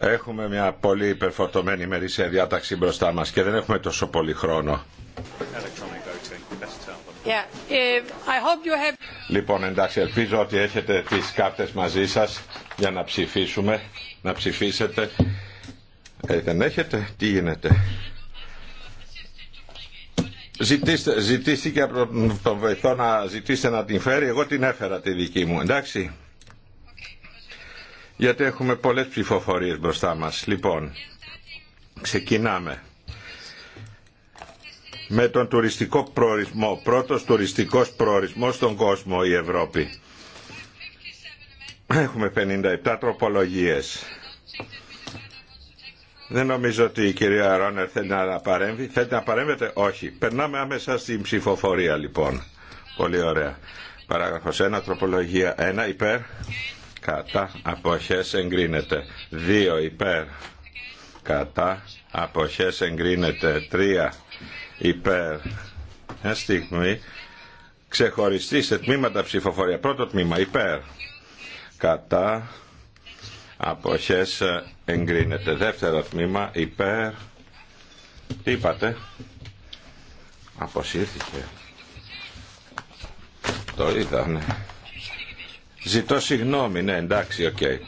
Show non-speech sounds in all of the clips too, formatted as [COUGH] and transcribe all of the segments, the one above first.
Έχουμε μια πολύ υπερφορτωμένη ημερήσια διάταξη μπροστά μας και δεν έχουμε τόσο πολύ χρόνο. Eh, λοιπόν, εντάξει, ελπίζω ότι έχετε τις κάρτες μαζί σας για να ψηφίσουμε, να ψηφίσετε. Ε, δεν έχετε, τι γίνεται. Ζητήστε, και από τον βοηθό να ζητήσετε να την φέρει, εγώ την έφερα τη δική μου, εντάξει γιατί έχουμε πολλές ψηφοφορίες μπροστά μας. Λοιπόν, ξεκινάμε με τον τουριστικό προορισμό, πρώτος τουριστικός προορισμός στον κόσμο η Ευρώπη. Έχουμε 57 τροπολογίες. Δεν νομίζω ότι η κυρία Ρόνερ θέλει να παρέμβει. Θέλετε να παρέμβετε? Όχι. Περνάμε άμεσα στην ψηφοφορία λοιπόν. Πολύ ωραία. Παράγραφος 1, τροπολογία 1, υπέρ, κατά αποχές εγκρίνεται 2 υπέρ κατά αποχές εγκρίνεται 3 υπέρ μια στιγμή ξεχωριστή σε τμήματα ψηφοφορία πρώτο τμήμα υπέρ κατά αποχές εγκρίνεται δεύτερο τμήμα υπέρ τι είπατε αποσύρθηκε το είδανε Ζητώ συγγνώμη, ναι, εντάξει, οκ. Okay.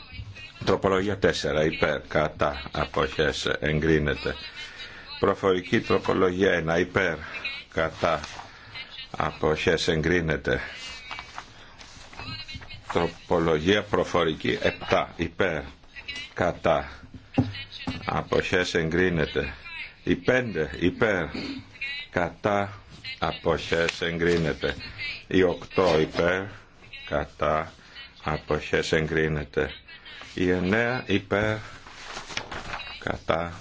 Τροπολογία 4, υπέρ, κατά, αποχές, εγκρίνεται. Προφορική τροπολογία 1, υπέρ, κατά, αποχές, εγκρίνεται. Τροπολογία προφορική 7, υπέρ, κατά, αποχές, εγκρίνεται. Η 5, υπέρ, κατά, αποχές, εγκρίνεται. Η 8, υπέρ, κατά, αποχές εγκρίνεται. Η εννέα υπέρ κατά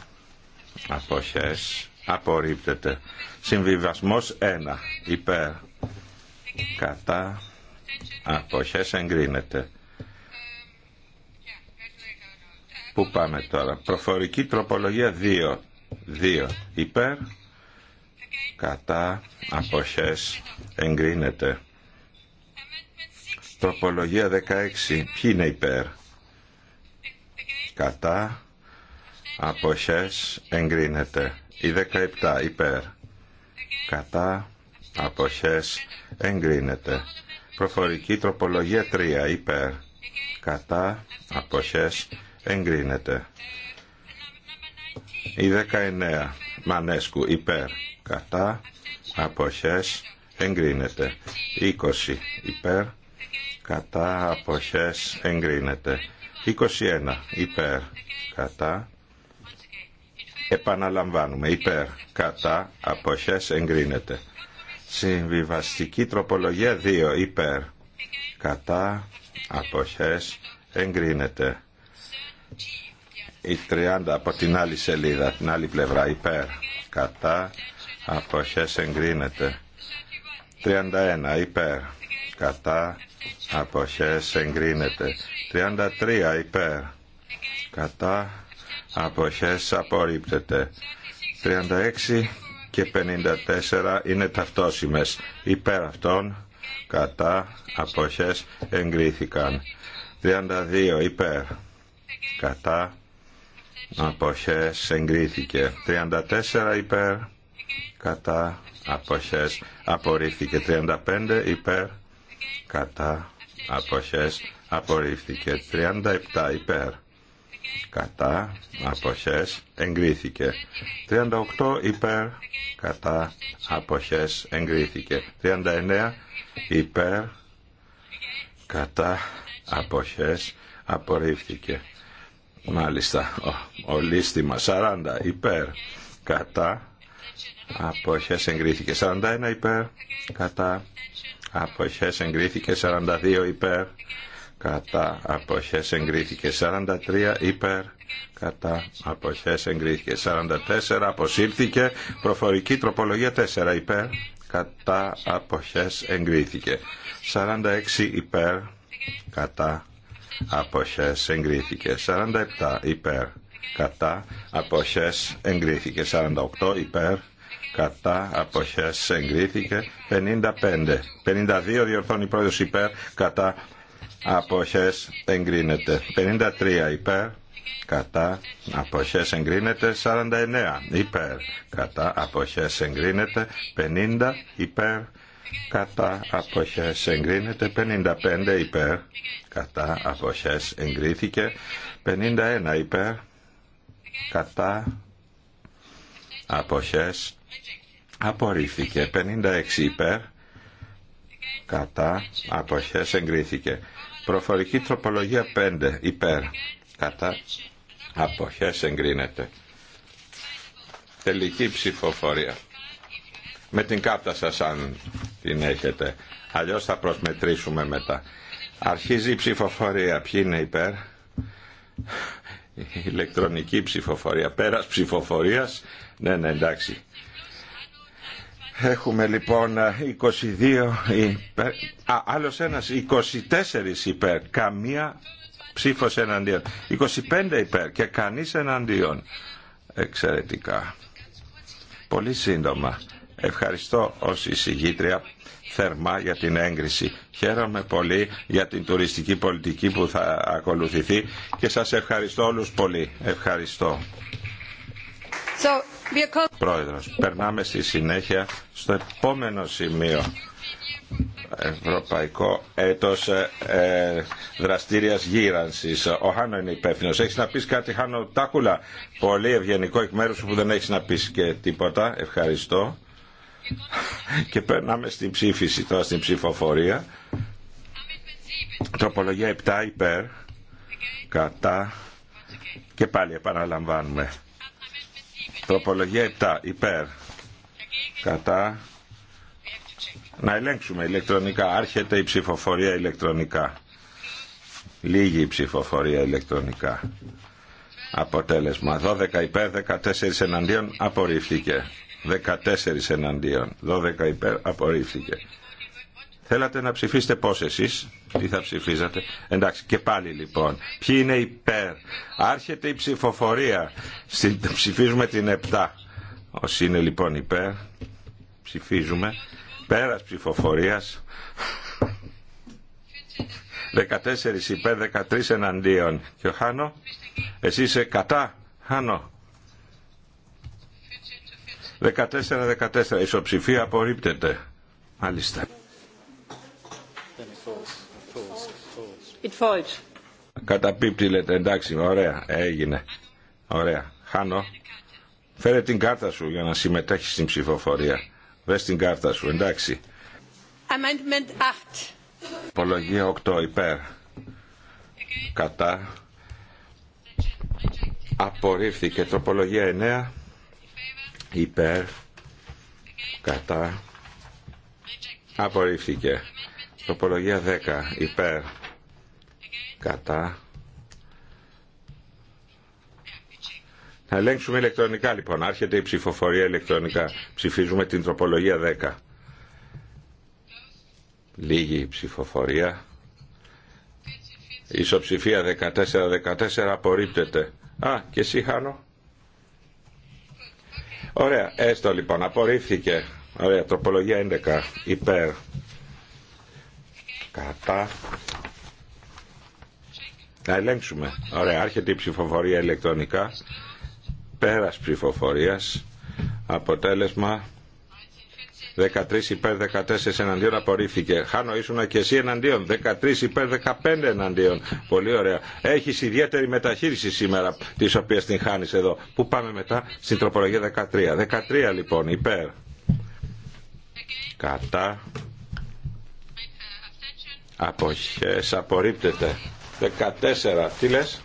αποχές απορρίπτεται. Συμβιβασμός ένα υπέρ κατά αποχές εγκρίνεται. Πού πάμε τώρα. Προφορική τροπολογία 2. 2. Υπέρ, κατά, αποχές, εγκρίνεται. Τροπολογία 16. Ποιοι είναι υπέρ. Κατά. Αποχές. Εγκρίνεται. Η 17. Υπέρ. Κατά. Αποχές. Εγκρίνεται. Προφορική τροπολογία 3. Υπέρ. Κατά. Αποχές. Εγκρίνεται. Η 19. Μανέσκου. Υπέρ. Κατά. Αποχές. Εγκρίνεται. 20. Υπέρ κατά αποχές εγκρίνεται 21 υπέρ κατά επαναλαμβάνουμε υπέρ κατά αποχές εγκρίνεται συμβιβαστική τροπολογία 2 υπέρ κατά αποχές εγκρίνεται η 30 από την άλλη σελίδα την άλλη πλευρά υπέρ κατά αποχές εγκρίνεται 31 υπέρ κατά αποχές εγκρίνεται 33 υπέρ κατά αποχές απορρίπτεται 36 και 54 είναι ταυτόσιμες υπέρ αυτών κατά αποχές εγκρίθηκαν 32 υπέρ κατά αποχές εγκρίθηκε 34 υπέρ κατά αποχές απορρίφθηκε 35 υπέρ κατά αποχές απορρίφθηκε 37 υπέρ κατά αποχές εγκρίθηκε 38 υπέρ κατά αποχές εγκρίθηκε 39 υπέρ κατά αποχές απορρίφθηκε μάλιστα ο, ο λίστημα 40 υπέρ κατά αποχές εγκρίθηκε 41 υπέρ κατά αποχές εγκρίθηκε 42 υπέρ κατά αποχές εγκρίθηκε 43 υπέρ κατά αποχές εγκρίθηκε 44 αποσύρθηκε προφορική τροπολογία 4 υπέρ κατά αποχές εγκρίθηκε 46 υπέρ κατά αποχές εγκρίθηκε 47 υπέρ κατά αποχές εγκρίθηκε 48 υπέρ κατά αποχές εγκρίθηκε 55 52 διορθώνει πρόεδρος υπέρ κατά αποχές εγκρίνεται 53 υπέρ κατά αποχές εγκρίνεται 49 υπέρ κατά αποχές εγκρίνεται 50 υπέρ κατά αποχές εγκρίνεται 55 υπέρ κατά αποχές εγκρίθηκε 51 υπέρ κατά αποχές απορρίφθηκε 56 υπέρ κατά αποχές εγκρίθηκε προφορική τροπολογία 5 υπέρ κατά αποχές εγκρίνεται τελική ψηφοφορία με την κάρτα σας αν την έχετε αλλιώς θα προσμετρήσουμε μετά αρχίζει η ψηφοφορία ποιοι είναι υπέρ ηλεκτρονική ψηφοφορία πέρας ψηφοφορίας ναι ναι εντάξει Έχουμε λοιπόν 22 υπέρ, α, άλλος ένας 24 υπέρ, καμία ψήφος εναντίον, 25 υπέρ και κανείς εναντίον. Εξαιρετικά. Πολύ σύντομα. Ευχαριστώ ως εισηγήτρια θερμά για την έγκριση. Χαίρομαι πολύ για την τουριστική πολιτική που θα ακολουθηθεί και σας ευχαριστώ όλους πολύ. Ευχαριστώ. Πρόεδρος, περνάμε στη συνέχεια στο επόμενο σημείο. Ευρωπαϊκό έτος ε, ε δραστήριας γύρανσης. Ο Χάνο είναι υπεύθυνο. Έχεις να πεις κάτι Χάνο Τάκουλα. Πολύ ευγενικό εκ μέρους σου που δεν έχεις να πεις και τίποτα. Ευχαριστώ. Και περνάμε στην ψήφιση τώρα, στην ψηφοφορία. Τροπολογία 7 υπέρ. Κατά. Και πάλι επαναλαμβάνουμε. Τροπολογία 7. Υπέρ. Κατά. Να ελέγξουμε ηλεκτρονικά. Άρχεται η ψηφοφορία ηλεκτρονικά. Λίγη η ψηφοφορία ηλεκτρονικά. Αποτέλεσμα. 12 υπέρ, 14 εναντίον. Απορρίφθηκε. 14 εναντίον. 12 υπέρ. Απορρίφθηκε. Θέλατε να ψηφίσετε πώς εσείς, τι θα ψηφίζατε. Εντάξει, και πάλι λοιπόν. Ποιοι είναι υπέρ. Άρχεται η ψηφοφορία. Ψηφίζουμε την 7. Όσοι είναι λοιπόν υπέρ, ψηφίζουμε. Πέρας ψηφοφορίας. 14 υπέρ, 13 εναντίον. Και ο Χάνο, εσύ είσαι κατά. Χάνο. 14-14. Ισοψηφία απορρίπτεται. Μάλιστα. It Καταπίπτει λέτε, εντάξει, ωραία, έγινε. Ωραία. Χάνω. Φέρε την κάρτα σου για να συμμετέχει στην ψηφοφορία. Βε την κάρτα σου, εντάξει. Amendment 8. Υπολογία 8, υπέρ. Κατά. Απορρίφθηκε. Τροπολογία 9. Υπέρ. Κατά. Απορρίφθηκε. Τροπολογία 10. Υπέρ κατά. Να ελέγξουμε ηλεκτρονικά λοιπόν. Άρχεται η ψηφοφορία ηλεκτρονικά. Ψηφίζουμε την τροπολογία 10. Λίγη η ψηφοφορία. Ισοψηφία 14-14 απορρίπτεται. Α, και εσύ χάνω. Ωραία, έστω λοιπόν, απορρίφθηκε. Ωραία, τροπολογία 11, υπέρ. Κατά. Να ελέγξουμε. Ωραία, άρχεται η ψηφοφορία ηλεκτρονικά. Πέρας ψηφοφορίας. Αποτέλεσμα 13 υπέρ 14 εναντίον απορρίφθηκε. Χάνω ήσουν και εσύ εναντίον. 13 υπέρ 15 εναντίον. Πολύ ωραία. Έχει ιδιαίτερη μεταχείριση σήμερα, τη οποία την χάνει εδώ. Πού πάμε μετά στην τροπολογία 13. 13 λοιπόν υπέρ. Κατά. Αποχές απορρίπτεται. 14. Τι λες?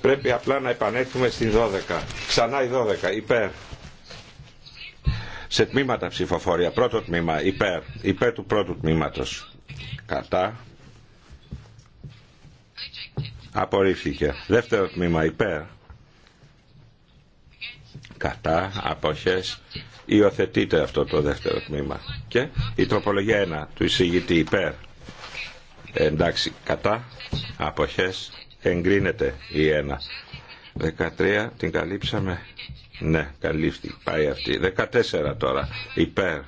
Πρέπει απλά να επανέλθουμε στην 12. Ξανά η 12. Υπέρ. Σε τμήματα ψηφοφορία. Πρώτο τμήμα. Υπέρ. Υπέρ του πρώτου τμήματος. Κατά. Απορρίφθηκε. Δεύτερο τμήμα. Υπέρ. Κατά. Αποχές. Υιοθετείται αυτό το δεύτερο τμήμα. Και η τροπολογία 1 του εισηγητή υπέρ. Εντάξει, κατά. Αποχές. Εγκρίνεται η 1. 13 την καλύψαμε. Ναι, καλύφθη. Πάει αυτή. 14 τώρα. Υπέρ.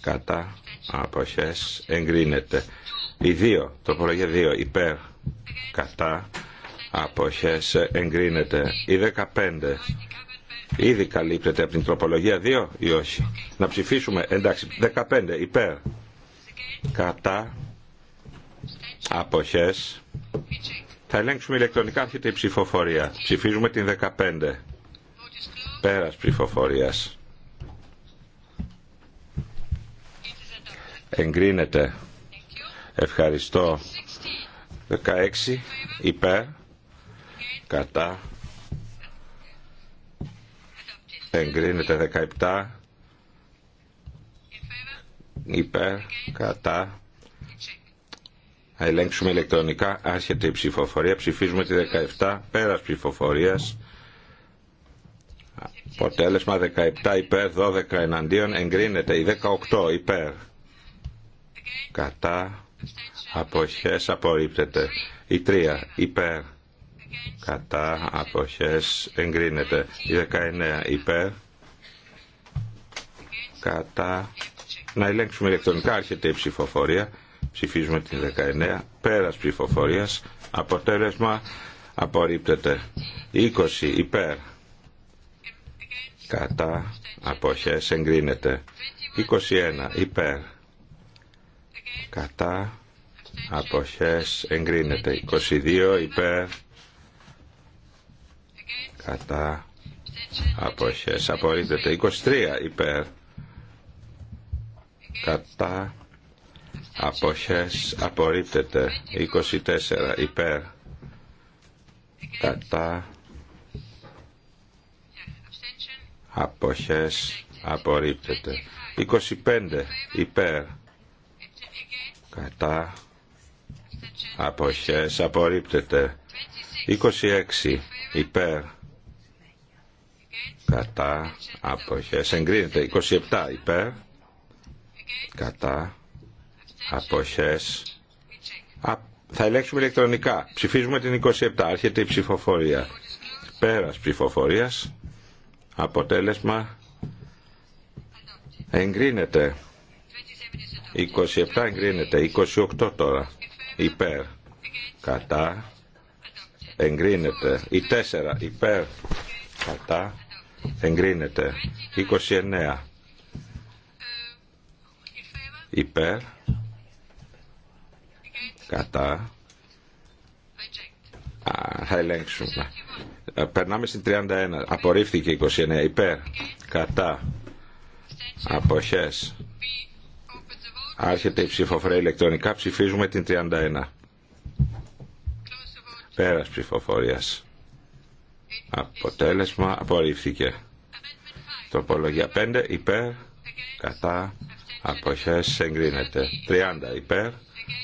Κατά. Αποχές. Εγκρίνεται. Η 2. Τροπολογία 2. Υπέρ. Κατά. Αποχές. Εγκρίνεται. Η 15 Ήδη καλύπτεται από την τροπολογία 2 ή όχι. Να ψηφίσουμε. Εντάξει. 15 υπέρ. Κατά. Αποχές. Θα ελέγξουμε ηλεκτρονικά έρχεται η ψηφοφορία. Ψηφίζουμε την 15. Πέρας ψηφοφορίας. Εγκρίνεται. Ευχαριστώ. 16 υπέρ. Κατά εγκρίνεται 17 υπέρ κατά θα ελέγξουμε ηλεκτρονικά άρχεται η ψηφοφορία ψηφίζουμε τη 17 πέρας ψηφοφορίας αποτέλεσμα 17 υπέρ 12 εναντίον εγκρίνεται η 18 υπέρ κατά αποχές απορρίπτεται η 3 υπέρ κατά αποχές εγκρίνεται η 19 υπέρ κατά να ελέγξουμε ηλεκτρονικά έρχεται η ψηφοφορία ψηφίζουμε την 19 πέρας ψηφοφορίας αποτέλεσμα απορρίπτεται 20 υπέρ κατά αποχές εγκρίνεται 21 υπέρ κατά αποχές εγκρίνεται 22 υπέρ κατά αποχές απορρίπτεται 23 υπέρ κατά αποχές απορρίπτεται 24 υπέρ κατά αποχές απορρίπτεται 25 υπέρ κατά αποχές απορρίπτεται 26 υπέρ κατά αποχές εγκρίνεται 27 υπέρ κατά αποχές θα ελέγξουμε ηλεκτρονικά ψηφίζουμε την 27 άρχεται η ψηφοφορία πέρας ψηφοφορίας αποτέλεσμα εγκρίνεται 27 εγκρίνεται 28 τώρα υπέρ κατά εγκρίνεται η 4 υπέρ κατά εγκρίνεται 29 υπέρ κατά Α, θα ελέγξουμε ε, περνάμε στην 31 απορρίφθηκε 29 υπέρ κατά αποχές άρχεται η ψηφοφορία ηλεκτρονικά ψηφίζουμε την 31 πέρας ψηφοφορίας Αποτέλεσμα απορρίφθηκε. Τροπολογία 5 υπέρ κατά αποχές εγκρίνεται. 30 υπέρ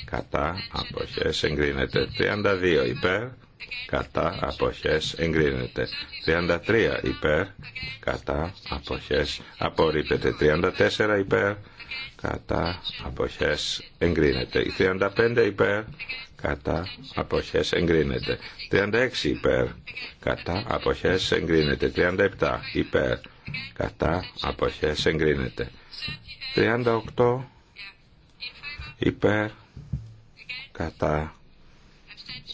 κατά αποχές εγκρίνεται. 32 υπέρ κατά αποχές εγκρίνεται. 33 υπέρ κατά αποχές απορρίπτεται. 34 υπέρ κατά αποχές εγκρίνεται. Η 35 υπέρ κατά αποχές εγκρίνεται. 36 υπέρ κατά αποχές εγκρίνεται. 37 υπέρ κατά αποχές εγκρίνεται. 38 υπέρ κατά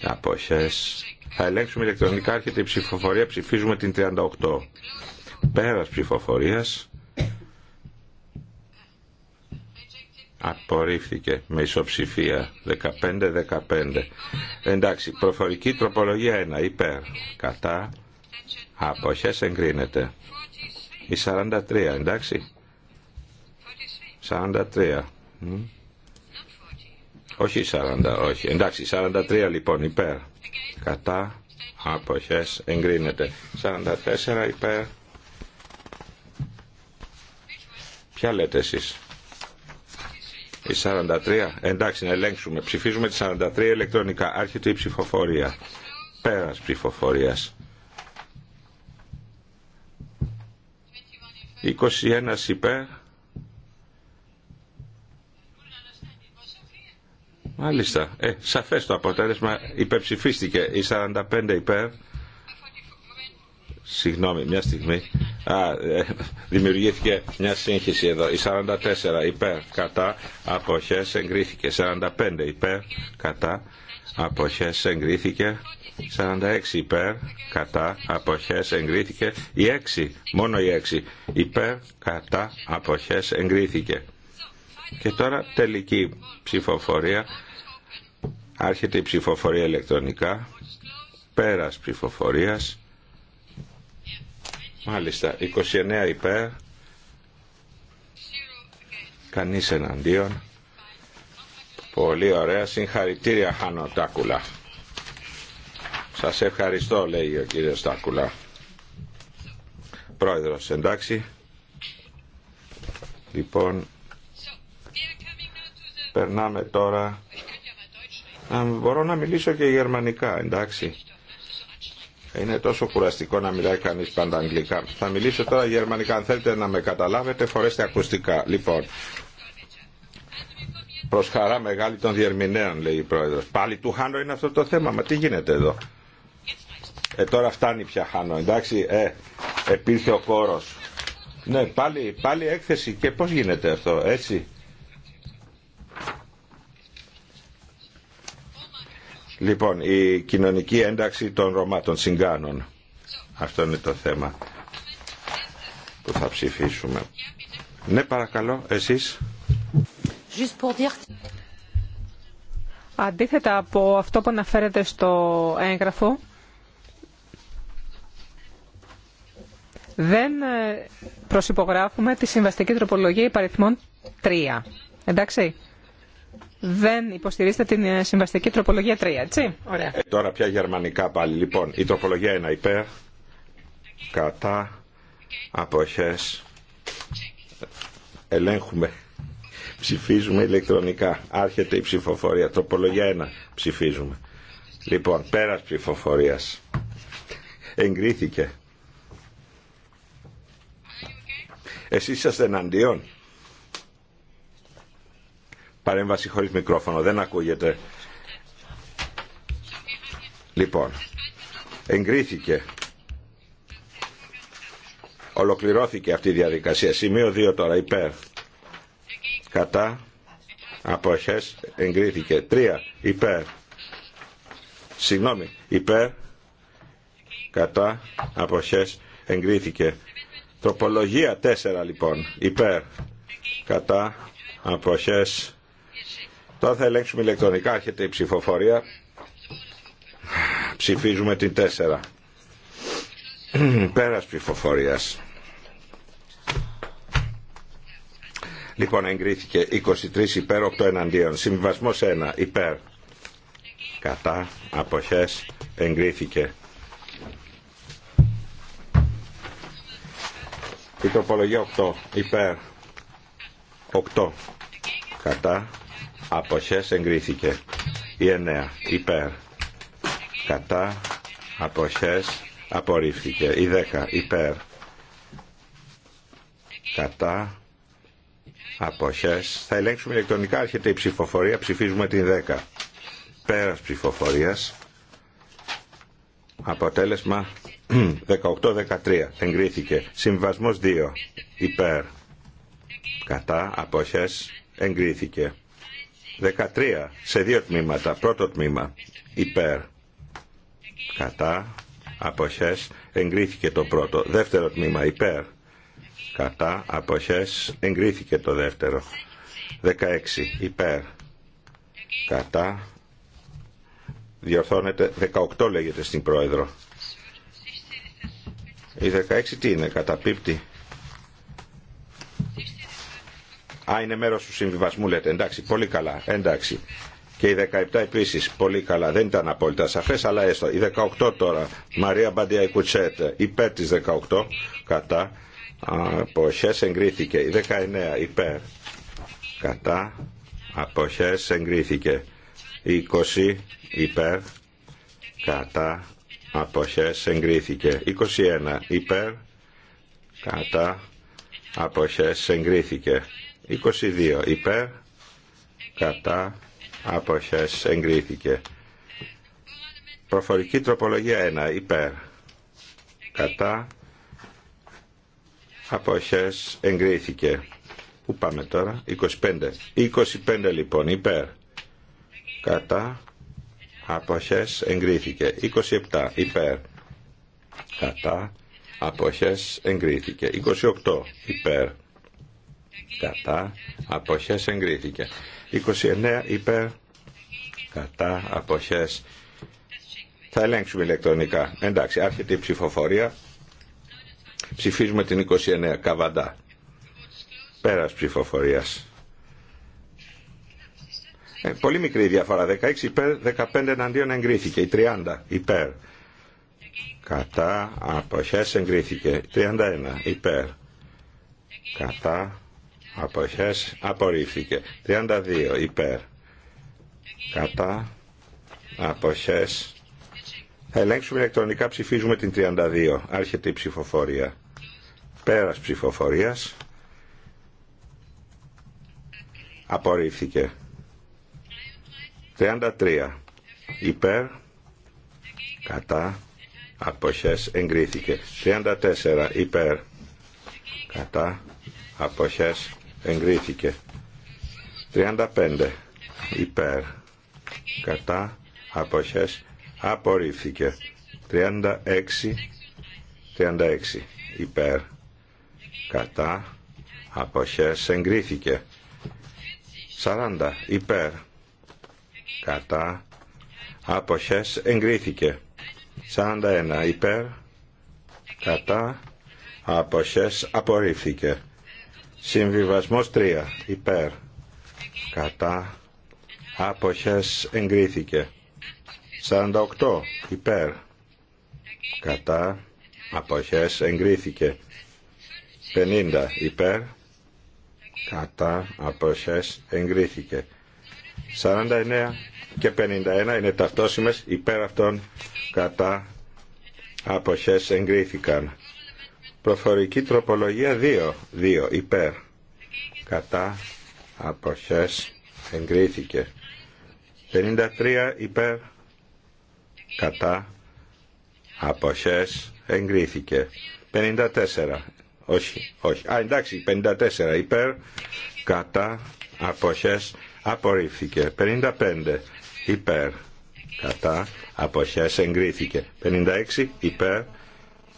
αποχές θα ελέγξουμε ηλεκτρονικά και η ψηφοφορία ψηφίζουμε την 38 πέρας ψηφοφορίας απορρίφθηκε με ισοψηφία 15-15 εντάξει προφορική τροπολογία 1 υπέρ κατά αποχές εγκρίνεται η 43 εντάξει 43 όχι 40 όχι εντάξει 43 λοιπόν υπέρ κατά αποχές εγκρίνεται 44 υπέρ ποια λέτε εσείς η 43. Εντάξει, να ελέγξουμε. Ψηφίζουμε τη 43 ηλεκτρονικά. Άρχεται η ψηφοφορία. Πέρας ψηφοφορίας. 21 υπέρ. Μάλιστα. Ε, σαφές το αποτέλεσμα. Υπεψηφίστηκε Η 45 υπέρ. Συγγνώμη, μια στιγμή. Ε, δημιουργήθηκε μια σύγχυση εδώ. Η 44 υπέρ κατά αποχές εγκρίθηκε. 45 υπέρ κατά αποχές εγκρίθηκε. 46 υπέρ κατά αποχές εγκρίθηκε. Η 6, μόνο η 6 υπέρ κατά αποχές εγκρίθηκε. Και τώρα τελική ψηφοφορία. Άρχεται η ψηφοφορία ηλεκτρονικά. Πέρας ψηφοφορίας. Μάλιστα, 29 υπέρ, κανείς εναντίον. Πολύ ωραία, συγχαρητήρια Χάνο Τάκουλα. Σας ευχαριστώ, λέει ο κύριος Τάκουλα. Πρόεδρος, εντάξει. Λοιπόν, περνάμε τώρα... Αν μπορώ να μιλήσω και γερμανικά, εντάξει. Είναι τόσο κουραστικό να μιλάει κανείς πάντα αγγλικά. Θα μιλήσω τώρα γερμανικά. Αν θέλετε να με καταλάβετε, φορέστε ακουστικά. Λοιπόν, προς χαρά μεγάλη των διερμηνέων, λέει η Πρόεδρος. Πάλι του Χάνο είναι αυτό το θέμα. Μα τι γίνεται εδώ. Ε, τώρα φτάνει πια Χάνο, εντάξει. Ε, επήλθε ο κόρος. Ναι, πάλι, πάλι έκθεση. Και πώς γίνεται αυτό, έτσι. Λοιπόν, η κοινωνική ένταξη των Ρωμά, των συγκάνων. Αυτό είναι το θέμα που θα ψηφίσουμε. Ναι, παρακαλώ, εσείς. Αντίθετα από αυτό που αναφέρεται στο έγγραφο, δεν ε, προσυπογράφουμε τη συμβαστική τροπολογία υπαριθμών 3. Εντάξει δεν υποστηρίζετε την ε, συμβαστική τροπολογία 3, έτσι. Ωραία. Ε, τώρα πια γερμανικά πάλι. Λοιπόν, η τροπολογία 1 υπέρ, κατά, αποχές, ελέγχουμε, ψηφίζουμε ηλεκτρονικά. Άρχεται η ψηφοφορία. Τροπολογία 1, ψηφίζουμε. Λοιπόν, πέρας ψηφοφορίας. Εγκρίθηκε. Εσείς είσαστε εναντίον. Παρέμβαση χωρίς μικρόφωνο. Δεν ακούγεται. Λοιπόν, εγκρίθηκε. Ολοκληρώθηκε αυτή η διαδικασία. Σημείο 2 τώρα, υπέρ. Κατά. Αποχές. Εγκρίθηκε. 3. Υπέρ. Συγγνώμη. Υπέρ. Κατά. Αποχές. Εγκρίθηκε. Τροπολογία 4 λοιπόν. Υπέρ. Κατά. Αποχές. Τώρα θα ελέγξουμε ηλεκτρονικά. Έρχεται η ψηφοφορία. Ψηφίζουμε την 4. Πέρας ψηφοφορία. Λοιπόν, εγκρίθηκε 23 υπέρ, 8 εναντίον. Συμβιβασμός 1 υπέρ. Κατά, Αποχέ. εγκρίθηκε. Η τροπολογία 8 υπέρ. 8 κατά αποχές εγκρίθηκε. Η 9 υπέρ κατά αποχές απορρίφθηκε. Η 10 υπέρ κατά αποχές. Θα ελέγξουμε ηλεκτρονικά, έρχεται η ψηφοφορία, ψηφίζουμε την 10. Πέρας ψηφοφορίας, αποτέλεσμα 18-13, [CLEARS THROAT] εγκρίθηκε. Συμβασμός 2, υπέρ, κατά, αποχές, εγκρίθηκε. 13 σε δύο τμήματα. Πρώτο τμήμα υπέρ κατά αποχές εγκρίθηκε το πρώτο. Δεύτερο τμήμα υπέρ κατά αποχές εγκρίθηκε το δεύτερο. 16 υπέρ κατά διορθώνεται 18 λέγεται στην πρόεδρο. Η 16 τι είναι καταπίπτει. Α, είναι μέρος του συμβιβασμού λέτε. Εντάξει, πολύ καλά. Εντάξει. Και η 17 επίση πολύ καλά. Δεν ήταν απόλυτα σαφές, αλλά έστω. Η 18 τώρα, Μαρία Μπαντία Κουτσέτ, υπέρ τη 18, κατά. απόχέ εγκρίθηκε. Η 19 υπέρ, κατά. απόχέ εγκρίθηκε. Η 20 υπέρ, κατά. απόχέ εγκρίθηκε. Η 21 υπέρ, κατά. Αποχέ εγκρίθηκε. 22 υπέρ κατά αποχές εγκρίθηκε προφορική τροπολογία 1 υπέρ κατά αποχές εγκρίθηκε που πάμε τώρα 25 25 λοιπόν υπέρ κατά αποχές εγκρίθηκε 27 υπέρ κατά αποχές εγκρίθηκε 28 υπέρ κατά αποχές εγκρίθηκε 29 υπέρ κατά αποχές θα ελέγξουμε ηλεκτρονικά εντάξει άρχεται η ψηφοφορία ψηφίζουμε την 29 καβαντά πέρας ψηφοφορίας ε, πολύ μικρή διαφορά 16 υπέρ 15 εναντίον εγκρίθηκε η 30 υπέρ κατά αποχές εγκρίθηκε 31 υπέρ κατά αποχές απορρίφθηκε 32 υπέρ κατά αποχές θα ελέγξουμε ηλεκτρονικά ψηφίζουμε την 32 άρχεται η ψηφοφορία πέρας ψηφοφορίας απορρίφθηκε 33 υπέρ κατά αποχές εγκρίθηκε 34 υπέρ κατά αποχές εγκρίθηκε 35 υπέρ κατά αποχές απορρίφθηκε 36 36 υπέρ κατά αποχές εγκρίθηκε 40 υπέρ κατά αποχές εγκρίθηκε 41 υπέρ κατά αποχές απορρίφθηκε Συμβιβασμός 3. Υπέρ. Κατά. Άποχες εγκρίθηκε. 48. Υπέρ. Κατά. Αποχές εγκρίθηκε. 50. Υπέρ. Κατά. Αποχές εγκρίθηκε. 49 και 51 είναι ταυτόσιμες υπέρ αυτών κατά αποχές εγκρίθηκαν. Προφορική τροπολογία 2. 2. Υπέρ. Κατά. Αποχές. Εγκρίθηκε. 53. Υπέρ. Κατά. Αποχές. Εγκρίθηκε. 54. Όχι, όχι. Α, εντάξει, 54 υπέρ, κατά, αποχές, απορρίφθηκε. 55 υπέρ, κατά, αποχές, εγκρίθηκε. 56 υπέρ,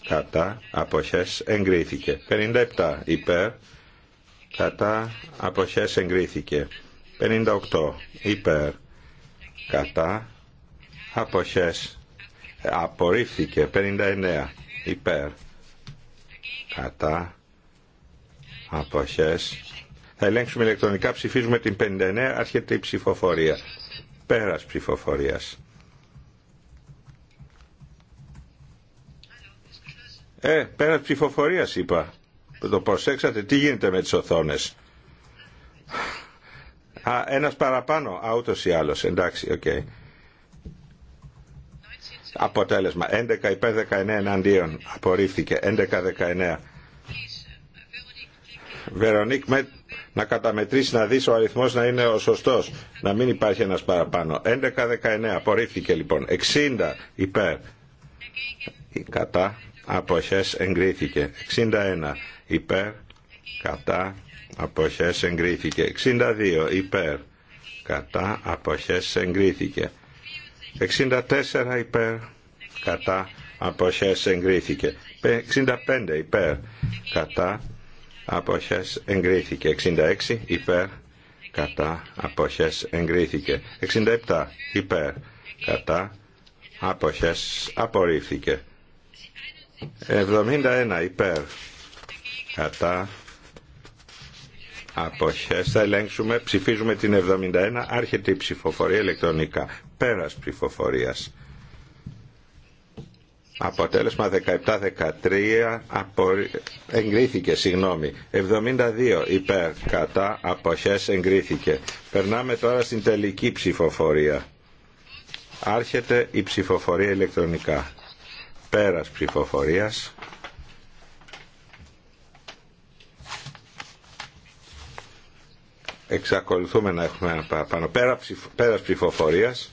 κατά αποχές εγκρίθηκε. 57 υπέρ κατά αποχές εγκρίθηκε. 58 υπέρ κατά αποχές απορρίφθηκε. 59 υπέρ κατά αποχές θα ελέγξουμε ηλεκτρονικά, ψηφίζουμε την 59, άρχεται η ψηφοφορία. Πέρας ψηφοφορίας. Ε, πέρα ψηφοφορία είπα. Το προσέξατε. Τι γίνεται με τις οθόνες. Α, ένας παραπάνω. Α, ούτως ή άλλως. Εντάξει, οκ. Αποτέλεσμα. 11 υπέρ 19 εναντίον. Απορρίφθηκε. 11-19. Βερονίκ, με, να καταμετρήσει να δεις ο αριθμός να είναι ο σωστός. Να μην υπάρχει ένας παραπάνω. 11-19. Απορρίφθηκε λοιπόν. 60 υπέρ. Κατά αποχές εγκρίθηκε 61 υπέρ κατά αποχές εγκρίθηκε 62 υπέρ κατά αποχές εγκρίθηκε 64 υπέρ κατά αποχές εγκρίθηκε 65 υπέρ κατά αποχές εγκρίθηκε 66 υπέρ κατά αποχές εγκρίθηκε 67 υπέρ κατά αποχές απορρίφθηκε 71 υπέρ κατά αποχές θα ελέγξουμε ψηφίζουμε την 71 άρχεται η ψηφοφορία ηλεκτρονικά πέρας ψηφοφορίας αποτέλεσμα 17-13 εγκρίθηκε συγγνώμη 72 υπέρ κατά αποχές εγκρίθηκε περνάμε τώρα στην τελική ψηφοφορία άρχεται η ψηφοφορία ηλεκτρονικά Πέρας ψηφοφορίας. Εξακολουθούμε να έχουμε ένα παραπάνω. Πέρα, πέρας ψηφοφορίας.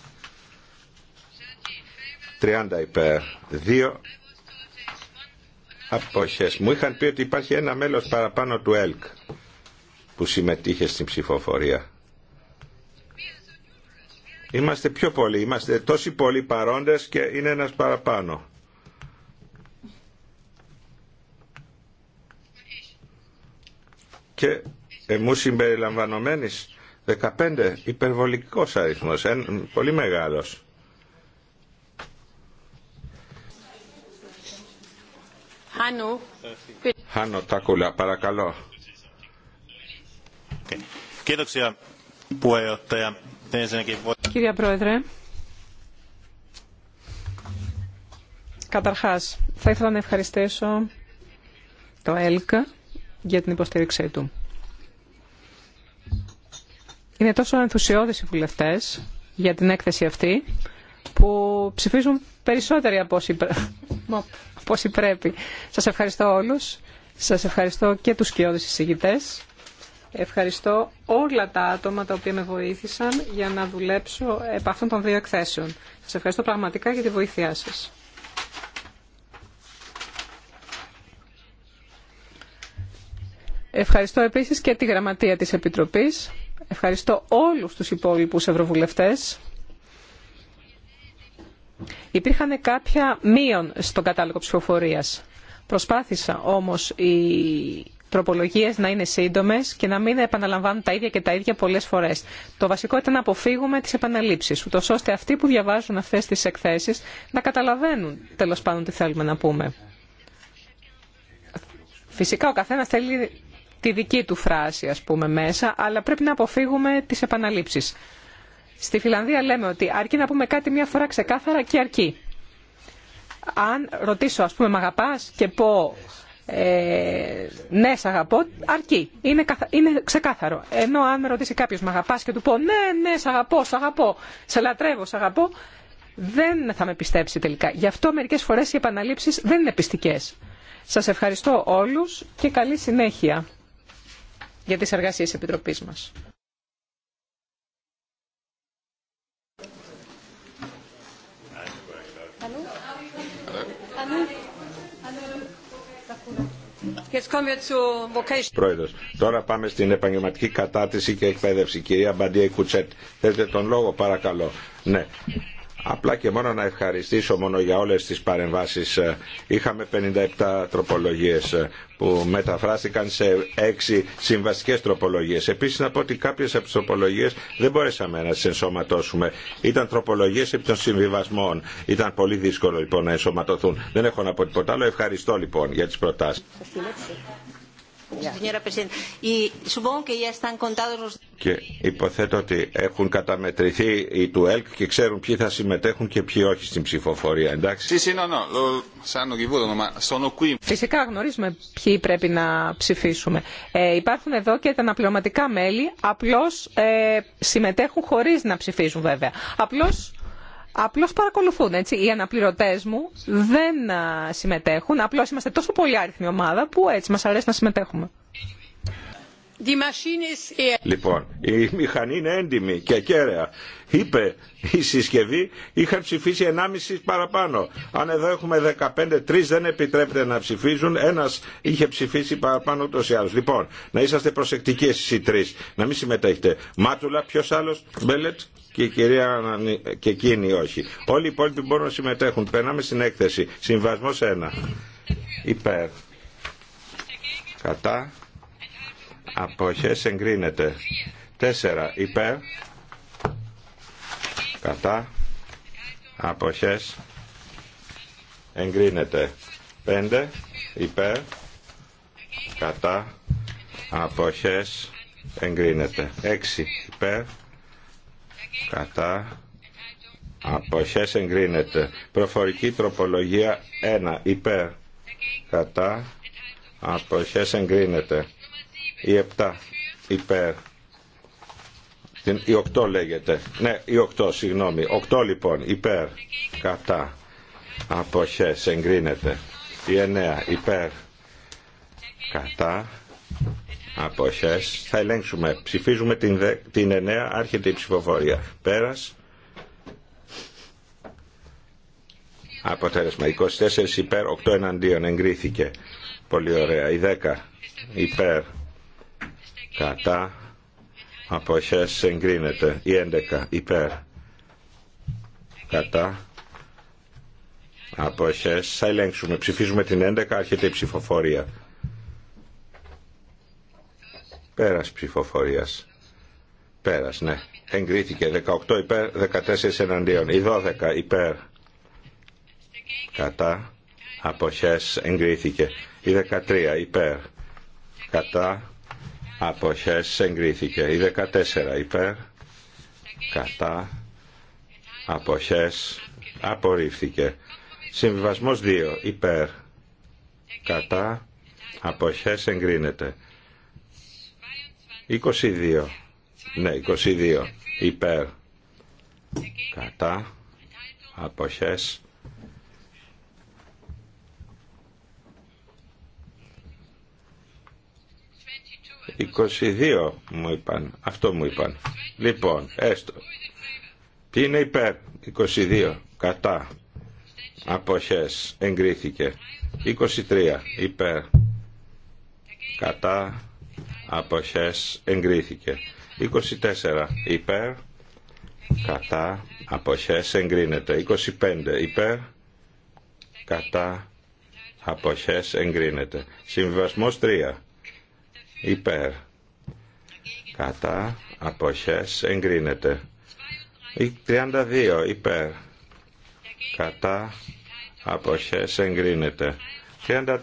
30 υπέρ. 2 αποχές. Μου είχαν πει ότι υπάρχει ένα μέλος παραπάνω του ΕΛΚ που συμμετείχε στην ψηφοφορία. Είμαστε πιο πολλοί, είμαστε τόσοι πολλοί παρόντες και είναι ένας παραπάνω. και εμού συμπεριλαμβανομένης 15 υπερβολικό αριθμό. πολύ μεγάλο. Χάνο. Τάκουλα, παρακαλώ. Κύριε Πρόεδρε, καταρχάς θα ήθελα να ευχαριστήσω το ΕΛΚΑ για την υποστήριξή του. Είναι τόσο ενθουσιώδες οι βουλευτές για την έκθεση αυτή που ψηφίζουν περισσότεροι από όσοι, [LAUGHS] πρέπει. Σας ευχαριστώ όλους. Σας ευχαριστώ και τους κοιόδους συζητητές. Ευχαριστώ όλα τα άτομα τα οποία με βοήθησαν για να δουλέψω επ' αυτών των δύο εκθέσεων. Σας ευχαριστώ πραγματικά για τη βοήθειά σας. Ευχαριστώ επίσης και τη Γραμματεία της Επιτροπής. Ευχαριστώ όλους τους υπόλοιπους ευρωβουλευτές. Υπήρχαν κάποια μείον στον κατάλογο ψηφοφορίας. Προσπάθησα όμως οι τροπολογίες να είναι σύντομες και να μην επαναλαμβάνουν τα ίδια και τα ίδια πολλές φορές. Το βασικό ήταν να αποφύγουμε τις επαναλήψεις, ούτως ώστε αυτοί που διαβάζουν αυτές τις εκθέσεις να καταλαβαίνουν τέλος πάντων τι θέλουμε να πούμε. Φυσικά ο καθένας θέλει τη δική του φράση ας πούμε μέσα, αλλά πρέπει να αποφύγουμε τις επαναλήψεις. Στη Φιλανδία λέμε ότι αρκεί να πούμε κάτι μια φορά ξεκάθαρα και αρκεί. Αν ρωτήσω ας πούμε μ' και πω ε, ναι, σ' αγαπώ, αρκεί. Είναι, είναι ξεκάθαρο. Ενώ αν με ρωτήσει κάποιο με αγαπά και του πω ναι, ναι, σ' αγαπώ, σ' αγαπώ, σε λατρεύω, σ' αγαπώ, δεν θα με πιστέψει τελικά. Γι' αυτό μερικέ φορέ οι επαναλήψει δεν είναι πιστικέ. Σα ευχαριστώ όλου και καλή συνέχεια για τις εργασίες της Επιτροπής μας. Πρόεδρος, τώρα πάμε στην επαγγελματική κατάρτιση και εκπαίδευση. Κυρία Μπαντία Κουτσέτ, θέλετε τον λόγο παρακαλώ. Ναι. Απλά και μόνο να ευχαριστήσω μόνο για όλες τις παρεμβάσεις. Είχαμε 57 τροπολογίες που μεταφράστηκαν σε 6 συμβαστικές τροπολογίες. Επίσης να πω ότι κάποιες από τις τροπολογίες δεν μπορέσαμε να τις ενσωματώσουμε. Ήταν τροπολογίες επί των συμβιβασμών. Ήταν πολύ δύσκολο λοιπόν να ενσωματωθούν. Δεν έχω να πω τίποτα άλλο. Ευχαριστώ λοιπόν για τις προτάσεις. Και υποθέτω ότι έχουν καταμετρηθεί οι του ΕΛΚ και ξέρουν ποιοι θα συμμετέχουν και ποιοι όχι στην ψηφοφορία, εντάξει. Φυσικά γνωρίζουμε ποιοι πρέπει να ψηφίσουμε. Ε, υπάρχουν εδώ και τα αναπληρωματικά μέλη, απλώς ε, συμμετέχουν χωρίς να ψηφίζουν βέβαια. Απλώς Απλώς παρακολουθούν, έτσι. Οι αναπληρωτές μου δεν συμμετέχουν. Απλώς είμαστε τόσο πολύ άριθμη ομάδα που έτσι μας αρέσει να συμμετέχουμε. Λοιπόν, η μηχανή είναι έντιμη και κέραια. Είπε η συσκευή είχαν ψηφίσει 1,5 παραπάνω. Αν εδώ έχουμε 15-3 δεν επιτρέπεται να ψηφίζουν, ένα είχε ψηφίσει παραπάνω ούτω ή άλλω. Λοιπόν, να είσαστε προσεκτικοί εσεί οι τρει, να μην συμμετέχετε. Μάτουλα, ποιο άλλο, Μπέλετ και η κυρία και εκείνη όχι. Όλοι οι υπόλοιποι μπορούν να συμμετέχουν. Περνάμε στην έκθεση. Συμβασμό 1. Υπέρ. Κατά αποχές εγκρίνεται 4 υπέρ κατά αποχές εγκρίνεται 5 υπέρ κατά αποχές εγκρίνεται 6 υπέρ κατά αποχές εγκρίνεται προφορική τροπολογία 1 υπέρ κατά αποχές εγκρίνεται η 7 υπέρ. Την, η 8 λέγεται. Ναι, η 8, συγγνώμη. 8 λοιπόν, υπέρ. Κατά. Αποχές, εγκρίνεται. Η 9, υπέρ. Κατά. Αποχές. Θα ελέγξουμε. Ψηφίζουμε την, την 9, άρχεται η ψηφοφορία. Πέρας. Αποτέλεσμα 24 υπέρ, 8 εναντίον εγκρίθηκε. Πολύ ωραία. Η 10 υπέρ κατά αποχές εγκρίνεται η 11 υπέρ κατά αποχές θα ελέγξουμε ψηφίζουμε την 11 άρχεται η ψηφοφορία πέρας ψηφοφορίας πέρας ναι εγκρίθηκε 18 υπέρ 14 εναντίον η 12 υπέρ κατά αποχές εγκρίθηκε η 13 υπέρ κατά αποχές εγκρίθηκε. Η 14 υπέρ κατά αποχές απορρίφθηκε. Συμβιβασμός 2 υπέρ κατά αποχές εγκρίνεται. 22 ναι 22 υπέρ κατά αποχές 22 μου είπαν. Αυτό μου είπαν. Λοιπόν, έστω. Ποιοι είναι υπέρ. 22. Κατά. Αποχές. Εγκρίθηκε. 23. Υπέρ. Κατά. Αποχές. Εγκρίθηκε. 24. Υπέρ. Κατά. Αποχές. Εγκρίνεται. 25. Υπέρ. Κατά. Αποχές. Εγκρίνεται. Συμβιβασμός 3 υπέρ κατά αποχές εγκρίνεται 32 υπέρ κατά αποχές εγκρίνεται 33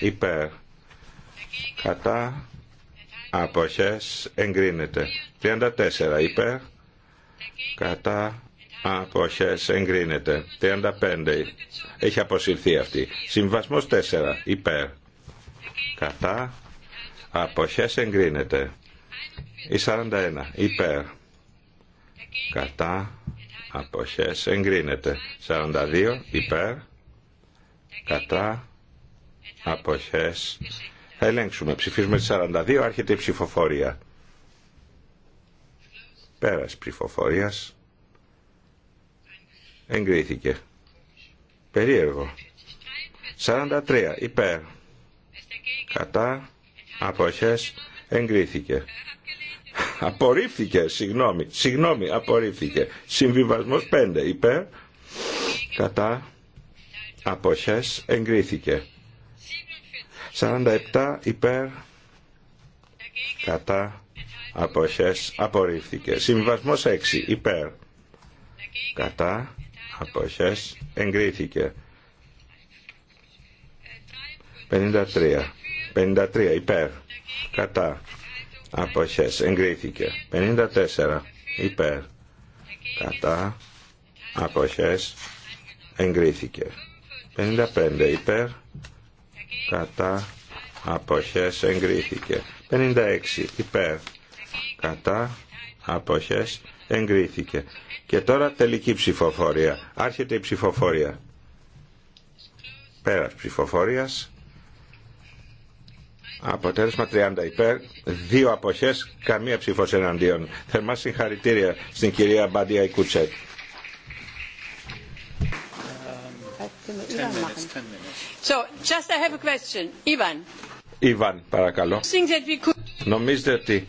υπέρ κατά αποχές εγκρίνεται 34 υπέρ κατά αποχές εγκρίνεται 35 έχει αποσυρθεί αυτή συμβασμός 4 υπέρ κατά Αποχές εγκρίνεται. Η 41 υπέρ. Κατά. Αποχές εγκρίνεται. 42 υπέρ. Κατά. Αποχές. Θα ελέγξουμε. Ψηφίζουμε τη 42. Άρχεται η ψηφοφορία. Πέρας ψηφοφορίας. Εγκρίθηκε. Περίεργο. 43 υπέρ. Κατά αποχές εγκρίθηκε. Απορρίφθηκε, συγγνώμη, συγγνώμη, απορρίφθηκε. Συμβιβασμός 5 υπέρ, κατά, αποχές εγκρίθηκε. 47 υπέρ, κατά, αποχές απορρίφθηκε. Συμβιβασμός 6 υπέρ, κατά, αποχές εγκρίθηκε. 53 53 υπέρ. Κατά. Αποχές. Εγκρίθηκε. 54 υπέρ. Κατά. Αποχές. Εγκρίθηκε. 55 υπέρ. Κατά. Αποχές. Εγκρίθηκε. 56 υπέρ. Κατά. Αποχές. Εγκρίθηκε. Και τώρα τελική ψηφοφορία. Άρχεται η ψηφοφορία. Πέρας ψηφοφορίας. Αποτέλεσμα 30 υπέρ, δύο αποχές, καμία ψήφος εναντίον. Θερμά συγχαρητήρια στην κυρία Μπάντια Ικουτσέτ. Ivan, παρακαλώ. Νομίζετε ότι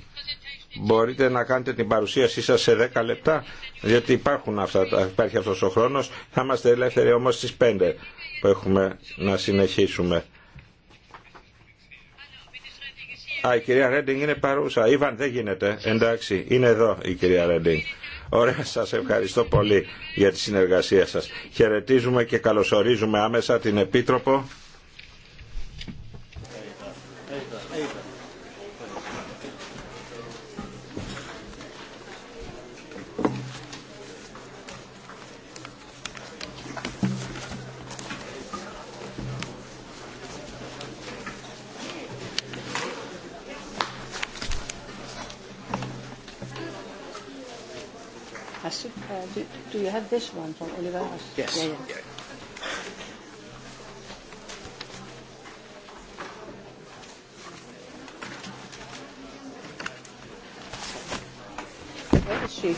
μπορείτε να κάνετε την παρουσίασή σας σε 10 λεπτά, διότι υπάρχουν αυτά, υπάρχει αυτός ο χρόνος, θα είμαστε ελεύθεροι όμως στις 5 που έχουμε να συνεχίσουμε. Α, η κυρία Ρέντινγκ είναι παρούσα. Ήβαν, δεν γίνεται. Εντάξει, είναι εδώ η κυρία Ρέντινγκ. Ωραία, [LAUGHS] σας ευχαριστώ πολύ για τη συνεργασία σας. Χαιρετίζουμε και καλωσορίζουμε άμεσα την Επίτροπο. do, you have this one from Oliver? Yes. Where is she?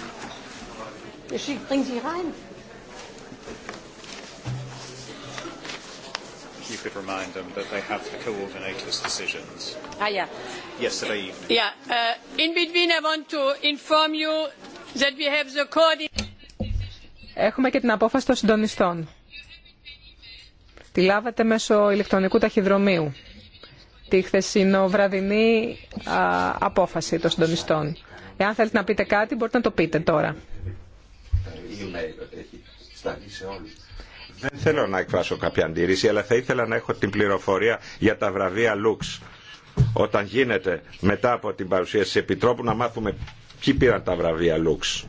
she, bring sie rein. You could remind them that they have the coordinators' decisions. Ah, yeah. Yesterday evening. Yeah. in between, I want to inform you that we have the coordinators Έχουμε και την απόφαση των συντονιστών. Τη λάβατε μέσω ηλεκτρονικού ταχυδρομείου. Τη χθεσινοβραδινή απόφαση των συντονιστών. Εάν θέλετε να πείτε κάτι, μπορείτε να το πείτε τώρα. Δεν θέλω να εκφράσω κάποια αντίρρηση, αλλά θα ήθελα να έχω την πληροφορία για τα βραβεία Λουξ. Όταν γίνεται μετά από την παρουσίαση της Επιτρόπου να μάθουμε ποιοι πήραν τα βραβεία Λουξ.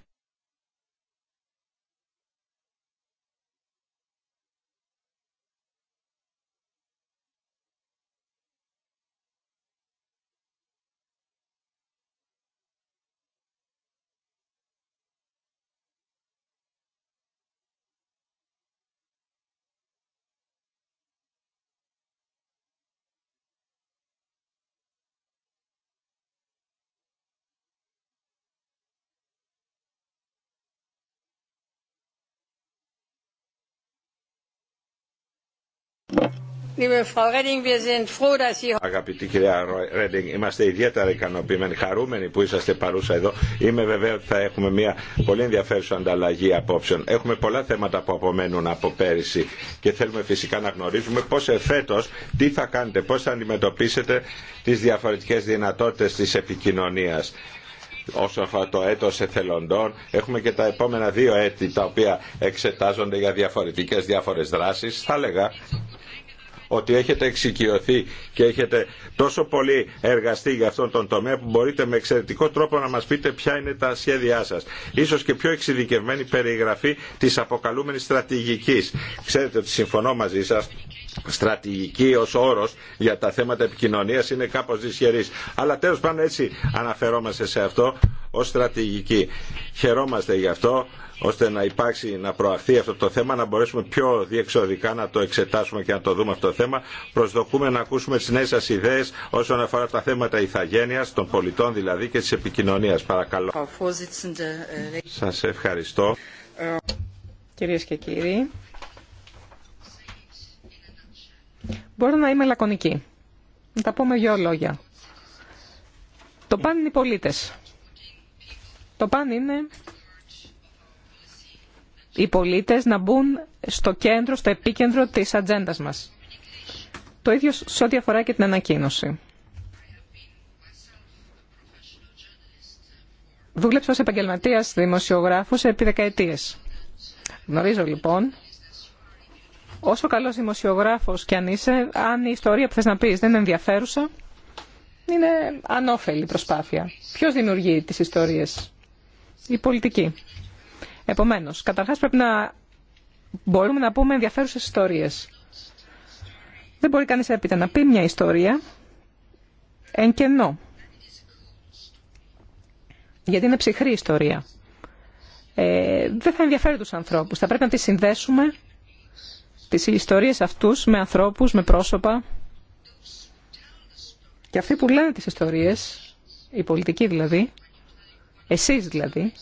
Αγαπητή κυρία Ρέντινγκ, είμαστε ιδιαίτερα ικανοποιημένοι, χαρούμενοι που είσαστε παρούσα εδώ. Είμαι βέβαιο ότι θα έχουμε μια πολύ ενδιαφέρουσα ανταλλαγή απόψεων. Έχουμε πολλά θέματα που απομένουν από πέρυσι και θέλουμε φυσικά να γνωρίζουμε πώ εφέτο, τι θα κάνετε, πώ θα αντιμετωπίσετε τι διαφορετικέ δυνατότητε τη επικοινωνία όσον αφορά το έτος εθελοντών. Έχουμε και τα επόμενα δύο έτη τα οποία εξετάζονται για διαφορετικές διάφορες δράσεις. Θα λέγα ότι έχετε εξοικειωθεί και έχετε τόσο πολύ εργαστεί για αυτόν τον τομέα που μπορείτε με εξαιρετικό τρόπο να μας πείτε ποια είναι τα σχέδιά σας. Ίσως και πιο εξειδικευμένη περιγραφή της αποκαλούμενης στρατηγικής. Ξέρετε ότι συμφωνώ μαζί σας στρατηγική ω όρο για τα θέματα επικοινωνία είναι κάπω δυσχερή. Αλλά τέλο πάντων έτσι αναφερόμαστε σε αυτό ω στρατηγική. Χαιρόμαστε γι' αυτό ώστε να υπάρξει, να προαχθεί αυτό το θέμα, να μπορέσουμε πιο διεξοδικά να το εξετάσουμε και να το δούμε αυτό το θέμα. Προσδοκούμε να ακούσουμε τι νέε σα ιδέε όσον αφορά τα θέματα ηθαγένεια, των πολιτών δηλαδή και τη επικοινωνία. Παρακαλώ. Σα ευχαριστώ. Κυρίες και κύριοι, μπορώ να είμαι λακωνική. Να τα πω με δυο λόγια. Το παν είναι οι πολίτες. Το παν είναι οι πολίτες να μπουν στο κέντρο, στο επίκεντρο της ατζέντα μας. Το ίδιο σε ό,τι αφορά και την ανακοίνωση. Δούλεψα ως επαγγελματίας δημοσιογράφος επί δεκαετίες. Γνωρίζω λοιπόν, όσο καλός δημοσιογράφος και αν είσαι, αν η ιστορία που θες να πεις δεν είναι ενδιαφέρουσα, είναι ανώφελη προσπάθεια. Ποιος δημιουργεί τις ιστορίες, η πολιτική. Επομένως, καταρχά πρέπει να μπορούμε να πούμε ενδιαφέρουσε ιστορίες. Δεν μπορεί κανείς έπειτα να πει μια ιστορία εν κενό. Γιατί είναι ψυχρή ιστορία. Ε, δεν θα ενδιαφέρει τους ανθρώπους. Θα πρέπει να τις συνδέσουμε, τις ιστορίες αυτούς, με ανθρώπους, με πρόσωπα. Και αυτοί που λένε τις ιστορίες, οι πολιτικοί δηλαδή, εσείς δηλαδή,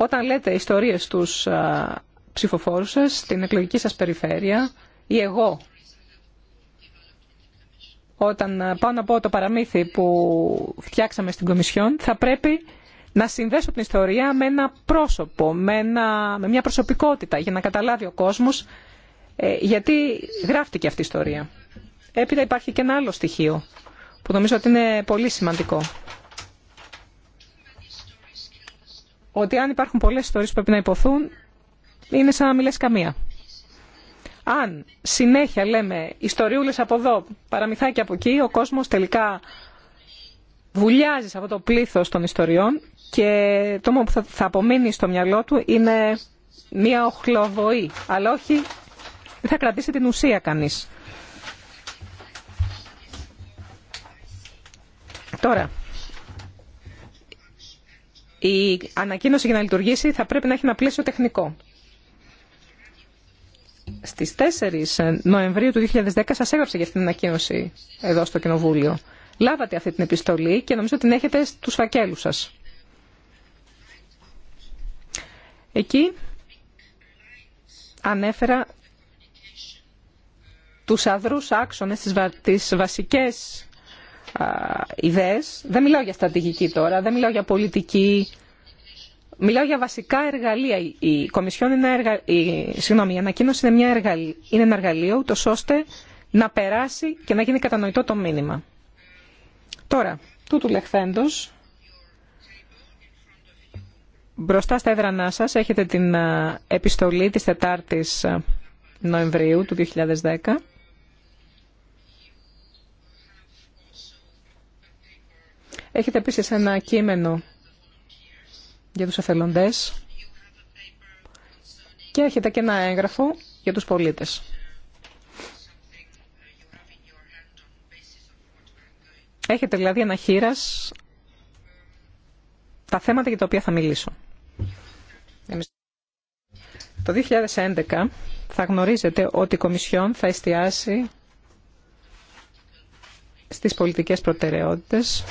όταν λέτε ιστορίες τους ψηφοφόρους σας, στην εκλογική σας περιφέρεια ή εγώ, όταν πάω να πω το παραμύθι που φτιάξαμε στην Κομισιόν, θα πρέπει να συνδέσω την ιστορία με ένα πρόσωπο, με, μια προσωπικότητα, για να καταλάβει ο κόσμος ε, γιατί γράφτηκε αυτή η ιστορία. Έπειτα υπάρχει και ένα άλλο στοιχείο που νομίζω ότι είναι πολύ σημαντικό. ότι αν υπάρχουν πολλές ιστορίες που πρέπει να υποθούν, είναι σαν να μιλές καμία. Αν συνέχεια λέμε ιστοριούλες από εδώ, παραμυθάκια από εκεί, ο κόσμος τελικά βουλιάζει από το πλήθος των ιστοριών και το μόνο που θα απομείνει στο μυαλό του είναι μία οχλοβοή, αλλά όχι δεν θα κρατήσει την ουσία κανείς. Τώρα, η ανακοίνωση για να λειτουργήσει θα πρέπει να έχει ένα πλαίσιο τεχνικό. Στις 4 Νοεμβρίου του 2010 σας έγραψε για αυτή την ανακοίνωση εδώ στο Κοινοβούλιο. Λάβατε αυτή την επιστολή και νομίζω την έχετε στου φακέλους σας. Εκεί ανέφερα τους αδρούς άξονες, τις, βα... τις βασικές ιδέες. Δεν μιλάω για στρατηγική τώρα, δεν μιλάω για πολιτική. Μιλάω για βασικά εργαλεία. Η, Κομισιόν είναι εργα... η, συγγνώμη, η ανακοίνωση είναι, μια ένα εργαλείο ούτω ώστε να περάσει και να γίνει κατανοητό το μήνυμα. Τώρα, τούτου λεχθέντος, μπροστά στα έδρανά σας έχετε την επιστολή της 4ης Νοεμβρίου του 2010 Έχετε επίση ένα κείμενο για τους εθελοντές και έχετε και ένα έγγραφο για τους πολίτες. Έχετε δηλαδή ένα χείρας τα θέματα για τα οποία θα μιλήσω. Το 2011 θα γνωρίζετε ότι η Κομισιόν θα εστιάσει στις πολιτικές προτεραιότητες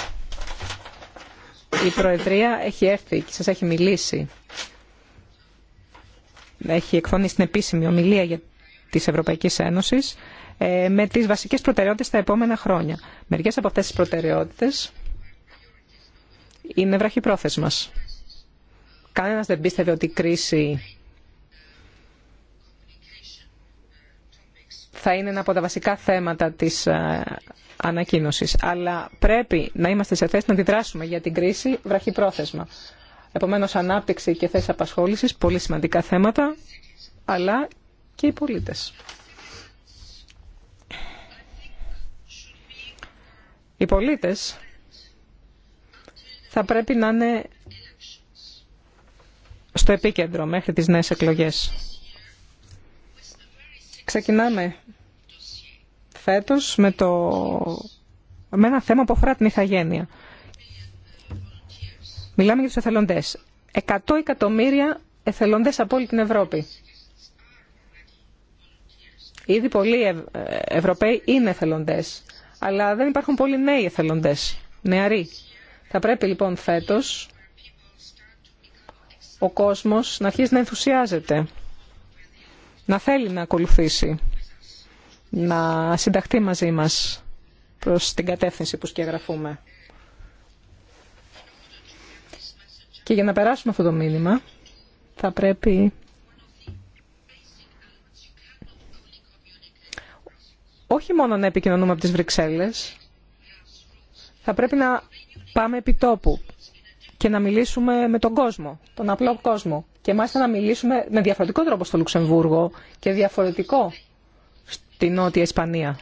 η Προεδρία έχει έρθει και σας έχει μιλήσει. Έχει εκφωνήσει την επίσημη ομιλία για της Ευρωπαϊκής Ένωσης ε, με τις βασικές προτεραιότητες τα επόμενα χρόνια. Μερικές από αυτές τις προτεραιότητες είναι βραχυπρόθεσμας. Κανένας δεν πίστευε ότι η κρίση θα είναι ένα από τα βασικά θέματα της ε, αλλά πρέπει να είμαστε σε θέση να αντιδράσουμε για την κρίση βραχυπρόθεσμα. Επομένω, ανάπτυξη και θέση απασχόλησης, πολύ σημαντικά θέματα, αλλά και οι πολίτε. Οι πολίτε θα πρέπει να είναι στο επίκεντρο μέχρι τις νέες εκλογές. Ξεκινάμε φέτος με, το... με ένα θέμα που αφορά την ηθαγένεια. Μιλάμε για τους εθελοντές. Εκατό εκατομμύρια εθελοντές από όλη την Ευρώπη. Ήδη πολλοί Ευρωπαίοι είναι εθελοντές, αλλά δεν υπάρχουν πολλοί νέοι εθελοντές, νεαροί. Θα πρέπει λοιπόν φέτος ο κόσμος να αρχίσει να ενθουσιάζεται, να θέλει να ακολουθήσει να συνταχθεί μαζί μας προς την κατεύθυνση που σκιαγραφούμε. Και για να περάσουμε αυτό το μήνυμα θα πρέπει όχι μόνο να επικοινωνούμε από τις Βρυξέλλες, θα πρέπει να πάμε επί τόπου και να μιλήσουμε με τον κόσμο, τον απλό κόσμο. Και μάλιστα να μιλήσουμε με διαφορετικό τρόπο στο Λουξεμβούργο και διαφορετικό την Νότια Ισπανία.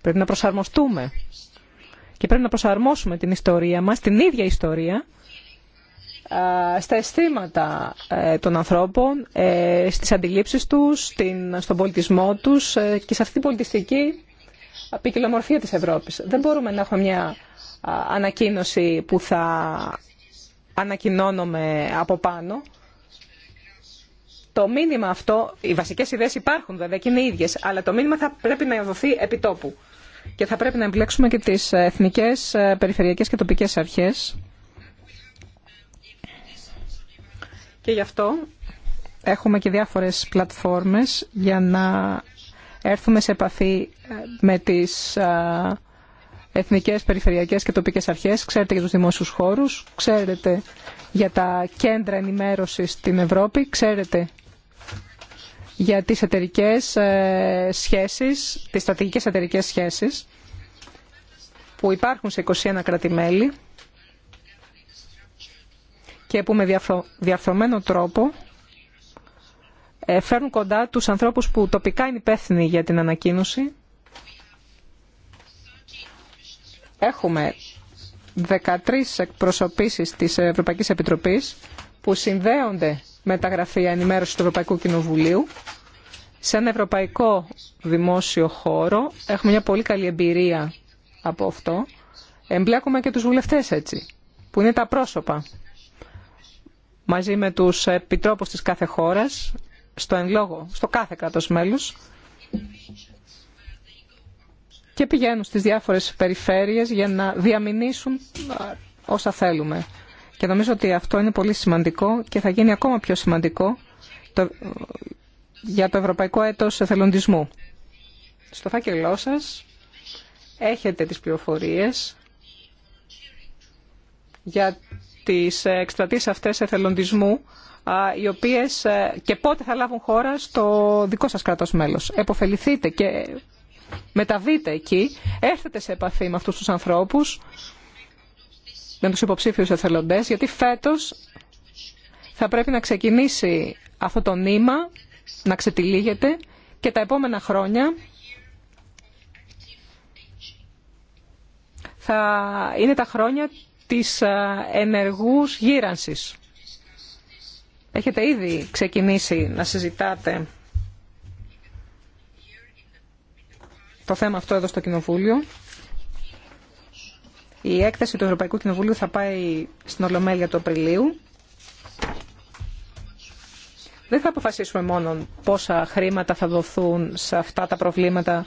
Πρέπει να προσαρμοστούμε και πρέπει να προσαρμόσουμε την ιστορία μας, την ίδια ιστορία, στα αισθήματα ε, των ανθρώπων, ε, στις αντιλήψεις τους, στον πολιτισμό τους ε, και σε αυτή την πολιτιστική ποικιλομορφία της Ευρώπης. Δεν μπορούμε να έχουμε μια ανακοίνωση που θα ανακοινώνουμε από πάνω. Το μήνυμα αυτό, οι βασικές ιδέες υπάρχουν βέβαια και είναι οι ίδιες, αλλά το μήνυμα θα πρέπει να δοθεί επί τόπου. Και θα πρέπει να εμπλέξουμε και τις εθνικές, ε, περιφερειακές και τοπικές αρχές. Και γι' αυτό έχουμε και διάφορες πλατφόρμες για να έρθουμε σε επαφή ε, με τις ε, εθνικές, περιφερειακές και τοπικές αρχές. Ξέρετε για τους δημόσιους χώρους, ξέρετε για τα κέντρα ενημέρωσης στην Ευρώπη. Ξέρετε για τις εταιρικές ε, σχέσεις, τις στρατηγικές εταιρικές σχέσεις που υπάρχουν σε 21 κράτη-μέλη και που με τρόπο ε, φέρνουν κοντά τους ανθρώπους που τοπικά είναι υπεύθυνοι για την ανακοίνωση. Έχουμε 13 εκπροσωπήσεις της Ευρωπαϊκής Επιτροπής που συνδέονται με τα γραφεία ενημέρωσης του Ευρωπαϊκού Κοινοβουλίου σε ένα ευρωπαϊκό δημόσιο χώρο. Έχουμε μια πολύ καλή εμπειρία από αυτό. Εμπλέκουμε και τους βουλευτές έτσι, που είναι τα πρόσωπα. Μαζί με τους επιτρόπους της κάθε χώρας, στο εν λόγω, στο κάθε κράτος μέλους, και πηγαίνουν στις διάφορες περιφέρειες για να διαμηνήσουν όσα θέλουμε. Και νομίζω ότι αυτό είναι πολύ σημαντικό και θα γίνει ακόμα πιο σημαντικό το, για το Ευρωπαϊκό Έτος Εθελοντισμού. Στο φάκελό σας έχετε τις πληροφορίες για τις εκστρατείες αυτές εθελοντισμού οι οποίες ε, και πότε θα λάβουν χώρα στο δικό σας κράτος μέλος. Εποφεληθείτε και μεταβείτε εκεί, έρθετε σε επαφή με αυτούς τους ανθρώπους, με τους υποψήφιους εθελοντές, γιατί φέτος θα πρέπει να ξεκινήσει αυτό το νήμα, να ξετυλίγεται και τα επόμενα χρόνια θα είναι τα χρόνια της ε, ενεργούς γύρανσης. Έχετε ήδη ξεκινήσει να συζητάτε το θέμα αυτό εδώ στο Κοινοβούλιο. Η έκθεση του Ευρωπαϊκού Κοινοβουλίου θα πάει στην Ολομέλεια του Απριλίου. Δεν θα αποφασίσουμε μόνο πόσα χρήματα θα δοθούν σε αυτά τα προβλήματα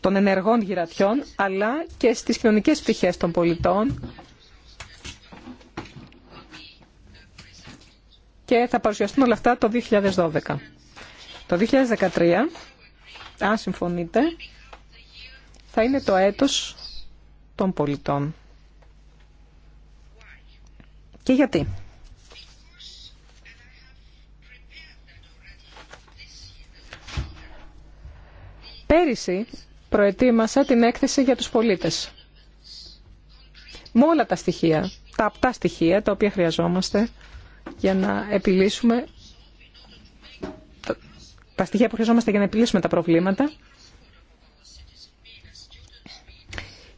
των ενεργών γυρατιών, αλλά και στις κοινωνικές πτυχές των πολιτών. Και θα παρουσιαστούν όλα αυτά το 2012. Το 2013 αν συμφωνείτε, θα είναι το έτος των πολιτών. Και γιατί. Πέρυσι προετοίμασα την έκθεση για τους πολίτες. Με όλα τα στοιχεία, τα απτά στοιχεία τα οποία χρειαζόμαστε για να επιλύσουμε τα στοιχεία που χρειαζόμαστε για να επιλύσουμε τα προβλήματα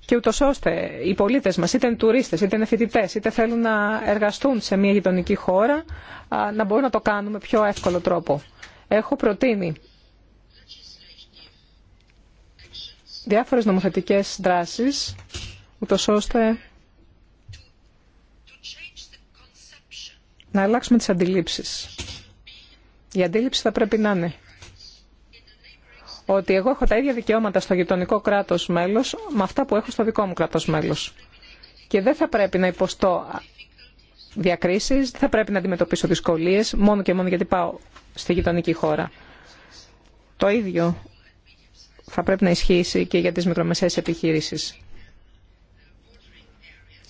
και ούτω ώστε οι πολίτε μα, είτε είναι τουρίστε, είτε είναι φοιτητέ, είτε θέλουν να εργαστούν σε μια γειτονική χώρα, να μπορούν να το κάνουν με πιο εύκολο τρόπο. Έχω προτείνει διάφορες νομοθετικές δράσεις, ούτως ώστε να αλλάξουμε τις αντιλήψεις. Η αντίληψη θα πρέπει να είναι ότι εγώ έχω τα ίδια δικαιώματα στο γειτονικό κράτος μέλος με αυτά που έχω στο δικό μου κράτος μέλος. Και δεν θα πρέπει να υποστώ διακρίσεις, δεν θα πρέπει να αντιμετωπίσω δυσκολίες μόνο και μόνο γιατί πάω στη γειτονική χώρα. Το ίδιο θα πρέπει να ισχύσει και για τις μικρομεσαίες επιχείρησεις.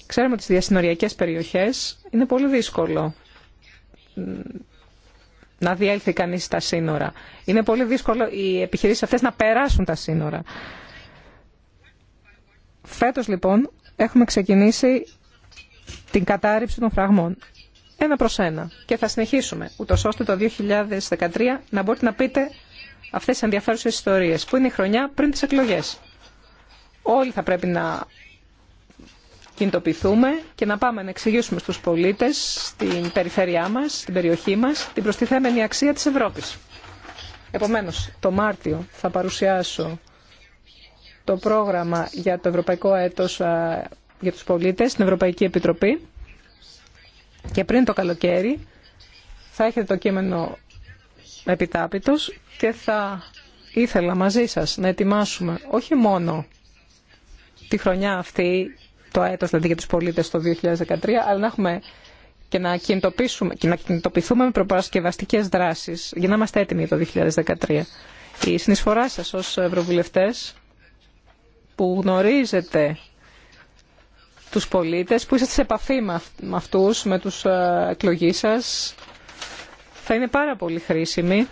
Ξέρουμε ότι στις διασυνοριακές περιοχές είναι πολύ δύσκολο να διέλθει κανείς στα σύνορα. Είναι πολύ δύσκολο οι επιχειρήσεις αυτές να περάσουν τα σύνορα. Φέτος λοιπόν έχουμε ξεκινήσει την κατάρριψη των φραγμών. Ένα προς ένα. Και θα συνεχίσουμε, ούτως ώστε το 2013 να μπορείτε να πείτε αυτές τις ενδιαφέρουσες ιστορίες, που είναι η χρονιά πριν τις εκλογές. Όλοι θα πρέπει να κινητοποιηθούμε και να πάμε να εξηγήσουμε στους πολίτες στην περιφέρειά μας, στην περιοχή μας, την προστιθέμενη αξία της Ευρώπης. Επομένως, το Μάρτιο θα παρουσιάσω το πρόγραμμα για το Ευρωπαϊκό Έτος για τους πολίτες στην Ευρωπαϊκή Επιτροπή και πριν το καλοκαίρι θα έχετε το κείμενο επιτάπητος και θα ήθελα μαζί σας να ετοιμάσουμε όχι μόνο τη χρονιά αυτή το έτος δηλαδή για τους πολίτες το 2013, αλλά να έχουμε και να, κινητοποιήσουμε, και να κινητοποιηθούμε με προπαρασκευαστικές δράσεις για να είμαστε έτοιμοι το 2013. Η συνεισφορά σας ως ευρωβουλευτές που γνωρίζετε τους πολίτες, που είστε σε επαφή με αυτούς, με τους ε, εκλογεί σα, θα είναι πάρα πολύ χρήσιμη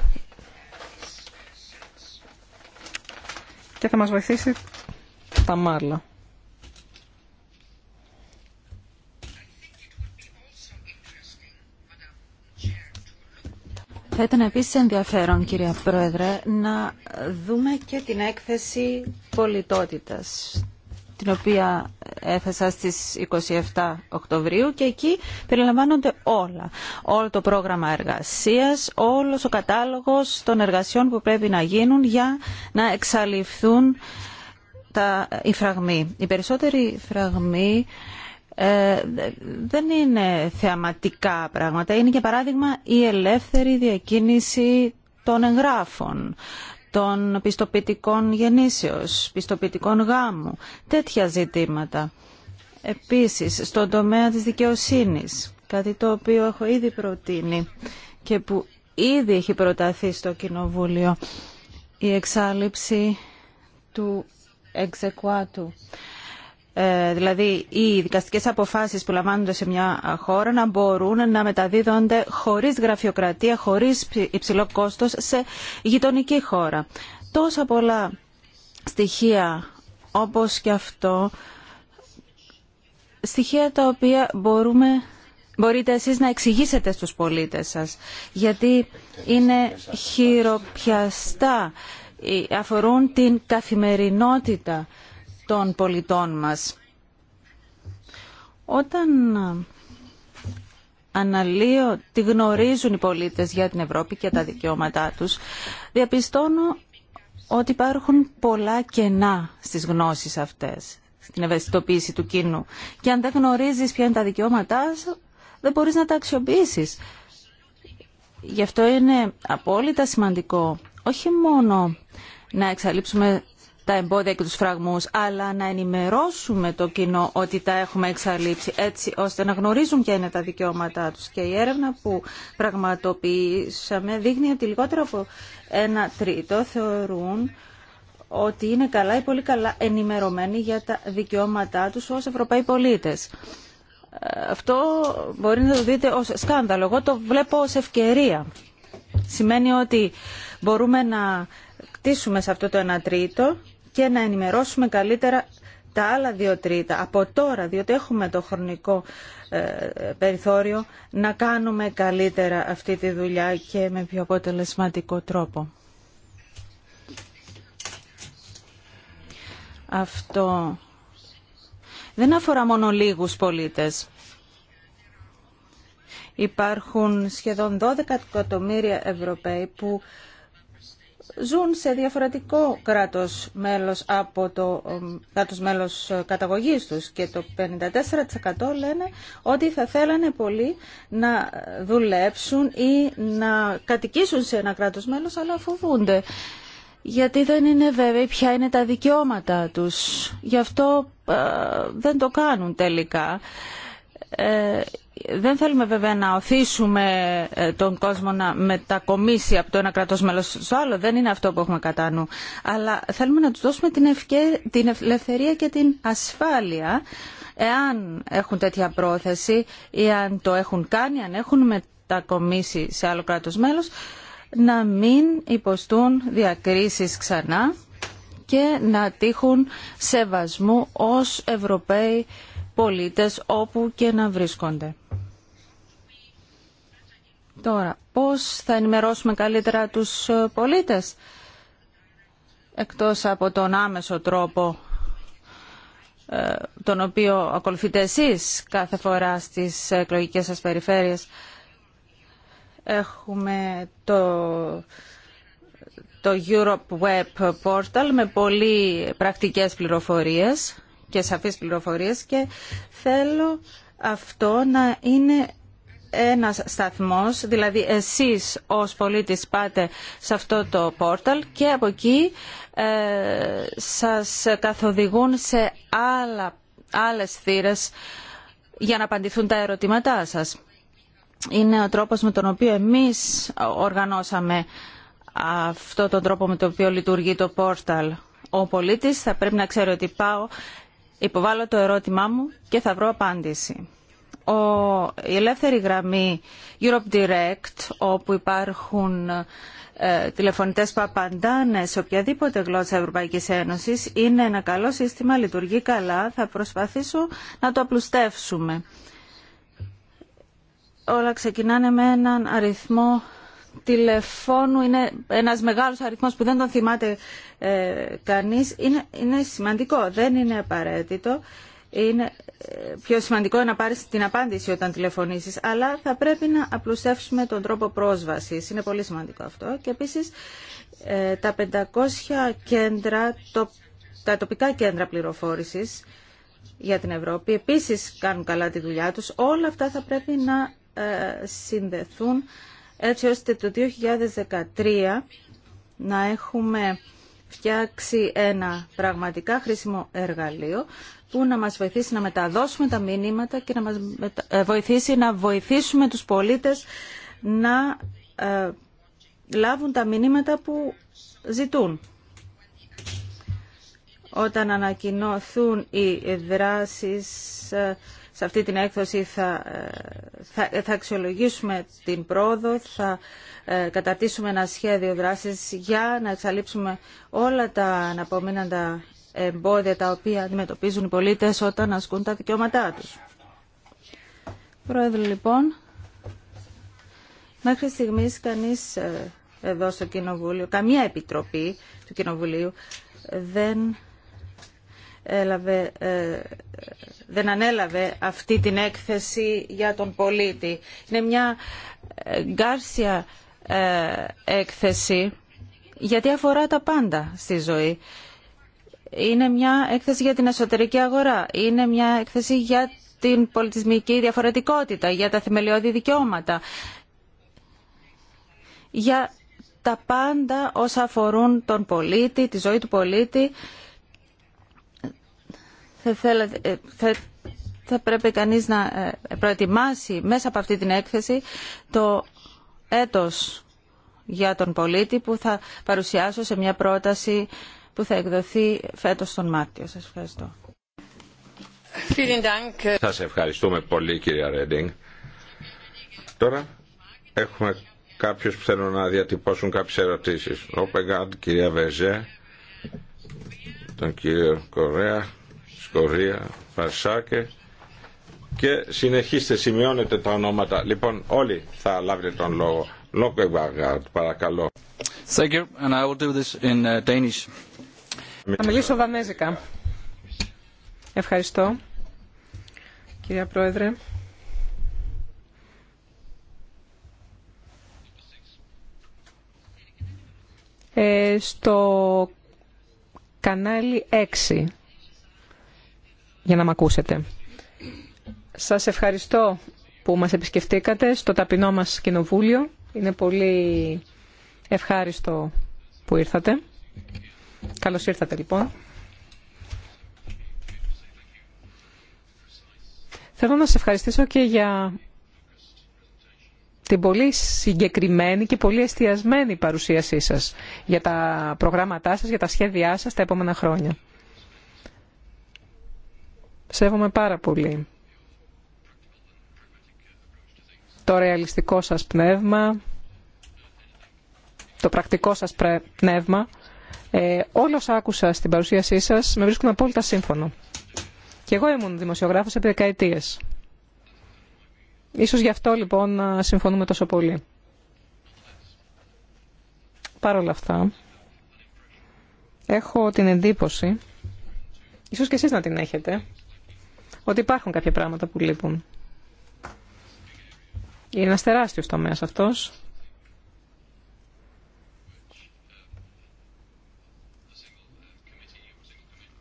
και θα μας βοηθήσει τα μάλλα. Θα ήταν επίσης ενδιαφέρον, κύριε Πρόεδρε, να δούμε και την έκθεση πολιτότητας την οποία έθεσα στις 27 Οκτωβρίου και εκεί περιλαμβάνονται όλα. Όλο το πρόγραμμα εργασίας, όλος ο κατάλογος των εργασιών που πρέπει να γίνουν για να εξαλειφθούν τα, οι φραγμοί. Οι περισσότεροι φραγμοί ε, δεν είναι θεαματικά πράγματα. Είναι, για παράδειγμα, η ελεύθερη διακίνηση των εγγράφων, των πιστοποιητικών γεννήσεως, πιστοποιητικών γάμου, τέτοια ζητήματα. Επίσης, στον τομέα της δικαιοσύνης, κάτι το οποίο έχω ήδη προτείνει και που ήδη έχει προταθεί στο Κοινοβούλιο, η εξάλληψη του εξεκουάτου ε, δηλαδή οι δικαστικές αποφάσεις που λαμβάνονται σε μια χώρα να μπορούν να μεταδίδονται χωρίς γραφειοκρατία, χωρίς υψηλό κόστος σε γειτονική χώρα. Τόσα πολλά στοιχεία όπως και αυτό, στοιχεία τα οποία μπορούμε μπορείτε εσείς να εξηγήσετε στους πολίτες σας, γιατί είναι χειροπιαστά, ε, αφορούν την καθημερινότητα των πολιτών μας. Όταν αναλύω τι γνωρίζουν οι πολίτες για την Ευρώπη και τα δικαιώματά τους, διαπιστώνω ότι υπάρχουν πολλά κενά στις γνώσεις αυτές, στην ευαισθητοποίηση του κοινού. Και αν δεν γνωρίζεις ποια είναι τα δικαιώματά σου, δεν μπορείς να τα αξιοποιήσεις. Γι' αυτό είναι απόλυτα σημαντικό όχι μόνο να εξαλείψουμε τα εμπόδια και τους φραγμούς, αλλά να ενημερώσουμε το κοινό ότι τα έχουμε εξαλείψει, έτσι ώστε να γνωρίζουν ποια είναι τα δικαιώματά τους. Και η έρευνα που πραγματοποιήσαμε δείχνει ότι λιγότερο από ένα τρίτο θεωρούν ότι είναι καλά ή πολύ καλά ενημερωμένοι για τα δικαιώματά τους ως Ευρωπαίοι πολίτες. Αυτό μπορεί να το δείτε ως σκάνδαλο. Εγώ το βλέπω ως ευκαιρία. Σημαίνει ότι μπορούμε να κτίσουμε σε αυτό το 1 τρίτο και να ενημερώσουμε καλύτερα τα άλλα δύο τρίτα από τώρα, διότι έχουμε το χρονικό ε, περιθώριο να κάνουμε καλύτερα αυτή τη δουλειά και με πιο αποτελεσματικό τρόπο. Αυτό δεν αφορά μόνο λίγους πολίτες. Υπάρχουν σχεδόν 12 εκατομμύρια Ευρωπαίοι που ζουν σε διαφορετικό κράτος μέλος από το κράτος μέλος ε, καταγωγής τους και το 54% λένε ότι θα θέλανε πολύ να δουλέψουν ή να κατοικήσουν σε ένα κράτος μέλος αλλά φοβούνται γιατί δεν είναι βέβαιοι ποια είναι τα δικαιώματα τους. Γι' αυτό ε, δεν το κάνουν τελικά. Ε, δεν θέλουμε βέβαια να οθήσουμε ε, τον κόσμο να μετακομίσει από το ένα κράτος μέλος στο άλλο, δεν είναι αυτό που έχουμε κατά νου. Αλλά θέλουμε να τους δώσουμε την, ευκαι... την ελευθερία και την ασφάλεια εάν έχουν τέτοια πρόθεση ή αν το έχουν κάνει, αν έχουν μετακομίσει σε άλλο κράτος μέλος, να μην υποστούν διακρίσεις ξανά και να τύχουν σεβασμού ως Ευρωπαίοι πολίτες όπου και να βρίσκονται. Τώρα, πώς θα ενημερώσουμε καλύτερα τους ε, πολίτες, εκτός από τον άμεσο τρόπο ε, τον οποίο ακολουθείτε εσείς κάθε φορά στις εκλογικές σας περιφέρειες. Έχουμε το, το Europe Web Portal με πολύ πρακτικές πληροφορίες και σαφείς πληροφορίες και θέλω αυτό να είναι ένας σταθμός, δηλαδή εσείς ως πολίτης πάτε σε αυτό το πόρταλ και από εκεί ε, σας καθοδηγούν σε άλλα, άλλες θύρες για να απαντηθούν τα ερωτήματά σας. Είναι ο τρόπος με τον οποίο εμείς οργανώσαμε αυτό τον τρόπο με τον οποίο λειτουργεί το πόρταλ. Ο πολίτης θα πρέπει να ξέρει ότι πάω, υποβάλλω το ερώτημά μου και θα βρω απάντηση η ελεύθερη γραμμή Europe Direct, όπου υπάρχουν ε, τηλεφωνητές που απαντάνε σε οποιαδήποτε γλώσσα Ευρωπαϊκής Ένωσης, είναι ένα καλό σύστημα, λειτουργεί καλά, θα προσπαθήσω να το απλουστεύσουμε. Όλα ξεκινάνε με έναν αριθμό τηλεφώνου, είναι ένας μεγάλος αριθμός που δεν τον θυμάται ε, κανείς, είναι, είναι σημαντικό, δεν είναι απαραίτητο είναι ε, πιο σημαντικό να πάρεις την απάντηση όταν τηλεφωνήσεις, αλλά θα πρέπει να απλουστεύσουμε τον τρόπο πρόσβασης. Είναι πολύ σημαντικό αυτό. Και επίσης ε, τα 500 κέντρα, τα τοπικά κέντρα πληροφόρησης για την Ευρώπη επίσης κάνουν καλά τη δουλειά τους. Όλα αυτά θα πρέπει να ε, συνδεθούν έτσι ώστε το 2013 να έχουμε φτιάξει ένα πραγματικά χρήσιμο εργαλείο που να μας βοηθήσει να μεταδώσουμε τα μήνυματα και να μας ε, βοηθήσει να βοηθήσουμε τους πολίτες να ε, λάβουν τα μηνύματα που ζητούν. Όταν ανακοινωθούν οι δράσεις ε, σε αυτή την έκδοση θα, ε, θα, θα αξιολογήσουμε την πρόοδο, θα ε, καταρτήσουμε ένα σχέδιο δράσης για να εξαλείψουμε όλα τα αναπομείναντα εμπόδια τα οποία αντιμετωπίζουν οι πολίτες όταν ασκούν τα δικαιώματά τους. Πρόεδρε, λοιπόν, μέχρι στιγμής κανείς ε, εδώ στο Κοινοβούλιο, καμία επιτροπή του Κοινοβουλίου δεν έλαβε, ε, δεν ανέλαβε αυτή την έκθεση για τον πολίτη. Είναι μια ε, γκάρσια ε, έκθεση γιατί αφορά τα πάντα στη ζωή. Είναι μια έκθεση για την εσωτερική αγορά. Είναι μια έκθεση για την πολιτισμική διαφορετικότητα, για τα θεμελιώδη δικαιώματα, για τα πάντα όσα αφορούν τον πολίτη, τη ζωή του πολίτη ε, θα, πρέπει κανείς να ε, προετοιμάσει μέσα από αυτή την έκθεση το έτος για τον πολίτη που θα παρουσιάσω σε μια πρόταση που θα εκδοθεί φέτος τον Μάρτιο. Σας ευχαριστώ. Σας ευχαριστούμε πολύ κυρία Ρέντινγκ. Τώρα έχουμε κάποιους που θέλουν να διατυπώσουν κάποιες ερωτήσεις. Ο Πεγκάντ, κυρία Βεζέ, τον κύριο Κορέα, Κορία, Φαρσάκε και συνεχίστε, σημειώνετε τα ονόματα. Λοιπόν, όλοι θα λάβετε τον λόγο. Βαργάρτ, παρακαλώ. Thank you, and I will do this in uh, Danish. Θα μιλήσω δανέζικα. Ευχαριστώ, κυρία Πρόεδρε. Ε, στο κανάλι 6 για να μ' ακούσετε. Σας ευχαριστώ που μας επισκεφτήκατε στο ταπεινό μας κοινοβούλιο. Είναι πολύ ευχάριστο που ήρθατε. Καλώς ήρθατε λοιπόν. Θέλω να σας ευχαριστήσω και για την πολύ συγκεκριμένη και πολύ εστιασμένη παρουσίασή σας για τα προγράμματά σας, για τα σχέδιά σας τα επόμενα χρόνια. Σέβομαι πάρα πολύ το ρεαλιστικό σας πνεύμα, το πρακτικό σας πνεύμα. Ε, άκουσα στην παρουσίασή σας με βρίσκουν απόλυτα σύμφωνο. Και εγώ ήμουν δημοσιογράφος επί δεκαετίες. Ίσως γι' αυτό λοιπόν να συμφωνούμε τόσο πολύ. Παρ' όλα αυτά, έχω την εντύπωση, ίσως και εσείς να την έχετε, ότι υπάρχουν κάποια πράγματα που λείπουν. Είναι ένας τεράστιος τομέας αυτός.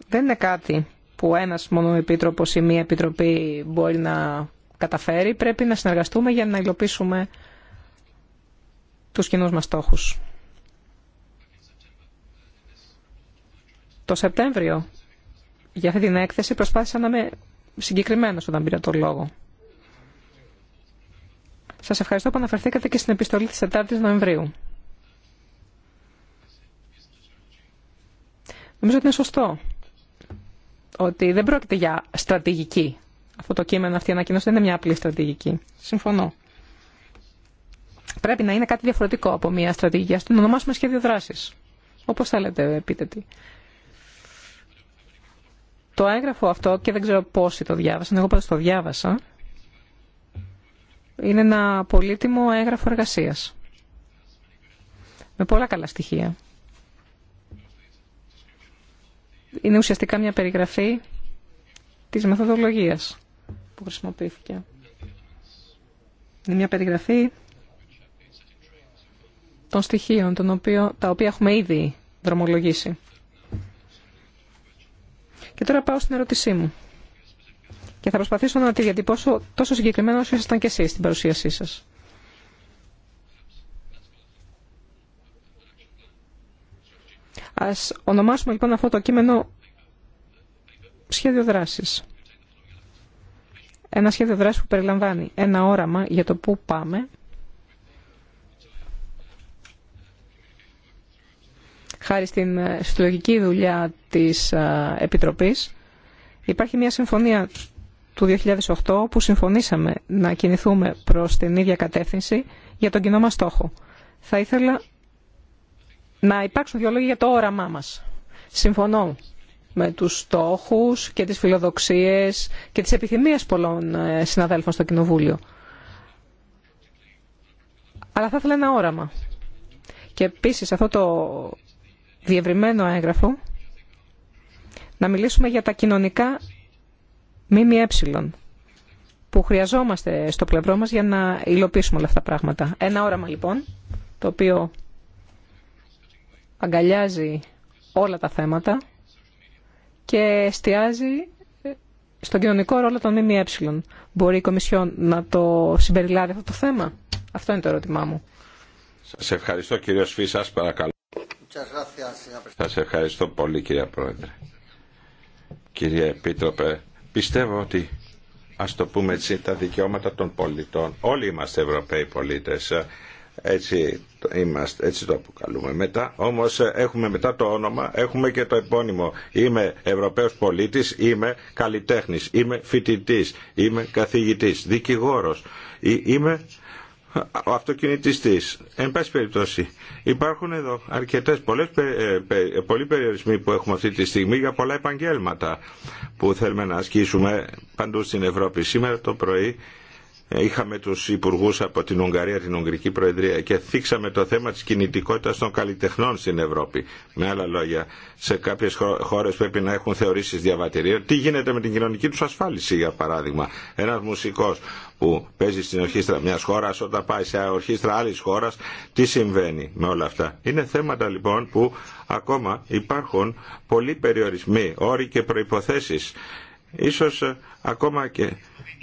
Δεν είναι κάτι που ένας μόνο επίτροπος ή μία επιτροπή μπορεί να καταφέρει. Πρέπει να συνεργαστούμε για να υλοποιήσουμε τους κοινούς μας στόχους. Το Σεπτέμβριο για αυτή την έκθεση προσπάθησα να με... Συγκεκριμένο όταν πήρα το λόγο. Σας ευχαριστώ που αναφερθήκατε και στην επιστολή της 4ης Νοεμβρίου. Νομίζω ότι είναι σωστό ότι δεν πρόκειται για στρατηγική. Αυτό το κείμενο, αυτή η ανακοίνωση δεν είναι μια απλή στρατηγική. Συμφωνώ. Πρέπει να είναι κάτι διαφορετικό από μια στρατηγική. Α την ονομάσουμε σχέδιο δράση. Όπω θέλετε, επίτετη. Το έγγραφο αυτό, και δεν ξέρω πόσοι το διάβασαν, εγώ πάντως το διάβασα, είναι ένα πολύτιμο έγγραφο εργασίας. Με πολλά καλά στοιχεία. Είναι ουσιαστικά μια περιγραφή της μεθοδολογίας που χρησιμοποιήθηκε. Είναι μια περιγραφή των στοιχείων τον οποίο, τα οποία έχουμε ήδη δρομολογήσει. Και τώρα πάω στην ερώτησή μου. Και θα προσπαθήσω να τη διατυπώσω τόσο συγκεκριμένα όσο ήσασταν και εσείς στην παρουσίασή σας. Ας ονομάσουμε λοιπόν αυτό το κείμενο σχέδιο δράσης. Ένα σχέδιο δράσης που περιλαμβάνει ένα όραμα για το πού πάμε, χάρη στην ε, συλλογική δουλειά της ε, Επιτροπής, υπάρχει μια συμφωνία του 2008 που συμφωνήσαμε να κινηθούμε προς την ίδια κατεύθυνση για τον κοινό μας στόχο. Θα ήθελα να υπάρξουν δύο λόγια για το όραμά μας. Συμφωνώ με τους στόχους και τις φιλοδοξίες και τις επιθυμίες πολλών ε, συναδέλφων στο Κοινοβούλιο. Αλλά θα ήθελα ένα όραμα. Και επίσης αυτό το διευρυμένο έγγραφο να μιλήσουμε για τα κοινωνικά ΜΜΕ που χρειαζόμαστε στο πλευρό μας για να υλοποιήσουμε όλα αυτά τα πράγματα. Ένα όραμα λοιπόν, το οποίο αγκαλιάζει όλα τα θέματα και εστιάζει στον κοινωνικό ρόλο των ΜΜΕ. Μπορεί η Κομισιόν να το συμπεριλάβει αυτό το θέμα. Αυτό είναι το ερώτημά μου. Σας ευχαριστώ κύριος παρακαλώ. Σα ευχαριστώ πολύ κύριε Πρόεδρε. Κύριε Επίτροπε, πιστεύω ότι ας το πούμε έτσι τα δικαιώματα των πολιτών, όλοι είμαστε Ευρωπαίοι πολίτες, έτσι, έτσι το αποκαλούμε. Μετά όμως έχουμε μετά το όνομα, έχουμε και το επώνυμο. Είμαι Ευρωπαίος πολίτης, είμαι καλλιτέχνης, είμαι φοιτητής, είμαι καθηγητής, δικηγόρος, ε, είμαι ο αυτοκινητιστής. Εν πάση περιπτώσει, υπάρχουν εδώ αρκετές, πολλές, ε, πολλοί περιορισμοί που έχουμε αυτή τη στιγμή για πολλά επαγγέλματα που θέλουμε να ασκήσουμε παντού στην Ευρώπη. Σήμερα το πρωί είχαμε του υπουργού από την Ουγγαρία, την Ουγγρική Προεδρία και θίξαμε το θέμα τη κινητικότητα των καλλιτεχνών στην Ευρώπη. Με άλλα λόγια, σε κάποιες χώρες πρέπει να έχουν θεωρήσει διαβατηρίων. Τι γίνεται με την κοινωνική του ασφάλιση, για παράδειγμα. ένα μουσικό που παίζει στην ορχήστρα μια χώρα, όταν πάει σε ορχήστρα άλλη χώρα, τι συμβαίνει με όλα αυτά. Είναι θέματα λοιπόν που ακόμα υπάρχουν πολλοί περιορισμοί, όροι και προποθέσει Ίσως ε, ακόμα και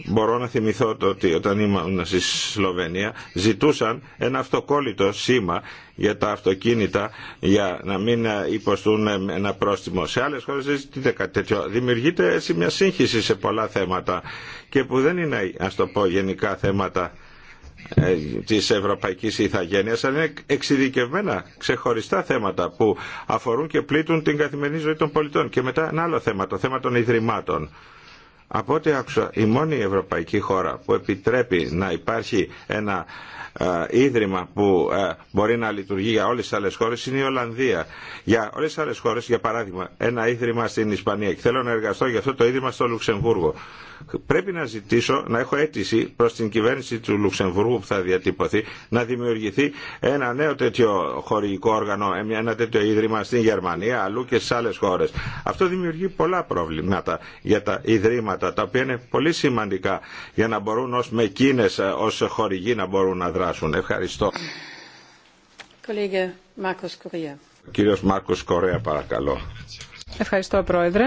μπορώ να θυμηθώ το ότι όταν ήμουν στη Σλοβενία ζητούσαν ένα αυτοκόλλητο σήμα για τα αυτοκίνητα για να μην ε, υποστούν ε, ένα πρόστιμο. Σε άλλες χώρες δεν ζητείτε κάτι τέτοιο. Δημιουργείται έτσι μια σύγχυση σε πολλά θέματα και που δεν είναι, ας το πω, γενικά θέματα ε, τη Ευρωπαϊκή Ιθαγένεια, αλλά είναι εξειδικευμένα ξεχωριστά θέματα που αφορούν και πλήττουν την καθημερινή ζωή των πολιτών και μετά ένα άλλο θέμα, το θέμα των ιδρυμάτων από ό,τι άκουσα, η μόνη ευρωπαϊκή χώρα που επιτρέπει να υπάρχει ένα ε, ίδρυμα που ε, μπορεί να λειτουργεί για όλες τις άλλες χώρες είναι η Ολλανδία. Για όλες τις άλλες χώρες, για παράδειγμα, ένα ίδρυμα στην Ισπανία και θέλω να εργαστώ για αυτό το ίδρυμα στο Λουξεμβούργο. Πρέπει να ζητήσω, να έχω αίτηση προς την κυβέρνηση του Λουξεμβούργου που θα διατυπωθεί, να δημιουργηθεί ένα νέο τέτοιο χορηγικό όργανο, ένα τέτοιο ίδρυμα στην Γερμανία, αλλού και στις άλλες χώρες. Αυτό δημιουργεί πολλά προβλήματα για τα ιδρύματα τα οποία είναι πολύ σημαντικά για να μπορούν ως μεκίνες, ε, ως χορηγοί να μπορούν να δράσουν. Ευχαριστώ. Κύριος Μάρκος Κορέα παρακαλώ. Ευχαριστώ Πρόεδρε.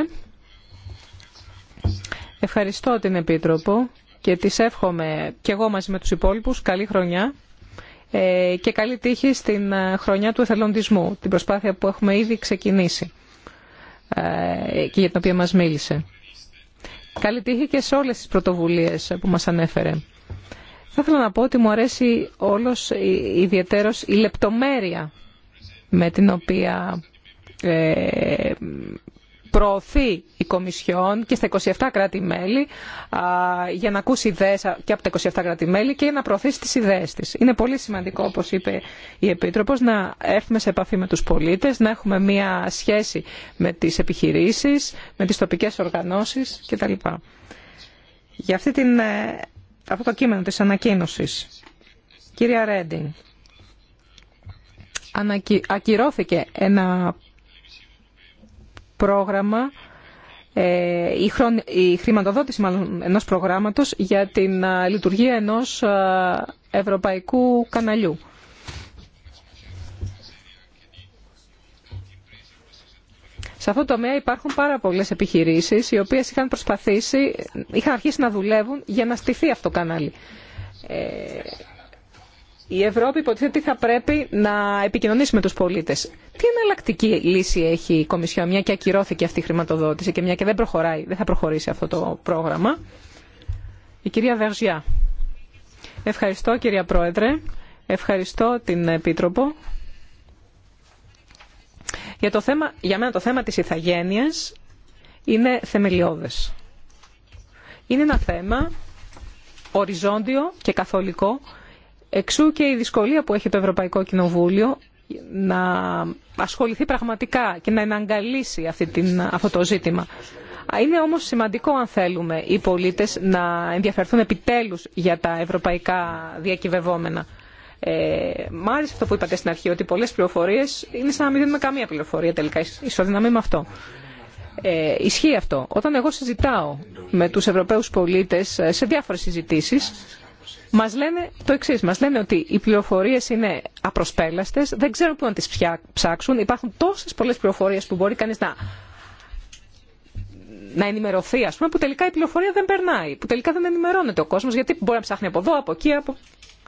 Ευχαριστώ την Επίτροπο και τις εύχομαι και εγώ μαζί με τους υπόλοιπους καλή χρονιά ε, και καλή τύχη στην ε, χρονιά του εθελοντισμού, την προσπάθεια που έχουμε ήδη ξεκινήσει και για την οποία μας μίλησε. Καλή τύχη και σε όλες τις πρωτοβουλίες που μας ανέφερε. Θα ήθελα να πω ότι μου αρέσει όλος ιδιαίτερος η λεπτομέρεια με την οποία ε, προωθεί η Κομισιόν και στα 27 κράτη-μέλη για να ακούσει ιδέες και από τα 27 κράτη-μέλη και να προωθήσει τις ιδέες της. Είναι πολύ σημαντικό, όπως είπε η Επίτροπος, να έρθουμε σε επαφή με τους πολίτες, να έχουμε μία σχέση με τις επιχειρήσεις, με τις τοπικές οργανώσεις κτλ. Για αυτή την, ε, αυτό το κείμενο της ανακοίνωσης, κύριε Ρέντινγκ, ακυρώθηκε ένα πρόγραμμα, ε, η χρηματοδότηση μάλλον ενός προγράμματος για την ε, λειτουργία ενός ε, ευρωπαϊκού καναλιού. Σε αυτό το τομέα υπάρχουν πάρα πολλές επιχειρήσεις οι οποίες είχαν προσπαθήσει, είχαν αρχίσει να δουλεύουν για να στηθεί αυτό το κανάλι. Η Ευρώπη υποτίθεται ότι θα πρέπει να επικοινωνήσει με τους πολίτες. Τι εναλλακτική λύση έχει η Κομισιόν, μια και ακυρώθηκε αυτή η χρηματοδότηση και μια και δεν προχωράει, δεν θα προχωρήσει αυτό το πρόγραμμα. Η κυρία Βεργιά. Ευχαριστώ κυρία Πρόεδρε. Ευχαριστώ την Επίτροπο. Για, το θέμα, για μένα το θέμα της ηθαγένειας είναι θεμελιώδες. Είναι ένα θέμα οριζόντιο και καθολικό Εξού και η δυσκολία που έχει το Ευρωπαϊκό Κοινοβούλιο να ασχοληθεί πραγματικά και να εναγκαλίσει αυτή την, αυτό το ζήτημα. Είναι όμως σημαντικό αν θέλουμε οι πολίτες να ενδιαφερθούν επιτέλους για τα ευρωπαϊκά διακυβευόμενα. Ε, μ' άρεσε αυτό που είπατε στην αρχή, ότι πολλές πληροφορίες είναι σαν να μην δίνουμε καμία πληροφορία τελικά, ισοδυναμεί με αυτό. Ε, ισχύει αυτό. Όταν εγώ συζητάω με τους Ευρωπαίους πολίτες ε, σε διάφορες συζητήσεις, μας λένε το εξής, μας λένε ότι οι πληροφορίες είναι απροσπέλαστες, δεν ξέρουν πού να τις ψάξουν, υπάρχουν τόσες πολλές πληροφορίες που μπορεί κανείς να, να ενημερωθεί, ας πούμε, που τελικά η πληροφορία δεν περνάει, που τελικά δεν ενημερώνεται ο κόσμος, γιατί μπορεί να ψάχνει από εδώ, από εκεί, από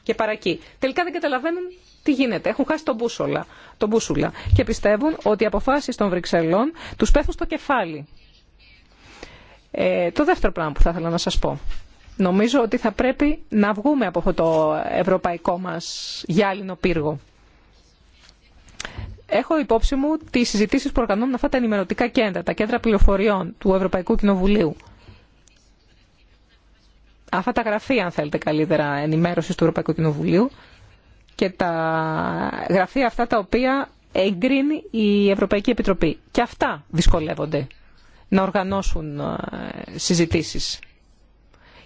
και παρακεί. Τελικά δεν καταλαβαίνουν τι γίνεται. Έχουν χάσει τον μπούσουλα, τον μπούσουλα και πιστεύουν ότι οι αποφάσει των Βρυξελών του πέφτουν στο κεφάλι. Ε, το δεύτερο πράγμα που θα ήθελα να σα πω Νομίζω ότι θα πρέπει να βγούμε από αυτό το ευρωπαϊκό μας γυάλινο πύργο. Έχω υπόψη μου τι συζητήσεις που οργανώνουν αυτά τα ενημερωτικά κέντρα, τα κέντρα πληροφοριών του Ευρωπαϊκού Κοινοβουλίου. Αυτά τα γραφεία, αν θέλετε καλύτερα, ενημέρωσης του Ευρωπαϊκού Κοινοβουλίου και τα γραφεία αυτά τα οποία εγκρίνει η Ευρωπαϊκή Επιτροπή. Και αυτά δυσκολεύονται να οργανώσουν ε, συζητήσεις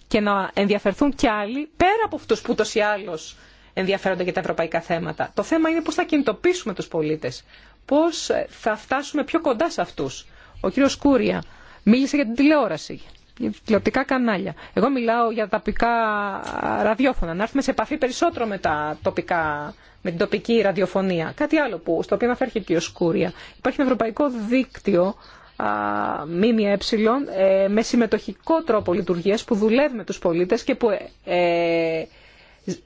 και να ενδιαφερθούν κι άλλοι πέρα από αυτού που ούτω ή άλλω ενδιαφέρονται για τα ευρωπαϊκά θέματα. Το θέμα είναι πώ θα κινητοποιήσουμε του πολίτε. Πώ ε, θα φτάσουμε πιο κοντά σε αυτού. Ο κ. Κούρια μίλησε για την τηλεόραση, για τηλεοπτικά κανάλια. Εγώ μιλάω για τα τοπικά ραδιόφωνα, να έρθουμε σε επαφή περισσότερο με, τα τοπικά, με την τοπική ραδιοφωνία. Κάτι άλλο που, στο οποίο αναφέρθηκε ο Σκούρια. Σκούρια. Υπάρχει ένα ευρωπαϊκό δίκτυο ΜΜΕ ε, με συμμετοχικό τρόπο λειτουργίας που δουλεύει με τους πολίτες και που ε, ε,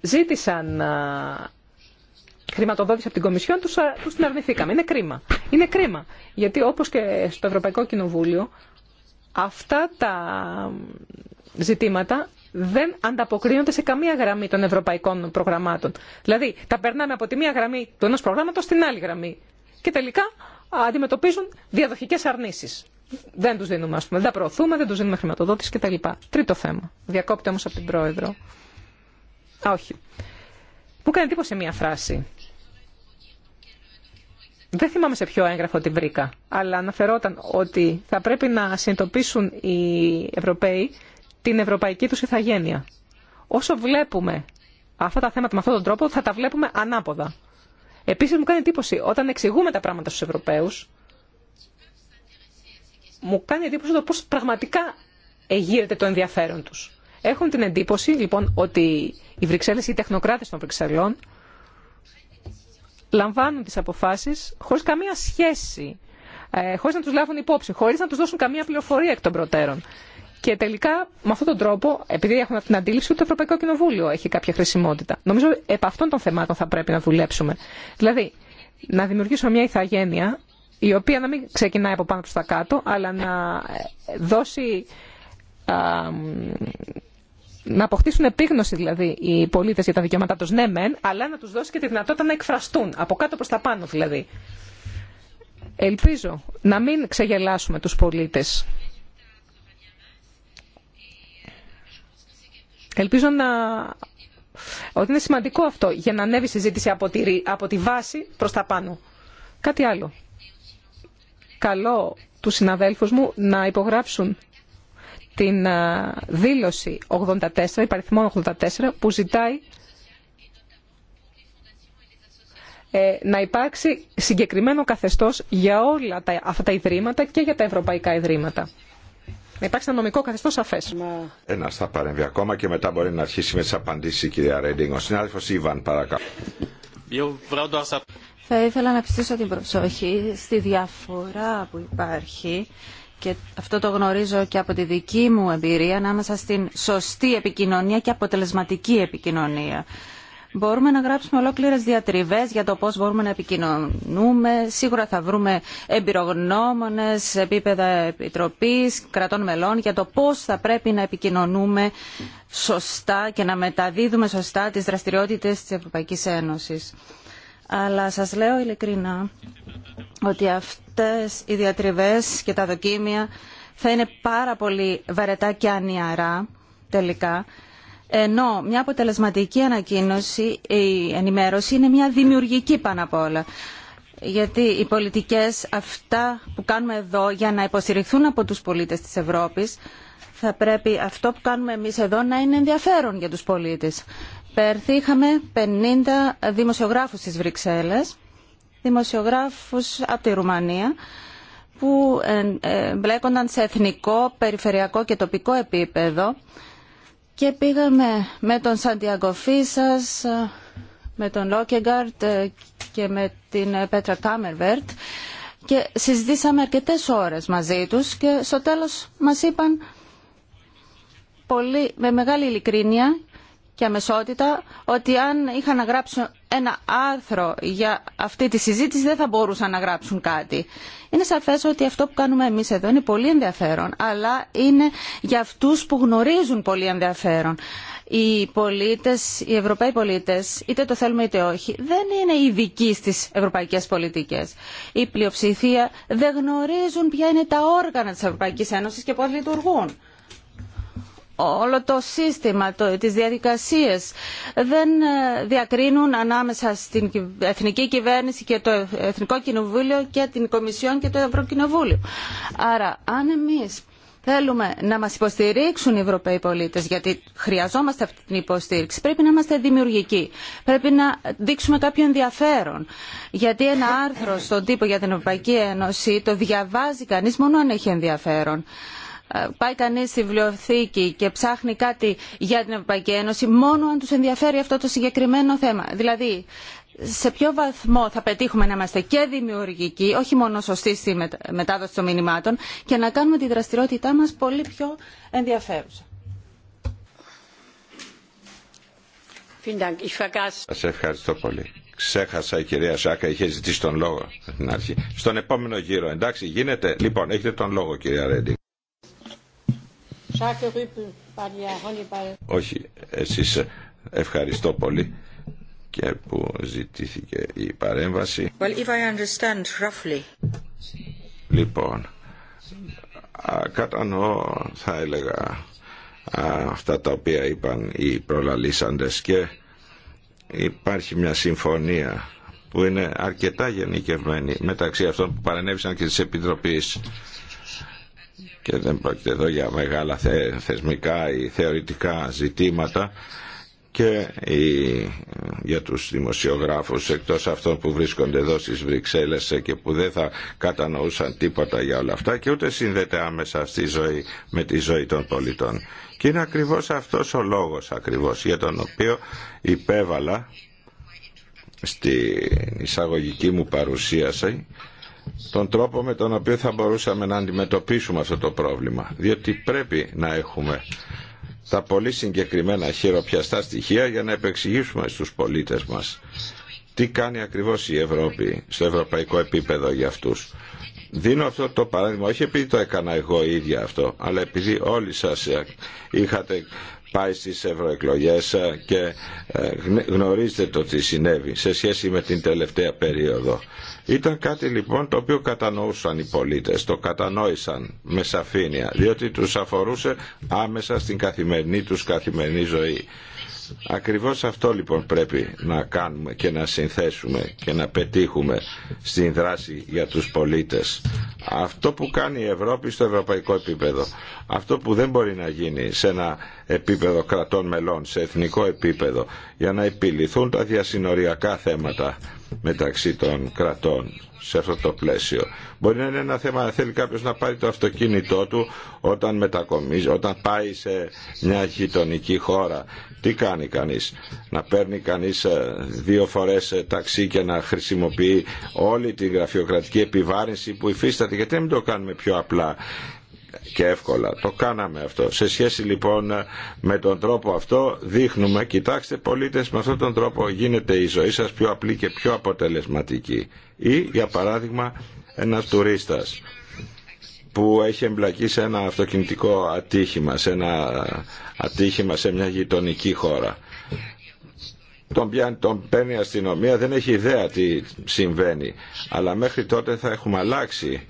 ζήτησαν χρηματοδότηση από την Κομισιόν, τους, τους την αρνηθήκαμε. Είναι κρίμα. Είναι κρίμα. Γιατί όπως και στο Ευρωπαϊκό Κοινοβούλιο, αυτά τα ζητήματα δεν ανταποκρίνονται σε καμία γραμμή των ευρωπαϊκών προγραμμάτων. Δηλαδή, τα περνάμε από τη μία γραμμή του ενός προγράμματος στην άλλη γραμμή. Και τελικά αντιμετωπίζουν διαδοχικέ αρνήσει. Δεν του δίνουμε, α πούμε, δεν τα προωθούμε, δεν του δίνουμε χρηματοδότηση κτλ. Τρίτο θέμα. Διακόπτε όμω από την πρόεδρο. Α, όχι. Μου έκανε εντύπωση μία φράση. Δεν θυμάμαι σε ποιο έγγραφο την βρήκα, αλλά αναφερόταν ότι θα πρέπει να συνειδητοποιήσουν οι Ευρωπαίοι την ευρωπαϊκή του ηθαγένεια. Όσο βλέπουμε αυτά τα θέματα με αυτόν τον τρόπο, θα τα βλέπουμε ανάποδα. Επίσης μου κάνει εντύπωση, όταν εξηγούμε τα πράγματα στους Ευρωπαίους, μου κάνει εντύπωση το πώς πραγματικά εγείρεται το ενδιαφέρον τους. Έχουν την εντύπωση, λοιπόν, ότι οι Βρυξέλλες ή οι τεχνοκράτες των Βρυξελών λαμβάνουν τις αποφάσεις χωρίς καμία σχέση, ε, χωρίς να τους λάβουν υπόψη, χωρίς να τους δώσουν καμία πληροφορία εκ των προτέρων. Και τελικά, με αυτόν τον τρόπο, επειδή έχουμε αυτή την αντίληψη, ότι το Ευρωπαϊκό Κοινοβούλιο έχει κάποια χρησιμότητα. Νομίζω επ' αυτών των θεμάτων θα πρέπει να δουλέψουμε. Δηλαδή, να δημιουργήσουμε μια ηθαγένεια, η οποία να μην ξεκινάει από πάνω προ τα κάτω, αλλά να ε, δώσει. Α, να αποκτήσουν επίγνωση δηλαδή οι πολίτε για τα δικαιώματά του, ναι, μεν, αλλά να του δώσει και τη δυνατότητα να εκφραστούν, από κάτω προ τα πάνω δηλαδή. Ελπίζω να μην ξεγελάσουμε τους πολίτες Ελπίζω να... ότι είναι σημαντικό αυτό για να ανέβει η συζήτηση από τη, βάση προς τα πάνω. Κάτι άλλο. Καλό του συναδέλφου μου να υπογράψουν την δήλωση 84, υπαριθμών 84, που ζητάει ε, να υπάρξει συγκεκριμένο καθεστώς για όλα τα, αυτά τα ιδρύματα και για τα ευρωπαϊκά ιδρύματα να υπάρξει ένα νομικό καθεστώ σαφέ. Ένα θα παρέμβει ακόμα και μετά μπορεί να αρχίσει με τι απαντήσει η κυρία Ρέντινγκ. Ο συνάδελφο Ιβαν, παρακαλώ. Θα ήθελα να πιστήσω την προσοχή στη διαφορά που υπάρχει και αυτό το γνωρίζω και από τη δική μου εμπειρία ανάμεσα στην σωστή επικοινωνία και αποτελεσματική επικοινωνία μπορούμε να γράψουμε ολόκληρε διατριβέ για το πώ μπορούμε να επικοινωνούμε. Σίγουρα θα βρούμε εμπειρογνώμονε σε επίπεδα επιτροπής, κρατών μελών για το πώ θα πρέπει να επικοινωνούμε σωστά και να μεταδίδουμε σωστά τις δραστηριότητες της Ευρωπαϊκής Ένωση. Αλλά σας λέω ειλικρινά ότι αυτές οι διατριβές και τα δοκίμια θα είναι πάρα πολύ βαρετά και ανιαρά τελικά ενώ μια αποτελεσματική ανακοίνωση, η ενημέρωση είναι μια δημιουργική πάνω απ' όλα γιατί οι πολιτικές αυτά που κάνουμε εδώ για να υποστηριχθούν από τους πολίτες της Ευρώπης θα πρέπει αυτό που κάνουμε εμείς εδώ να είναι ενδιαφέρον για τους πολίτες. Πέρθη είχαμε 50 δημοσιογράφους στις Βρυξέλλες, δημοσιογράφους από τη Ρουμανία που ε, μπλέκονταν σε εθνικό, περιφερειακό και τοπικό επίπεδο και πήγαμε με τον Σαντιαγκο Φίσας, με τον Λόκεγκαρτ και με την Πέτρα Κάμερβερτ και συζητήσαμε αρκετές ώρες μαζί τους και στο τέλος μας είπαν πολύ, με μεγάλη ειλικρίνεια και αμεσότητα ότι αν είχαν να γράψουν ένα άρθρο για αυτή τη συζήτηση δεν θα μπορούσαν να γράψουν κάτι. Είναι σαφές ότι αυτό που κάνουμε εμείς εδώ είναι πολύ ενδιαφέρον, αλλά είναι για αυτούς που γνωρίζουν πολύ ενδιαφέρον. Οι πολίτες, οι Ευρωπαίοι πολίτες, είτε το θέλουμε είτε όχι, δεν είναι ειδικοί στις ευρωπαϊκές πολιτικές. Η πλειοψηφία δεν γνωρίζουν ποια είναι τα όργανα της Ευρωπαϊκής Ένωσης και πώς λειτουργούν όλο το σύστημα, το, τις διαδικασίες. Δεν ε, διακρίνουν ανάμεσα στην εθνική κυβέρνηση και το Εθνικό Κοινοβούλιο και την Κομισιόν και το Ευρωκοινοβούλιο. Άρα, αν εμείς θέλουμε να μας υποστηρίξουν οι Ευρωπαίοι πολίτες, γιατί χρειαζόμαστε αυτή την υποστήριξη, πρέπει να είμαστε δημιουργικοί. Πρέπει να δείξουμε κάποιο ενδιαφέρον. Γιατί ένα άρθρο στον τύπο για την Ευρωπαϊκή Ένωση το διαβάζει κανείς μόνο αν έχει ενδιαφέρον. Ε, πάει κανείς στη βιβλιοθήκη και ψάχνει κάτι για την Ευρωπαϊκή Ένωση μόνο αν τους ενδιαφέρει αυτό το συγκεκριμένο θέμα. Δηλαδή, σε ποιο βαθμό θα πετύχουμε να είμαστε και δημιουργικοί, όχι μόνο σωστοί στη μετάδοση των μηνυμάτων και να κάνουμε τη δραστηριότητά μας πολύ πιο ενδιαφέρουσα. Σας ευχαριστώ πολύ. Ξέχασα η κυρία Σάκα, είχε ζητήσει τον λόγο στην αρχή. Στον επόμενο γύρο, εντάξει, γίνεται. Λοιπόν, έχετε τον λόγο κυρία Ρέντινγκ. Όχι, εσείς ε, ευχαριστώ πολύ και που ζητήθηκε η παρέμβαση. Λοιπόν, κατανοώ θα έλεγα αυτά τα οποία είπαν οι προλαλήσαντες και υπάρχει μια συμφωνία που είναι αρκετά γενικευμένη μεταξύ αυτών που παρενέβησαν και τις Επιτροπής και δεν πρόκειται εδώ για μεγάλα θεσμικά ή θεωρητικά ζητήματα και για τους δημοσιογράφους εκτός αυτών που βρίσκονται εδώ στις Βρυξέλλες και που δεν θα κατανοούσαν τίποτα για όλα αυτά και ούτε συνδέεται άμεσα στη ζωή με τη ζωή των πολιτών. Και είναι ακριβώς αυτός ο λόγος ακριβώς για τον οποίο υπέβαλα στην εισαγωγική μου παρουσίαση τον τρόπο με τον οποίο θα μπορούσαμε να αντιμετωπίσουμε αυτό το πρόβλημα. Διότι πρέπει να έχουμε τα πολύ συγκεκριμένα χειροπιαστά στοιχεία για να επεξηγήσουμε στους πολίτες μας τι κάνει ακριβώς η Ευρώπη στο ευρωπαϊκό επίπεδο για αυτούς. Δίνω αυτό το παράδειγμα, όχι επειδή το έκανα εγώ ίδια αυτό, αλλά επειδή όλοι σας ε, είχατε πάει στις ευρωεκλογές ε, και ε, γνωρίζετε το τι συνέβη σε σχέση με την τελευταία περίοδο. Ήταν κάτι λοιπόν το οποίο κατανοούσαν οι πολίτες, το κατανόησαν με σαφήνεια, διότι τους αφορούσε άμεσα στην καθημερινή τους καθημερινή ζωή. Ακριβώς αυτό λοιπόν πρέπει να κάνουμε και να συνθέσουμε και να πετύχουμε στην δράση για τους πολίτες. Αυτό που κάνει η Ευρώπη στο ευρωπαϊκό επίπεδο, αυτό που δεν μπορεί να γίνει σε ένα επίπεδο κρατών μελών, σε εθνικό επίπεδο, για να επιληθούν τα διασυνοριακά θέματα μεταξύ των κρατών σε αυτό το πλαίσιο. Μπορεί να είναι ένα θέμα να θέλει κάποιο να πάρει το αυτοκίνητό του όταν όταν πάει σε μια γειτονική χώρα τι κάνει κανείς, να παίρνει κανείς ε, δύο φορές ε, ταξί και να χρησιμοποιεί όλη τη γραφειοκρατική επιβάρυνση που υφίσταται, γιατί μην το κάνουμε πιο απλά και εύκολα. Το κάναμε αυτό. Σε σχέση λοιπόν ε, με τον τρόπο αυτό δείχνουμε, κοιτάξτε πολίτες, με αυτόν τον τρόπο γίνεται η ζωή σας πιο απλή και πιο αποτελεσματική. Ή για παράδειγμα ένας τουρίστας που έχει εμπλακεί σε ένα αυτοκινητικό ατύχημα, σε ένα ατύχημα σε μια γειτονική χώρα. Τον, πιάνει, τον παίρνει η αστυνομία, δεν έχει ιδέα τι συμβαίνει. Αλλά μέχρι τότε θα έχουμε αλλάξει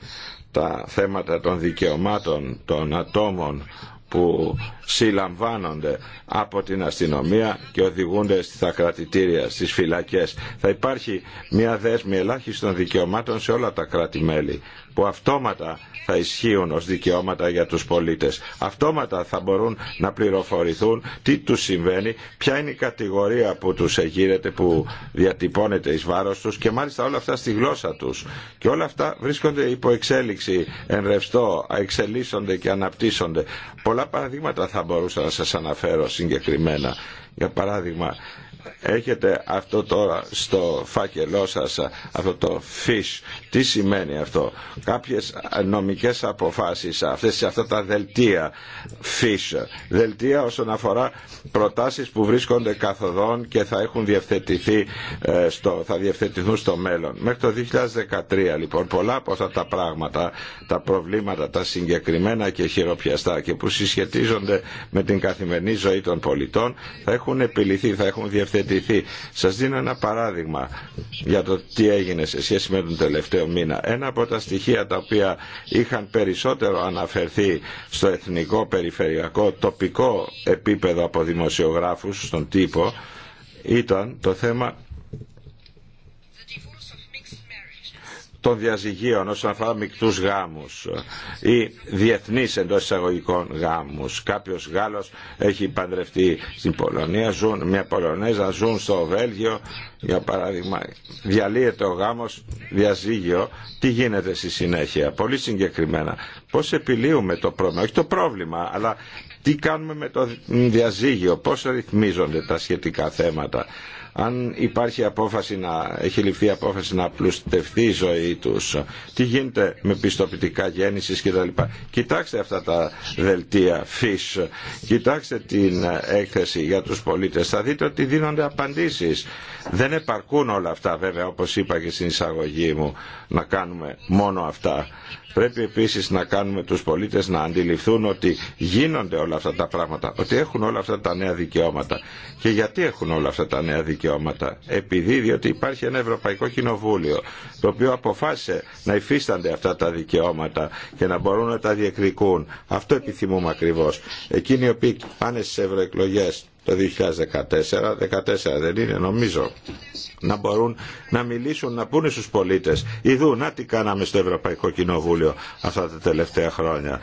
τα θέματα των δικαιωμάτων των ατόμων που συλλαμβάνονται από την αστυνομία και οδηγούνται στα κρατητήρια, στις φυλακές. Θα υπάρχει μια δέσμη ελάχιστων δικαιωμάτων σε όλα τα κράτη-μέλη που αυτόματα θα ισχύουν ως δικαιώματα για τους πολίτες. Αυτόματα θα μπορούν να πληροφορηθούν τι τους συμβαίνει, ποια είναι η κατηγορία που τους εγείρεται, που διατυπώνεται εις βάρος τους και μάλιστα όλα αυτά στη γλώσσα τους. Και όλα αυτά βρίσκονται υπό εξέλιξη, ενρευστό, εξελίσσονται και αναπτύσσονται. Πολλά παραδείγματα θα μπορούσα να σας αναφέρω συγκεκριμένα. Για παράδειγμα, έχετε αυτό τώρα στο φάκελό σας, αυτό το fish, τι σημαίνει αυτό. Κάποιες νομικές αποφάσεις αυτές, σε αυτά τα δελτία FISH, δελτία όσον αφορά προτάσεις που βρίσκονται καθοδόν και θα έχουν διευθετηθεί ε, στο, θα διευθετηθούν στο μέλλον. Μέχρι το 2013 λοιπόν πολλά από αυτά τα πράγματα, τα προβλήματα, τα συγκεκριμένα και χειροπιαστά και που συσχετίζονται με την καθημερινή ζωή των πολιτών θα έχουν επιληθεί, θα έχουν διευθετηθεί. Σας δίνω ένα παράδειγμα για το τι έγινε σε σχέση με τον τελευταίο μήνα. Ένα από τα στοιχεία τα οποία είχαν περισσότερο αναφερθεί στο εθνικό, περιφερειακό, τοπικό επίπεδο από δημοσιογράφους στον τύπο ήταν το θέμα των διαζυγίων όσον αφορά μεικτούς γάμους ή διεθνείς εντός εισαγωγικών γάμους. Κάποιος Γάλλος έχει παντρευτεί στην Πολωνία, ζουν, μια Πολωνέζα ζουν στο Βέλγιο, για παράδειγμα, διαλύεται ο γάμος, διαζύγιο, τι γίνεται στη συνέχεια. Πολύ συγκεκριμένα. Πώς επιλύουμε το πρόβλημα, όχι το πρόβλημα, αλλά τι κάνουμε με το διαζύγιο, πώς ρυθμίζονται τα σχετικά θέματα αν υπάρχει απόφαση να έχει ληφθεί απόφαση να πλουστευτεί η ζωή τους τι γίνεται με πιστοποιητικά γέννησης κτλ. Κοιτάξτε αυτά τα δελτία fish κοιτάξτε την έκθεση για τους πολίτες θα δείτε ότι δίνονται απαντήσεις δεν επαρκούν όλα αυτά βέβαια όπως είπα και στην εισαγωγή μου να κάνουμε μόνο αυτά Πρέπει επίσης να κάνουμε τους πολίτες να αντιληφθούν ότι γίνονται όλα αυτά τα πράγματα, ότι έχουν όλα αυτά τα νέα δικαιώματα. Και γιατί έχουν όλα αυτά τα νέα δικαιώματα. Επειδή διότι υπάρχει ένα Ευρωπαϊκό Κοινοβούλιο το οποίο αποφάσισε να υφίστανται αυτά τα δικαιώματα και να μπορούν να τα διεκδικούν. Αυτό επιθυμούμε ακριβώ. Εκείνοι οι οποίοι πάνε στι ευρωεκλογέ το 2014, 14 δεν είναι νομίζω, να μπορούν να μιλήσουν, να πούνε στους πολίτες, ειδού να τι κάναμε στο Ευρωπαϊκό Κοινοβούλιο αυτά τα τελευταία χρόνια.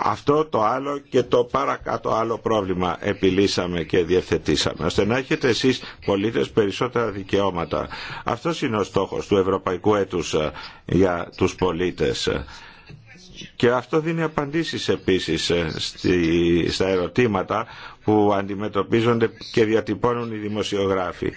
Αυτό το άλλο και το παρακάτω άλλο πρόβλημα επιλύσαμε και διευθετήσαμε, ώστε να έχετε εσείς πολίτες περισσότερα δικαιώματα. Αυτό είναι ο στόχος του Ευρωπαϊκού Έτους ε, για τους πολίτες. Και αυτό δίνει απαντήσεις επίσης ε, στα ερωτήματα που αντιμετωπίζονται και διατυπώνουν οι δημοσιογράφοι.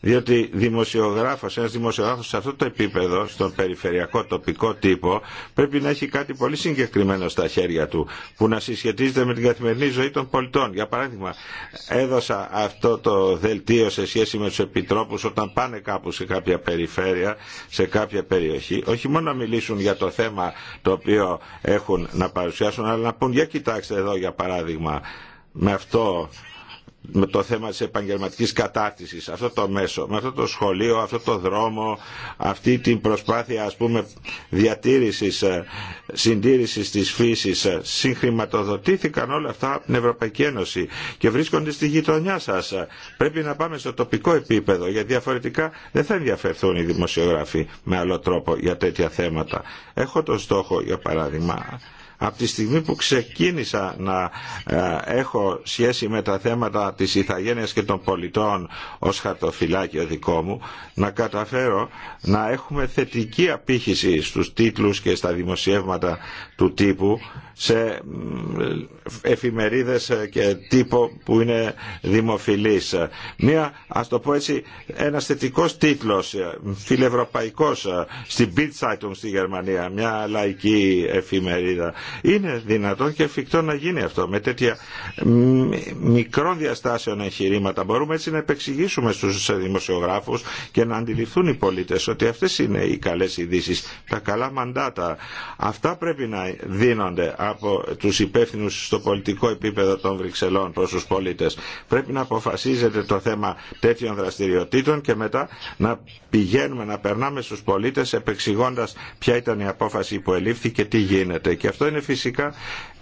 Διότι δημοσιογράφος, ένας δημοσιογράφος σε αυτό το επίπεδο, στον περιφερειακό τοπικό τύπο, πρέπει να έχει κάτι πολύ συγκεκριμένο στα χέρια του, που να συσχετίζεται με την καθημερινή ζωή των πολιτών. Για παράδειγμα, έδωσα αυτό το δελτίο σε σχέση με τους επιτρόπους όταν πάνε κάπου σε κάποια περιφέρεια, σε κάποια περιοχή, όχι μόνο να μιλήσουν για το θέμα το οποίο έχουν να παρουσιάσουν, αλλά να πούν, για κοιτάξτε εδώ για παράδειγμα, με αυτό με το θέμα της επαγγελματικής κατάρτισης, αυτό το μέσο, με αυτό το σχολείο, αυτό το δρόμο, αυτή την προσπάθεια ας πούμε διατήρησης, ε, συντήρησης της φύσης, ε, συγχρηματοδοτήθηκαν όλα αυτά από την Ευρωπαϊκή Ένωση και βρίσκονται στη γειτονιά σας. Πρέπει να πάμε στο τοπικό επίπεδο, γιατί διαφορετικά δεν θα ενδιαφερθούν οι δημοσιογράφοι με άλλο τρόπο για τέτοια θέματα. Έχω τον στόχο, για παράδειγμα, από τη στιγμή που ξεκίνησα να ε, έχω σχέση με τα θέματα της Ιθαγένειας και των πολιτών ως χαρτοφυλάκιο δικό μου, να καταφέρω να έχουμε θετική απήχηση στους τίτλους και στα δημοσιεύματα του τύπου σε εφημερίδες και τύπο που είναι δημοφιλής. Μια, ας το πω έτσι, ένας θετικός τίτλος φιλευρωπαϊκός στην Bildzeitung στη Γερμανία, μια λαϊκή εφημερίδα. Είναι δυνατόν και εφικτό να γίνει αυτό με τέτοια μικρών διαστάσεων εγχειρήματα. Μπορούμε έτσι να επεξηγήσουμε στους δημοσιογράφους και να αντιληφθούν οι πολίτες ότι αυτές είναι οι καλές ειδήσει, τα καλά μαντάτα. Αυτά πρέπει να δίνονται από τους υπεύθυνους στο πολιτικό επίπεδο των Βρυξελών προς τους πολίτες. Πρέπει να αποφασίζεται το θέμα τέτοιων δραστηριοτήτων και μετά να πηγαίνουμε να περνάμε στους πολίτες επεξηγώντας ποια ήταν η απόφαση που ελήφθη και τι γίνεται. Και αυτό είναι φυσικά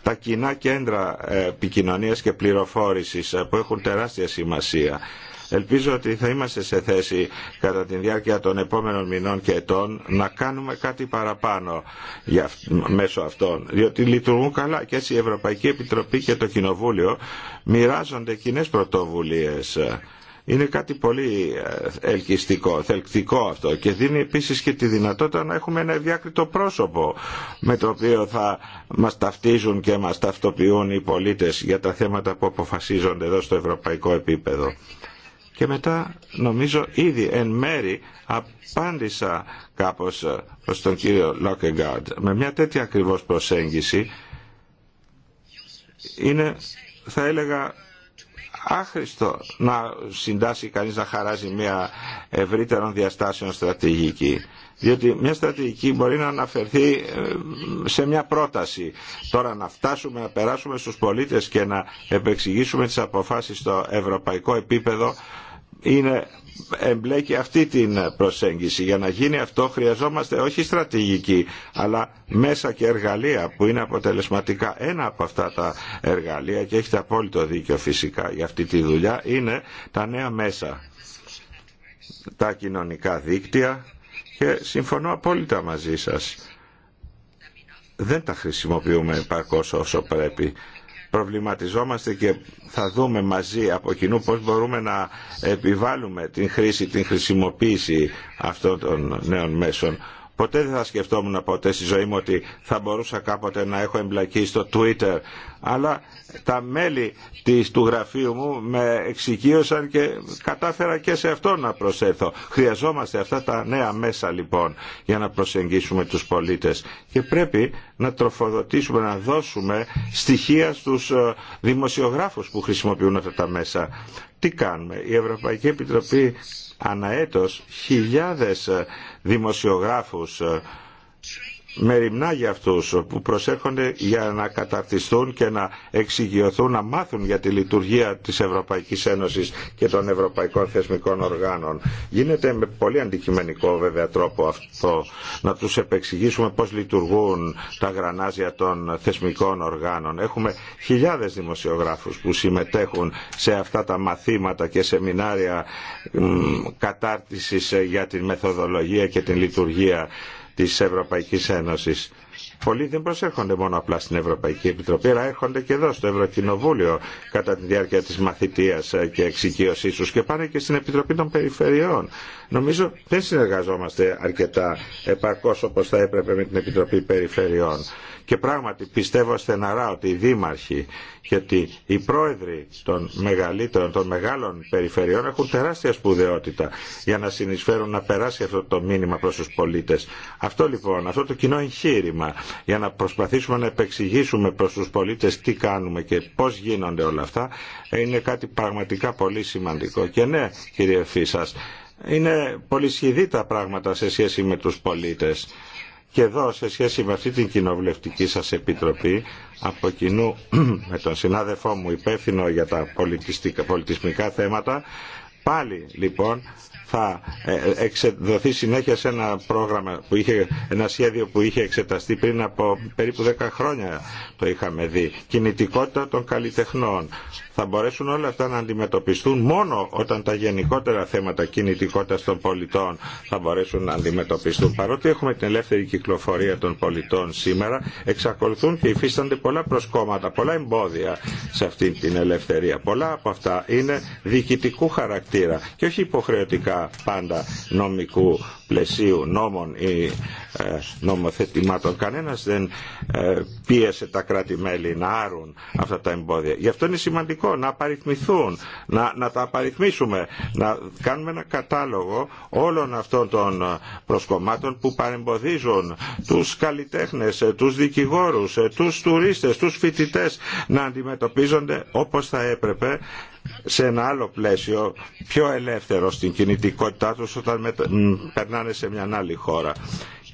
τα κοινά κέντρα ε, επικοινωνίας και πληροφόρησης ε, που έχουν τεράστια σημασία. Ελπίζω ότι θα είμαστε σε θέση κατά τη διάρκεια των επόμενων μηνών και ετών να κάνουμε κάτι παραπάνω για, μέσω αυτών. Διότι λειτουργούν καλά και έτσι η Ευρωπαϊκή Επιτροπή και το Κοινοβούλιο μοιράζονται κοινέ πρωτοβουλίε. Είναι κάτι πολύ ε, ελκυστικό, θελκτικό αυτό και δίνει επίσης και τη δυνατότητα να έχουμε ένα ευδιάκριτο πρόσωπο με το οποίο θα μας ταυτίζουν και μας ταυτοποιούν οι πολίτες για τα θέματα που αποφασίζονται εδώ στο ευρωπαϊκό επίπεδο. Και μετά νομίζω ήδη εν μέρη απάντησα κάπως ε, προς τον κύριο Λόκεγκάρντ. Με μια τέτοια ακριβώς προσέγγιση είναι θα έλεγα άχρηστο να συντάσει κανείς να χαράζει μια ευρύτερων διαστάσεων στρατηγική. Διότι μια στρατηγική μπορεί να αναφερθεί ε, σε μια πρόταση. Τώρα να φτάσουμε, να περάσουμε στους πολίτες και να επεξηγήσουμε τις αποφάσεις στο ευρωπαϊκό επίπεδο είναι εμπλέκει αυτή την προσέγγιση. Για να γίνει αυτό χρειαζόμαστε όχι στρατηγική, αλλά μέσα και εργαλεία που είναι αποτελεσματικά. Ένα από αυτά τα εργαλεία, και έχετε απόλυτο δίκιο φυσικά για αυτή τη δουλειά, είναι τα νέα μέσα. Τα κοινωνικά δίκτυα και συμφωνώ απόλυτα μαζί σας. Δεν τα χρησιμοποιούμε επαρκώς όσο πρέπει προβληματιζόμαστε και θα δούμε μαζί από κοινού πώς μπορούμε να επιβάλλουμε την χρήση, την χρησιμοποίηση αυτών των νέων μέσων Ποτέ δεν θα σκεφτόμουν ποτέ στη ζωή μου ότι θα μπορούσα κάποτε να έχω εμπλακεί στο Twitter. Αλλά τα μέλη της, του γραφείου μου με εξοικείωσαν και κατάφερα και σε αυτό να προσέλθω. Χρειαζόμαστε αυτά τα νέα μέσα λοιπόν για να προσεγγίσουμε τους πολίτες. Και πρέπει να τροφοδοτήσουμε, να δώσουμε στοιχεία στους ε, δημοσιογράφους που χρησιμοποιούν αυτά τα μέσα. Τι κάνουμε. Η Ευρωπαϊκή Επιτροπή αναέτος χιλιάδες ε, δημοσιογράφους ε, μεριμνά για αυτούς που προσέρχονται για να καταρτιστούν και να εξηγηθούν να μάθουν για τη λειτουργία της Ευρωπαϊκής Ένωσης και των Ευρωπαϊκών Θεσμικών Οργάνων. Γίνεται με πολύ αντικειμενικό βέβαια τρόπο αυτό να τους επεξηγήσουμε πώς λειτουργούν τα γρανάζια των θεσμικών οργάνων. Έχουμε χιλιάδες δημοσιογράφους που συμμετέχουν σε αυτά τα μαθήματα και σεμινάρια κατάρτισης για την μεθοδολογία και την λειτουργία της Ευρωπαϊκής Ένωσης. Πολλοί δεν προσέρχονται μόνο απλά στην Ευρωπαϊκή Επιτροπή, αλλά έρχονται και εδώ στο Ευρωκοινοβούλιο κατά τη διάρκεια της μαθητείας και εξοικείωσή τους και πάνε και στην Επιτροπή των Περιφερειών. Νομίζω δεν συνεργαζόμαστε αρκετά επαρκώς όπως θα έπρεπε με την Επιτροπή Περιφερειών. Και πράγματι πιστεύω στεναρά ότι οι δήμαρχοι και ότι οι πρόεδροι των μεγαλύτερων, των μεγάλων περιφερειών έχουν τεράστια σπουδαιότητα για να συνεισφέρουν να περάσει αυτό το μήνυμα προς τους πολίτες. Αυτό λοιπόν, αυτό το κοινό εγχείρημα για να προσπαθήσουμε να επεξηγήσουμε προς τους πολίτες τι κάνουμε και πώς γίνονται όλα αυτά είναι κάτι πραγματικά πολύ σημαντικό. Και ναι κύριε Φίσας, είναι πολυσχηδή τα πράγματα σε σχέση με τους πολίτες. Και εδώ σε σχέση με αυτή την κοινοβουλευτική σας επιτροπή από κοινού [CLEARS THROAT] με τον συνάδελφό μου υπεύθυνο για τα πολιτισμικά θέματα πάλι λοιπόν θα ε, ε, δοθεί συνέχεια σε ένα πρόγραμμα που είχε, ένα σχέδιο που είχε εξεταστεί πριν από περίπου 10 χρόνια το είχαμε δει. Κινητικότητα των καλλιτεχνών. Θα μπορέσουν όλα αυτά να αντιμετωπιστούν μόνο όταν τα γενικότερα θέματα κινητικότητα των πολιτών θα μπορέσουν να αντιμετωπιστούν. Παρότι έχουμε την ελεύθερη κυκλοφορία των πολιτών σήμερα, εξακολουθούν και υφίστανται πολλά προσκόμματα, πολλά εμπόδια σε αυτή την ελευθερία. Πολλά από αυτά είναι διοικητικού χαρακτήρα και όχι υποχρεωτικά πάντα νομικού πλαισίου νόμων ή ε, νομοθετημάτων. Κανένας δεν ε, πίεσε τα κράτη-μέλη να άρουν αυτά τα εμπόδια. Γι' αυτό είναι σημαντικό να απαριθμηθούν, να, να τα απαριθμίσουμε, να κάνουμε ένα κατάλογο όλων αυτών των ε, προσκομμάτων που παρεμποδίζουν τους καλλιτέχνες, τους δικηγόρους, τους τουρίστες, τους φοιτητές να αντιμετωπίζονται όπως θα έπρεπε σε ένα άλλο πλαίσιο πιο ελεύθερο στην κινητικότητά τους όταν περνάνε σε μια άλλη χώρα.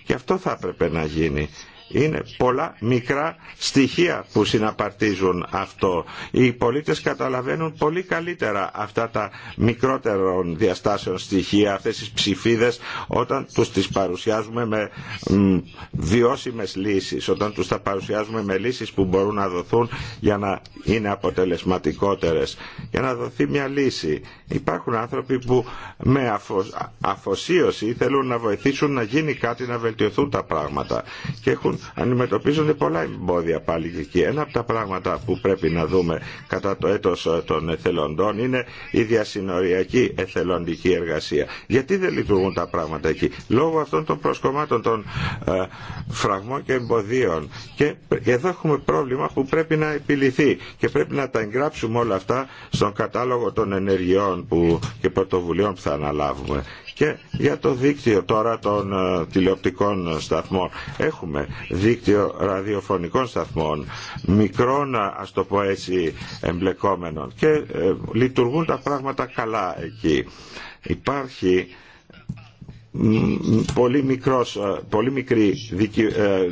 Και αυτό θα έπρεπε να γίνει. Είναι πολλά μικρά στοιχεία που συναπαρτίζουν αυτό. Οι πολίτες καταλαβαίνουν πολύ καλύτερα αυτά τα μικρότερων διαστάσεων στοιχεία, αυτές τις ψηφίδες όταν τους τις παρουσιάζουμε με βιώσιμες λύσεις, όταν τους τα παρουσιάζουμε με λύσεις που μπορούν να δοθούν για να είναι αποτελεσματικότερες, για να δοθεί μια λύση. Υπάρχουν άνθρωποι που με αφοσίωση θέλουν να βοηθήσουν να γίνει κάτι, να βελτιωθούν τα πράγματα και έχουν αντιμετωπίζονται πολλά εμπόδια πάλι εκεί. Ένα από τα πράγματα που πρέπει να δούμε κατά το έτος ε, των εθελοντών είναι η διασυνοριακή εθελοντική εργασία. Γιατί δεν λειτουργούν τα πράγματα εκεί. Λόγω αυτών των προσκομμάτων των ε, φραγμών και εμποδίων. Και εδώ έχουμε πρόβλημα που πρέπει να επιληθεί και πρέπει να τα εγγράψουμε όλα αυτά στον κατάλογο των ενεργειών που, και πρωτοβουλειών που θα αναλάβουμε. Και για το δίκτυο τώρα των ε, τηλεοπτικών σταθμών. Έχουμε δίκτυο ραδιοφωνικών σταθμών, μικρών ε, ας το πω έτσι εμπλεκόμενων και ε, λειτουργούν τα πράγματα καλά εκεί. Υπάρχει πολύ, μικρός, πολύ μικρή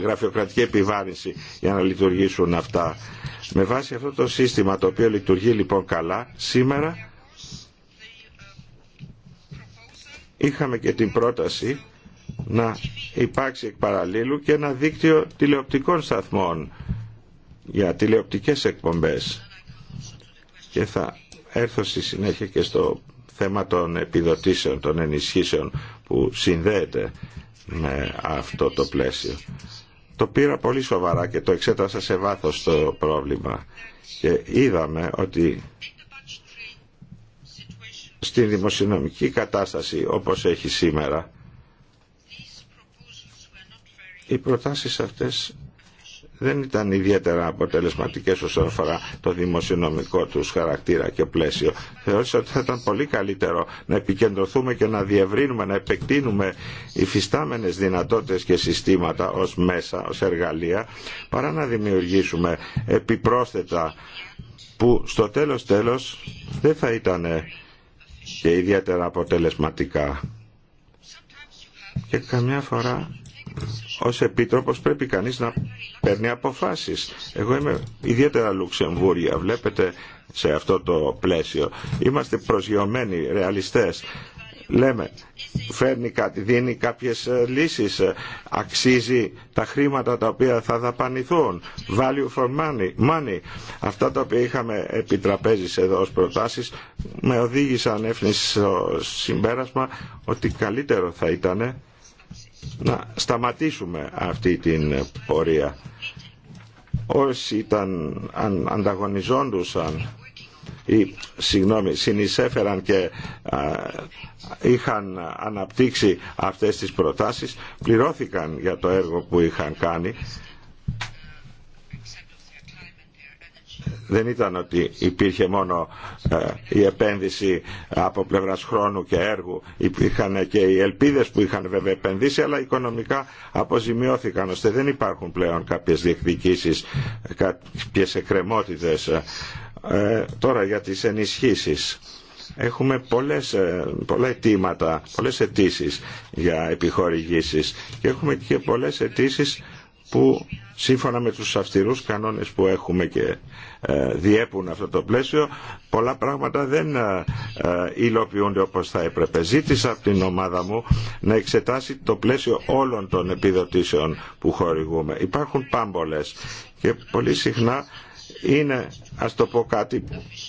γραφειοκρατική επιβάρυνση για να λειτουργήσουν αυτά. Με βάση αυτό το σύστημα το οποίο λειτουργεί λοιπόν καλά σήμερα είχαμε και την πρόταση να υπάρξει εκ παραλίλου και ένα δίκτυο τηλεοπτικών σταθμών για τηλεοπτικές εκπομπές. Και θα έρθω στη συνέχεια και στο θέμα των επιδοτήσεων, των ενισχύσεων που συνδέεται με αυτό το πλαίσιο. Το πήρα πολύ σοβαρά και το εξέτασα σε βάθος το πρόβλημα και είδαμε ότι στη δημοσιονομική κατάσταση όπως έχει σήμερα. Οι προτάσεις αυτές δεν ήταν ιδιαίτερα αποτελεσματικές όσον αφορά το δημοσιονομικό τους χαρακτήρα και πλαίσιο. Θεώρησα ότι θα ήταν πολύ καλύτερο να επικεντρωθούμε και να διευρύνουμε, να επεκτείνουμε φυστάμενες δυνατότητες και συστήματα ως μέσα, ως εργαλεία, παρά να δημιουργήσουμε επιπρόσθετα που στο τέλος τέλος δεν θα ήταν και ιδιαίτερα αποτελεσματικά. Και καμιά φορά ως επίτροπος πρέπει κανείς να παίρνει αποφάσεις. Εγώ είμαι ιδιαίτερα Λουξεμβούρια, βλέπετε σε αυτό το πλαίσιο. Είμαστε προσγειωμένοι, ρεαλιστές λέμε φέρνει κάτι, δίνει κάποιες ε, λύσεις, ε, αξίζει τα χρήματα τα οποία θα δαπανηθούν, value for money, money. Αυτά τα οποία είχαμε επιτραπέζεις εδώ ως προτάσεις με οδήγησαν έφνης στο συμπέρασμα ότι καλύτερο θα ήταν να σταματήσουμε αυτή την πορεία. Όσοι ήταν, ανταγωνιζόντουσαν ή συγγνώμη, συνεισέφεραν και είχαν αναπτύξει αυτές τις προτάσεις πληρώθηκαν για το έργο που είχαν κάνει δεν ήταν ότι υπήρχε μόνο ε, η επένδυση από πλευράς χρόνου και έργου υπήρχαν και οι ελπίδες που είχαν βέβαια επενδύσει αλλά οικονομικά αποζημιώθηκαν ώστε δεν υπάρχουν πλέον κάποιες διεκδικήσεις κάποιες εκκρεμότητες ε, τώρα για τις ενισχύσεις. Έχουμε πολλές, ε, πολλά αιτήματα, πολλές αιτήσει για επιχορηγήσεις και έχουμε και πολλές αιτήσει που σύμφωνα με τους αυστηρούς κανόνες που έχουμε και ε, διέπουν αυτό το πλαίσιο πολλά πράγματα δεν υλοποιούνται όπως θα έπρεπε. Ζήτησα από την ομάδα μου να εξετάσει το πλαίσιο όλων των επιδοτήσεων που χορηγούμε. Υπάρχουν πάμπολες και πολύ συχνά είναι, ας το πω κάτι,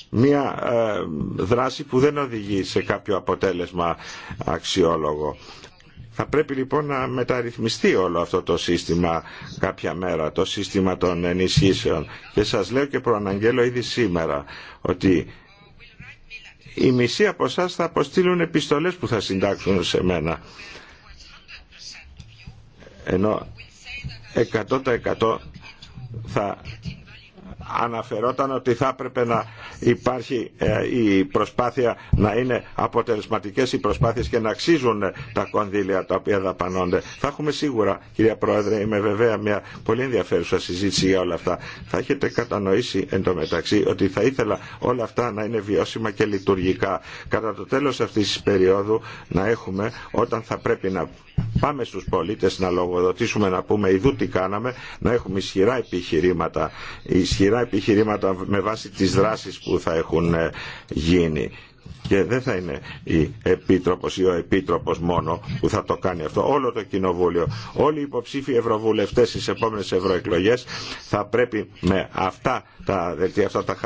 μια ε, δράση που δεν οδηγεί σε κάποιο αποτέλεσμα αξιόλογο. Θα πρέπει λοιπόν να μεταρρυθμιστεί όλο αυτό το σύστημα κάποια μέρα, το σύστημα των ενισχύσεων. Και σας λέω και προαναγγέλω ήδη σήμερα ότι οι μισοί από εσά θα αποστείλουν επιστολές που θα συντάξουν σε μένα. Ενώ 100% θα αναφερόταν ότι θα έπρεπε να υπάρχει ε, η προσπάθεια να είναι αποτελεσματικές οι προσπάθειες και να αξίζουν τα κονδύλια τα οποία δαπανώνται. Θα έχουμε σίγουρα, κυρία Πρόεδρε, είμαι βέβαια μια πολύ ενδιαφέρουσα συζήτηση για όλα αυτά. Θα έχετε κατανοήσει εν τω μεταξύ ότι θα ήθελα όλα αυτά να είναι βιώσιμα και λειτουργικά. Κατά το τέλος αυτής της περίοδου να έχουμε όταν θα πρέπει να πάμε στους πολίτες να λογοδοτήσουμε να πούμε ειδού τι κάναμε να έχουμε ισχυρά επιχειρήματα ισχυρά επιχειρήματα με βάση τις δράσεις που θα έχουν ε, γίνει. Και δεν θα είναι η Επίτροπος ή ο Επίτροπος μόνο που θα το κάνει αυτό. Όλο το Κοινοβούλιο, όλοι οι υποψήφοι ευρωβουλευτές στις επόμενες ευρωεκλογές θα πρέπει με αυτά τα, αυτά τα,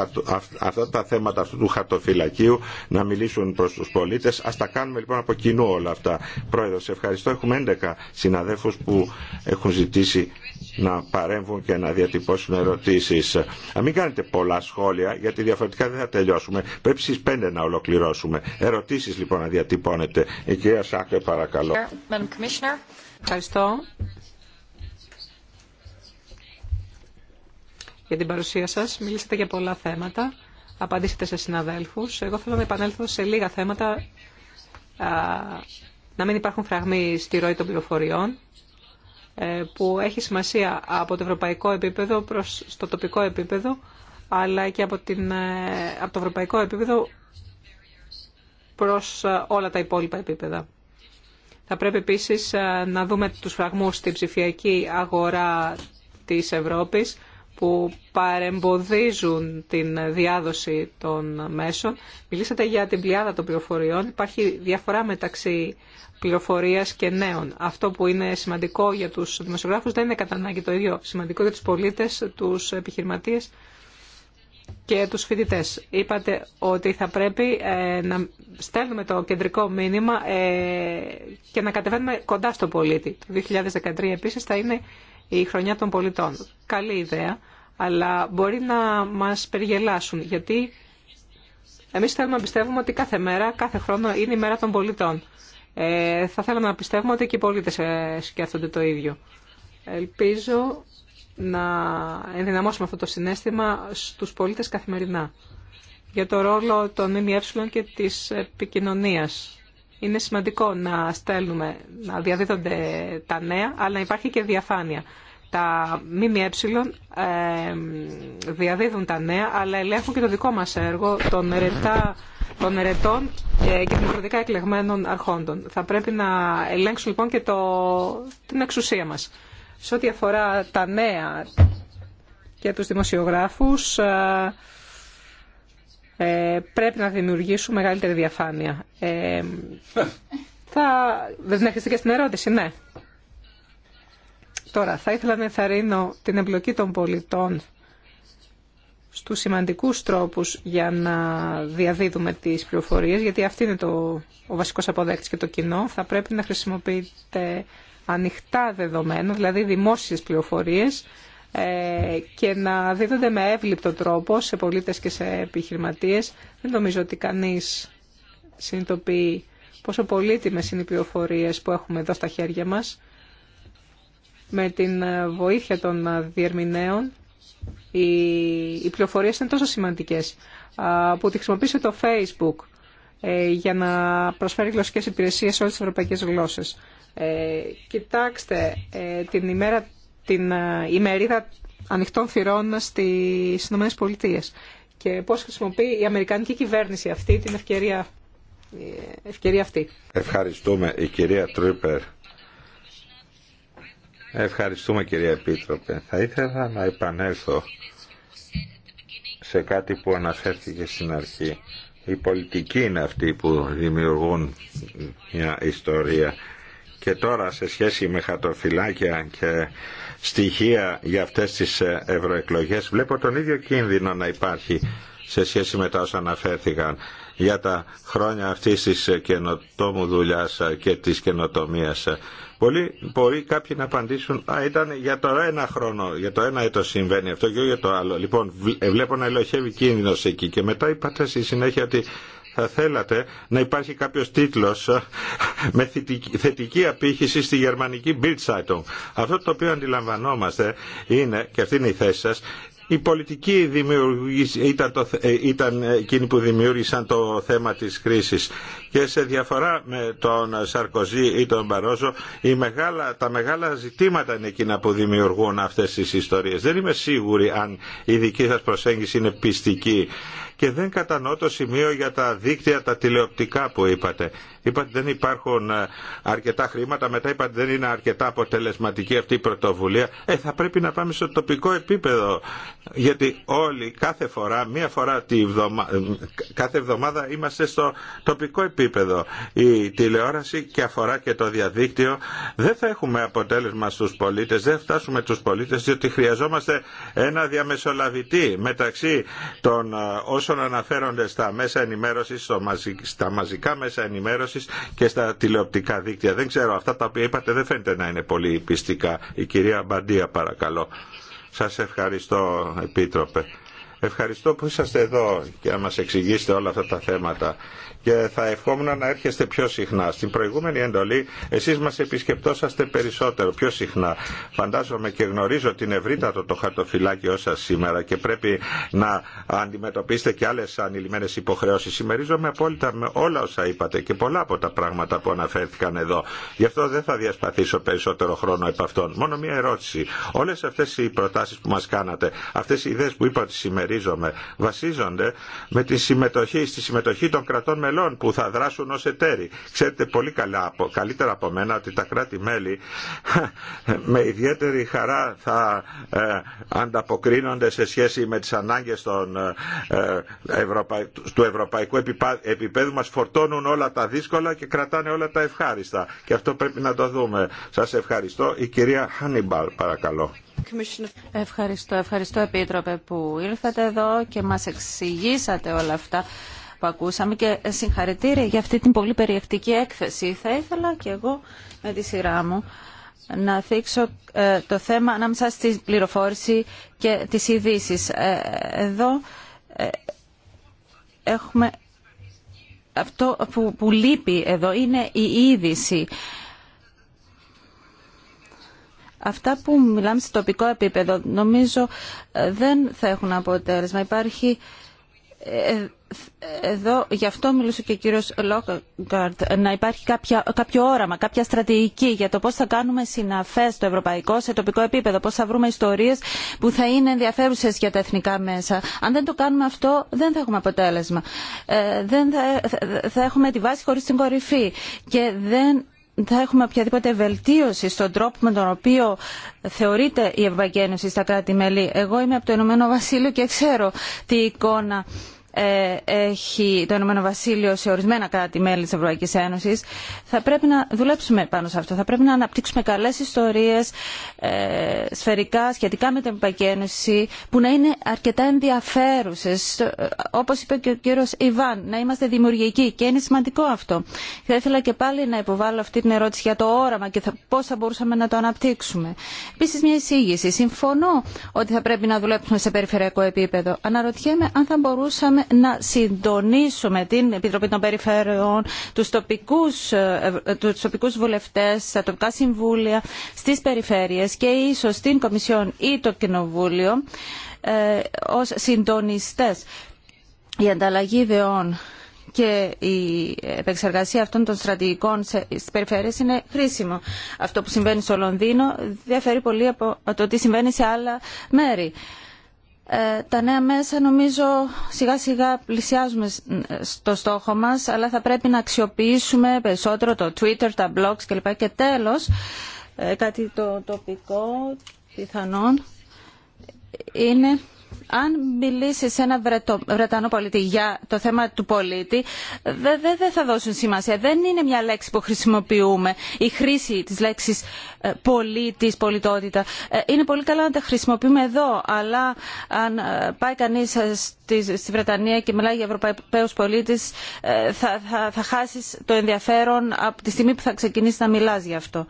αυτά τα θέματα αυτού του χαρτοφυλακίου να μιλήσουν προς τους πολίτες. Ας τα κάνουμε λοιπόν από κοινού όλα αυτά. Πρόεδρος, ευχαριστώ. Έχουμε 11 συναδέλφους που έχουν ζητήσει να παρέμβουν και να διατυπώσουν ερωτήσει. Να μην κάνετε πολλά σχόλια γιατί διαφορετικά δεν θα τελειώσουμε. Πρέπει στι πέντε να ολοκληρώσουμε. Ερωτήσεις λοιπόν να διατυπώνετε. Η κυρία Σάκρε παρακαλώ. Ευχαριστώ για την παρουσία σας. Μιλήσατε για πολλά θέματα. Απαντήσετε σε συναδέλφους. Εγώ θέλω να επανέλθω σε λίγα θέματα να μην υπάρχουν φραγμοί στη ροή των πληροφοριών ε, που έχει σημασία από το ευρωπαϊκό επίπεδο προς το τοπικό επίπεδο αλλά και από, την, ε, από το ευρωπαϊκό επίπεδο προς ε, όλα τα υπόλοιπα επίπεδα. Θα πρέπει επίσης να δούμε τους φραγμούς στην ψηφιακή αγορά της Ευρώπης που παρεμποδίζουν την διάδοση των μέσων. Μιλήσατε για την πλειάδα των πληροφοριών. Υπάρχει διαφορά μεταξύ πληροφορίας και νέων. Αυτό που είναι σημαντικό για τους δημοσιογράφους δεν είναι κατά ανάγκη το ίδιο σημαντικό για τους πολίτες, τους επιχειρηματίες και τους φοιτητέ. Είπατε ότι θα πρέπει ε, να στέλνουμε το κεντρικό μήνυμα ε, και να κατεβαίνουμε κοντά στον πολίτη. Το 2013 επίσης θα είναι η χρονιά των πολιτών. Καλή ιδέα αλλά μπορεί να μας περιγελάσουν, γιατί εμείς θέλουμε να πιστεύουμε ότι κάθε μέρα, κάθε χρόνο είναι η μέρα των πολιτών. Ε, θα θέλαμε να πιστεύουμε ότι και οι πολίτες ε, σκέφτονται το ίδιο. Ελπίζω να ενδυναμώσουμε αυτό το συνέστημα στους πολίτες καθημερινά. Για το ρόλο των ΜΜΕ και της επικοινωνία. Είναι σημαντικό να στέλνουμε, να διαδίδονται τα νέα, αλλά υπάρχει και διαφάνεια τα ΜΜΕ ε, διαδίδουν τα νέα, αλλά ελέγχουν και το δικό μας έργο των, ερετών ε, και δημοκρατικά εκλεγμένων αρχόντων. Θα πρέπει να ελέγξουν λοιπόν και το, την εξουσία μας. Σε ό,τι αφορά τα νέα και τους δημοσιογράφους, ε, πρέπει να δημιουργήσουμε μεγαλύτερη διαφάνεια. θα... Δεν έχετε και στην ερώτηση, ναι. Τώρα, θα ήθελα να ενθαρρύνω την εμπλοκή των πολιτών στους σημαντικούς τρόπους για να διαδίδουμε τις πληροφορίες, γιατί αυτό είναι το, ο βασικός αποδέκτης και το κοινό. Θα πρέπει να χρησιμοποιείτε ανοιχτά δεδομένα, δηλαδή δημόσιες πληροφορίες, ε, και να δίδονται με εύληπτο τρόπο σε πολίτες και σε επιχειρηματίες. Δεν νομίζω ότι κανείς συνειδητοποιεί πόσο πολύτιμες είναι οι πληροφορίες που έχουμε εδώ στα χέρια μας με την ε, βοήθεια των ε, διερμηνέων οι, οι πληροφορίες είναι τόσο σημαντικές που τη χρησιμοποίησε το Facebook ε, για να προσφέρει γλωσσικές υπηρεσίες σε όλες τις ευρωπαϊκές γλώσσες. κοιτάξτε την ημέρα, την ημερίδα ανοιχτών θυρών στις ΗΠΑ Πολιτείες και πώς χρησιμοποιεί η Αμερικανική κυβέρνηση αυτή την ευκαιρία, ευκαιρία αυτή. Ευχαριστούμε η κυρία Τρίπερ. Ευχαριστούμε κυρία Επίτροπε. Θα ήθελα να επανέλθω σε κάτι που αναφέρθηκε στην αρχή. Η πολιτικοί είναι αυτή που δημιουργούν μια ιστορία. Και τώρα σε σχέση με χατοφυλάκια και στοιχεία για αυτές τις ε, ευρωεκλογές βλέπω τον ίδιο κίνδυνο να υπάρχει σε σχέση με τα όσα αναφέρθηκαν για τα χρόνια αυτής της ε, καινοτόμου δουλειάς ε, και της καινοτομίας. Πολλοί μπορεί κάποιοι να απαντήσουν, α, ήταν για το ένα χρόνο, για το ένα έτος συμβαίνει αυτό και για το άλλο. Λοιπόν, ε, βλέπω να ελοχεύει κίνδυνος εκεί και μετά είπατε στη συνέχεια ότι θα θέλατε να υπάρχει κάποιος τίτλος ε, με θετική απήχηση στη γερμανική Bildzeitung. Αυτό το οποίο αντιλαμβανόμαστε είναι, και αυτή είναι η θέση σας, η πολιτική ήταν, το, ε, ήταν ε, εκείνη που δημιούργησαν το θέμα της κρίσης και σε διαφορά με τον Σαρκοζή ή τον Μπαρόζο η μεγάλα, τα μεγάλα ζητήματα είναι εκείνα που δημιουργούν αυτές τις ιστορίες. Δεν είμαι σίγουρη αν η δική σας προσέγγιση είναι πιστική και δεν κατανοώ το σημείο για τα δίκτυα τα τηλεοπτικά που είπατε. Είπατε δεν υπάρχουν ε, αρκετά χρήματα, μετά είπατε δεν είναι αρκετά αποτελεσματική αυτή η πρωτοβουλία. Ε, θα πρέπει να πάμε στο τοπικό επίπεδο. Γιατί όλοι κάθε φορά, μία φορά τη βδομα... Ε, κάθε εβδομάδα είμαστε στο τοπικό επίπεδο. Η τηλεόραση και αφορά και το διαδίκτυο δεν θα έχουμε αποτέλεσμα στους πολίτες, δεν φτάσουμε τους πολίτες διότι χρειαζόμαστε ένα διαμεσολαβητή μεταξύ των ε, όσων αναφέρονται στα μέσα ενημέρωση, στα μαζικά μέσα ενημέρωση και στα τηλεοπτικά δίκτυα. Δεν ξέρω, αυτά τα οποία είπατε δεν φαίνεται να είναι πολύ πιστικά. Η κυρία Μπαντία, παρακαλώ. Σας ευχαριστώ, Επίτροπε. Ευχαριστώ που είσαστε εδώ και να μας εξηγήσετε όλα αυτά τα θέματα και θα ευχόμουν να έρχεστε πιο συχνά. Στην προηγούμενη εντολή εσείς μας επισκεπτόσαστε περισσότερο, πιο συχνά. Φαντάζομαι και γνωρίζω την ευρύτατο το χαρτοφυλάκιό όσα σήμερα και πρέπει να αντιμετωπίσετε και άλλες ανηλυμένες υποχρεώσεις. Συμμερίζομαι απόλυτα με όλα όσα είπατε και πολλά από τα πράγματα που αναφέρθηκαν εδώ. Γι' αυτό δεν θα διασπαθήσω περισσότερο χρόνο επ' αυτών. Μόνο μία ερώτηση. Όλες αυτές οι προτάσεις που μας κάνατε, αυτές οι ιδέες που είπα ότι συμμερίζομαι, βασίζονται με τη συμμετοχή, στη συμμετοχή των κρατών μελών που θα δράσουν ως εταίροι. Ξέρετε πολύ καλά, καλύτερα από μένα, ότι τα κράτη-μέλη [LAUGHS] με ιδιαίτερη χαρά θα ε, ανταποκρίνονται σε σχέση με τις ανάγκες των, ε, ε, του ευρωπαϊκού επίπεδου. Μας φορτώνουν όλα τα δύσκολα και κρατάνε όλα τα ευχάριστα. Και αυτό πρέπει να το δούμε. Σας ευχαριστώ. Η κυρία Χάνιμπαλ, παρακαλώ. Ευχαριστώ, ευχαριστώ Επίτροπε που ήρθατε εδώ και μας εξηγήσατε όλα αυτά που ακούσαμε και συγχαρητήρια για αυτή την πολύ περιεκτική έκθεση. Θα ήθελα και εγώ με τη σειρά μου να θίξω ε, το θέμα ανάμεσα στη πληροφόρηση και τις ειδήσει. Ε, εδώ ε, έχουμε αυτό που, που λείπει εδώ είναι η είδηση. Αυτά που μιλάμε σε τοπικό επίπεδο νομίζω δεν θα έχουν αποτέλεσμα. Υπάρχει εδώ γι' αυτό μιλούσε και ο κύριο Λόκαρτ να υπάρχει κάποιο όραμα, κάποια στρατηγική για το πώς θα κάνουμε συναφές στο ευρωπαϊκό, σε τοπικό επίπεδο, πώς θα βρούμε ιστορίες που θα είναι ενδιαφέρουσες για τα εθνικά μέσα. Αν δεν το κάνουμε αυτό δεν θα έχουμε αποτέλεσμα. Ε, δεν θα, έχουμε τη βάση χωρίς την κορυφή και δεν θα έχουμε οποιαδήποτε βελτίωση στον τρόπο με τον οποίο θεωρείται η Ευρωπαϊκή Ένωση στα κράτη-μέλη. Εγώ είμαι από το Ηνωμένο Βασίλειο και ξέρω τι εικόνα ε, έχει το Ηνωμένο Βασίλειο σε ορισμένα κράτη-μέλη της Ευρωπαϊκής Ένωσης. Θα πρέπει να δουλέψουμε πάνω σε αυτό. Θα πρέπει να αναπτύξουμε καλές ιστορίες ε, σφαιρικά σχετικά με την Ευρωπαϊκή Ένωση που να είναι αρκετά ενδιαφέρουσες. Όπως είπε και ο κύριος Ιβάν, να είμαστε δημιουργικοί και είναι σημαντικό αυτό. Θα ήθελα και πάλι να υποβάλω αυτή την ερώτηση για το όραμα και πώ θα μπορούσαμε να το αναπτύξουμε. Επίσης μια εισήγηση. Συμφωνώ ότι θα πρέπει να δουλέψουμε σε περιφερειακό επίπεδο. Αναρωτιέμαι αν θα μπορούσαμε να συντονίσουμε την Επιτροπή των Περιφερειών, τους τοπικούς, ε, τους τοπικούς βουλευτές, τα τοπικά συμβούλια, στις περιφέρειες και ίσως την Κομισιόν ή το Κοινοβούλιο ε, ως συντονιστές. Η ανταλλαγή ιδεών και η επεξεργασία αυτών των στρατηγικών στι περιφέρειες είναι χρήσιμο. Αυτό που συμβαίνει στο Λονδίνο διαφέρει πολύ από το τι συμβαίνει σε άλλα μέρη. Ε, τα νέα μέσα νομίζω σιγά σιγά πλησιάζουμε στο στόχο μας αλλά θα πρέπει να αξιοποιήσουμε περισσότερο το Twitter, τα blogs κλπ. Και τέλος, ε, κάτι το τοπικό πιθανόν είναι αν μιλήσει σε έναν Βρετανό πολίτη για το θέμα του πολίτη, δεν θα δώσουν σημασία. Δεν είναι μια λέξη που χρησιμοποιούμε. Η χρήση της λέξης ε, πολίτης, πολιτότητα, ε, είναι πολύ καλά να τα χρησιμοποιούμε εδώ, αλλά αν ε, πάει κανείς στη Βρετανία και μιλάει για πολίτε, πολίτης, θα, θα, χάσεις το ενδιαφέρον από τη στιγμή που θα ξεκινήσει να μιλά γι' αυτό.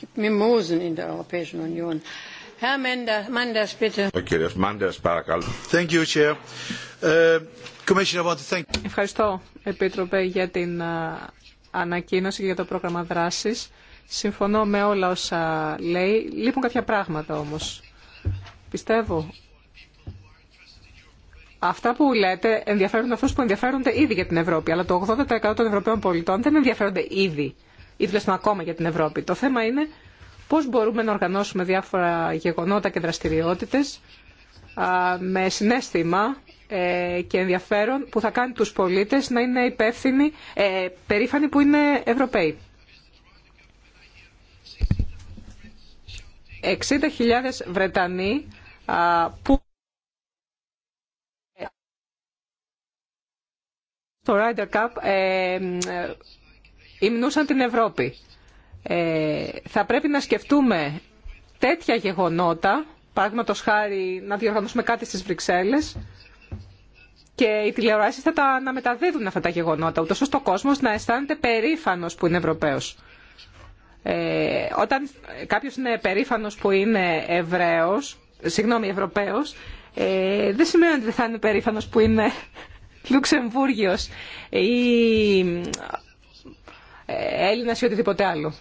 gibt Mimosen in der Europäischen Union. Ευχαριστώ, Επίτροπε, για την ε, ανακοίνωση και για το πρόγραμμα δράσης. Συμφωνώ με όλα όσα λέει. Λείπουν κάποια πράγματα όμως. Πιστεύω. Αυτά που λέτε ενδιαφέρουν αυτούς που ενδιαφέρονται ήδη για την Ευρώπη. Αλλά το 80% των Ευρωπαίων πολιτών δεν ενδιαφέρονται ήδη ή τουλάχιστον ακόμα για την Ευρώπη. Το θέμα είναι πώς μπορούμε να οργανώσουμε διάφορα γεγονότα και δραστηριότητες με συνέστημα ε, και ενδιαφέρον που θα κάνει τους πολίτες να είναι υπεύθυνοι, ε, περήφανοι που είναι Ευρωπαίοι. 60.000 Βρετανοί που στο Ryder Cup ε, υμνούσαν την Ευρώπη. Ε, θα πρέπει να σκεφτούμε τέτοια γεγονότα, παραδείγματο χάρη να διοργανώσουμε κάτι στις Βρυξέλλες και οι τηλεοράσεις θα τα, αναμεταδίδουν αυτά τα γεγονότα, ούτως ώστε ο κόσμος να αισθάνεται περήφανο που είναι Ευρωπαίος. Ε, όταν κάποιος είναι περήφανο που είναι Εβραίος, συγγνώμη, Ευρωπαίος, ε, δεν σημαίνει ότι δεν θα είναι περήφανο που είναι [LAUGHS] Λουξεμβούργιος Έλληνα ή οτιδήποτε άλλο.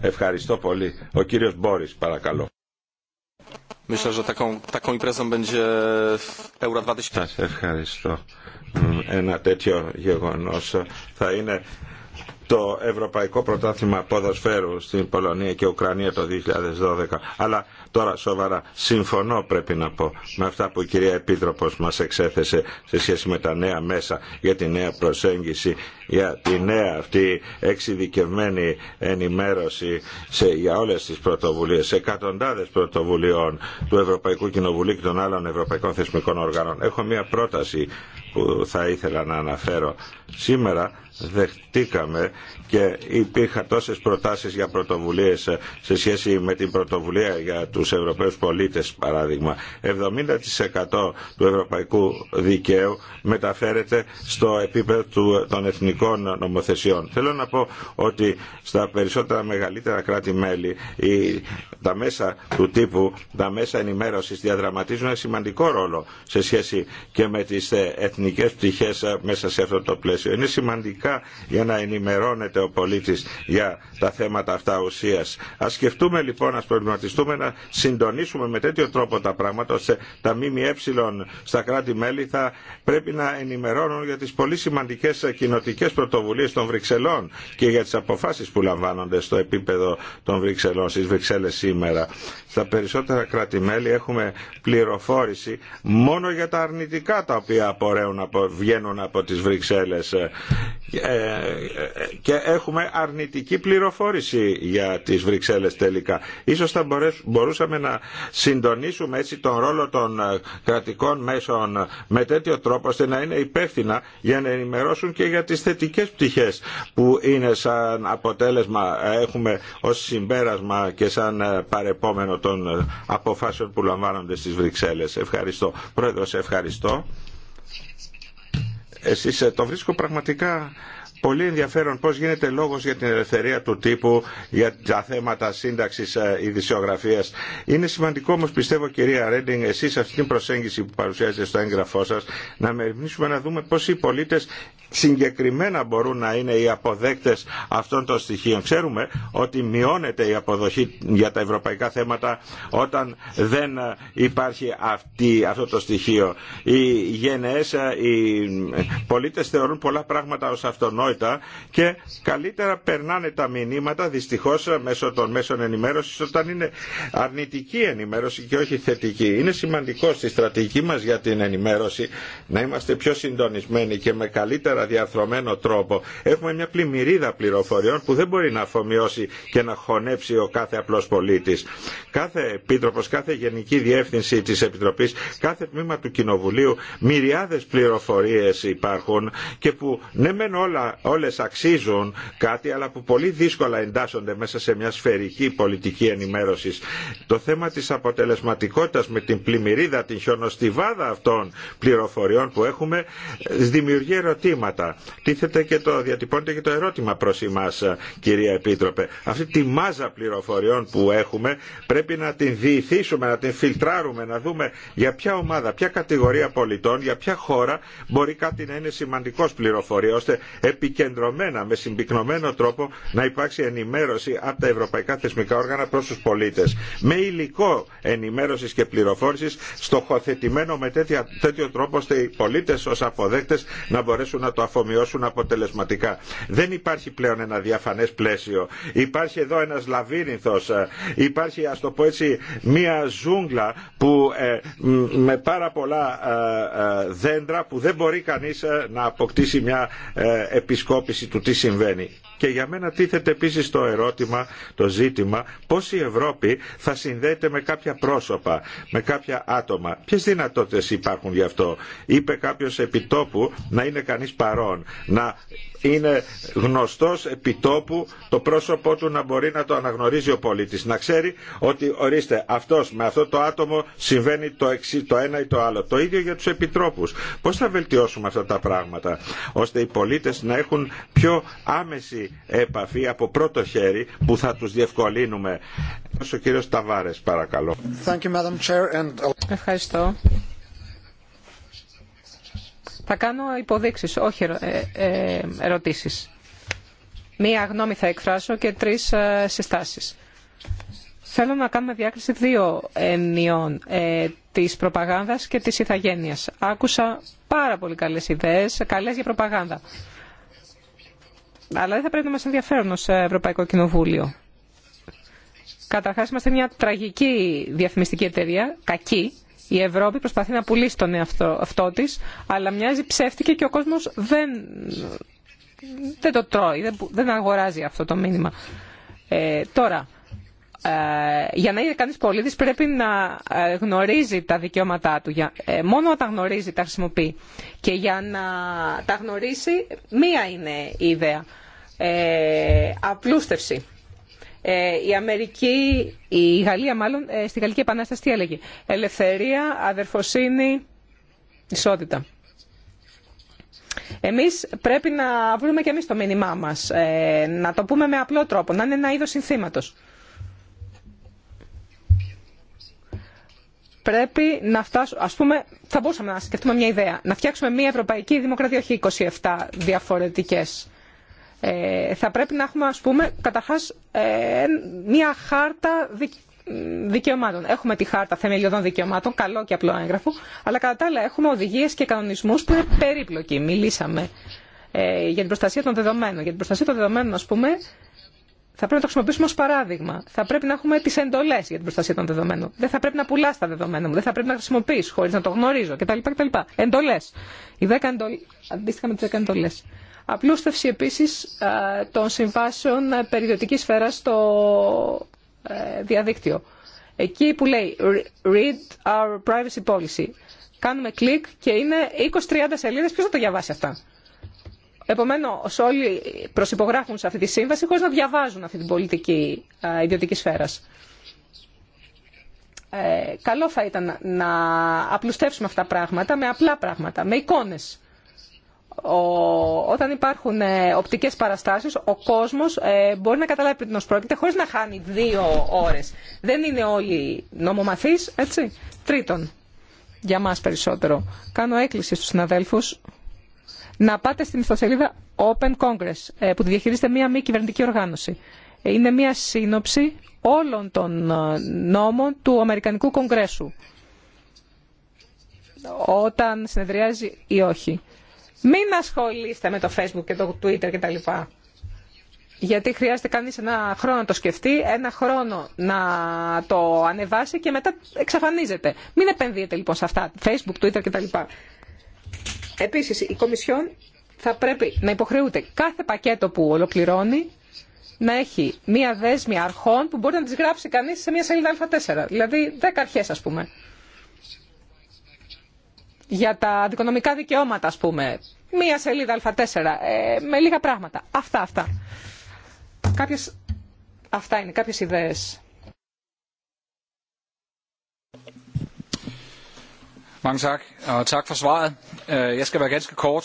Ευχαριστώ πολύ. Ο κύριο Μπόρι, παρακαλώ. E, Σας ευχαριστώ. Ένα τέτοιο γεγονός θα είναι το Ευρωπαϊκό Πρωτάθλημα Ποδοσφαίρου στην Πολωνία και Ουκρανία το 2012. Αλλά τώρα σοβαρά συμφωνώ πρέπει να πω με αυτά που η κυρία Επίτροπος μας εξέθεσε σε σχέση με τα νέα μέσα για τη νέα προσέγγιση, για τη νέα αυτή εξειδικευμένη ενημέρωση σε, για όλες τις πρωτοβουλίες, σε εκατοντάδες πρωτοβουλίων του Ευρωπαϊκού Κοινοβουλίου και των άλλων Ευρωπαϊκών Θεσμικών Οργάνων. Έχω μια πρόταση που θα ήθελα να αναφέρω. Σήμερα δεχτήκαμε και υπήρχαν τόσες προτάσεις για πρωτοβουλίες ε, σε σχέση με την πρωτοβουλία για τους Ευρωπαίους πολίτες παράδειγμα. 70% του ευρωπαϊκού δικαίου μεταφέρεται στο επίπεδο των εθνικών νομοθεσιών. Θέλω να πω ότι στα περισσότερα μεγαλύτερα κράτη-μέλη τα μέσα του τύπου, τα μέσα ενημέρωσης διαδραματίζουν ένα σημαντικό ρόλο σε σχέση και με τις ε, εθνικές εθνικές πτυχές ε, μέσα σε αυτό το πλαίσιο. Είναι σημαντικά για να ενημερώνεται ο πολίτης για τα θέματα αυτά ουσίας. Ας σκεφτούμε λοιπόν, ας προβληματιστούμε να συντονίσουμε με τέτοιο τρόπο τα πράγματα ώστε τα ΜΜΕ στα κράτη-μέλη θα πρέπει να ενημερώνουν για τις πολύ σημαντικές ε, κοινοτικές πρωτοβουλίες των Βρυξελών και για τις αποφάσεις που λαμβάνονται στο επίπεδο των Βρυξελών, στις Βρυξέλλες σήμερα. Στα περισσότερα κράτη-μέλη έχουμε πληροφόρηση μόνο για τα αρνητικά τα οποία απορρέουν βγαίνουν από, βγαίνουν από τις Βρυξέλλες ε, ε, και έχουμε αρνητική πληροφόρηση για τις Βρυξέλλες τελικά. Ίσως θα μπορούσαμε να συντονίσουμε έτσι τον ρόλο των ε, κρατικών μέσων με τέτοιο τρόπο ώστε να είναι υπεύθυνα για να ενημερώσουν και για τις θετικές πτυχές που είναι σαν αποτέλεσμα έχουμε ως συμπέρασμα και σαν παρεπόμενο των αποφάσεων που λαμβάνονται στις Βρυξέλλες. Ευχαριστώ. Πρόεδρος, ευχαριστώ εσείς ε, το βρίσκω πραγματικά Πολύ ενδιαφέρον πώς γίνεται λόγος για την ελευθερία του τύπου, για τα θέματα σύνταξης ε, ειδησιογραφίας. Είναι σημαντικό όμως πιστεύω κυρία Ρέντινγκ, εσείς αυτή την προσέγγιση που παρουσιάζετε στο έγγραφό σας, να μεριμνήσουμε να δούμε πώς οι πολίτες συγκεκριμένα μπορούν να είναι οι αποδέκτες αυτών των στοιχείων. Ξέρουμε ότι μειώνεται η αποδοχή για τα ευρωπαϊκά θέματα όταν δεν ε, υπάρχει αυτή, αυτό το στοιχείο. Οι γενναίες, ε, οι πολίτες θεωρούν πολλά πράγματα ως αυτονόητα και καλύτερα περνάνε τα μηνύματα δυστυχώς μέσω των μέσων ενημέρωσης όταν είναι αρνητική ενημέρωση και όχι θετική. Είναι σημαντικό στη στρατηγική μας για την ενημέρωση να είμαστε πιο συντονισμένοι και με καλύτερα διαρθρωμένο τρόπο. Έχουμε μια πλημμυρίδα πληροφοριών που δεν μπορεί να αφομοιώσει και να χωνέψει ο κάθε απλός πολίτης. Κάθε επίτροπος, κάθε γενική διεύθυνση της Επιτροπής, κάθε τμήμα του Κοινοβουλίου, μυριάδες πληροφορίες υπάρχουν και που ναι μεν όλα όλες αξίζουν κάτι αλλά που πολύ δύσκολα εντάσσονται μέσα σε μια σφαιρική πολιτική ενημέρωσης. Το θέμα της αποτελεσματικότητας με την πλημμυρίδα, την χιονοστιβάδα αυτών πληροφοριών που έχουμε δημιουργεί ερωτήματα. Τίθεται και το, διατυπώνεται και το ερώτημα προς εμάς κυρία Επίτροπε. Αυτή τη μάζα πληροφοριών που έχουμε πρέπει να την διηθήσουμε, να την φιλτράρουμε, να δούμε για ποια ομάδα, ποια κατηγορία πολιτών, για ποια χώρα μπορεί κάτι να είναι σημαντικός πληροφορία επικεντρωμένα, με συμπυκνωμένο τρόπο να υπάρξει ενημέρωση από τα ευρωπαϊκά θεσμικά όργανα προς τους πολίτες. Με υλικό ενημέρωσης και πληροφόρησης στοχοθετημένο με τέτοιο τρόπο ώστε οι πολίτες ως αποδέκτες να μπορέσουν να το αφομοιώσουν αποτελεσματικά. Δεν υπάρχει πλέον ένα διαφανές πλαίσιο. Υπάρχει εδώ ένας λαβύρινθος. Ε, υπάρχει ας το πω έτσι μια ζούγκλα που ε, με πάρα πολλά ε, δέντρα που δεν μπορεί κανείς να αποκτήσει μια ε, επισκόπηση του τι συμβαίνει. Και για μένα τίθεται επίσης το ερώτημα, το ζήτημα, πώς η Ευρώπη θα συνδέεται με κάποια πρόσωπα, με κάποια άτομα. Ποιες δυνατότητες υπάρχουν γι' αυτό. Είπε κάποιος επιτόπου να είναι κανείς παρόν, να είναι γνωστός επιτόπου το πρόσωπό του να μπορεί να το αναγνωρίζει ο πολίτης. Να ξέρει ότι ορίστε αυτός με αυτό το άτομο συμβαίνει το, εξί, το ένα ή το άλλο. Το ίδιο για τους επιτρόπους. Πώς θα βελτιώσουμε αυτά τα πράγματα ώστε οι πολίτες να έχουν έχουν πιο άμεση επαφή από πρώτο χέρι που θα τους διευκολύνουμε. Ο κύριος Ταβάρες παρακαλώ. Ευχαριστώ. Θα κάνω υποδείξεις, όχι ε, ε, ερωτήσεις. Μία γνώμη θα εκφράσω και τρεις ε, συστάσεις. Θέλω να κάνουμε διάκριση δύο ενιών, της προπαγάνδας και της ηθαγένειας. Άκουσα πάρα πολύ καλές ιδέες, καλές για προπαγάνδα αλλά δεν θα πρέπει να μα ενδιαφέρουν ω Ευρωπαϊκό Κοινοβούλιο. Καταρχάς είμαστε μια τραγική διαφημιστική εταιρεία, κακή. Η Ευρώπη προσπαθεί να πουλήσει τον εαυτό αυτό της, αλλά μοιάζει ψεύτικη και ο κόσμος δεν, δεν το τρώει, δεν, αγοράζει αυτό το μήνυμα. Ε, τώρα, ε, για να είναι κανείς πολίτης πρέπει να ε, γνωρίζει τα δικαιώματά του. Ε, μόνο όταν γνωρίζει τα χρησιμοποιεί. Και για να τα γνωρίσει μία είναι η ιδέα. Ε, απλούστευση. η Αμερική, η Γαλλία μάλλον, στη Γαλλική Επανάσταση τι έλεγε. Ελευθερία, αδερφοσύνη, ισότητα. Εμείς πρέπει να βρούμε και εμείς το μήνυμά μας, να το πούμε με απλό τρόπο, να είναι ένα είδος συνθήματος. πρέπει να φτάσουμε, ας πούμε, θα μπορούσαμε να σκεφτούμε μια ιδέα, να φτιάξουμε μια ευρωπαϊκή δημοκρατία, όχι 27 διαφορετικές. Ε, θα πρέπει να έχουμε, ας πούμε, καταρχάς ε, μια χάρτα δικ, δικαιωμάτων. Έχουμε τη χάρτα θεμελιωδών δικαιωμάτων, καλό και απλό έγγραφο, αλλά κατά τα άλλα έχουμε οδηγίες και κανονισμούς που είναι περίπλοκοι. Μιλήσαμε ε, για την προστασία των δεδομένων. Για την προστασία των δεδομένων, ας πούμε, θα πρέπει να το χρησιμοποιήσουμε ω παράδειγμα. Θα πρέπει να έχουμε τι εντολέ για την προστασία των δεδομένων. Δεν θα πρέπει να πουλά τα δεδομένα μου, δεν θα πρέπει να χρησιμοποιεί χωρί να το γνωρίζω κτλ. κτλ. Εντολέ. Οι Αντίστοιχα με τι 10 εντολέ. Απλούστευση επίση των συμβάσεων περιοδική σφαίρα στο ε, διαδίκτυο. Εκεί που λέει Read our privacy policy. Κάνουμε κλικ και είναι 20-30 σελίδε. Ποιο θα το διαβάσει αυτά. Επομένω, όλοι προσυπογράφουν σε αυτή τη σύμβαση χωρί να διαβάζουν αυτή την πολιτική ιδιωτική σφαίρας. Ε, καλό θα ήταν να απλουστεύσουμε αυτά τα πράγματα με απλά πράγματα, με εικόνες. όταν υπάρχουν ε, οπτικές παραστάσεις, ο κόσμος ε, μπορεί να καταλάβει την πρόκειται χωρίς να χάνει δύο ώρες. Δεν είναι όλοι νομομαθείς, έτσι. Τρίτον, για μας περισσότερο, κάνω έκκληση στους συναδέλφους να πάτε στην ιστοσελίδα Open Congress ε, που τη διαχειρίζεται μία μη κυβερνητική οργάνωση. Ε, είναι μία σύνοψη όλων των ε, νόμων του Αμερικανικού Κογκρέσου όταν συνεδριάζει ή όχι. Μην ασχολείστε με το Facebook και το Twitter κτλ. Γιατί χρειάζεται κανείς ένα χρόνο να το σκεφτεί, ένα χρόνο να το ανεβάσει και μετά εξαφανίζεται. Μην επενδύετε λοιπόν σε αυτά, Facebook, Twitter κτλ. Επίσης, η Κομισιόν θα πρέπει να υποχρεούται κάθε πακέτο που ολοκληρώνει να έχει μία δέσμη αρχών που μπορεί να τις γράψει κανείς σε μία σελίδα α4, δηλαδή δέκα αρχές ας πούμε. Για τα δικονομικά δικαιώματα ας πούμε, μία σελίδα α4, ε, με λίγα πράγματα. Αυτά, αυτά. Κάποιες... Αυτά είναι κάποιες ιδέες Mange tak, og tak for svaret. Jeg skal være ganske kort.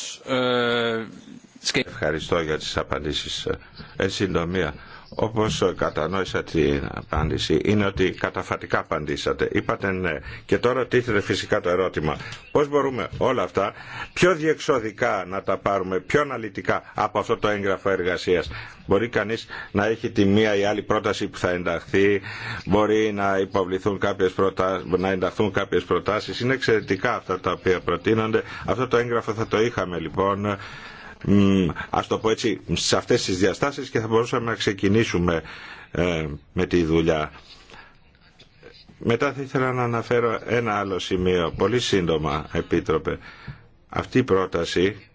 Skal... Ευχαριστώ για τις απαντήσεις. Εν συντομία, όπως κατανόησα την απάντηση, είναι ότι καταφατικά απαντήσατε. Είπατε ναι. Και τώρα τίθεται φυσικά το ερώτημα. Πώς μπορούμε όλα αυτά πιο διεξοδικά να τα πάρουμε, πιο αναλυτικά από αυτό το έγγραφο εργασίας. Μπορεί κανείς να έχει τη μία ή άλλη πρόταση που θα ενταχθεί, μπορεί να υποβληθούν κάποιες προτάσεις, να ενταχθούν κάποιες προτάσεις. Είναι εξαιρετικά αυτά τα οποία προτείνονται. Αυτό το έγγραφο θα το είχαμε λοιπόν ας το πω έτσι, σε αυτές τις διαστάσεις και θα μπορούσαμε να ξεκινήσουμε ε, με τη δουλειά. Μετά θα ήθελα να αναφέρω ένα άλλο σημείο, πολύ σύντομα, Επίτροπε. Αυτή η πρόταση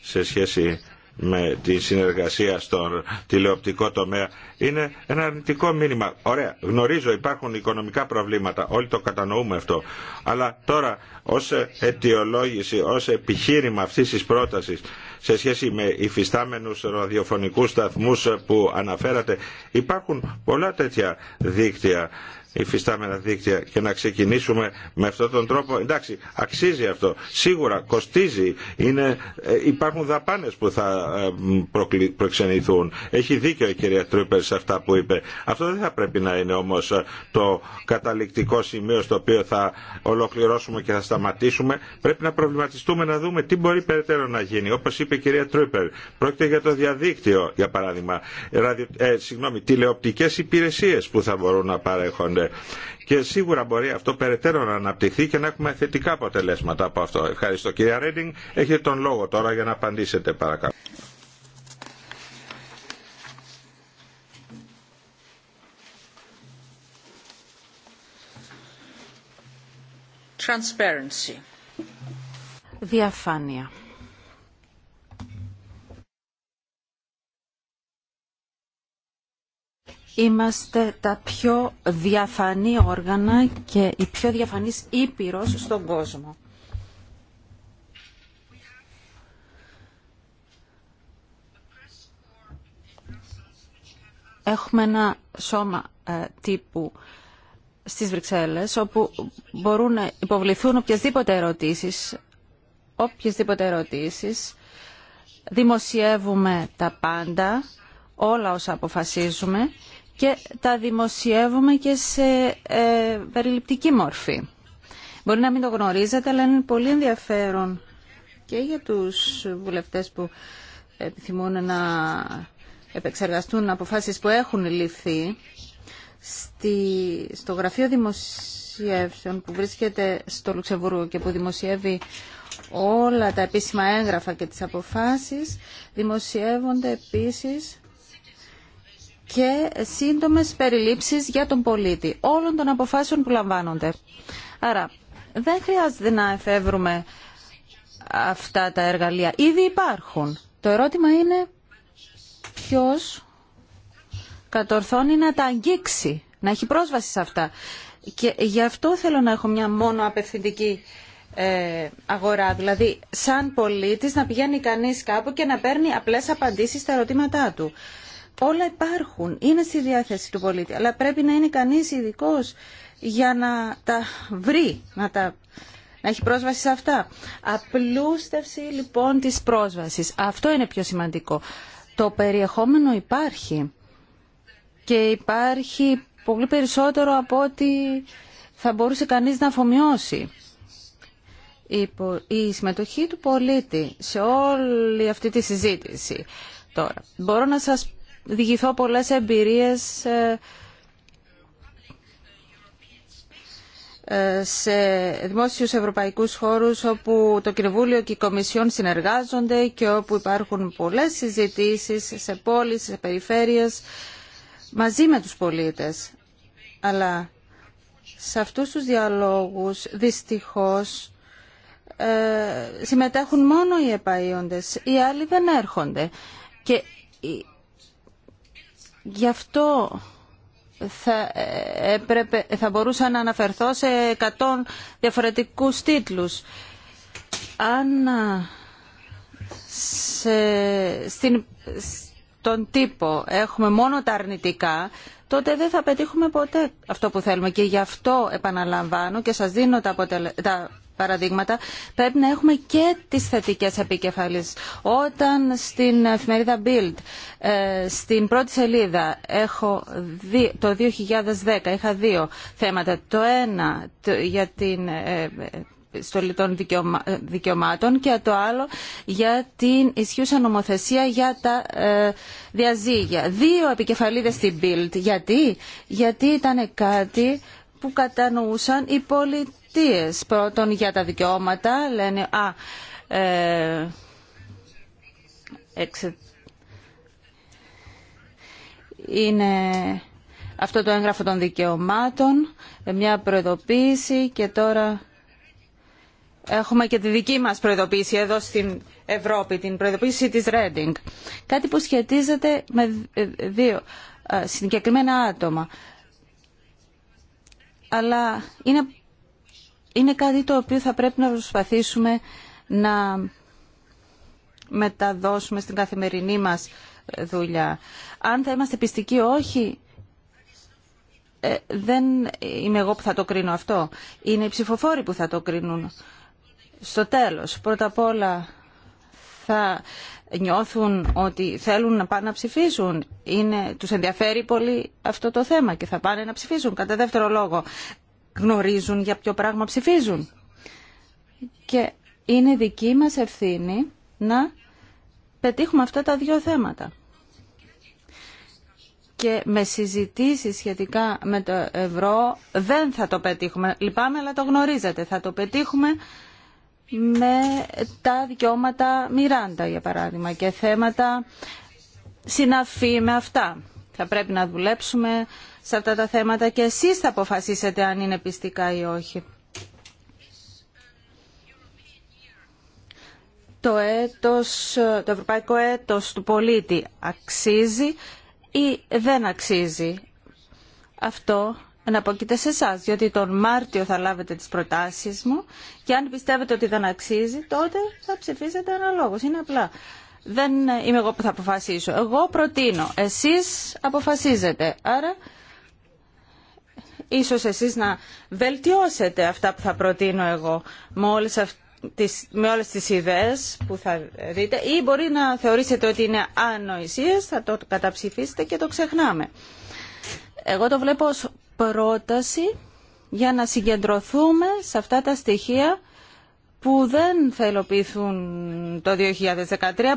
σε σχέση με τη συνεργασία στον τηλεοπτικό τομέα είναι ένα αρνητικό μήνυμα. Ωραία, γνωρίζω υπάρχουν οικονομικά προβλήματα, όλοι το κατανοούμε αυτό. Αλλά τώρα ως αιτιολόγηση, ως επιχείρημα αυτής της πρότασης σε σχέση με υφιστάμενους ραδιοφωνικού σταθμούς που αναφέρατε. Υπάρχουν πολλά τέτοια δίκτυα υφιστάμενα δίκτυα και να ξεκινήσουμε με αυτόν τον τρόπο. Εντάξει, αξίζει αυτό. Σίγουρα κοστίζει. Είναι, ε, υπάρχουν δαπάνες που θα ε, προξενηθούν. Έχει δίκιο η κυρία Τρούπερ σε αυτά που είπε. Αυτό δεν θα πρέπει να είναι όμως ε, το καταληκτικό σημείο στο οποίο θα ολοκληρώσουμε και θα σταματήσουμε. Πρέπει να προβληματιστούμε να δούμε τι μπορεί περαιτέρω να γίνει. Όπως είπε η κυρία Τρούπερ, πρόκειται για το διαδίκτυο, για παράδειγμα, ραδιο, ε, συγγνώμη, τηλεοπτικές υπηρεσίες που θα μπορούν να παρέχονται και σίγουρα μπορεί αυτό περαιτέρω να αναπτυχθεί και να έχουμε θετικά αποτελέσματα από αυτό. Ευχαριστώ. Κυρία Ρέντινγκ, έχετε τον λόγο τώρα για να απαντήσετε παρακαλώ. Διαφάνεια. Είμαστε τα πιο διαφανή όργανα και η πιο διαφανής ήπειρος στον κόσμο. Έχουμε ένα σώμα ε, τύπου στις Βρυξέλλες όπου μπορούν να υποβληθούν οποιασδήποτε ερωτήσεις, οποιασδήποτε ερωτήσεις. Δημοσιεύουμε τα πάντα, όλα όσα αποφασίζουμε και τα δημοσιεύουμε και σε ε, περιληπτική μορφή. Μπορεί να μην το γνωρίζετε, αλλά είναι πολύ ενδιαφέρον και για τους βουλευτές που επιθυμούν να επεξεργαστούν αποφάσεις που έχουν ληφθεί στη, στο Γραφείο Δημοσιεύσεων που βρίσκεται στο Λουξεμβούργο και που δημοσιεύει όλα τα επίσημα έγγραφα και τις αποφάσεις δημοσιεύονται επίσης και σύντομες περιλήψεις για τον πολίτη όλων των αποφάσεων που λαμβάνονται. Άρα δεν χρειάζεται να εφεύρουμε αυτά τα εργαλεία. Ήδη υπάρχουν. Το ερώτημα είναι ποιος κατορθώνει να τα αγγίξει, να έχει πρόσβαση σε αυτά. Και γι' αυτό θέλω να έχω μια μόνο απευθυντική ε, αγορά. Δηλαδή, σαν πολίτης να πηγαίνει κανείς κάπου και να παίρνει απλές απαντήσεις στα ερωτήματά του. Όλα υπάρχουν, είναι στη διάθεση του πολίτη, αλλά πρέπει να είναι κανείς ειδικό για να τα βρει, να, τα, να έχει πρόσβαση σε αυτά. Απλούστευση λοιπόν της πρόσβασης. Αυτό είναι πιο σημαντικό. Το περιεχόμενο υπάρχει και υπάρχει πολύ περισσότερο από ό,τι θα μπορούσε κανείς να αφομοιώσει. Η συμμετοχή του πολίτη σε όλη αυτή τη συζήτηση τώρα. Μπορώ να σας διηγηθώ πολλές εμπειρίες ε, ε, σε δημόσιους ευρωπαϊκούς χώρους όπου το Κοινοβούλιο και η Κομισιόν συνεργάζονται και όπου υπάρχουν πολλές συζητήσεις σε πόλεις, σε περιφέρειες μαζί με τους πολίτες. Αλλά σε αυτούς τους διαλόγους δυστυχώς ε, συμμετέχουν μόνο οι επαΐοντες. Οι άλλοι δεν έρχονται. Και Γι' αυτό θα, ε, έπρεπε, θα μπορούσα να αναφερθώ σε 100 διαφορετικούς τίτλους. Αν ε, στην, στον τύπο έχουμε μόνο τα αρνητικά, τότε δεν θα πετύχουμε ποτέ αυτό που θέλουμε. Και γι' αυτό επαναλαμβάνω και σας δίνω τα, αποτελέσματα παραδείγματα, πρέπει να έχουμε και τις θετικές επικεφαλής. Όταν στην εφημερίδα Bild, ε, στην πρώτη σελίδα, έχω το 2010 είχα δύο θέματα. Το ένα για την ε, ε, στολιτών δικαιωμάτων και το άλλο για την ισχύουσα νομοθεσία για τα διαζύγια. Δύο επικεφαλίδες στην Bild. Γιατί? Γιατί ήταν κάτι που κατανοούσαν οι πολιτικοί Πρώτον για τα δικαιώματα, λένε α, ε, είναι αυτό το έγγραφο των δικαιωμάτων, μια προειδοποίηση και τώρα έχουμε και τη δική μας προειδοποίηση εδώ στην Ευρώπη, την προειδοποίηση της Reading. Κάτι που σχετίζεται με δύο ε, συγκεκριμένα άτομα. Αλλά είναι είναι κάτι το οποίο θα πρέπει να προσπαθήσουμε να μεταδώσουμε στην καθημερινή μας δουλειά. Αν θα είμαστε πιστικοί όχι, ε, δεν είμαι εγώ που θα το κρίνω αυτό. Είναι οι ψηφοφόροι που θα το κρίνουν. Στο τέλος, πρώτα απ' όλα θα νιώθουν ότι θέλουν να πάνε να ψηφίσουν. Είναι, τους ενδιαφέρει πολύ αυτό το θέμα και θα πάνε να ψηφίσουν. Κατά δεύτερο λόγο, γνωρίζουν για ποιο πράγμα ψηφίζουν. Και είναι δική μας ευθύνη να πετύχουμε αυτά τα δύο θέματα. Και με συζητήσεις σχετικά με το ευρώ δεν θα το πετύχουμε. Λυπάμαι, αλλά το γνωρίζετε. Θα το πετύχουμε με τα δικαιώματα Μιράντα, για παράδειγμα, και θέματα συναφή με αυτά. Θα πρέπει να δουλέψουμε σε αυτά τα θέματα και εσείς θα αποφασίσετε αν είναι πιστικά ή όχι. Το, έτος, το ευρωπαϊκό έτος του πολίτη αξίζει ή δεν αξίζει. Αυτό να σε εσά, διότι τον Μάρτιο θα λάβετε τις προτάσεις μου και αν πιστεύετε ότι δεν αξίζει, τότε θα ψηφίσετε αναλόγως. Είναι απλά δεν είμαι εγώ που θα αποφασίσω. Εγώ προτείνω. Εσείς αποφασίζετε. Άρα, ίσως εσείς να βελτιώσετε αυτά που θα προτείνω εγώ με όλες, τις... τις ιδέες που θα δείτε ή μπορεί να θεωρήσετε ότι είναι ανοησίες, θα το καταψηφίσετε και το ξεχνάμε. Εγώ το βλέπω ως πρόταση για να συγκεντρωθούμε σε αυτά τα στοιχεία που δεν θα υλοποιηθούν το 2013.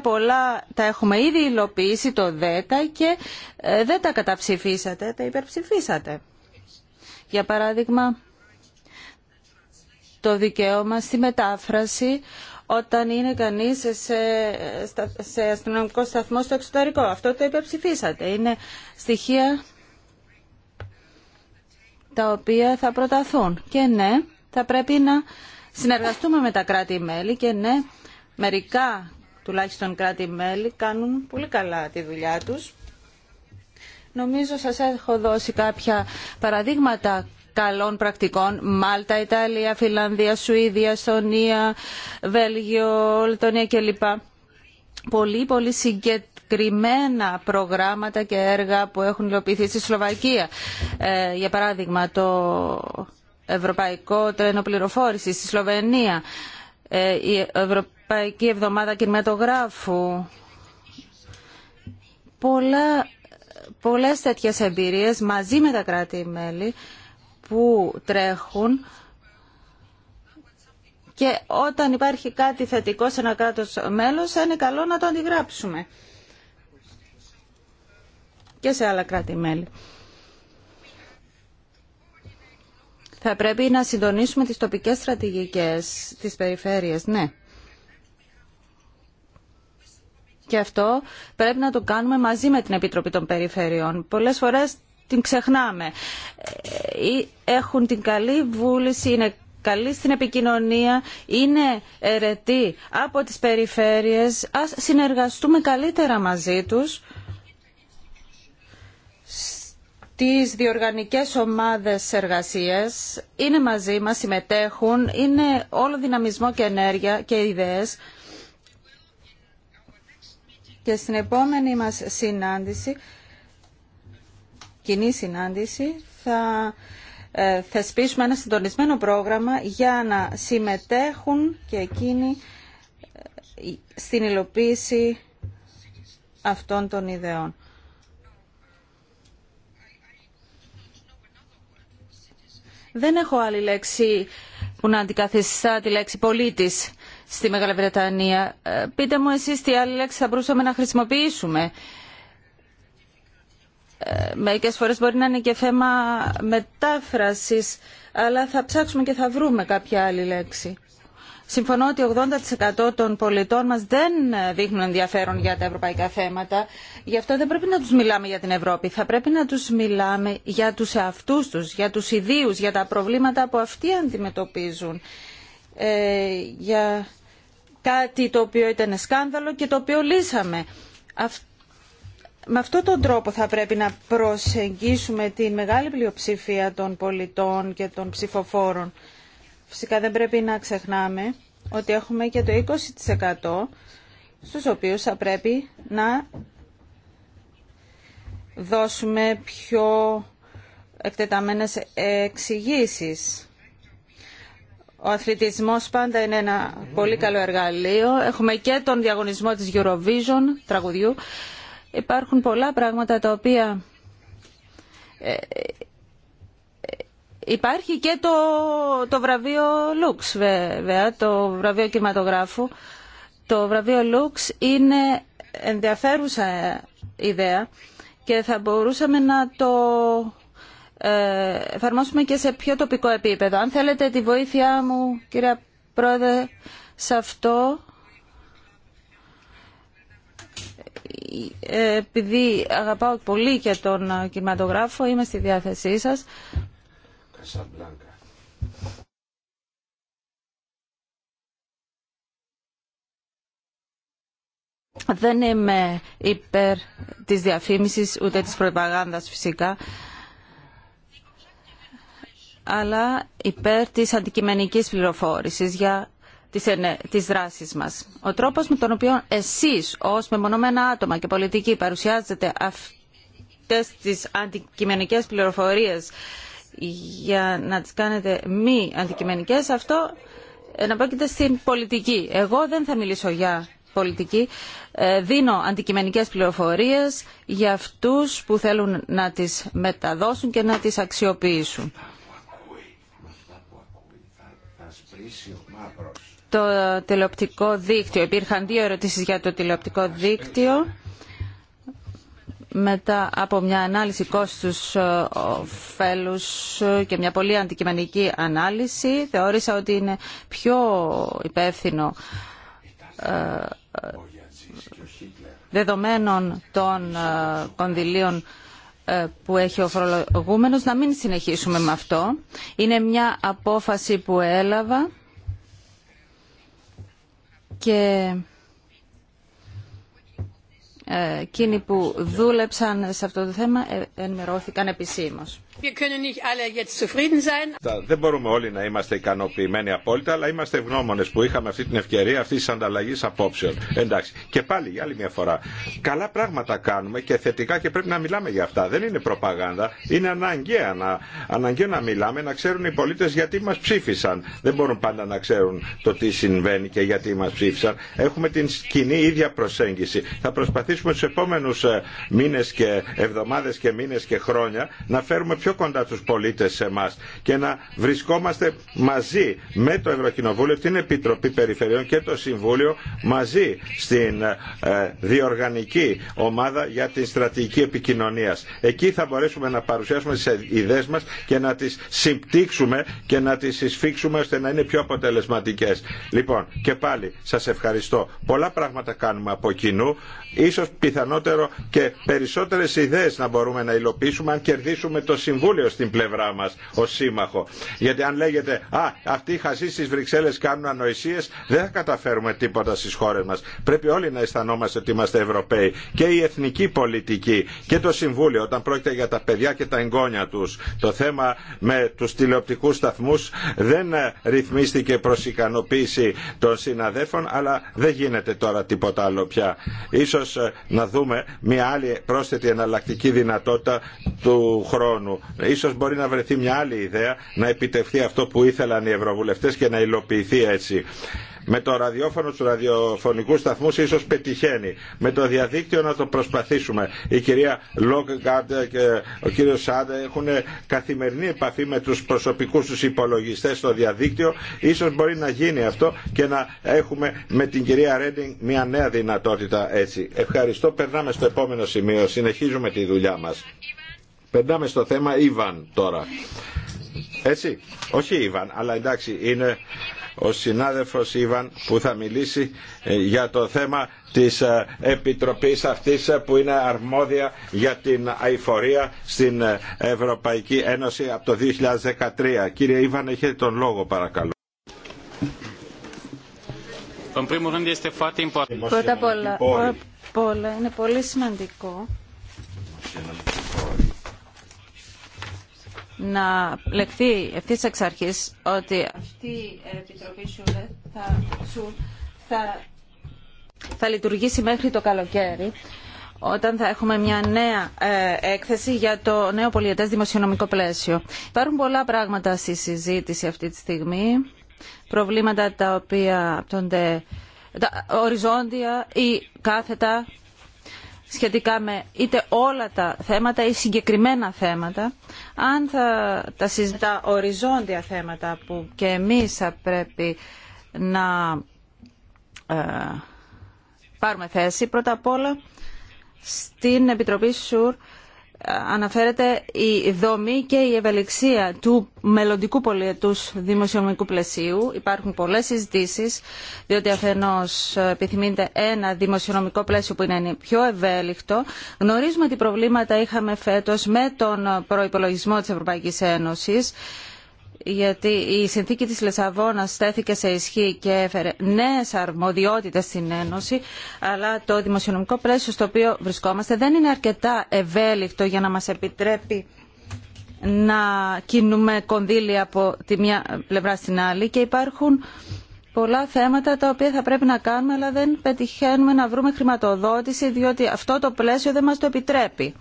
Πολλά τα έχουμε ήδη υλοποιήσει το 10 και ε, δεν τα καταψηφίσατε, τα υπερψηφίσατε. Για παράδειγμα, το δικαίωμα στη μετάφραση όταν είναι κανείς σε, σε αστυνομικό σταθμό στο εξωτερικό. Αυτό το υπερψηφίσατε. Είναι στοιχεία τα οποία θα προταθούν. Και ναι, θα πρέπει να συνεργαστούμε με τα κράτη-μέλη και ναι, μερικά τουλάχιστον κράτη-μέλη κάνουν πολύ καλά τη δουλειά τους. Νομίζω σας έχω δώσει κάποια παραδείγματα καλών πρακτικών. Μάλτα, Ιταλία, Φιλανδία, Σουηδία, Σονία, Βέλγιο, Λετωνία κλπ. Πολύ πολύ συγκεκριμένα προγράμματα και έργα που έχουν υλοποιηθεί στη Σλοβακία. Ε, για παράδειγμα το Ευρωπαϊκό Τρένο πληροφόρηση στη Σλοβενία, ε, η Ευρωπαϊκή Εβδομάδα Κινηματογράφου. Πολλά, πολλές τέτοιες εμπειρίες μαζί με τα κράτη-μέλη που τρέχουν και όταν υπάρχει κάτι θετικό σε ένα κράτος μέλος είναι καλό να το αντιγράψουμε και σε άλλα κράτη-μέλη. Θα πρέπει να συντονίσουμε τις τοπικές στρατηγικές της περιφέρειας, ναι. Και αυτό πρέπει να το κάνουμε μαζί με την Επιτροπή των Περιφερειών. Πολλές φορές την ξεχνάμε. Ε, ε, ε, έχουν την καλή βούληση, είναι καλή στην επικοινωνία, είναι ερετή από τις περιφέρειες. Ας συνεργαστούμε καλύτερα μαζί τους τις διοργανικές ομάδες εργασίας είναι μαζί μας, συμμετέχουν, είναι όλο δυναμισμό και ενέργεια και ιδέες. Και στην επόμενη μας συνάντηση, κοινή συνάντηση, θα ε, θεσπίσουμε ένα συντονισμένο πρόγραμμα για να συμμετέχουν και εκείνοι ε, στην υλοποίηση αυτών των ιδεών. Δεν έχω άλλη λέξη που να αντικαθιστά τη λέξη πολίτης στη Μεγάλη Βρετανία. Ε, πείτε μου εσείς τι άλλη λέξη θα μπορούσαμε να χρησιμοποιήσουμε. Ε, μερικές φορές μπορεί να είναι και θέμα μετάφρασης, αλλά θα ψάξουμε και θα βρούμε κάποια άλλη λέξη. Συμφωνώ ότι 80% των πολιτών μας δεν δείχνουν ενδιαφέρον για τα ευρωπαϊκά θέματα. Γι' αυτό δεν πρέπει να τους μιλάμε για την Ευρώπη. Θα πρέπει να τους μιλάμε για τους εαυτούς τους, για τους ιδίους, για τα προβλήματα που αυτοί αντιμετωπίζουν. Ε, για κάτι το οποίο ήταν σκάνδαλο και το οποίο λύσαμε. Με αυτόν τον τρόπο θα πρέπει να προσεγγίσουμε τη μεγάλη πλειοψηφία των πολιτών και των ψηφοφόρων. Φυσικά δεν πρέπει να ξεχνάμε ότι έχουμε και το 20% στους οποίους θα πρέπει να δώσουμε πιο εκτεταμένες εξηγήσει. Ο αθλητισμός πάντα είναι ένα πολύ καλό εργαλείο. Έχουμε και τον διαγωνισμό της Eurovision τραγουδιού. Υπάρχουν πολλά πράγματα τα οποία ε, Υπάρχει και το, το βραβείο Λουξ βέβαια, το βραβείο κινηματογράφου. Το βραβείο Λουξ είναι ενδιαφέρουσα ιδέα και θα μπορούσαμε να το ε, εφαρμόσουμε και σε πιο τοπικό επίπεδο. Αν θέλετε τη βοήθειά μου, κυρία Πρόεδρε, σε αυτό, ε, επειδή αγαπάω πολύ και τον κινηματογράφο, είμαι στη διάθεσή σας. Δεν είμαι υπέρ της διαφήμισης ούτε της προπαγάνδας φυσικά αλλά υπέρ της αντικειμενικής πληροφόρησης για τις, τις δράσεις μας. Ο τρόπος με τον οποίο εσείς ως μεμονωμένα άτομα και πολιτικοί παρουσιάζετε αυτές τις αντικειμενικές πληροφορίες για να τις κάνετε μη αντικειμενικές, αυτό εναπόκειται στην πολιτική. Εγώ δεν θα μιλήσω για πολιτική. Ε, δίνω αντικειμενικές πληροφορίες για αυτούς που θέλουν να τις μεταδώσουν και να τις αξιοποιήσουν. Το τηλεοπτικό δίκτυο. Υπήρχαν δύο ερωτήσεις για το τηλεοπτικό δίκτυο μετά από μια ανάλυση κόστους ε, φέλους και μια πολύ αντικειμενική ανάλυση θεώρησα ότι είναι πιο υπεύθυνο ε, ε, δεδομένων των κονδυλίων που έχει ο φορολογούμενος να μην συνεχίσουμε με αυτό. Είναι μια απόφαση που έλαβα και ε, εκείνοι που δούλεψαν σε αυτό το θέμα ε, ενημερώθηκαν επισήμως. Δεν μπορούμε όλοι να είμαστε ικανοποιημένοι απόλυτα, αλλά είμαστε ευγνώμονε που είχαμε αυτή την ευκαιρία αυτή τη ανταλλαγή απόψεων. Εντάξει. Και πάλι για άλλη μια φορά. Καλά πράγματα κάνουμε και θετικά και πρέπει να μιλάμε για αυτά. Δεν είναι προπαγάνδα. Είναι αναγκαία να, αναγκαίο να μιλάμε, να ξέρουν οι πολίτε γιατί μα ψήφισαν. Δεν μπορούν πάντα να ξέρουν το τι συμβαίνει και γιατί μα ψήφισαν. Έχουμε την κοινή ίδια προσέγγιση. Θα προσπαθήσουμε στου επόμενου ε, μήνε και εβδομάδε και μήνε και χρόνια να φέρουμε πιο πιο κοντά τους πολίτες σε εμά και να βρισκόμαστε μαζί με το Ευρωκοινοβούλιο, την Επιτροπή Περιφερειών και το Συμβούλιο μαζί στην ε, διοργανική ομάδα για την στρατηγική επικοινωνία. Εκεί θα μπορέσουμε να παρουσιάσουμε τις ιδέες μας και να τις συμπτύξουμε και να τις συσφίξουμε ώστε να είναι πιο αποτελεσματικές. Λοιπόν, και πάλι σας ευχαριστώ. Πολλά πράγματα κάνουμε από κοινού, ίσως πιθανότερο και περισσότερες ιδέες να μπορούμε να υλοποιήσουμε αν κερδίσουμε το Συμβούλιο Συμβούλιο στην πλευρά μα, ω σύμμαχο. Γιατί αν λέγεται «Α, αυτοί οι χασί στις Βρυξέλλες κάνουν ανοησίε, δεν θα καταφέρουμε τίποτα στι χώρε μα. Πρέπει όλοι να αισθανόμαστε ότι είμαστε Ευρωπαίοι. Και η εθνική πολιτική και το Συμβούλιο όταν πρόκειται για τα παιδιά και τα εγγόνια του. Το θέμα με του τηλεοπτικού σταθμού δεν ρυθμίστηκε προ ικανοποίηση των συναδέφων, αλλά δεν γίνεται τώρα τίποτα άλλο πια. Ίσως να δούμε μια άλλη πρόσθετη εναλλακτική δυνατότητα του χρόνου. Ε, ίσω μπορεί να βρεθεί μια άλλη ιδέα να επιτευχθεί αυτό που ήθελαν οι ευρωβουλευτέ και να υλοποιηθεί έτσι. Με το ραδιόφωνο του ραδιοφωνικού σταθμού ίσω πετυχαίνει. Με το διαδίκτυο να το προσπαθήσουμε. Η κυρία Λόγκαρντ και ο κύριο Σάντε έχουν καθημερινή επαφή με του προσωπικού του υπολογιστέ στο διαδίκτυο. σω μπορεί να γίνει αυτό και να έχουμε με την κυρία Ρέντινγκ μια νέα δυνατότητα έτσι. Ευχαριστώ. Περνάμε στο επόμενο σημείο. Συνεχίζουμε τη δουλειά μα. Περνάμε στο θέμα Ιβαν τώρα. Έτσι, όχι Ιβαν, αλλά εντάξει είναι ο συνάδελφος Ιβαν που θα μιλήσει ε, για το θέμα της ε, Επιτροπής αυτής ε, που είναι αρμόδια για την αηφορία στην Ευρωπαϊκή Ένωση από το 2013. Κύριε Ιβαν, έχετε τον λόγο παρακαλώ. Πρώτα απ' όλα, είναι πολύ σημαντικό να λεχθεί ευθύ εξ αρχή ότι αυτή η Επιτροπή σου θα, θα, θα λειτουργήσει μέχρι το καλοκαίρι όταν θα έχουμε μια νέα ε, έκθεση για το νέο πολιετές δημοσιονομικό πλαίσιο. Υπάρχουν πολλά πράγματα στη συζήτηση αυτή τη στιγμή, προβλήματα τα οποία τον οριζόντια ή κάθετα σχετικά με είτε όλα τα θέματα ή συγκεκριμένα θέματα, αν θα τα συζητά οριζόντια θέματα που και εμείς θα πρέπει να ε, πάρουμε θέση, πρώτα απ' όλα στην Επιτροπή ΣΟΥΡ αναφέρεται η δομή και η ευελιξία του μελλοντικού πολιετούς δημοσιονομικού πλαισίου. Υπάρχουν πολλές συζητήσεις διότι αφενός επιθυμείται ένα δημοσιονομικό πλαίσιο που είναι πιο ευέλικτο. Γνωρίζουμε ότι προβλήματα είχαμε φέτος με τον προϋπολογισμό της Ευρωπαϊκής Ένωσης γιατί η συνθήκη της Λεσαβόνας στέθηκε σε ισχύ και έφερε νέες αρμοδιότητες στην Ένωση, αλλά το δημοσιονομικό πλαίσιο στο οποίο βρισκόμαστε δεν είναι αρκετά ευέλικτο για να μας επιτρέπει να κινούμε κονδύλια από τη μια πλευρά στην άλλη και υπάρχουν πολλά θέματα τα οποία θα πρέπει να κάνουμε αλλά δεν πετυχαίνουμε να βρούμε χρηματοδότηση διότι αυτό το πλαίσιο δεν μας το επιτρέπει.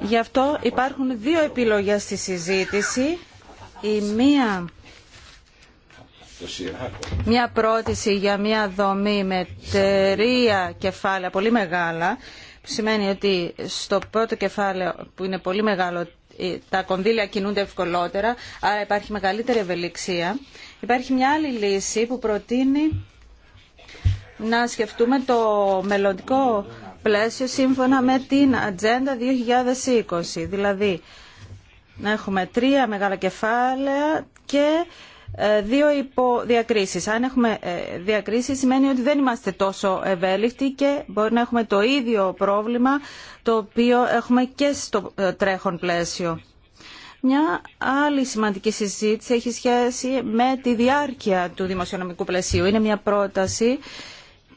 Γι' αυτό υπάρχουν δύο επιλογές στη συζήτηση η μία μια πρόταση για μια δομή με τρία κεφάλαια πολύ μεγάλα που σημαίνει ότι στο πρώτο κεφάλαιο που είναι πολύ μεγάλο ε, τα κονδύλια κινούνται ευκολότερα άρα υπάρχει μεγαλύτερη ευελιξία υπάρχει μια άλλη λύση που προτείνει να σκεφτούμε το μελλοντικό πλαίσιο σύμφωνα με την Ατζέντα 2020 δηλαδή να έχουμε τρία μεγάλα κεφάλαια και ε, δύο υποδιακρίσεις. Αν έχουμε ε, διακρίσεις σημαίνει ότι δεν είμαστε τόσο ευέλικτοι και μπορεί να έχουμε το ίδιο πρόβλημα το οποίο έχουμε και στο ε, τρέχον πλαίσιο. Μια άλλη σημαντική συζήτηση έχει σχέση με τη διάρκεια του δημοσιονομικού πλαισίου. Είναι μια πρόταση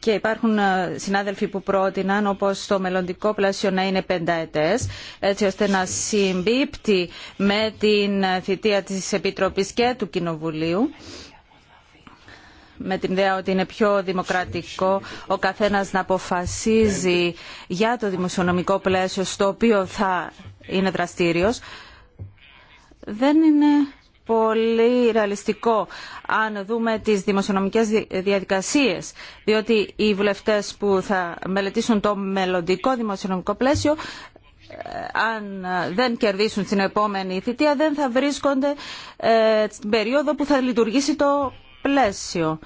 και υπάρχουν ε, συνάδελφοι που πρότειναν όπως το μελλοντικό πλαίσιο να είναι πενταετές έτσι ώστε να συμπίπτει με την ε, θητεία της Επιτροπής και του Κοινοβουλίου με την ιδέα ότι είναι πιο δημοκρατικό ο καθένας να αποφασίζει για το δημοσιονομικό πλαίσιο στο οποίο θα είναι δραστήριος δεν είναι πολύ ρεαλιστικό αν δούμε τις δημοσιονομικές διαδικασίες, διότι οι βουλευτές που θα μελετήσουν το μελλοντικό δημοσιονομικό πλαίσιο ε, αν δεν κερδίσουν στην επόμενη θητεία δεν θα βρίσκονται ε, στην περίοδο που θα λειτουργήσει το πλαίσιο.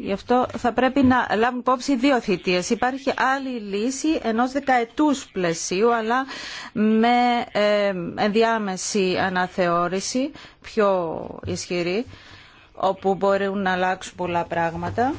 Γι' αυτό θα πρέπει να λάβουμε υπόψη δύο θητείε. Υπάρχει άλλη λύση ενός δεκαετούς πλαισίου, αλλά με ε, ενδιάμεση αναθεώρηση, πιο ισχυρή, όπου μπορούν να αλλάξουν πολλά πράγματα.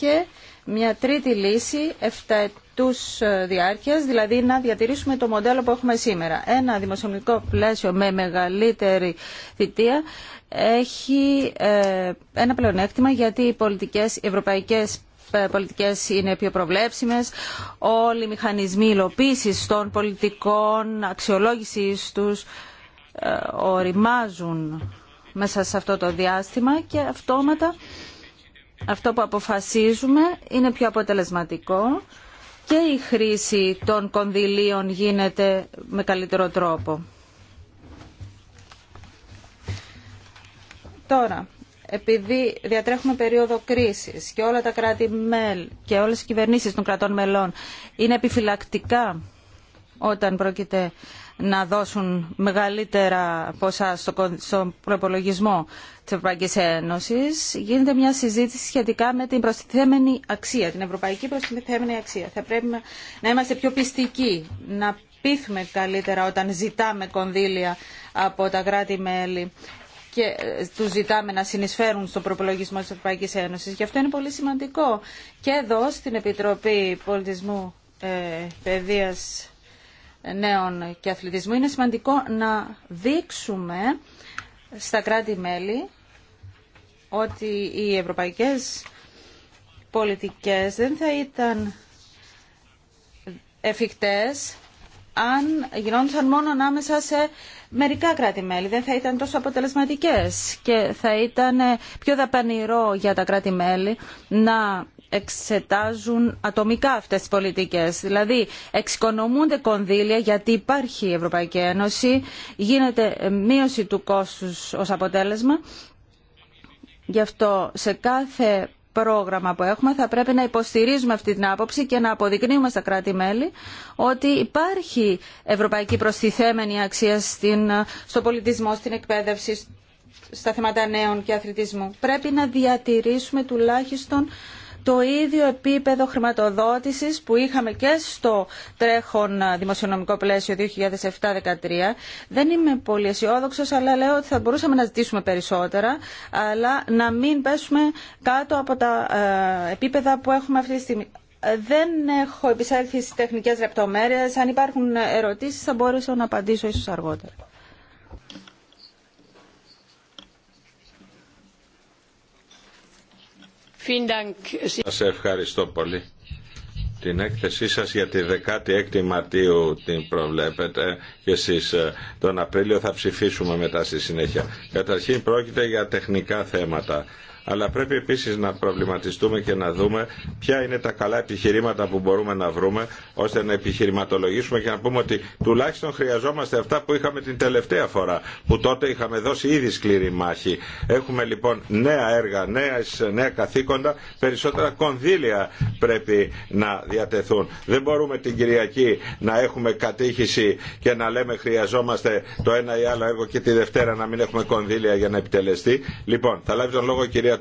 Και μια τρίτη λύση, εφταετούς διάρκειας, δηλαδή να διατηρήσουμε το μοντέλο που έχουμε σήμερα. Ένα δημοσιονομικό πλαίσιο με μεγαλύτερη θητεία έχει ε, ένα πλεονέκτημα γιατί οι, πολιτικές, οι ευρωπαϊκές ε, πολιτικές είναι πιο προβλέψιμες, όλοι οι μηχανισμοί υλοποίησης των πολιτικών, αξιολόγησης τους ε, οριμάζουν μέσα σε αυτό το διάστημα και αυτόματα αυτό που αποφασίζουμε είναι πιο αποτελεσματικό και η χρήση των κονδυλίων γίνεται με καλύτερο τρόπο. Τώρα, επειδή διατρέχουμε περίοδο κρίσης και όλα τα κράτη-μέλη και όλες οι κυβερνήσεις των κρατών μελών είναι επιφυλακτικά όταν πρόκειται να δώσουν μεγαλύτερα ποσά στο προπολογισμό της Ευρωπαϊκής Ένωσης, γίνεται μια συζήτηση σχετικά με την προστιθέμενη αξία, την ευρωπαϊκή προστιθέμενη αξία. Θα πρέπει να είμαστε πιο πιστικοί, να πείθουμε καλύτερα όταν ζητάμε κονδύλια από τα κράτη-μέλη και ε, του ζητάμε να συνεισφέρουν στον προπολογισμό της Ευρωπαϊκής Ένωση. και αυτό είναι πολύ σημαντικό και εδώ στην Επιτροπή Πολιτισμού ε, ε, Νέων και Αθλητισμού είναι σημαντικό να δείξουμε στα κράτη-μέλη ότι οι ευρωπαϊκές πολιτικές δεν θα ήταν εφικτές αν γινόντουσαν μόνο ανάμεσα σε μερικά κράτη-μέλη δεν θα ήταν τόσο αποτελεσματικές και θα ήταν ε, πιο δαπανηρό για τα κράτη-μέλη να εξετάζουν ατομικά αυτές τις πολιτικές. Δηλαδή, εξοικονομούνται κονδύλια γιατί υπάρχει η Ευρωπαϊκή Ένωση, γίνεται ε, μείωση του κόστους ως αποτέλεσμα. Γι' αυτό σε κάθε πρόγραμμα που έχουμε θα πρέπει να υποστηρίζουμε αυτή την άποψη και να αποδεικνύουμε στα κράτη-μέλη ότι υπάρχει ευρωπαϊκή προστιθέμενη αξία στον στο πολιτισμό, στην εκπαίδευση, στα θέματα νέων και αθλητισμού. Πρέπει να διατηρήσουμε τουλάχιστον το ίδιο επίπεδο χρηματοδότησης που είχαμε και στο τρέχον δημοσιονομικό πλαίσιο 2007-2013. Δεν είμαι πολύ αισιόδοξο, αλλά λέω ότι θα μπορούσαμε να ζητήσουμε περισσότερα, αλλά να μην πέσουμε κάτω από τα επίπεδα που έχουμε αυτή τη στιγμή. Δεν έχω επισέλθει στις τεχνικές λεπτομέρειες. Αν υπάρχουν ερωτήσεις θα μπορούσα να απαντήσω ίσως αργότερα. Σας ευχαριστώ πολύ. Την έκθεσή σας για τη 16η Μαρτίου την προβλέπετε και εσείς ε, τον Απρίλιο θα ψηφίσουμε μετά στη συνέχεια. Καταρχήν πρόκειται για τεχνικά θέματα αλλά πρέπει επίσης να προβληματιστούμε και να δούμε ποια είναι τα καλά επιχειρήματα που μπορούμε να βρούμε ώστε να επιχειρηματολογήσουμε και να πούμε ότι τουλάχιστον χρειαζόμαστε αυτά που είχαμε την τελευταία φορά που τότε είχαμε δώσει ήδη σκληρή μάχη. Έχουμε λοιπόν νέα έργα, νέα, νέα καθήκοντα, περισσότερα κονδύλια πρέπει να διατεθούν. Δεν μπορούμε την Κυριακή να έχουμε κατήχηση και να λέμε χρειαζόμαστε το ένα ή άλλο έργο και τη Δευτέρα να μην έχουμε κονδύλια για να επιτελεστεί. Λοιπόν, θα λάβει τον λόγο κυρία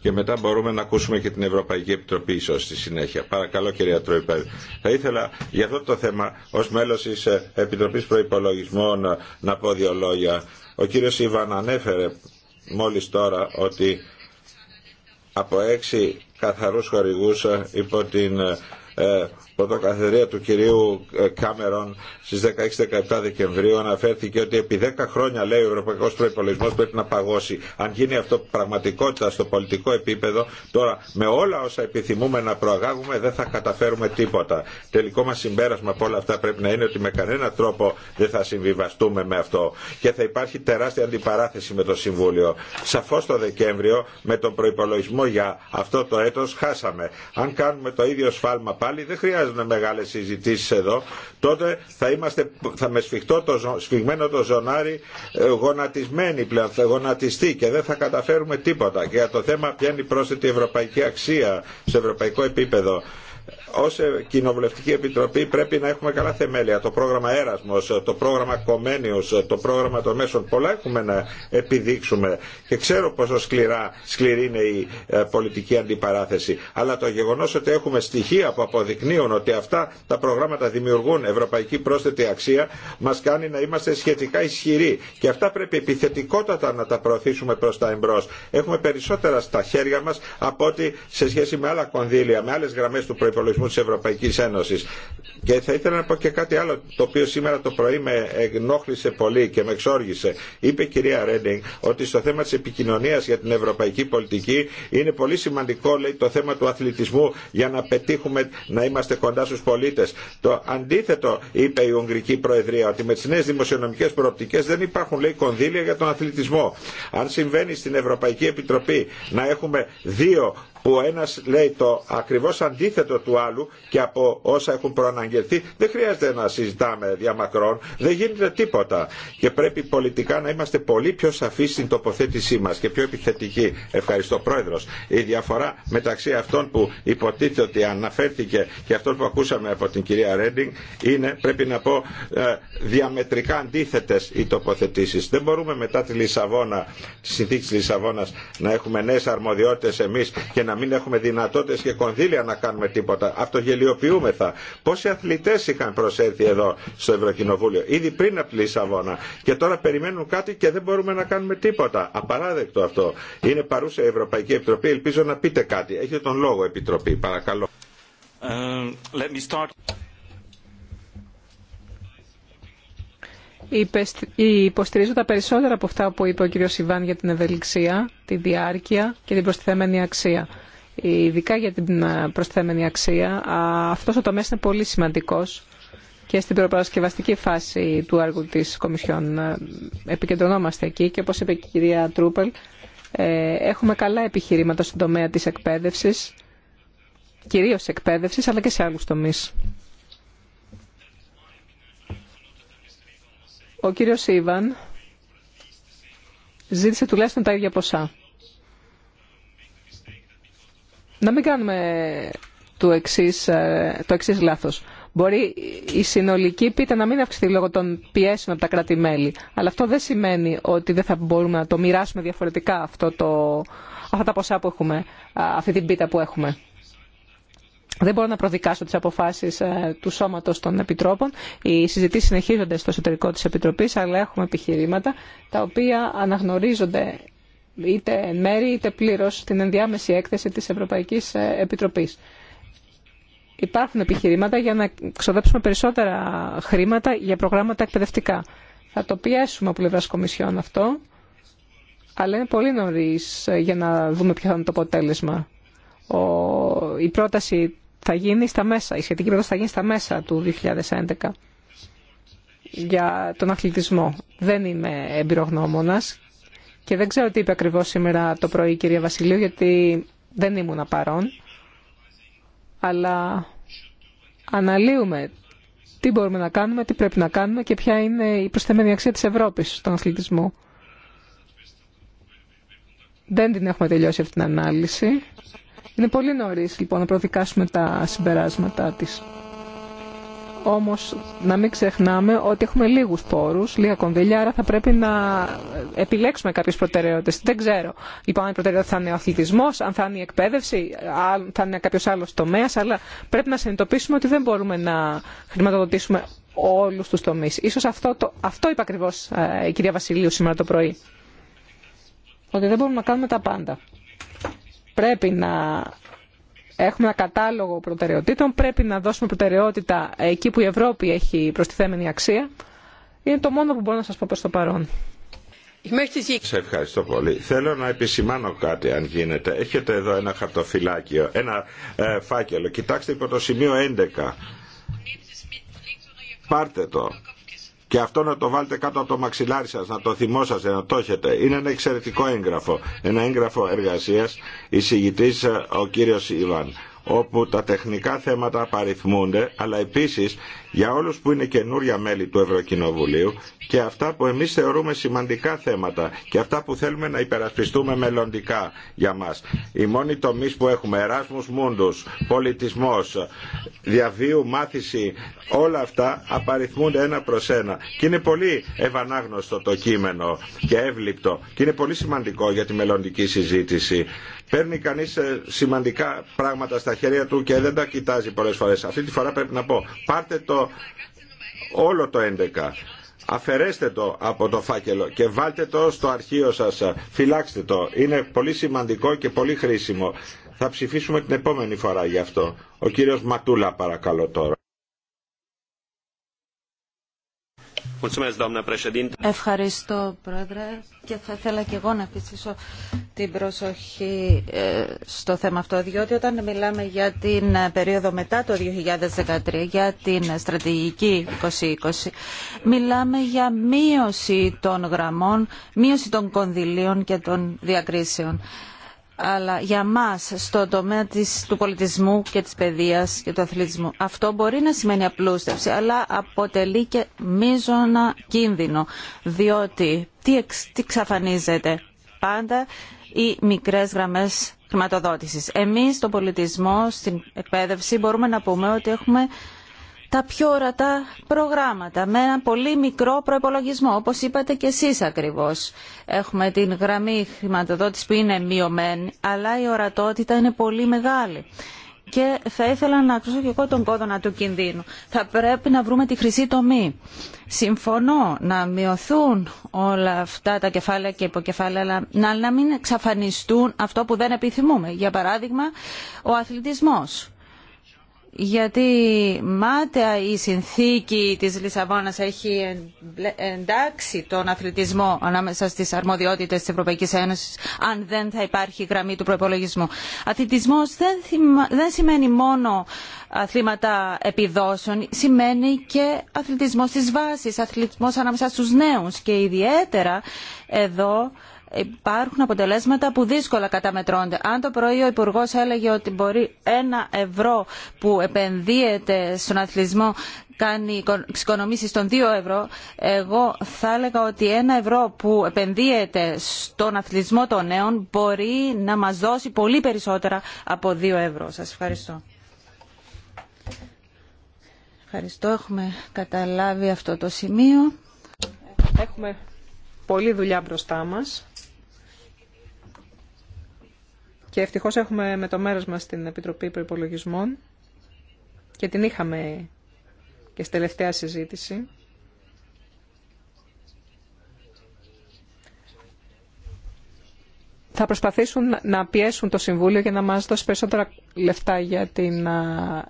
και μετά μπορούμε να ακούσουμε και την Ευρωπαϊκή Επιτροπή ίσω στη συνέχεια. Παρακαλώ κυρία Τρόιπερ. Θα ήθελα για αυτό το θέμα ως μέλος της ε, Επιτροπής Προϋπολογισμών να πω δύο λόγια. Ο κύριος Ιβαν ανέφερε μόλις τώρα ότι από έξι καθαρούς χορηγούς ε, υπό την ε, καθεδρία του κυρίου ε, Κάμερον στι 16-17 Δεκεμβρίου αναφέρθηκε ότι επί 10 χρόνια λέει ο Ευρωπαϊκό προπολογισμό πρέπει να παγώσει. Αν γίνει αυτό πραγματικότητα στο πολιτικό επίπεδο, τώρα με όλα όσα επιθυμούμε να προαγάγουμε δεν θα καταφέρουμε τίποτα. Τελικό μα συμπέρασμα από όλα αυτά πρέπει να είναι ότι με κανένα τρόπο δεν θα συμβιβαστούμε με αυτό και θα υπάρχει τεράστια αντιπαράθεση με το Συμβούλιο. Σαφώ το Δεκέμβριο με τον προπολογισμό για αυτό το έτο χάσαμε. Αν κάνουμε το ίδιο σφάλμα πάλι δεν χρειάζεται με μεγάλες συζητήσεις εδώ, τότε θα είμαστε θα με σφιχτώ το, σφιγμένο το ζωνάρι ε, γονατισμένοι πλέον, θα γονατιστεί και δεν θα καταφέρουμε τίποτα. Και για το θέμα ποια είναι η πρόσθετη ευρωπαϊκή αξία σε ευρωπαϊκό επίπεδο Ω ε, Κοινοβουλευτική Επιτροπή πρέπει να έχουμε καλά θεμέλια. Το πρόγραμμα έρασμο, το πρόγραμμα Κομένιους, το πρόγραμμα των μέσων. Πολλά έχουμε να επιδείξουμε και ξέρω πόσο σκληρά, σκληρή είναι η ε, πολιτική αντιπαράθεση. Αλλά το γεγονό ότι έχουμε στοιχεία που αποδεικνύουν ότι αυτά τα προγράμματα δημιουργούν ευρωπαϊκή πρόσθετη αξία Μα κάνει να είμαστε σχετικά ισχυροί. Και αυτά πρέπει επιθετικότατα να τα προωθήσουμε προ τα εμπρό. Έχουμε περισσότερα στα χέρια μα από ότι σε σχέση με άλλα κονδύλια, με άλλε γραμμέ του προϋπολογισμού Τη της Ευρωπαϊκής Ένωσης. Και θα ήθελα να πω και κάτι άλλο το οποίο σήμερα το πρωί με εγνώχλησε πολύ και με εξόργησε. Είπε η κυρία Ρέντινγκ ότι στο θέμα της επικοινωνίας για την ευρωπαϊκή πολιτική είναι πολύ σημαντικό λέει, το θέμα του αθλητισμού για να πετύχουμε να είμαστε κοντά στους πολίτες. Το αντίθετο είπε η Ουγγρική Προεδρία ότι με τις νέες δημοσιονομικές προοπτικές δεν υπάρχουν λέει, κονδύλια για τον αθλητισμό. Αν συμβαίνει στην Ευρωπαϊκή Επιτροπή να έχουμε δύο που ο ένας λέει το ακριβώς αντίθετο του άλλου και από όσα έχουν προαναγγελθεί δεν χρειάζεται να συζητάμε διαμακρών, δεν γίνεται τίποτα και πρέπει πολιτικά να είμαστε πολύ πιο σαφείς στην τοποθέτησή μας και πιο επιθετικοί. Ευχαριστώ Πρόεδρος. Η διαφορά μεταξύ αυτών που υποτίθεται ότι αναφέρθηκε και αυτών που ακούσαμε από την κυρία Ρέντινγκ είναι πρέπει να πω ε, διαμετρικά αντίθετες οι τοποθετήσεις. Δεν μπορούμε μετά τη Λισαβόνα, τη συνθήκη της Λισαβόνας να έχουμε νέες αρμοδιότητες εμείς να μην έχουμε δυνατότητε και κονδύλια να κάνουμε τίποτα. Αυτογελιοποιούμεθα. Πόσοι αθλητέ είχαν προσέλθει εδώ στο Ευρωκοινοβούλιο, ήδη πριν από τη Λισαβόνα. Και τώρα περιμένουν κάτι και δεν μπορούμε να κάνουμε τίποτα. Απαράδεκτο αυτό. Είναι παρούσα η Ευρωπαϊκή Επιτροπή. Ελπίζω να πείτε κάτι. Έχετε τον λόγο, Επιτροπή. Παρακαλώ. Ε, let me start. υποστηρίζω τα περισσότερα από αυτά που είπε ο κ. Ιβάν για την ευελιξία, τη διάρκεια και την προστιθέμενη αξία. Ειδικά για την ε, προστιθέμενη αξία, αυτός ο τομέας είναι πολύ σημαντικός και στην προπαρασκευαστική φάση του έργου της Κομισιόν ε, επικεντρωνόμαστε εκεί και όπως είπε η κυρία Τρούπελ, ε, έχουμε καλά επιχειρήματα στον τομέα της εκπαίδευσης, κυρίως εκπαίδευσης αλλά και σε άλλους τομείς. Ο κύριος Ιβαν ζήτησε τουλάχιστον τα ίδια ποσά. Να μην κάνουμε ε, το εξής, το λάθος. Μπορεί η συνολική πίτα να μην αυξηθεί λόγω των πιέσεων από τα κράτη-μέλη. Αλλά αυτό δεν σημαίνει ότι δεν θα μπορούμε να το μοιράσουμε διαφορετικά αυτό το, αυτά τα ποσά που έχουμε, αυτή την πίτα που έχουμε. Δεν μπορώ να προδικάσω τις αποφάσεις ε, του Σώματος των Επιτρόπων. Οι συζητήσεις συνεχίζονται στο εσωτερικό της Επιτροπής, αλλά έχουμε επιχειρήματα τα οποία αναγνωρίζονται είτε εν μέρη είτε πλήρω στην ενδιάμεση έκθεση της Ευρωπαϊκής ε, Επιτροπής. Υπάρχουν επιχειρήματα για να ξοδέψουμε περισσότερα χρήματα για προγράμματα εκπαιδευτικά. Θα το πιέσουμε από πλευρά Κομισιόν αυτό, αλλά είναι πολύ νωρί ε, για να δούμε ποιο θα είναι το αποτέλεσμα η πρόταση θα γίνει στα μέσα, η σχετική πρόταση θα γίνει στα μέσα του 2011 για τον αθλητισμό. Δεν είμαι εμπειρογνώμονας και δεν ξέρω τι είπε ακριβώς σήμερα το πρωί η κυρία Βασιλείου γιατί δεν ήμουν παρόν. Αλλά αναλύουμε τι μπορούμε να κάνουμε, τι πρέπει να κάνουμε και ποια είναι η προσθεμένη αξία της Ευρώπης στον αθλητισμό. Δεν την έχουμε τελειώσει αυτή την ανάλυση, είναι πολύ νωρί λοιπόν να προδικάσουμε τα συμπεράσματά τη. Όμω να μην ξεχνάμε ότι έχουμε λίγου πόρου, λίγα κονδύλια, άρα θα πρέπει να επιλέξουμε κάποιε προτεραιότητε. Δεν ξέρω. Λοιπόν, αν η προτεραιότητα θα είναι ο αθλητισμό, αν θα είναι η εκπαίδευση, αν θα είναι κάποιο άλλο τομέα, αλλά πρέπει να συνειδητοποιήσουμε ότι δεν μπορούμε να χρηματοδοτήσουμε όλου του τομεί. Ίσως αυτό, το, αυτό είπε ακριβώς ε, η κυρία Βασιλείου σήμερα το πρωί. Ότι δεν μπορούμε να κάνουμε τα πάντα πρέπει να έχουμε ένα κατάλογο προτεραιοτήτων, πρέπει να δώσουμε προτεραιότητα εκεί που η Ευρώπη έχει προστιθέμενη αξία. Είναι το μόνο που μπορώ να σας πω προς το παρόν. Σε ευχαριστώ πολύ. Θέλω να επισημάνω κάτι αν γίνεται. Έχετε εδώ ένα χαρτοφυλάκιο, ένα ε, φάκελο. Κοιτάξτε υπό το σημείο 11. Πάρτε το και αυτό να το βάλετε κάτω από το μαξιλάρι σας, να το θυμόσαστε, να το έχετε. Είναι ένα εξαιρετικό έγγραφο, ένα έγγραφο εργασίας, εισηγητής ο κύριος Ιβάν όπου τα τεχνικά θέματα απαριθμούνται, αλλά επίσης για όλους που είναι καινούρια μέλη του Ευρωκοινοβουλίου και αυτά που εμείς θεωρούμε σημαντικά θέματα και αυτά που θέλουμε να υπερασπιστούμε μελλοντικά για μας. Οι μόνοι τομείς που έχουμε, Εράσμους Μούντους, πολιτισμός, διαβίου, μάθηση, όλα αυτά απαριθμούνται ένα προς ένα. Και είναι πολύ ευανάγνωστο το κείμενο και εύληπτο και είναι πολύ σημαντικό για τη μελλοντική συζήτηση παίρνει κανεί ε, σημαντικά πράγματα στα χέρια του και δεν τα κοιτάζει πολλέ φορέ. Αυτή τη φορά πρέπει να πω, πάρτε το όλο το 11. Αφαιρέστε το από το φάκελο και βάλτε το στο αρχείο σας. Φυλάξτε το. Είναι πολύ σημαντικό και πολύ χρήσιμο. Θα ψηφίσουμε την επόμενη φορά γι' αυτό. Ο κύριος Ματούλα παρακαλώ τώρα. Ευχαριστώ, Πρόεδρε. Και θα ήθελα και εγώ να πιστήσω την προσοχή ε, στο θέμα αυτό, διότι όταν μιλάμε για την ε, περίοδο μετά το 2013, για την στρατηγική 2020, μιλάμε για μείωση των γραμμών, μείωση των κονδυλίων και των διακρίσεων αλλά για μας στο τομέα της, του πολιτισμού και της παιδείας και του αθλητισμού. Αυτό μπορεί να σημαίνει απλούστευση, αλλά αποτελεί και μείζωνα κίνδυνο, διότι τι, εξ, ξαφανίζεται πάντα οι μικρές γραμμές χρηματοδότησης. Εμείς στον πολιτισμό, στην εκπαίδευση μπορούμε να πούμε ότι έχουμε τα πιο ορατά προγράμματα με ένα πολύ μικρό προπολογισμό, όπως είπατε και εσείς ακριβώς. Έχουμε την γραμμή χρηματοδότηση που είναι μειωμένη, αλλά η ορατότητα είναι πολύ μεγάλη. Και θα ήθελα να ακούσω και εγώ τον κόδωνα του κινδύνου. Θα πρέπει να βρούμε τη χρυσή τομή. Συμφωνώ να μειωθούν όλα αυτά τα κεφάλαια και υποκεφάλαια, αλλά να, να μην εξαφανιστούν αυτό που δεν επιθυμούμε. Για παράδειγμα, ο αθλητισμός γιατί μάταια η συνθήκη της Λισαβόνας έχει εντάξει τον αθλητισμό ανάμεσα στις αρμοδιότητες της Ευρωπαϊκής Ένωσης αν δεν θα υπάρχει γραμμή του προπολογισμού. Αθλητισμός δεν, δεν σημαίνει μόνο αθλήματα επιδόσεων, σημαίνει και αθλητισμός της βάσης, αθλητισμός ανάμεσα στους νέους και ιδιαίτερα εδώ υπάρχουν αποτελέσματα που δύσκολα καταμετρώνται. Αν το πρωί ο Υπουργό έλεγε ότι μπορεί ένα ευρώ που επενδύεται στον αθλητισμό κάνει εξοικονομήσει των 2 ευρώ, εγώ θα έλεγα ότι ένα ευρώ που επενδύεται στον αθλητισμό των νέων μπορεί να μας δώσει πολύ περισσότερα από δύο ευρώ. Σας ευχαριστώ. Ευχαριστώ. Έχουμε καταλάβει αυτό το σημείο. Έχουμε πολλή δουλειά μπροστά μας. Και ευτυχώ έχουμε με το μέρο μας την Επιτροπή προπολογισμών και την είχαμε και στη τελευταία συζήτηση. Θα προσπαθήσουν να πιέσουν το Συμβούλιο για να μας δώσει περισσότερα λεφτά για την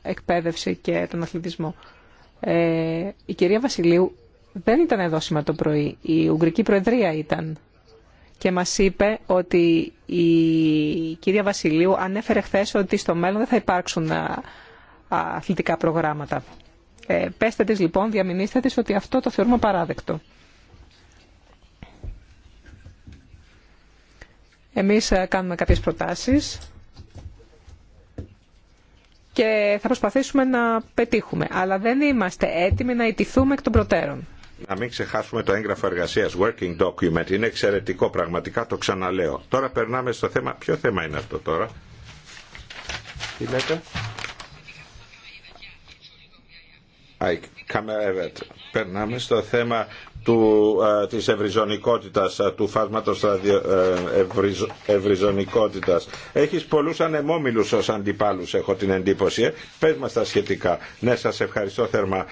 εκπαίδευση και τον αθλητισμό. Ε, η κυρία Βασιλείου δεν ήταν εδώ σήμερα το πρωί. Η Ουγγρική Προεδρία ήταν και μας είπε ότι η κυρία Βασιλείου ανέφερε χθε ότι στο μέλλον δεν θα υπάρξουν αθλητικά προγράμματα. Ε, πέστε της λοιπόν, διαμηνήστε της ότι αυτό το θεωρούμε παράδεκτο. Εμείς ε, κάνουμε κάποιες προτάσεις και θα προσπαθήσουμε να πετύχουμε. Αλλά δεν είμαστε έτοιμοι να ιτηθούμε εκ των προτέρων. Να μην ξεχάσουμε το έγγραφο εργασία, working document. Είναι εξαιρετικό, πραγματικά το ξαναλέω. Τώρα περνάμε στο θέμα. Ποιο θέμα είναι αυτό τώρα, Τι λέτε, Περνάμε στο θέμα του, ε, της ευρυζωνικότητας, ε, του φάσματος της Έχει ευρυζωνικότητας. Έχεις πολλούς ανεμόμυλους ως αντιπάλους, έχω την εντύπωση. Ε. Πες μας τα σχετικά. Ναι, σας ευχαριστώ θερμά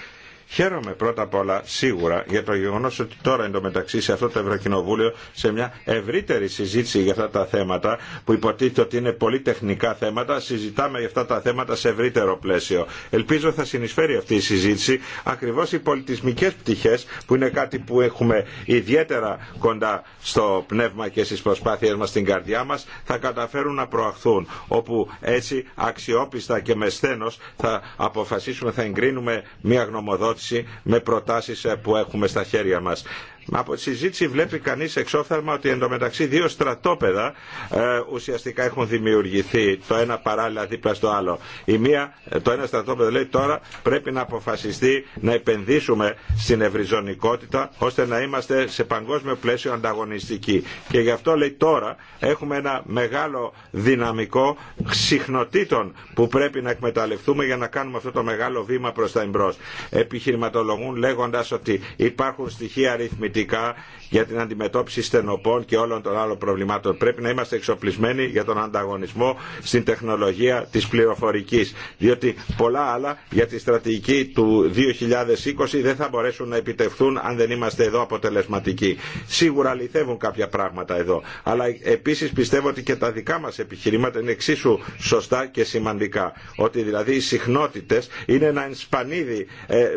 Χαίρομαι πρώτα απ' όλα σίγουρα για το γεγονός ότι τώρα εντωμεταξύ σε αυτό το Ευρωκοινοβούλιο σε μια ευρύτερη συζήτηση για αυτά τα θέματα που υποτίθεται ότι είναι πολύ τεχνικά θέματα συζητάμε για αυτά τα θέματα σε ευρύτερο πλαίσιο. Ελπίζω θα συνεισφέρει αυτή η συζήτηση ακριβώς οι πολιτισμικές πτυχές που είναι κάτι που έχουμε ιδιαίτερα κοντά στο πνεύμα και στις προσπάθειές μας στην καρδιά μας θα καταφέρουν να προαχθούν όπου έτσι αξιόπιστα και με σθένος θα αποφασίσουμε, θα εγκρίνουμε μια γνωμοδότηση με προτάσεις ε, που έχουμε στα χέρια μας. Από τη συζήτηση βλέπει κανείς εξόφθαλμα ότι εντωμεταξύ δύο στρατόπεδα ε, ουσιαστικά έχουν δημιουργηθεί το ένα παράλληλα δίπλα στο άλλο. Η μία, το ένα στρατόπεδο λέει τώρα πρέπει να αποφασιστεί να επενδύσουμε στην ευρυζωνικότητα ώστε να είμαστε σε παγκόσμιο πλαίσιο ανταγωνιστικοί. Και γι' αυτό λέει τώρα έχουμε ένα μεγάλο δυναμικό συχνοτήτων που πρέπει να εκμεταλλευτούμε για να κάνουμε αυτό το μεγάλο βήμα προς τα εμπρός. Επιχειρηματολογούν λέγοντας ότι υπάρχουν στοιχεία αριθμητικά πολιτικά για την αντιμετώπιση στενοπών και όλων των άλλων προβλημάτων. Πρέπει να είμαστε εξοπλισμένοι για τον ανταγωνισμό στην τεχνολογία της πληροφορικής, διότι πολλά άλλα για τη στρατηγική του 2020 δεν θα μπορέσουν να επιτευχθούν αν δεν είμαστε εδώ αποτελεσματικοί. Σίγουρα λυθεύουν κάποια πράγματα εδώ, αλλά επίσης πιστεύω ότι και τα δικά μας επιχειρήματα είναι εξίσου σωστά και σημαντικά. Ότι δηλαδή οι συχνότητες είναι ένα σπανίδι, ε,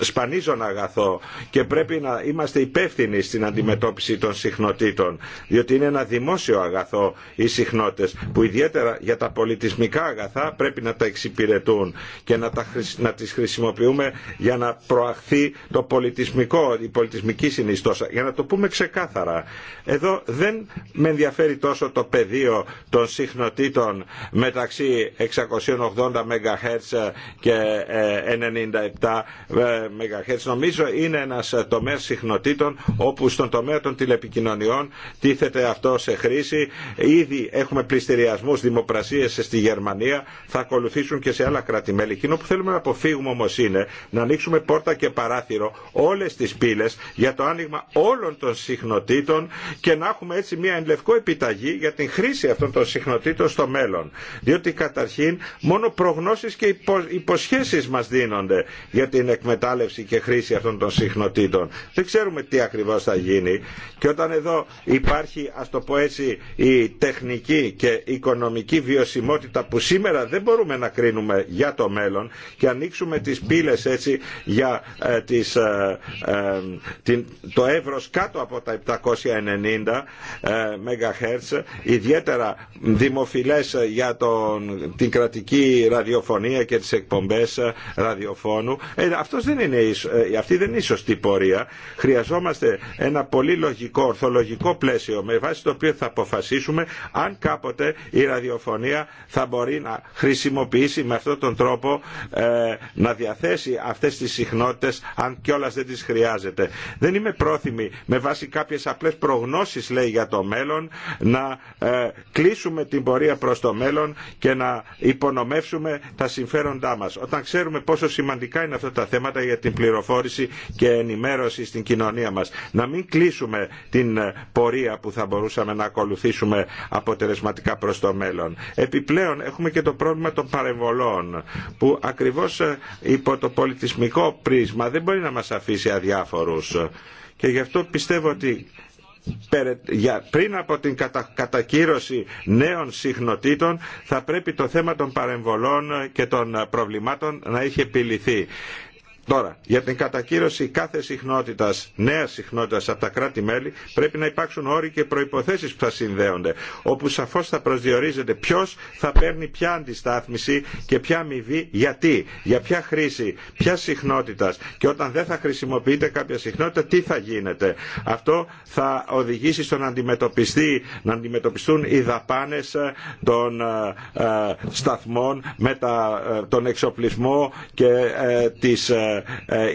σπανίζον αγαθό και πρέπει να είμαστε υπεύθυνοι στην αντιμετώπιση αντιμετώπιση των συχνοτήτων. Διότι είναι ένα δημόσιο αγαθό οι συχνότητε που ιδιαίτερα για τα πολιτισμικά αγαθά πρέπει να τα εξυπηρετούν και να, τα, να τις χρησιμοποιούμε για να προαχθεί το πολιτισμικό, η πολιτισμική συνιστόσα. Για να το πούμε ξεκάθαρα, εδώ δεν με ενδιαφέρει τόσο το πεδίο των συχνοτήτων μεταξύ 680 MHz και 97 ε, MHz. Ε, Νομίζω είναι ένας τομέας συχνοτήτων όπου στον στον τομέα των τηλεπικοινωνιών τίθεται αυτό σε χρήση. Ήδη έχουμε πληστηριασμού, δημοπρασίε στη Γερμανία, θα ακολουθήσουν και σε άλλα κράτη-μέλη. Εκείνο που θέλουμε να αποφύγουμε όμω είναι να ανοίξουμε πόρτα και παράθυρο όλε τι πύλε για το άνοιγμα όλων των συχνοτήτων και να έχουμε έτσι μια ενλευκό επιταγή για την χρήση αυτών των συχνοτήτων στο μέλλον. Διότι καταρχήν μόνο προγνώσει και υποσχέσει μα δίνονται για την εκμετάλλευση και χρήση αυτών των συχνοτήτων. Δεν ξέρουμε τι ακριβώ θα γίνει και όταν εδώ υπάρχει ας το πω έτσι η τεχνική και οικονομική βιωσιμότητα που σήμερα δεν μπορούμε να κρίνουμε για το μέλλον και ανοίξουμε τις πύλες έτσι για ε, ε, ε, το εύρος κάτω από τα 790 MHz ιδιαίτερα δημοφιλές για τον, την κρατική ραδιοφωνία και τις εκπομπές ραδιοφώνου αυτός δεν είναι, αυτή δεν είναι η σωστή πορεία χρειαζόμαστε ένα πολύ λογικό, ορθολογικό πλαίσιο με βάση το οποίο θα αποφασίσουμε αν κάποτε η ραδιοφωνία θα μπορεί να χρησιμοποιήσει με αυτόν τον τρόπο ε, να διαθέσει αυτές τις συχνότητες αν κιόλας δεν τις χρειάζεται. Δεν είμαι πρόθυμη με βάση κάποιες απλές προγνώσεις λέει για το μέλλον να ε, κλείσουμε την πορεία προς το μέλλον και να υπονομεύσουμε τα συμφέροντά μας. Όταν ξέρουμε πόσο σημαντικά είναι αυτά τα θέματα για την πληροφόρηση και ενημέρωση στην κοινωνία μας. Να κλείσουμε την ε, πορεία που θα μπορούσαμε να ακολουθήσουμε αποτελεσματικά προς το μέλλον. Επιπλέον έχουμε και το πρόβλημα των παρεμβολών που ακριβώς ε, υπό το πολιτισμικό πρίσμα δεν μπορεί να μας αφήσει αδιάφορους. Και γι' αυτό πιστεύω ότι πριν από την κατακύρωση νέων συχνοτήτων θα πρέπει το θέμα των παρεμβολών και των ε, προβλημάτων να είχε επιληθεί. Τώρα, για την κατακύρωση κάθε συχνότητα, νέα συχνότητα από τα κράτη-μέλη, πρέπει να υπάρξουν όροι και προποθέσει που θα συνδέονται, όπου σαφώ θα προσδιορίζεται ποιο θα παίρνει ποια αντιστάθμιση και ποια αμοιβή, γιατί, για ποια χρήση, ποια συχνότητα και όταν δεν θα χρησιμοποιείται κάποια συχνότητα, τι θα γίνεται. Αυτό θα οδηγήσει στο να, να αντιμετωπιστούν οι δαπάνε ε, των ε, ε, σταθμών με τα, τον εξοπλισμό και τις ε,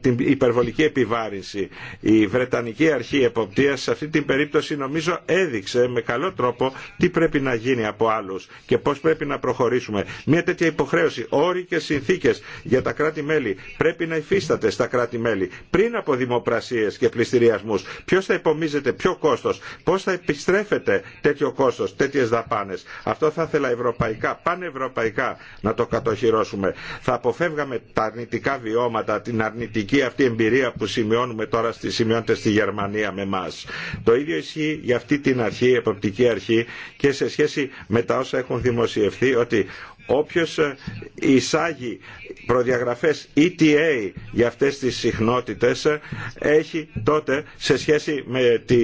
την υπερβολική επιβάρυνση. Η Βρετανική Αρχή Εποπτείας σε αυτή την περίπτωση νομίζω έδειξε με καλό τρόπο τι πρέπει να γίνει από άλλους και πώς πρέπει να προχωρήσουμε. Μια τέτοια υποχρέωση, όροι και συνθήκες για τα κράτη-μέλη πρέπει να υφίσταται στα κράτη-μέλη πριν από δημοπρασίες και πληστηριασμούς. Ποιος θα υπομίζεται ποιο κόστος, πώς θα επιστρέφεται τέτοιο κόστος, τέτοιες δαπάνες. Αυτό θα ήθελα ευρωπαϊκά, πανευρωπαϊκά να το κατοχυρώσουμε. Θα αποφεύγαμε τα αρνητικά την αρνητική αυτή εμπειρία που σημειώνουμε τώρα στη, σημειώνεται στη Γερμανία με εμά. Το ίδιο ισχύει για αυτή την αρχή, η εποπτική αρχή και σε σχέση με τα όσα έχουν δημοσιευθεί ότι όποιος ε, εισάγει προδιαγραφές ETA για αυτές τις συχνότητες ε, έχει τότε σε σχέση με τη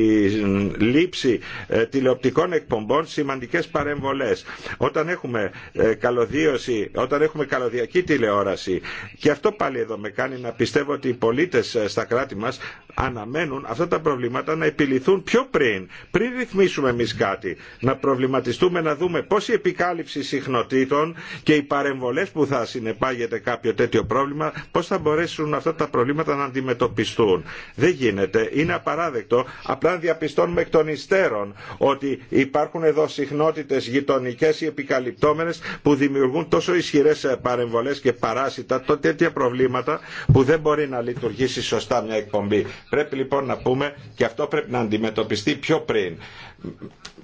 λήψη ε, τηλεοπτικών εκπομπών σημαντικές παρεμβολές. Όταν έχουμε καλωδίωση, όταν έχουμε καλωδιακή τηλεόραση και αυτό πάλι εδώ με κάνει να πιστεύω ότι οι πολίτες στα κράτη μας αναμένουν αυτά τα προβλήματα να επιληθούν πιο πριν. Πριν ρυθμίσουμε εμεί κάτι, να προβληματιστούμε να δούμε πώ η επικάλυψη συχνοτήτων και οι παρεμβολέ που θα συνεπάγεται κάποιο τέτοιο πρόβλημα, πώ θα μπορέσουν αυτά τα προβλήματα να αντιμετωπιστούν. Δεν γίνεται. Είναι απαράδεκτο. Απλά διαπιστώνουμε εκ των υστέρων ότι υπάρχουν εδώ συχνότητε γειτονικέ ή επικαλυπτόμενε που δημιουργούν τόσο ισχυρέ παρεμβολέ και παράσιτα, τότε τέτοια προβλήματα που δεν μπορεί να λειτουργήσει σωστά μια εκπομπή. Πρέπει λοιπόν να πούμε και αυτό πρέπει να αντιμετωπιστεί πιο πριν.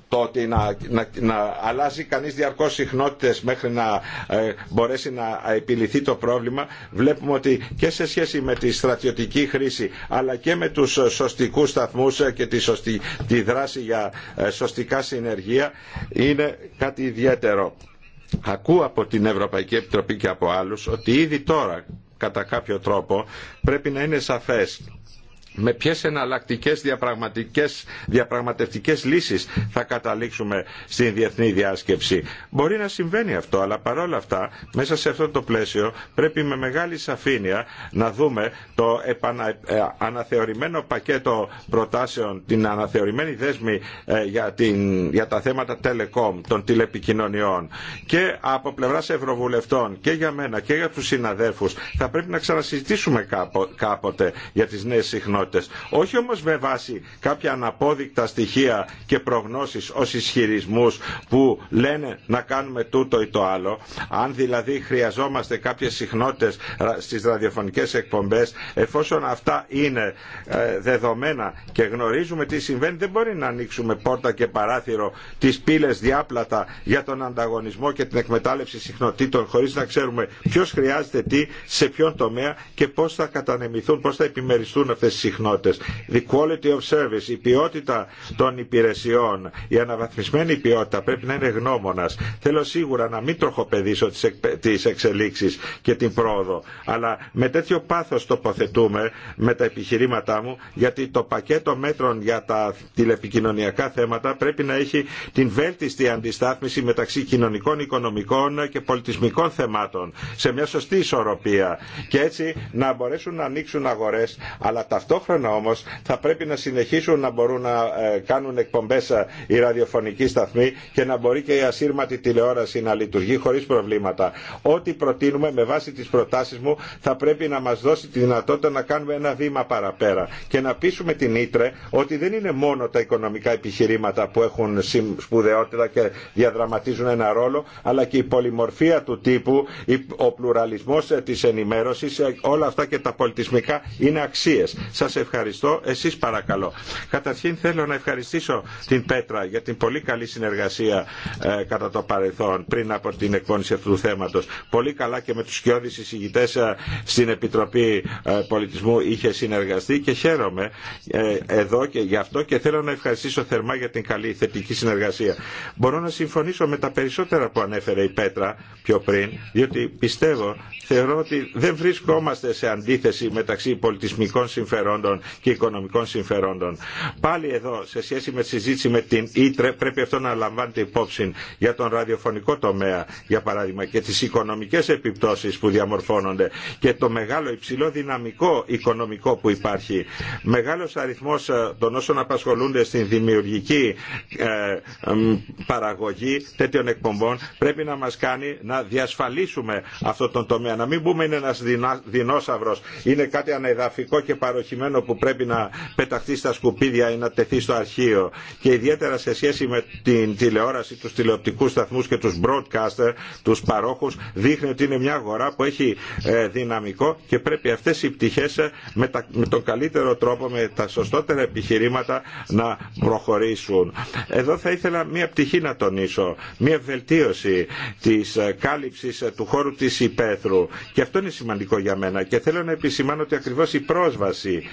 Το ότι να, να, αλλάζει κανείς διαρκώς συχνότητες μέχρι να ε, μπορέσει να επιληθεί το πρόβλημα βλέπουμε ότι και σε σχέση με τη στρατιωτική χρήση αλλά και με τους σωστικούς σταθμούς και τη, τη δράση για ε, σωστικά συνεργεία είναι κάτι ιδιαίτερο. Ακούω από την Ευρωπαϊκή Επιτροπή και από άλλους ότι ήδη τώρα κατά κάποιο τρόπο πρέπει να είναι σαφές με ποιες εναλλακτικές διαπραγματευτικέ διαπραγματευτικές λύσεις θα καταλήξουμε στην διεθνή διάσκεψη. Μπορεί να συμβαίνει αυτό, αλλά παρόλα αυτά μέσα σε αυτό το πλαίσιο πρέπει με μεγάλη σαφήνεια να δούμε το επανα, ε, αναθεωρημένο πακέτο προτάσεων, την αναθεωρημένη δέσμη ε, για, την, για τα θέματα telecom, των τηλεπικοινωνιών και από πλευράς Ευρωβουλευτών και για μένα και για τους συναδέλφους θα πρέπει να ξανασυζητήσουμε κάποτε για τις νέες συχνότητες όχι όμω με βάση κάποια αναπόδεικτα στοιχεία και προγνώσει ω ισχυρισμού που λένε να κάνουμε τούτο ή το άλλο. Αν δηλαδή χρειαζόμαστε κάποιε συχνότητε στι ραδιοφωνικέ εκπομπέ, εφόσον αυτά είναι ε, δεδομένα και γνωρίζουμε τι συμβαίνει, δεν μπορεί να ανοίξουμε πόρτα και παράθυρο τι πύλε διάπλατα για τον ανταγωνισμό και την εκμετάλλευση συχνοτήτων χωρί να ξέρουμε ποιο χρειάζεται τι, σε ποιον τομέα και πώ θα κατανεμηθούν, πώ θα επιμεριστούν τι οι quality of service, η ποιότητα των υπηρεσιών, η αναβαθμισμένη ποιότητα πρέπει να είναι γνώμονας. Θέλω σίγουρα να μην τροχοπεδίσω τις εξελίξεις και την πρόοδο, αλλά με τέτοιο πάθος τοποθετούμε με τα επιχειρήματά μου, γιατί το πακέτο μέτρων για τα τηλεπικοινωνιακά θέματα πρέπει να έχει την βέλτιστη αντιστάθμιση μεταξύ κοινωνικών, οικονομικών και πολιτισμικών θεμάτων σε μια σωστή ισορροπία και έτσι να μπορέσουν να ανοίξουν αγορές αλλά ταυτόχρονα ταυτόχρονα όμως θα πρέπει να συνεχίσουν να μπορούν να ε, κάνουν εκπομπές ε, οι ραδιοφωνικοί σταθμοί και να μπορεί και η ασύρματη τηλεόραση να λειτουργεί χωρίς προβλήματα. Ό,τι προτείνουμε με βάση τις προτάσεις μου θα πρέπει να μας δώσει τη δυνατότητα να κάνουμε ένα βήμα παραπέρα και να πείσουμε την Ήτρε ότι δεν είναι μόνο τα οικονομικά επιχειρήματα που έχουν σπουδαιότητα και διαδραματίζουν ένα ρόλο αλλά και η πολυμορφία του τύπου, ο πλουραλισμός ε, της ενημέρωση, όλα αυτά και τα πολιτισμικά είναι αξίες. Σας ευχαριστώ. Εσείς παρακαλώ. Καταρχήν θέλω να ευχαριστήσω την Πέτρα για την πολύ καλή συνεργασία ε, κατά το παρελθόν πριν από την εκπόνηση αυτού του θέματος. Πολύ καλά και με τους σκιώδεις εισηγητές ε, στην Επιτροπή ε, Πολιτισμού είχε συνεργαστεί και χαίρομαι ε, εδώ και γι' αυτό και θέλω να ευχαριστήσω θερμά για την καλή θετική συνεργασία. Μπορώ να συμφωνήσω με τα περισσότερα που ανέφερε η Πέτρα πιο πριν, διότι πιστεύω, θεωρώ ότι δεν βρισκόμαστε σε αντίθεση μεταξύ πολιτισμικών συμφερόντων συμφερόντων και οικονομικών συμφερόντων. Πάλι εδώ, σε σχέση με τη συζήτηση με την Ήτρε, πρέπει αυτό να λαμβάνεται υπόψη για τον ραδιοφωνικό τομέα, για παράδειγμα, και τι οικονομικέ επιπτώσει που διαμορφώνονται και το μεγάλο υψηλό δυναμικό οικονομικό που υπάρχει. Μεγάλο αριθμό ε, των όσων απασχολούνται στην δημιουργική ε, παραγωγή τέτοιων εκπομπών πρέπει να μα κάνει να διασφαλίσουμε αυτό τον τομέα. Να μην πούμε είναι ένα δεινόσαυρο, είναι κάτι ανεδαφικό και παροχημένο περιεχομένου που πρέπει να πεταχθεί στα σκουπίδια ή να τεθεί στο αρχείο και ιδιαίτερα σε σχέση με την τηλεόραση, τους τηλεοπτικούς σταθμούς και τους broadcaster, τους παρόχους δείχνει ότι είναι μια αγορά που έχει ε, δυναμικό και πρέπει αυτές οι πτυχές ε, με, τα, με τον καλύτερο τρόπο, με τα σωστότερα επιχειρήματα να προχωρήσουν. Εδώ θα ήθελα μια πτυχή να τονίσω, μια βελτίωση της ε, κάλυψης του χώρου της υπαίθρου και αυτό είναι σημαντικό για μένα και θέλω να επισημάνω ότι ακριβώς η πρόσβαση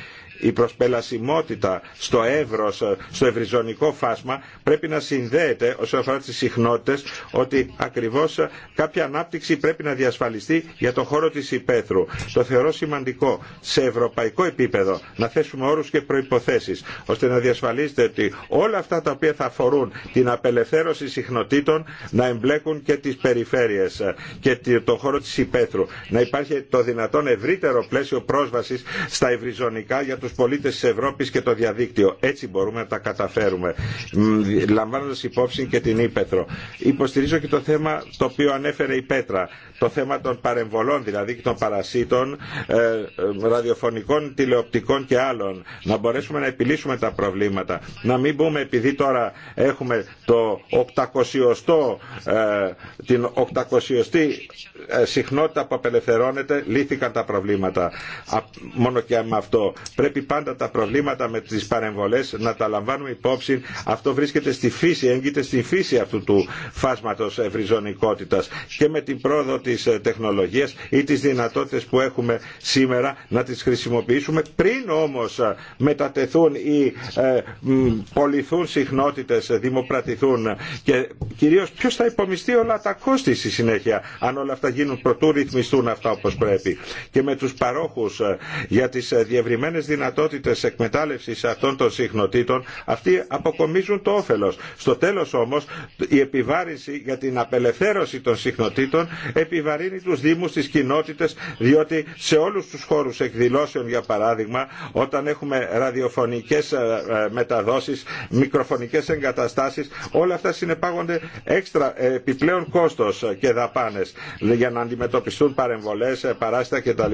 η προσπελασιμότητα στο εύρος, στο ευρυζωνικό φάσμα πρέπει να συνδέεται όσον αφορά τις συχνότητες ότι ακριβώς κάποια ανάπτυξη πρέπει να διασφαλιστεί για το χώρο της υπαίθρου. Το θεωρώ σημαντικό σε ευρωπαϊκό επίπεδο να θέσουμε όρους και προϋποθέσεις ώστε να διασφαλίσετε ότι όλα αυτά τα οποία θα αφορούν την απελευθέρωση συχνοτήτων να εμπλέκουν και τις περιφέρειες και το χώρο της υπαίθρου. Να υπάρχει το δυνατόν ευρύτερο πλαίσιο πρόσβασης στα ευρυζωνικά για τους πολίτες της Ευρώπης και το διαδίκτυο. Έτσι μπορούμε να τα καταφέρουμε, λαμβάνοντας υπόψη και την Ήπεθρο. Υποστηρίζω και το θέμα το οποίο ανέφερε η Πέτρα, το θέμα των παρεμβολών δηλαδή και των παρασίτων, ε, ε, ραδιοφωνικών, τηλεοπτικών και άλλων. Να μπορέσουμε να επιλύσουμε τα προβλήματα. Να μην πούμε επειδή τώρα έχουμε το 800, ε, την 800η συχνότητα που απελευθερώνεται, λύθηκαν τα προβλήματα. Μόνο και με αυτό. Πρέπει πάντα τα προβλήματα με τις παρεμβολές να τα λαμβάνουμε υπόψη. Αυτό βρίσκεται στη φύση, έγκυται στη φύση αυτού του φάσματος ευρυζωνικότητας και με την πρόοδο της ε, τεχνολογίας ή τις δυνατότητες που έχουμε σήμερα να τις χρησιμοποιήσουμε πριν όμως ε, μετατεθούν ή ε, πολιθούν συχνότητες, ε, δημοπρατηθούν και κυρίως ποιος θα υπομειστεί όλα τα κόστη στη συνέχεια αν όλα αυτά γίνουν πρωτού, ρυθμιστούν αυτά όπως πρέπει και με τους παρόχους για τις διευρυμένες δυνατότητες δυνατότητες εκμετάλλευσης αυτών των συχνοτήτων, αυτοί αποκομίζουν το όφελος. Στο τέλος όμως η επιβάρηση για την απελευθέρωση των συχνοτήτων επιβαρύνει τους Δήμους, τις κοινότητες, διότι σε όλους τους χώρους εκδηλώσεων για παράδειγμα, όταν έχουμε ραδιοφωνικές ε, ε, μεταδόσεις, μικροφωνικές εγκαταστάσεις, όλα αυτά συνεπάγονται έξτρα ε, επιπλέον κόστος και δαπάνες για να αντιμετωπιστούν παρεμβολές, παράστα κτλ.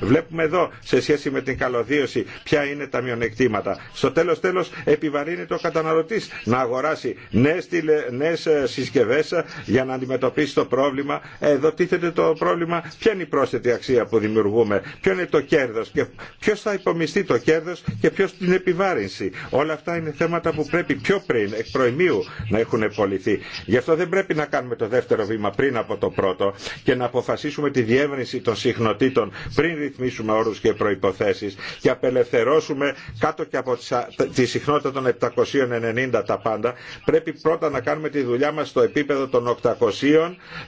Βλέπουμε εδώ σε σχέση με την καλωδίωση έχει, ποια είναι τα μειονεκτήματα. Στο τέλος τέλος επιβαρύνεται το καταναλωτής να αγοράσει νέες, τηλε, νέες ε, συσκευές ε, για να αντιμετωπίσει το πρόβλημα. Ε, εδώ τίθεται το πρόβλημα ποια είναι η πρόσθετη αξία που δημιουργούμε, ποιο είναι το κέρδος και ποιος θα υπομειστεί το κέρδος και ποιος την επιβάρυνση. Όλα αυτά είναι θέματα που πρέπει πιο πριν, εκ προημίου, να έχουν πολιθεί. Γι' αυτό δεν πρέπει να κάνουμε το δεύτερο βήμα πριν από το πρώτο και να αποφασίσουμε τη διεύρυνση των συχνοτήτων πριν ρυθμίσουμε όρους και προϋποθέσεις και απελευθερώσουμε κάτω και από τη συχνότητα των 790 τα πάντα, πρέπει πρώτα να κάνουμε τη δουλειά μας στο επίπεδο των 800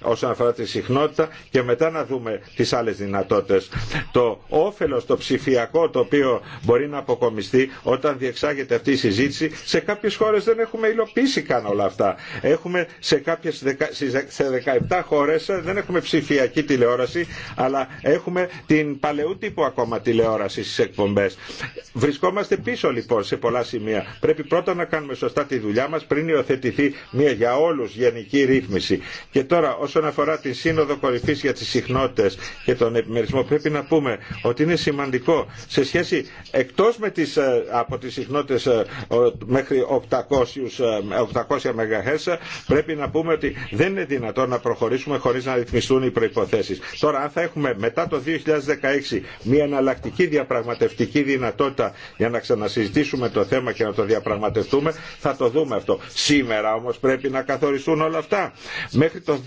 όσον αφορά τη συχνότητα και μετά να δούμε τις άλλες δυνατότητες. Το όφελο το ψηφιακό το οποίο μπορεί να αποκομιστεί όταν διεξάγεται αυτή η συζήτηση, σε κάποιες χώρες δεν έχουμε υλοποιήσει καν όλα αυτά. Έχουμε σε κάποιες σε 17 χώρες ε, δεν έχουμε ψηφιακή τηλεόραση, αλλά έχουμε την παλαιού τύπου ακόμα τηλεόραση στις εκπομπές Βρισκόμαστε πίσω λοιπόν σε πολλά σημεία. Πρέπει πρώτα να κάνουμε σωστά τη δουλειά μα πριν υιοθετηθεί μια για όλους γενική ρύθμιση. Και τώρα όσον αφορά την Σύνοδο κορυφής για τις συχνότητε και τον επιμερισμό πρέπει να πούμε ότι είναι σημαντικό σε σχέση εκτό ε, από τις συχνότητε ε, μέχρι 800, 800 MHz πρέπει να πούμε ότι δεν είναι δυνατό να προχωρήσουμε χωρίς να ρυθμιστούν οι προϋποθέσεις. Τώρα αν θα έχουμε μετά το 2016 μια εναλλακτική διαπραγματευτική δυνατότητα για να ξανασυζητήσουμε το θέμα και να το διαπραγματευτούμε, θα το δούμε αυτό. Σήμερα όμως πρέπει να καθοριστούν όλα αυτά. Μέχρι το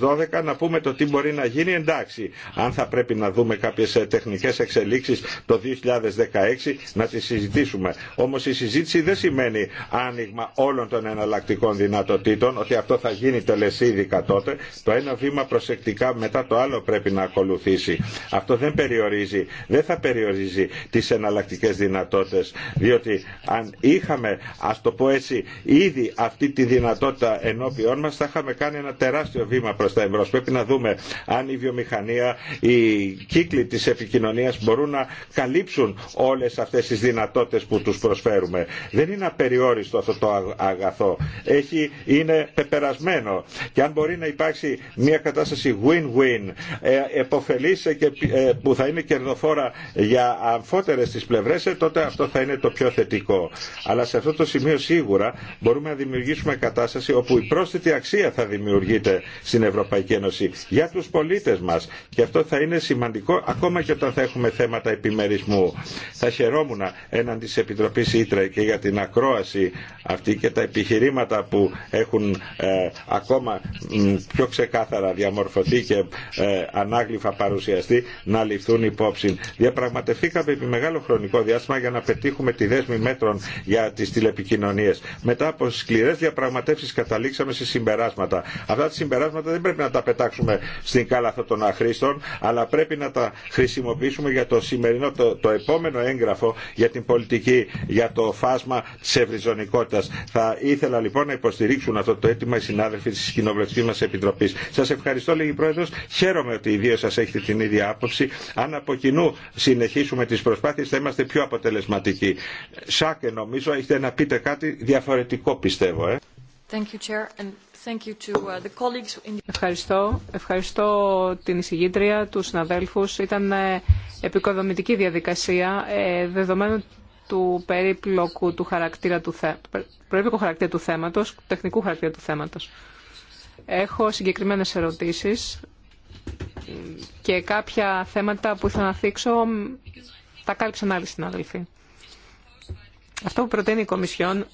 2012 να πούμε το τι μπορεί να γίνει εντάξει. Αν θα πρέπει να δούμε κάποιες ε, τεχνικές εξελίξεις το 2016 να τις συζητήσουμε. Όμως η συζήτηση δεν σημαίνει άνοιγμα όλων των εναλλακτικών δυνατοτήτων, ότι αυτό θα γίνει τελεσίδικα τότε. Το ένα βήμα προσεκτικά μετά το άλλο πρέπει να ακολουθήσει. Αυτό δεν περιορίζει, δεν θα περιορίζει τις εναλλακτικέ εναλλακτικές δυνατότητες διότι αν είχαμε ας το πω έτσι ήδη αυτή τη δυνατότητα ενώπιόν μας θα είχαμε κάνει ένα τεράστιο βήμα προς τα εμπρός. Πρέπει να δούμε αν η βιομηχανία, οι κύκλοι της επικοινωνίας μπορούν να καλύψουν όλες αυτές τις δυνατότητες που τους προσφέρουμε. Δεν είναι απεριόριστο αυτό το αγαθό. είναι πεπερασμένο και αν μπορεί να υπάρξει μια κατάσταση win-win ε, ε που θα είναι κερδοφόρα για Στι πλευρέ, πλευρές, ε, τότε αυτό θα είναι το πιο θετικό. Αλλά σε αυτό το σημείο σίγουρα μπορούμε να δημιουργήσουμε κατάσταση όπου η πρόσθετη αξία θα δημιουργείται στην Ευρωπαϊκή Ένωση για του πολίτε μα. Και αυτό θα είναι σημαντικό ακόμα και όταν θα έχουμε θέματα επιμερισμού. Θα χαιρόμουν έναντι τη Επιτροπή Ήτρα και για την ακρόαση αυτή και τα επιχειρήματα που έχουν ε, ακόμα μ, πιο ξεκάθαρα διαμορφωθεί και ε, ανάγλυφα παρουσιαστεί να ληφθούν υπόψη. Διαπραγματευθήκαμε επί μεγάλο χρονικό διάστημα για να πετύχουμε τη δέσμη μέτρων για τι τηλεπικοινωνίε. Μετά από σκληρέ διαπραγματεύσει καταλήξαμε σε συμπεράσματα. Αυτά τα συμπεράσματα δεν πρέπει να τα πετάξουμε στην κάλαθο των αχρήστων, αλλά πρέπει να τα χρησιμοποιήσουμε για το σημερινό, το, το επόμενο έγγραφο για την πολιτική, για το φάσμα τη ευρυζωνικότητα. Θα ήθελα λοιπόν να υποστηρίξουν αυτό το αίτημα οι συνάδελφοι τη κοινοβουλευτική μα επιτροπή. Σα ευχαριστώ, λέγει Πρόεδρο. Χαίρομαι ότι οι δύο σα έχετε την ίδια άποψη. Αν από κοινού συνεχίσουμε τι προσπάθειε, θα είμαστε πιο αποτελεσματικοί. Σάκε νομίζω έχετε να πείτε κάτι διαφορετικό πιστεύω. Ε. Ευχαριστώ. Ευχαριστώ την εισηγήτρια, τους συναδέλφους. Ήταν ε, επικοδομητική διαδικασία ε, δεδομένου του περίπλοκου του χαρακτήρα του, θε... χαρακτήρα του θέματος, τεχνικού χαρακτήρα του θέματος. Έχω συγκεκριμένες ερωτήσεις και κάποια θέματα που ήθελα να θίξω τα κάλυψαν άλλοι συνάδελφοι. Αυτό που προτείνει η Κομισιόν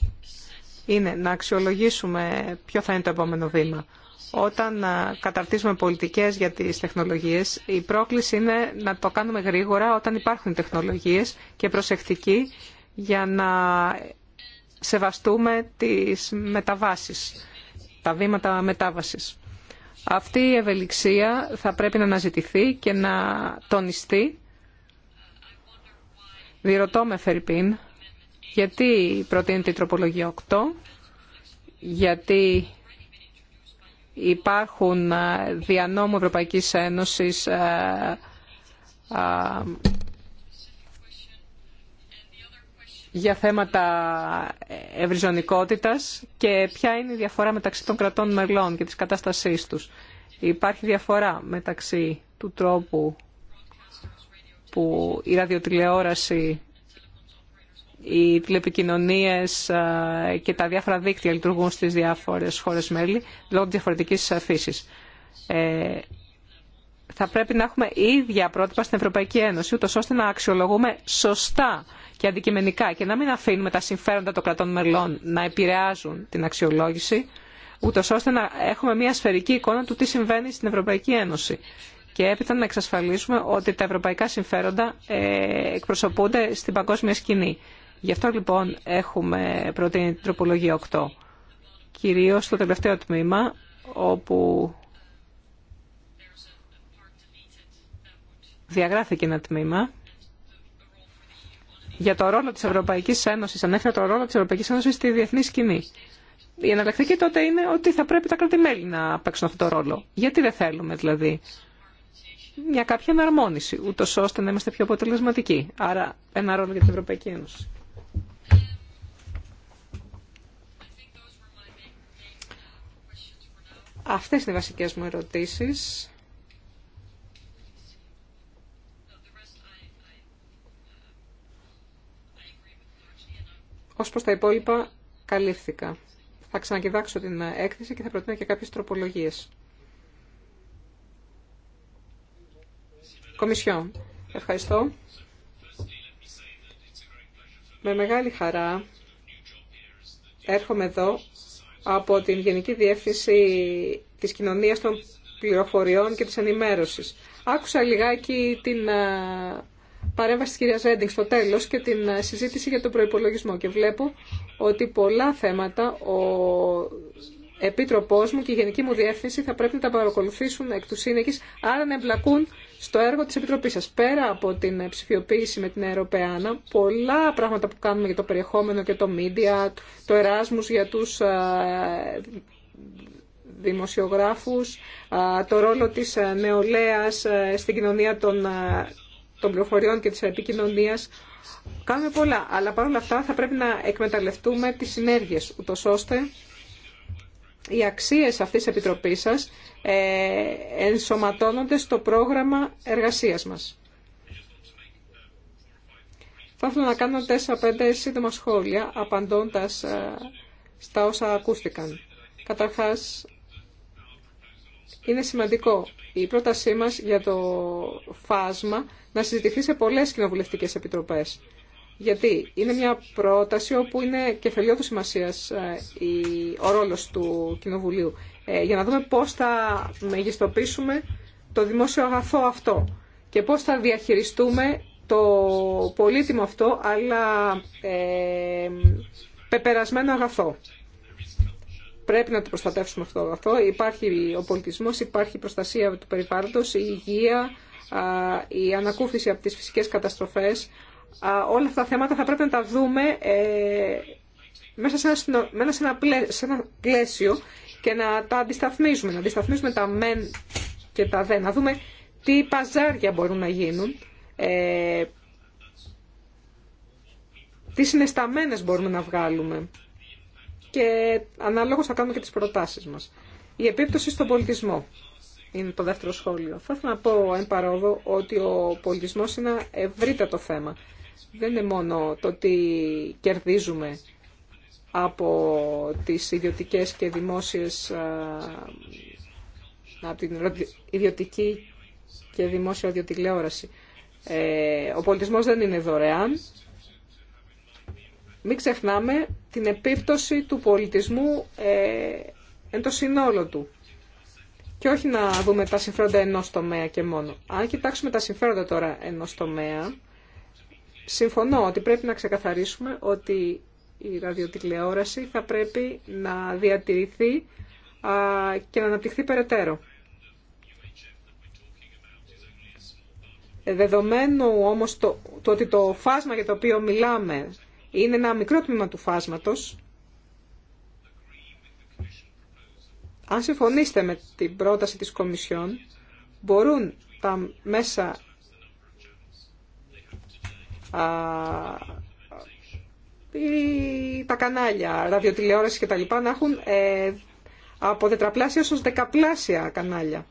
είναι να αξιολογήσουμε ποιο θα είναι το επόμενο βήμα. Όταν καταρτίζουμε πολιτικές για τις τεχνολογίες, η πρόκληση είναι να το κάνουμε γρήγορα όταν υπάρχουν τεχνολογίες και προσεκτική για να σεβαστούμε τις μεταβάσεις, τα βήματα μετάβασης. Αυτή η ευελιξία θα πρέπει να αναζητηθεί και να τονιστεί Διερωτώ με Φερρυπίν γιατί προτείνεται η τροπολογία 8, γιατί υπάρχουν ε, δια νόμου Ευρωπαϊκής Ένωσης ε, ε, για θέματα ευρυζωνικότητας και ποια είναι η διαφορά μεταξύ των κρατών μελών και της κατάστασής τους. Υπάρχει διαφορά μεταξύ του τρόπου που η ραδιοτηλεόραση, οι τηλεπικοινωνίες και τα διάφορα δίκτυα λειτουργούν στις διάφορες χώρες μέλη λόγω διαφορετικής φύσης. Ε, θα πρέπει να έχουμε ίδια πρότυπα στην Ευρωπαϊκή Ένωση, ούτως ώστε να αξιολογούμε σωστά και αντικειμενικά και να μην αφήνουμε τα συμφέροντα των κρατών μελών να επηρεάζουν την αξιολόγηση, ούτω ώστε να έχουμε μια σφαιρική εικόνα του τι συμβαίνει στην Ευρωπαϊκή Ένωση και έπειτα να εξασφαλίσουμε ότι τα ευρωπαϊκά συμφέροντα ε, εκπροσωπούνται στην παγκόσμια σκηνή. Γι' αυτό λοιπόν έχουμε προτείνει την τροπολογία 8. Κυρίως στο τελευταίο τμήμα όπου διαγράφηκε ένα τμήμα για το ρόλο της Ευρωπαϊκής Ένωσης, ανέφερα το ρόλο της Ευρωπαϊκής Ένωσης στη διεθνή σκηνή. Η εναλλακτική τότε είναι ότι θα πρέπει τα κράτη-μέλη να παίξουν αυτόν τον ρόλο. Γιατί δεν θέλουμε δηλαδή μια κάποια εναρμόνιση, ούτω ώστε να είμαστε πιο αποτελεσματικοί. Άρα ένα ρόλο για την Ευρωπαϊκή Ένωση. Αυτές είναι οι βασικές μου ερωτήσεις. Ως προς τα υπόλοιπα, καλύφθηκα. Θα ξανακοιτάξω την έκθεση και θα προτείνω και κάποιες τροπολογίες. Κομισιόν. Ευχαριστώ. Με μεγάλη χαρά έρχομαι εδώ από την Γενική Διεύθυνση της Κοινωνίας των Πληροφοριών και της Ενημέρωσης. Άκουσα λιγάκι την παρέμβαση της κυρίας Ρέντινγκ στο τέλος και την συζήτηση για τον προϋπολογισμό και βλέπω ότι πολλά θέματα ο Επίτροπός μου και η Γενική μου Διεύθυνση θα πρέπει να τα παρακολουθήσουν εκ του σύνεκης, άρα να εμπλακούν στο έργο της Επιτροπής σας. Πέρα από την ψηφιοποίηση με την Ευρωπαϊκή, πολλά πράγματα που κάνουμε για το περιεχόμενο και το media, το Εράσμους για τους ε, δημοσιογράφους, ε, το ρόλο της ε, νεολαίας στην κοινωνία των, των πληροφοριών και της επικοινωνίας. Κάνουμε πολλά, αλλά παρόλα αυτά θα πρέπει να εκμεταλλευτούμε τις συνέργειες, ούτως ώστε οι αξίες αυτής της Επιτροπής σας ε, ενσωματώνονται στο πρόγραμμα εργασίας μας. Θα ήθελα να κάνω 4-5 σύντομα σχόλια, απαντώντας ε, στα όσα ακούστηκαν. Καταρχάς, είναι σημαντικό η πρότασή μας για το φάσμα να συζητηθεί σε πολλές κοινοβουλευτικές επιτροπές. Γιατί είναι μια πρόταση όπου είναι κεφαλιό του σημασίας ε, ο ρόλος του Κοινοβουλίου. Ε, για να δούμε πώς θα μεγιστοποιήσουμε το δημόσιο αγαθό αυτό και πώς θα διαχειριστούμε το πολύτιμο αυτό αλλά ε, πεπερασμένο αγαθό. Πρέπει να το προστατεύσουμε αυτό το αγαθό. Υπάρχει ο πολιτισμός, υπάρχει η προστασία του περιβάλλοντος, η υγεία, η ανακούφιση από τις φυσικές καταστροφές. Όλα αυτά τα θέματα θα πρέπει να τα δούμε ε, μέσα σε ένα, σε ένα πλαίσιο και να τα αντισταθμίζουμε, να αντισταθμίσουμε τα μεν και τα δε, να δούμε τι παζάρια μπορούν να γίνουν, ε, τι συνεσταμένες μπορούμε να βγάλουμε και ανάλογως θα κάνουμε και τις προτάσεις μας. Η επίπτωση στον πολιτισμό είναι το δεύτερο σχόλιο. Θα ήθελα να πω εν παρόδο ότι ο πολιτισμός είναι ένα ευρύτατο θέμα. Δεν είναι μόνο το ότι κερδίζουμε από τις ιδιωτικές και δημόσιες, από την ιδιωτική και δημόσια Ε, ο πολιτισμός δεν είναι δωρεάν. Μην ξεχνάμε την επίπτωση του πολιτισμού ε, εν το συνόλο του. Και όχι να δούμε τα συμφέροντα ενός τομέα και μόνο. Αν κοιτάξουμε τα συμφέροντα τώρα ενός τομέα, συμφωνώ ότι πρέπει να ξεκαθαρίσουμε ότι η ραδιοτηλεόραση θα πρέπει να διατηρηθεί και να αναπτυχθεί περαιτέρω. Δεδομένου όμως το, το ότι το φάσμα για το οποίο μιλάμε είναι ένα μικρό τμήμα του φάσματος, αν συμφωνήσετε με την πρόταση της Κομισιόν, μπορούν τα μέσα ή τα κανάλια, ραδιοτηλεόραση λοιπά να έχουν ε, από τετραπλάσια στους δεκαπλάσια κανάλια.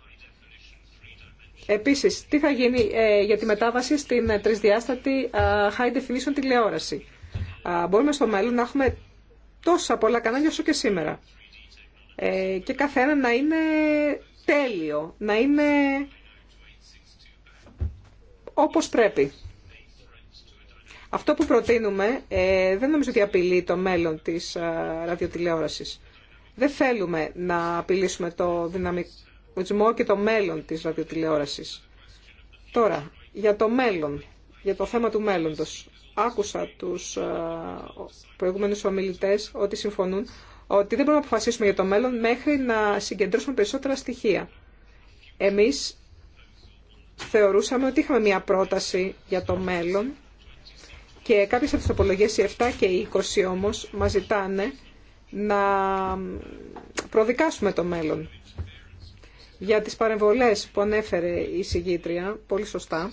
Επίσης, τι θα γίνει ε, για τη μετάβαση στην τρισδιάστατη ε, high definition τηλεόραση. μπορούμε στο μέλλον να έχουμε τόσα πολλά κανάλια όσο και σήμερα. Ε, και καθένα να είναι τέλειο, να είναι όπως πρέπει. Αυτό που προτείνουμε ε, δεν νομίζω ότι απειλεί το μέλλον της ε, ραδιοτηλεόρασης. Δεν θέλουμε να απειλήσουμε το δυναμικό και το μέλλον της ραδιοτηλεόρασης. Τώρα, για το μέλλον, για το θέμα του μέλλοντος. Άκουσα τους ε, προηγούμενους ομιλητές ότι συμφωνούν ότι δεν μπορούμε να αποφασίσουμε για το μέλλον μέχρι να συγκεντρώσουμε περισσότερα στοιχεία. Εμείς θεωρούσαμε ότι είχαμε μια πρόταση για το μέλλον και κάποιες από τις απολογές, οι 7 και οι 20 όμως, μας ζητάνε να προδικάσουμε το μέλλον. Για τις παρεμβολές που ανέφερε η συγγήτρια, πολύ σωστά,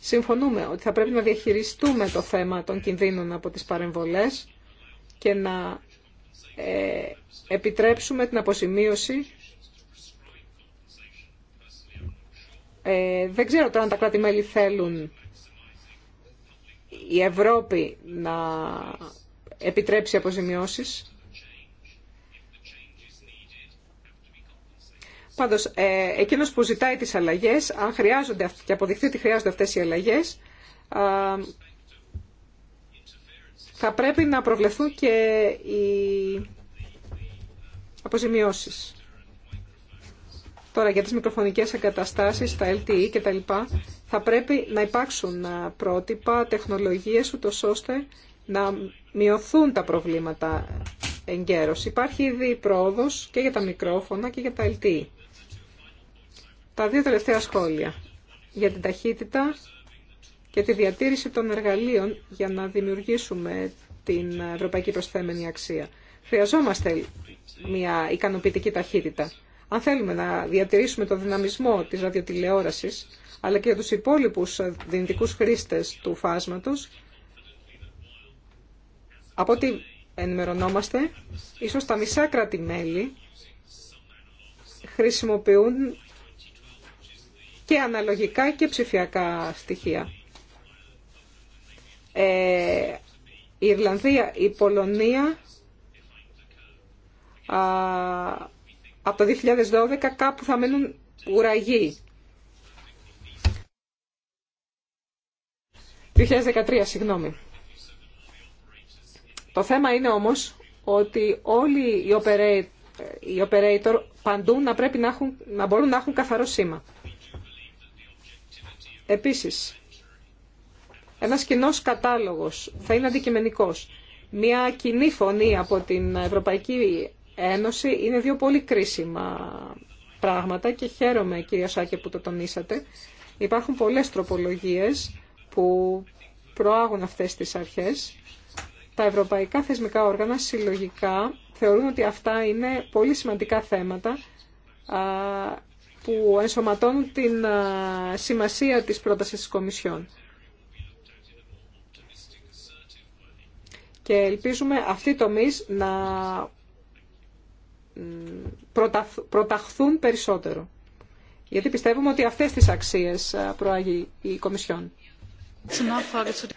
συμφωνούμε ότι θα πρέπει να διαχειριστούμε το θέμα των κινδύνων από τις παρεμβολές και να ε, επιτρέψουμε την αποσημείωση. Ε, δεν ξέρω τώρα αν τα κράτη-μέλη θέλουν η Ευρώπη να επιτρέψει αποζημιώσεις. Πάντως, ε, εκείνος που ζητάει τις αλλαγές, αν χρειάζονται και αποδειχθεί ότι χρειάζονται αυτές οι αλλαγές, θα πρέπει να προβλεφθούν και οι αποζημιώσεις. Τώρα για τις μικροφωνικές εγκαταστάσεις, τα LTE κτλ. θα πρέπει να υπάρξουν ε, πρότυπα, τεχνολογίες ούτως ώστε να μειωθούν τα προβλήματα εγκαίρως. Υπάρχει ήδη πρόοδος και για τα μικρόφωνα και για τα LTE. Τα δύο τελευταία σχόλια για την ταχύτητα και τη διατήρηση των εργαλείων για να δημιουργήσουμε την ευρωπαϊκή προσθέμενη αξία. Χρειαζόμαστε μια ικανοποιητική ταχύτητα. Αν θέλουμε να διατηρήσουμε το δυναμισμό της ραδιοτηλεόρασης, αλλά και για τους υπόλοιπους δυνητικούς χρήστες του φάσματος, από ό,τι ενημερωνόμαστε, ίσως τα μισά κράτη-μέλη χρησιμοποιούν και αναλογικά και ψηφιακά στοιχεία. Ε, η Ιρλανδία, η Πολωνία, α, από το 2012 κάπου θα μείνουν ουραγοί. 2013, συγγνώμη. Το θέμα είναι όμως ότι όλοι οι, operator, οι operator παντού να, πρέπει να, να μπορούν να έχουν καθαρό σήμα. Επίσης, ένας κοινό κατάλογος θα είναι αντικειμενικός. Μια κοινή φωνή από την Ευρωπαϊκή Ένωση είναι δύο πολύ κρίσιμα πράγματα και χαίρομαι, κυρία Σάκη, που το τονίσατε. Υπάρχουν πολλές τροπολογίες που προάγουν αυτές τις αρχές. Τα ευρωπαϊκά θεσμικά όργανα συλλογικά θεωρούν ότι αυτά είναι πολύ σημαντικά θέματα που ενσωματώνουν την σημασία της πρότασης της Κομισιόν. Και ελπίζουμε αυτή το τομείς να προταχθούν περισσότερο. Γιατί πιστεύουμε ότι αυτές τις αξίες ε, προάγει η Κομισιόν.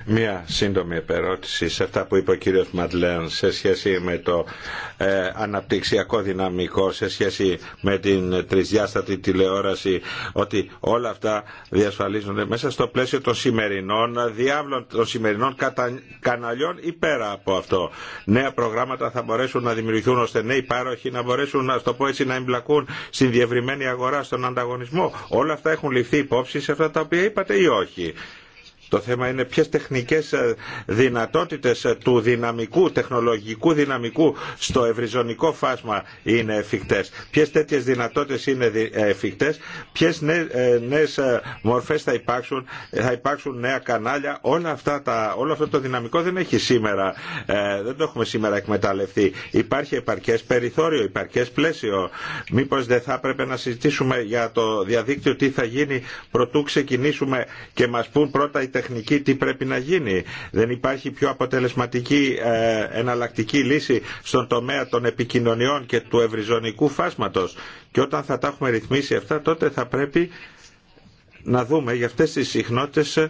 Μία σύντομη επερώτηση σε αυτά που είπε ο κύριος Μαντλέον σε σχέση με το ε, αναπτυξιακό δυναμικό, σε σχέση με την τρισδιάστατη τηλεόραση, ότι όλα αυτά διασφαλίζονται μέσα στο πλαίσιο των σημερινών διάβλων, των σημερινών κατα... καναλιών ή πέρα από αυτό. Νέα προγράμματα θα μπορέσουν να δημιουργηθούν ώστε νέοι πάροχοι να μπορέσουν, να το πω έτσι, να εμπλακούν στην διευρυμένη αγορά, στον ανταγωνισμό. Όλα αυτά έχουν ληφθεί υπόψη σε αυτά τα οποία είπατε ή όχι. Το θέμα είναι ποιες τεχνικές ε, δυνατότητες ε, του δυναμικού, τεχνολογικού δυναμικού στο ευρυζωνικό φάσμα είναι εφικτές. Ποιες τέτοιες δυνατότητες είναι ε, εφικτές, ποιες νέες μορφές θα υπάρξουν, θα υπάρξουν νέα κανάλια. Όλα αυτά τα, όλο αυτό το δυναμικό δεν έχει σήμερα, δεν το έχουμε σήμερα εκμεταλλευτεί. Υπάρχει επαρκές περιθώριο, επαρκές πλαίσιο. Μήπως δεν θα έπρεπε να συζητήσουμε για το διαδίκτυο τι θα γίνει προτού ξεκινήσουμε και μας πούν πρώτα τεχνική τι πρέπει να γίνει. Δεν υπάρχει πιο αποτελεσματική ε, εναλλακτική λύση στον τομέα των επικοινωνιών και του ευρυζωνικού φάσματος. Και όταν θα τα έχουμε ρυθμίσει αυτά τότε θα πρέπει να δούμε για αυτές τις συχνότητες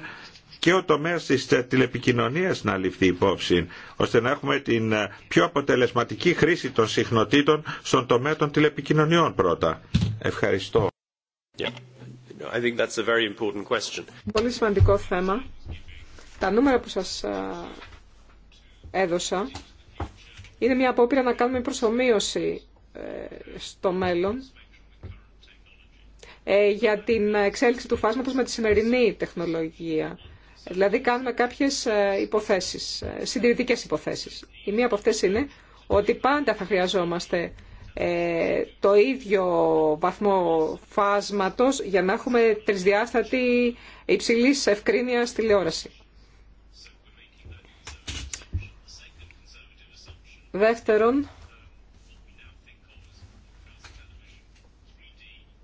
και ο τομέας της τηλεπικοινωνίας να ληφθεί υπόψη, ώστε να έχουμε την ε, πιο αποτελεσματική χρήση των συχνοτήτων στον τομέα των τηλεπικοινωνιών πρώτα. Ευχαριστώ. Πολύ σημαντικό θέμα. Τα νούμερα που σας έδωσα είναι μια απόπειρα να κάνουμε προσωμείωση ε, στο μέλλον ε, για την εξέλιξη του φάσματος με τη σημερινή τεχνολογία. Δηλαδή κάνουμε κάποιες ε, υποθέσεις, συντηρητικές υποθέσεις. Η μία από αυτές είναι ότι πάντα θα χρειαζόμαστε ε, το ίδιο βαθμό φάσματος για να έχουμε τρισδιάστατη υψηλής ευκρίνειας τηλεόραση. Δεύτερον,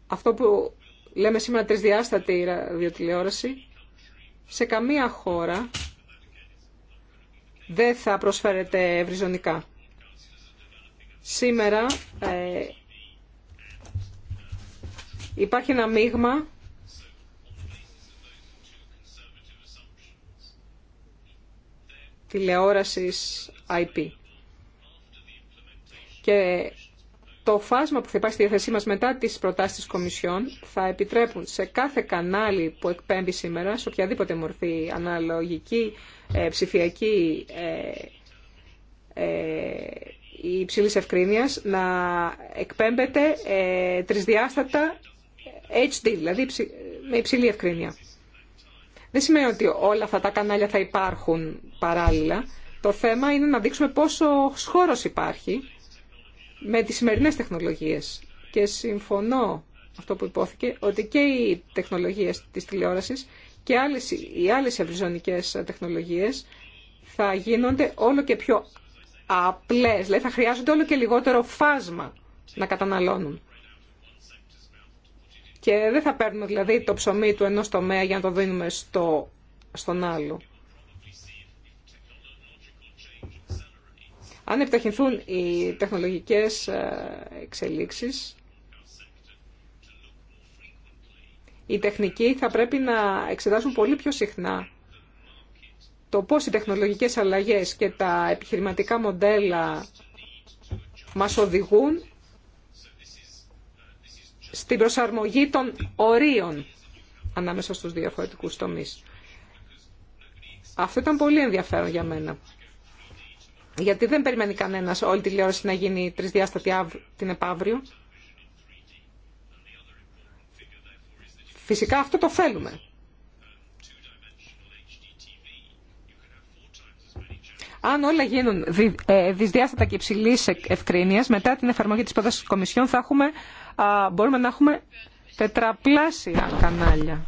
αυτό που λέμε σήμερα τρισδιάστατη ραδιοτηλεόραση, σε καμία χώρα δεν θα προσφέρεται ευρυζωνικά. Σήμερα ε, υπάρχει ένα μείγμα τηλεόρασης IP. Και το φάσμα που θα υπάρχει στη διαθεσή μας μετά τις προτάσεις της Κομισιόν θα επιτρέπουν σε κάθε κανάλι που εκπέμπει σήμερα, σε οποιαδήποτε μορφή αναλογική, ε, ψηφιακή ε, ε, η υψηλής ευκρίνειας να εκπέμπεται ε, τρισδιάστατα HD, δηλαδή με υψηλή ευκρίνεια. Δεν σημαίνει ότι όλα αυτά τα κανάλια θα υπάρχουν παράλληλα. Το θέμα είναι να δείξουμε πόσο χώρος υπάρχει με τις σημερινές τεχνολογίες. Και συμφωνώ αυτό που υπόθηκε, ότι και οι τεχνολογίες της τηλεόρασης και άλλες, οι άλλες ευρυζωνικές τεχνολογίες θα γίνονται όλο και πιο απλές, δηλαδή θα χρειάζονται όλο και λιγότερο φάσμα να καταναλώνουν. Και δεν θα παίρνουμε δηλαδή το ψωμί του ενός τομέα για να το δίνουμε στο, στον άλλο. Αν επιταχυνθούν οι τεχνολογικές ε, εξελίξεις, οι τεχνικοί θα πρέπει να εξετάσουν πολύ πιο συχνά το πώς οι τεχνολογικές αλλαγές και τα επιχειρηματικά μοντέλα μας οδηγούν στην προσαρμογή των ορίων ανάμεσα στους διαφορετικούς τομείς. Αυτό ήταν πολύ ενδιαφέρον για μένα. Γιατί δεν περιμένει κανένας όλη τη τηλεόραση να γίνει τρισδιάστατη την επαύριο. Φυσικά αυτό το θέλουμε. Αν όλα γίνουν ε, δυσδιάστατα και υψηλή ευκρίνεια, μετά την εφαρμογή τη πρόταση τη Κομισιόν θα έχουμε, μπορούμε να έχουμε τετραπλάσια κανάλια.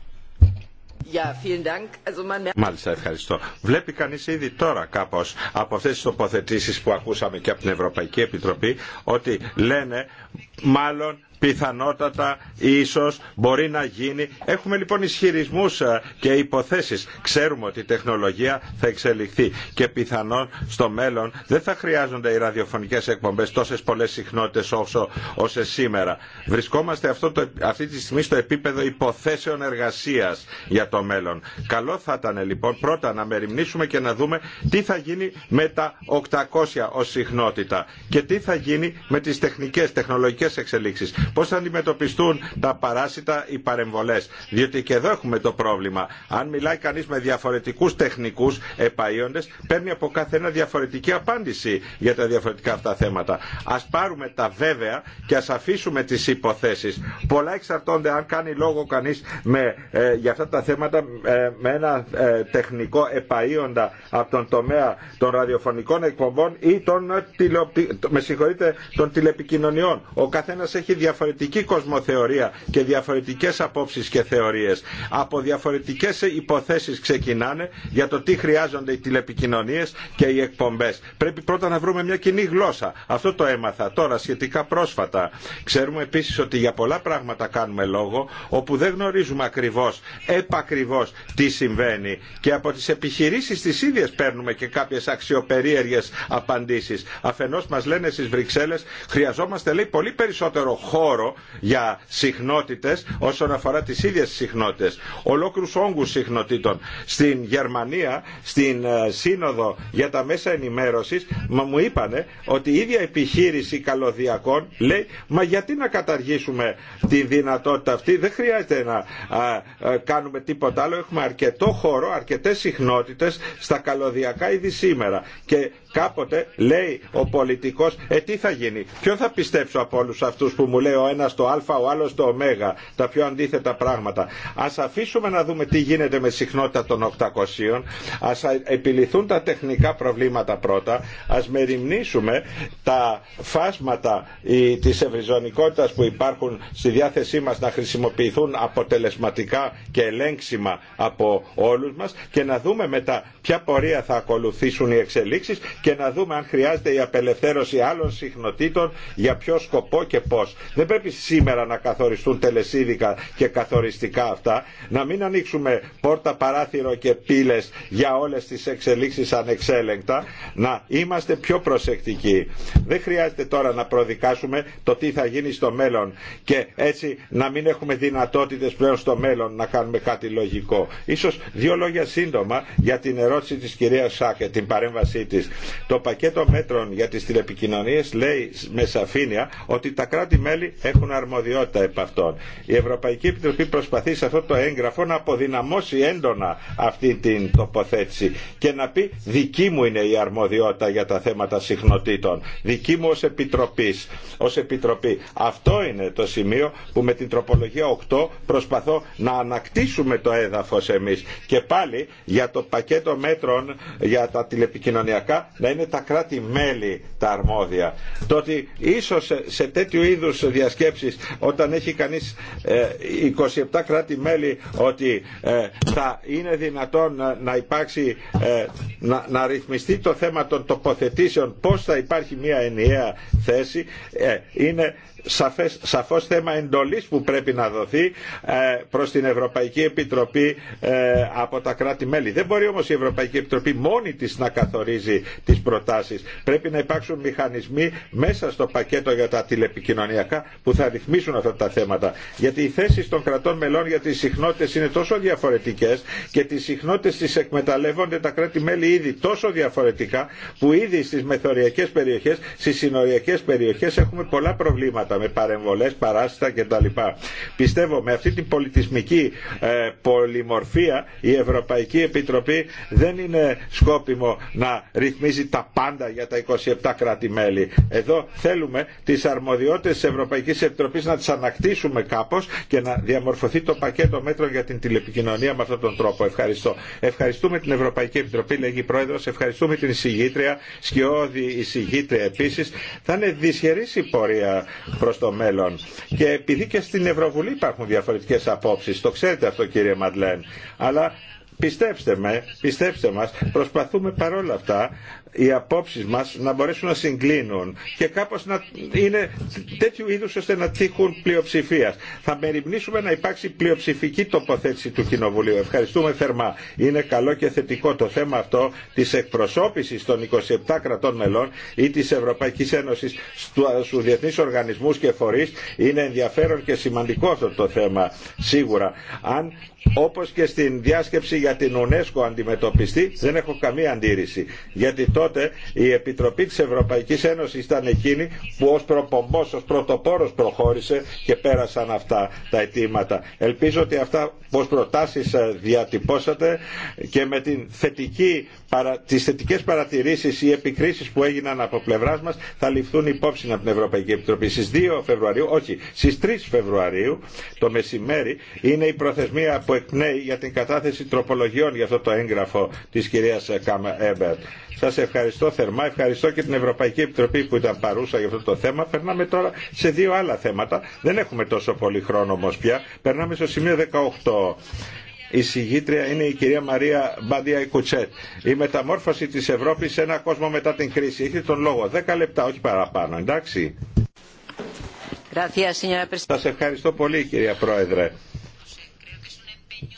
Μάλιστα, ευχαριστώ. Βλέπει κανεί ήδη τώρα κάπω από αυτέ τι τοποθετήσει που ακούσαμε και από την Ευρωπαϊκή Επιτροπή ότι λένε μάλλον πιθανότατα ίσως μπορεί να γίνει. Έχουμε λοιπόν ισχυρισμούς ε, και υποθέσεις. Ξέρουμε ότι η τεχνολογία θα εξελιχθεί και πιθανόν στο μέλλον δεν θα χρειάζονται οι ραδιοφωνικές εκπομπές τόσες πολλές συχνότητες όσο όσες σήμερα. Βρισκόμαστε αυτό το, αυτή τη στιγμή στο επίπεδο υποθέσεων εργασίας για το μέλλον. Καλό θα ήταν λοιπόν πρώτα να μεριμνήσουμε και να δούμε τι θα γίνει με τα 800 ως συχνότητα και τι θα γίνει με τις τεχνικές, τεχνολογικές εξελίξεις πώς θα αντιμετωπιστούν τα παράσιτα, οι παρεμβολές. Διότι και εδώ έχουμε το πρόβλημα. Αν μιλάει κανείς με διαφορετικούς τεχνικούς επαΐοντες, παίρνει από κάθε ένα διαφορετική απάντηση για τα διαφορετικά αυτά θέματα. Ας πάρουμε τα βέβαια και ας αφήσουμε τις υποθέσεις. Πολλά εξαρτώνται αν κάνει λόγο κανείς με, ε, για αυτά τα θέματα ε, με ένα ε, τεχνικό επαΐοντα από τον τομέα των ραδιοφωνικών εκπομπών ή των, με των τηλεπικοινωνιών. Ο καθένας έχει διαφορετική κοσμοθεωρία και διαφορετικές απόψει και θεωρίες. Από διαφορετικές υποθέσεις ξεκινάνε για το τι χρειάζονται οι τηλεπικοινωνίες και οι εκπομπές. Πρέπει πρώτα να βρούμε μια κοινή γλώσσα. Αυτό το έμαθα τώρα σχετικά πρόσφατα. Ξέρουμε επίσης ότι για πολλά πράγματα κάνουμε λόγο όπου δεν γνωρίζουμε ακριβώς, επακριβώς τι συμβαίνει και από τις επιχειρήσεις τις ίδιες παίρνουμε και κάποιες αξιοπερίεργες απαντήσεις. Αφενός μας λένε στις Βρυξέλλες χρειαζόμαστε λέει πολύ περισσότερο χώρο χώρο για συχνότητε, όσον αφορά τι ίδιε συχνότητε, Ολόκληρους όγκου συχνοτήτων. Στην Γερμανία, στην ε, Σύνοδο για τα Μέσα ενημέρωση, μου είπανε ότι η ίδια επιχείρηση καλωδιακών λέει «Μα γιατί να καταργήσουμε τη δυνατότητα αυτή, δεν χρειάζεται να κάνουμε τίποτα άλλο, έχουμε αρκετό χώρο, αρκετέ συχνότητε, στα καλωδιακά ήδη σήμερα». Και κάποτε λέει ο πολιτικό, ε τι θα γίνει, ποιον θα πιστέψω από όλου αυτού που μου λέει ο ένα το α, ο άλλο το ω, τα πιο αντίθετα πράγματα. Α αφήσουμε να δούμε τι γίνεται με συχνότητα των 800, α επιληθούν τα τεχνικά προβλήματα πρώτα, α μεριμνήσουμε τα φάσματα τη ευρυζωνικότητα που υπάρχουν στη διάθεσή μα να χρησιμοποιηθούν αποτελεσματικά και ελέγξιμα από όλου μα και να δούμε μετά ποια πορεία θα ακολουθήσουν οι εξελίξει και να δούμε αν χρειάζεται η απελευθέρωση άλλων συχνοτήτων για ποιο σκοπό και πώ. Δεν πρέπει σήμερα να καθοριστούν τελεσίδικα και καθοριστικά αυτά, να μην ανοίξουμε πόρτα παράθυρο και πύλε για όλες τις εξελίξεις ανεξέλεγκτα, να είμαστε πιο προσεκτικοί. Δεν χρειάζεται τώρα να προδικάσουμε το τι θα γίνει στο μέλλον και έτσι να μην έχουμε δυνατότητε πλέον στο μέλλον να κάνουμε κάτι λογικό. Ίσως δύο λόγια σύντομα για την ερώτηση της κυρίας Σάκε, την παρέμβασή της. Το πακέτο μέτρων για τις τηλεπικοινωνίες λέει με σαφήνεια ότι τα κράτη-μέλη έχουν αρμοδιότητα επ' αυτών. Η Ευρωπαϊκή Επιτροπή προσπαθεί σε αυτό το έγγραφο να αποδυναμώσει έντονα αυτή την τοποθέτηση και να πει δική μου είναι η αρμοδιότητα για τα θέματα συχνοτήτων. Δική μου ως, επιτροπής, ως Επιτροπή. Αυτό είναι το σημείο που με την τροπολογία 8 προσπαθώ να ανακτήσουμε το έδαφος εμείς. Και πάλι για το πακέτο μέτρων για τα τηλεπικοινωνιακά να είναι τα κράτη-μέλη τα αρμόδια. Το ότι ίσως σε τέτοιου είδους διασκέψεις όταν έχει κανείς 27 ε, κράτη-μέλη ότι ε, θα είναι δυνατόν ε, να υπάρξει, να ρυθμιστεί το θέμα των τοποθετήσεων, πώς θα υπάρχει μια ενιαία θέση, είναι σαφές, σαφώς θέμα εντολής που πρέπει να δοθεί ε, προς την Ευρωπαϊκή Επιτροπή ε, από τα κράτη-μέλη. Δεν μπορεί όμως η Ευρωπαϊκή Επιτροπή μόνη της να καθορίζει τις προτάσεις. Πρέπει να υπάρξουν μηχανισμοί μέσα στο πακέτο για τα τηλεπικοινωνιακά που θα ρυθμίσουν αυτά τα θέματα. Γιατί οι θέσεις των κρατών μελών για τις συχνότητες είναι τόσο διαφορετικές και τις συχνότητες τις εκμεταλλεύονται τα κράτη-μέλη ήδη τόσο διαφορετικά που ήδη στις μεθοριακές περιοχές, στις συνοριακές περιοχές έχουμε πολλά προβλήματα με παρεμβολές, παράστα κτλ. Πιστεύω με αυτή την πολιτισμική ε, πολυμορφία η Ευρωπαϊκή Επιτροπή δεν είναι σκόπιμο να ρυθμίζει τα πάντα για τα 27 κράτη-μέλη. Εδώ θέλουμε τις αρμοδιότητες της Ευρωπαϊκής Επιτροπής να τις ανακτήσουμε κάπως και να διαμορφωθεί το πακέτο μέτρων για την τηλεπικοινωνία με αυτόν τον τρόπο. Ευχαριστώ. Ευχαριστούμε την Ευρωπαϊκή Επιτροπή, λέγει η Πρόεδρος, ευχαριστούμε την εισηγήτρια, σκιώδη εισηγήτρια επίσης. Θα είναι δυσχερής η πορεία προς το μέλλον. Και επειδή και στην Ευρωβουλή υπάρχουν διαφορετικές απόψεις, το ξέρετε αυτό κύριε Μαντλέν, αλλά Πιστέψτε με, πιστέψτε μας, προσπαθούμε παρόλα αυτά οι απόψεις μας να μπορέσουν να συγκλίνουν και κάπως να είναι τέτοιου είδους ώστε να τύχουν πλειοψηφία. Θα μεριμνήσουμε να υπάρξει πλειοψηφική τοποθέτηση του Κοινοβουλίου. Ευχαριστούμε θερμά. Είναι καλό και θετικό το θέμα αυτό της εκπροσώπησης των 27 κρατών μελών ή της Ευρωπαϊκής Ένωσης στους διεθνείς οργανισμούς και φορείς. Είναι ενδιαφέρον και σημαντικό αυτό το θέμα σίγουρα όπως και στην διάσκεψη για την UNESCO αντιμετωπιστή δεν έχω καμία αντίρρηση. Γιατί τότε η Επιτροπή της Ευρωπαϊκής Ένωσης ήταν εκείνη που ως προπομπός, ως πρωτοπόρος προχώρησε και πέρασαν αυτά τα αιτήματα. Ελπίζω ότι αυτά ως προτάσεις ε, διατυπώσατε και με την θετική, τις θετικές παρατηρήσεις ή επικρίσεις που έγιναν από πλευράς μας θα ληφθούν υπόψη από την Ευρωπαϊκή Επιτροπή. Στις 2 Φεβρουαρίου, όχι, στις 3 Φεβρουαρίου το μεσημέρι είναι η προθεσμία που εκπνέει για την κατάθεση τροπολογιών για αυτό το έγγραφο της κυρίας Καμα Έμπερτ. Σας ευχαριστώ θερμά, ευχαριστώ και την Ευρωπαϊκή Επιτροπή που ήταν παρούσα για αυτό το θέμα. Περνάμε τώρα σε δύο άλλα θέματα. Δεν έχουμε τόσο πολύ χρόνο όμως πια. Περνάμε στο σημείο 18. Η συγγήτρια είναι η κυρία Μαρία Μπάντια Ικουτσέτ. Η μεταμόρφωση της Ευρώπης σε ένα κόσμο μετά την κρίση. Έχετε τον λόγο. δέκα λεπτά, όχι παραπάνω. Εντάξει. Σας ευχαριστώ πολύ κυρία Πρόεδρε.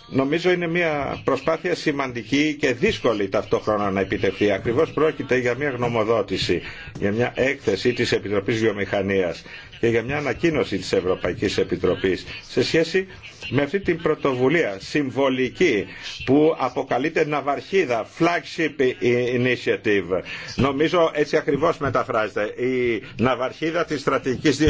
Νομίζω είναι μια προσπάθεια σημαντική και δύσκολη ταυτόχρονα να επιτευχθεί. Ακριβώς πρόκειται για μια γνωμοδότηση, για μια έκθεση της Επιτροπής Βιομηχανίας και για μια ανακοίνωση της Ευρωπαϊκής Επιτροπής σε σχέση με αυτή την πρωτοβουλία συμβολική που αποκαλείται Ναυαρχίδα, Flagship Initiative. Νομίζω έτσι ακριβώς μεταφράζεται. Η Ναυαρχίδα της Στρατηγικής 2020.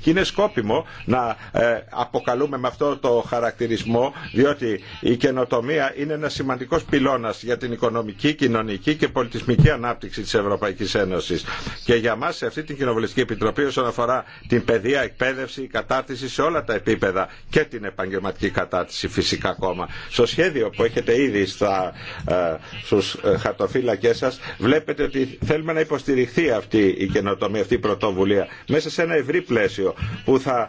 Και είναι σκόπιμο να ε, αποκαλούμε με αυτό το χαρακτηρισμό διότι η καινοτομία είναι ένας σημαντικός πυλώνας για την οικονομική, κοινωνική και πολιτισμική ανάπτυξη της Ευρωπαϊκής Ένωσης. Και για μας σε αυτή την Κοινοβουλευτική Επιτροπή όσον αφορά την παιδεία, εκπαίδευση, κατάρτιση σε όλα τα επίπεδα και την επαγγελματική κατάρτιση φυσικά ακόμα. Στο σχέδιο που έχετε ήδη στα, ε, στους ε, χαρτοφύλακές σας βλέπετε ότι θέλουμε να υποστηριχθεί αυτή η καινοτομία, αυτή η πρωτοβουλία μέσα σε ένα ευρύ πλαίσιο που θα,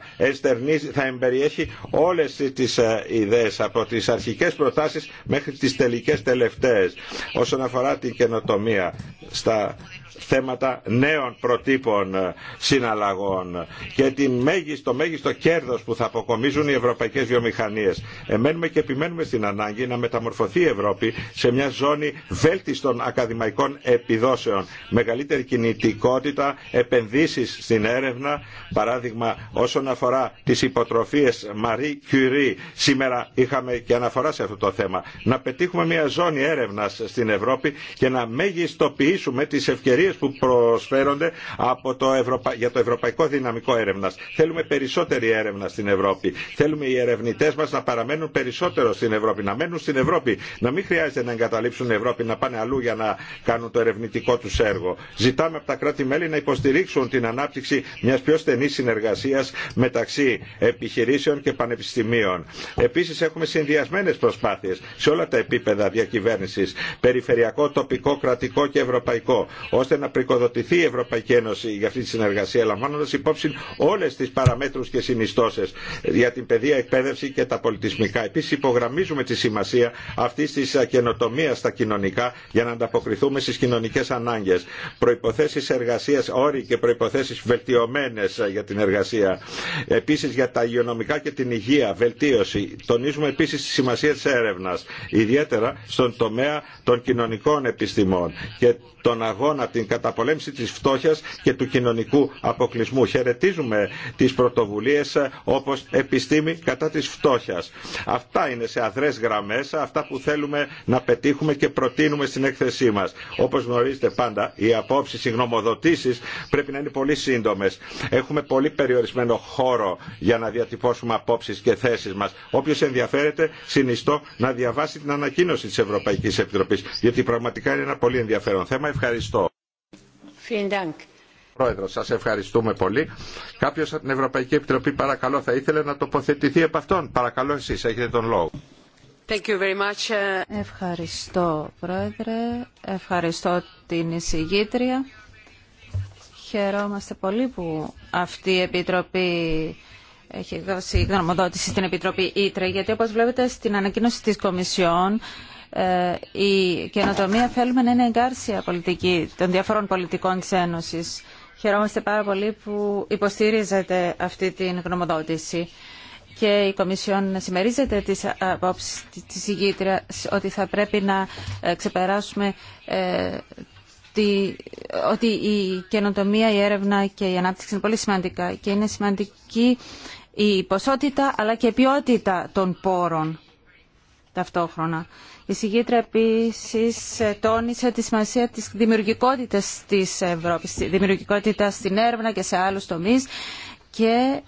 θα εμπεριέχει όλες τις ε, ιδέες από τις αρχικές προτάσεις μέχρι τις τελικές τελευταίες όσον αφορά την καινοτομία στα θέματα νέων προτύπων ε, συναλλαγών και τη μέγιστο, το μέγιστο κέρδος που θα αποκομίζουν οι ευρωπαϊκές βιομηχανίες. Εμένουμε και επιμένουμε στην ανάγκη να μεταμορφωθεί η Ευρώπη σε μια ζώνη βέλτιστων ακαδημαϊκών επιδόσεων, μεγαλύτερη κινητικότητα, επενδύσεις στην έρευνα, παράδειγμα όσον αφορά τις υποτροφίες Marie Curie. Σήμερα είχαμε και αναφορά σε αυτό το θέμα. Να πετύχουμε μια ζώνη έρευνας στην Ευρώπη και να μεγιστοποιήσουμε τις που προσφέρονται από το Ευρωπα... για το ευρωπαϊκό δυναμικό Έρευνα. Θέλουμε περισσότερη έρευνα στην Ευρώπη. Θέλουμε οι ερευνητέ μα να παραμένουν περισσότερο στην Ευρώπη, να μένουν στην Ευρώπη, να μην χρειάζεται να εγκαταλείψουν την Ευρώπη, να πάνε αλλού για να κάνουν το ερευνητικό του έργο. Ζητάμε από τα κράτη-μέλη να υποστηρίξουν την ανάπτυξη μια πιο στενή συνεργασία μεταξύ επιχειρήσεων και πανεπιστημίων. Επίση, έχουμε συνδυασμένε προσπάθειε σε όλα τα επίπεδα διακυβέρνηση, περιφερειακό, τοπικό, κρατικό και ευρωπαϊκό, ώστε να πρικοδοτηθεί η Ευρωπαϊκή Ένωση για αυτή τη συνεργασία, λαμβάνοντα υπόψη όλε τι παραμέτρου και συνιστώσει για την παιδεία, εκπαίδευση και τα πολιτισμικά. Επίση, υπογραμμίζουμε τη σημασία αυτή τη καινοτομία στα κοινωνικά για να ανταποκριθούμε στι κοινωνικέ ανάγκε. Προποθέσει εργασία, όροι και προποθέσει βελτιωμένε για την εργασία. Επίση, για τα υγειονομικά και την υγεία, βελτίωση. Τονίζουμε επίση τη σημασία τη έρευνα, ιδιαίτερα στον τομέα των κοινωνικών επιστημών τον αγώνα, την καταπολέμηση της φτώχειας και του κοινωνικού αποκλεισμού. Χαιρετίζουμε τις πρωτοβουλίες ε, όπως επιστήμη κατά της φτώχειας. Αυτά είναι σε αδρές γραμμές, αυτά που θέλουμε να πετύχουμε και προτείνουμε στην έκθεσή μας. Όπως γνωρίζετε πάντα, οι απόψεις, οι γνωμοδοτήσεις πρέπει να είναι πολύ σύντομες. Έχουμε πολύ περιορισμένο χώρο για να διατυπώσουμε απόψεις και θέσεις μας. Όποιος ενδιαφέρεται, συνιστώ να διαβάσει την ανακοίνωση της Ευρωπαϊκής Επιτροπής, γιατί πραγματικά είναι ένα πολύ ενδιαφέρον θέμα ευχαριστώ. Πρόεδρο, σας ευχαριστούμε πολύ. Κάποιος από την Ευρωπαϊκή Επιτροπή παρακαλώ θα ήθελε να τοποθετηθεί από αυτόν. Παρακαλώ εσείς, έχετε τον λόγο. Thank you very much. Ε. Ευχαριστώ Πρόεδρε, ευχαριστώ την εισηγήτρια. Χαιρόμαστε πολύ που αυτή η Επιτροπή έχει δώσει γνωμοδότηση στην Επιτροπή Ήτρε, γιατί όπως βλέπετε στην ανακοίνωση της Κομισιόν ε, η καινοτομία θέλουμε να είναι εγκάρσια πολιτική των διαφορών πολιτικών της Ένωσης. Χαιρόμαστε πάρα πολύ που υποστηρίζετε αυτή την γνωμοδότηση και η Κομισιόν συμμερίζεται τις απόψεις της ηγήτριας ότι θα πρέπει να ε, ξεπεράσουμε ε, ότι η καινοτομία, η έρευνα και η ανάπτυξη είναι πολύ σημαντικά και είναι σημαντική η ποσότητα αλλά και η ποιότητα των πόρων ταυτόχρονα. Η Σιγήτρα επίση τόνισε τη σημασία τη δημιουργικότητα τη Ευρώπη, τη δημιουργικότητα στην έρευνα και σε άλλου τομεί και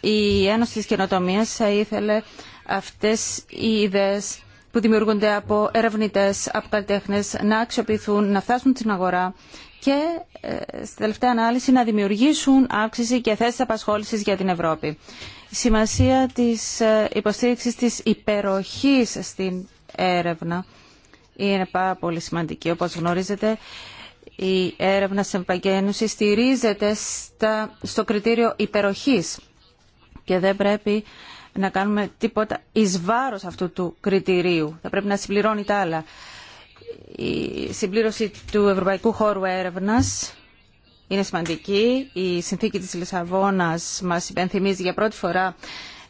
η Ένωση της Καινοτομίας θα ήθελε αυτές οι ιδέες που δημιουργούνται από ερευνητές, από καλλιτέχνε να αξιοποιηθούν, να φτάσουν στην αγορά και ε, στη τελευταία ανάλυση να δημιουργήσουν αύξηση και θέσεις απασχόλησης για την Ευρώπη σημασία της ε, υποστήριξης της υπεροχής στην έρευνα είναι πάρα πολύ σημαντική. Όπως γνωρίζετε, η έρευνα στην Ευρωπαϊκή στηρίζεται στο κριτήριο υπεροχής και δεν πρέπει να κάνουμε τίποτα εις βάρος αυτού του κριτηρίου. Θα πρέπει να συμπληρώνει τα άλλα. Η συμπλήρωση του Ευρωπαϊκού Χώρου Έρευνας είναι σημαντική. Η συνθήκη της Λισαβόνας μας υπενθυμίζει για πρώτη φορά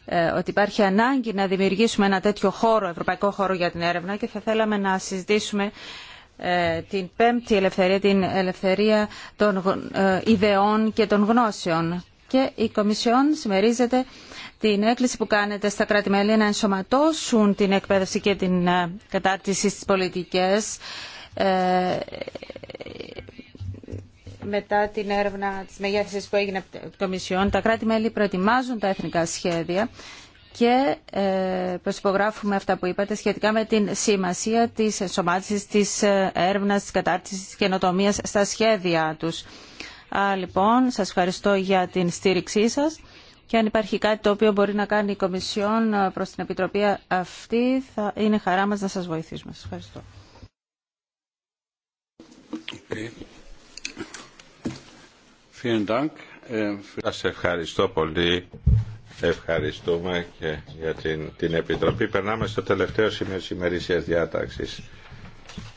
ε, ότι υπάρχει ανάγκη να δημιουργήσουμε ένα τέτοιο χώρο, ευρωπαϊκό χώρο για την έρευνα και θα θέλαμε να συζητήσουμε ε, την πέμπτη ελευθερία, την ελευθερία των ε, ιδεών και των γνώσεων. Και η Κομισιόν συμμερίζεται την έκκληση που κάνετε στα κράτη-μέλη να ενσωματώσουν την εκπαίδευση και την κατάρτιση στις πολιτικές μετά την έρευνα της μεγέθυνσης που έγινε από την Κομισιόν, τα κράτη-μέλη προετοιμάζουν τα εθνικά σχέδια και ε, προσυπογράφουμε αυτά που είπατε σχετικά με την σημασία της ενσωμάτησης, της ε, έρευνας, της κατάρτισης, της καινοτομίας στα σχέδια τους. λοιπόν, σας ευχαριστώ για την στήριξή σας και αν υπάρχει κάτι το οποίο μπορεί να κάνει η Κομισιόν ε, προς την Επιτροπή αυτή, θα είναι χαρά μας να σας βοηθήσουμε. Σας ευχαριστώ. Äh, Σας ευχαριστώ πολύ. Ευχαριστούμε και για την, την Επιτροπή. Περνάμε στο τελευταίο σημείο της διάταξης.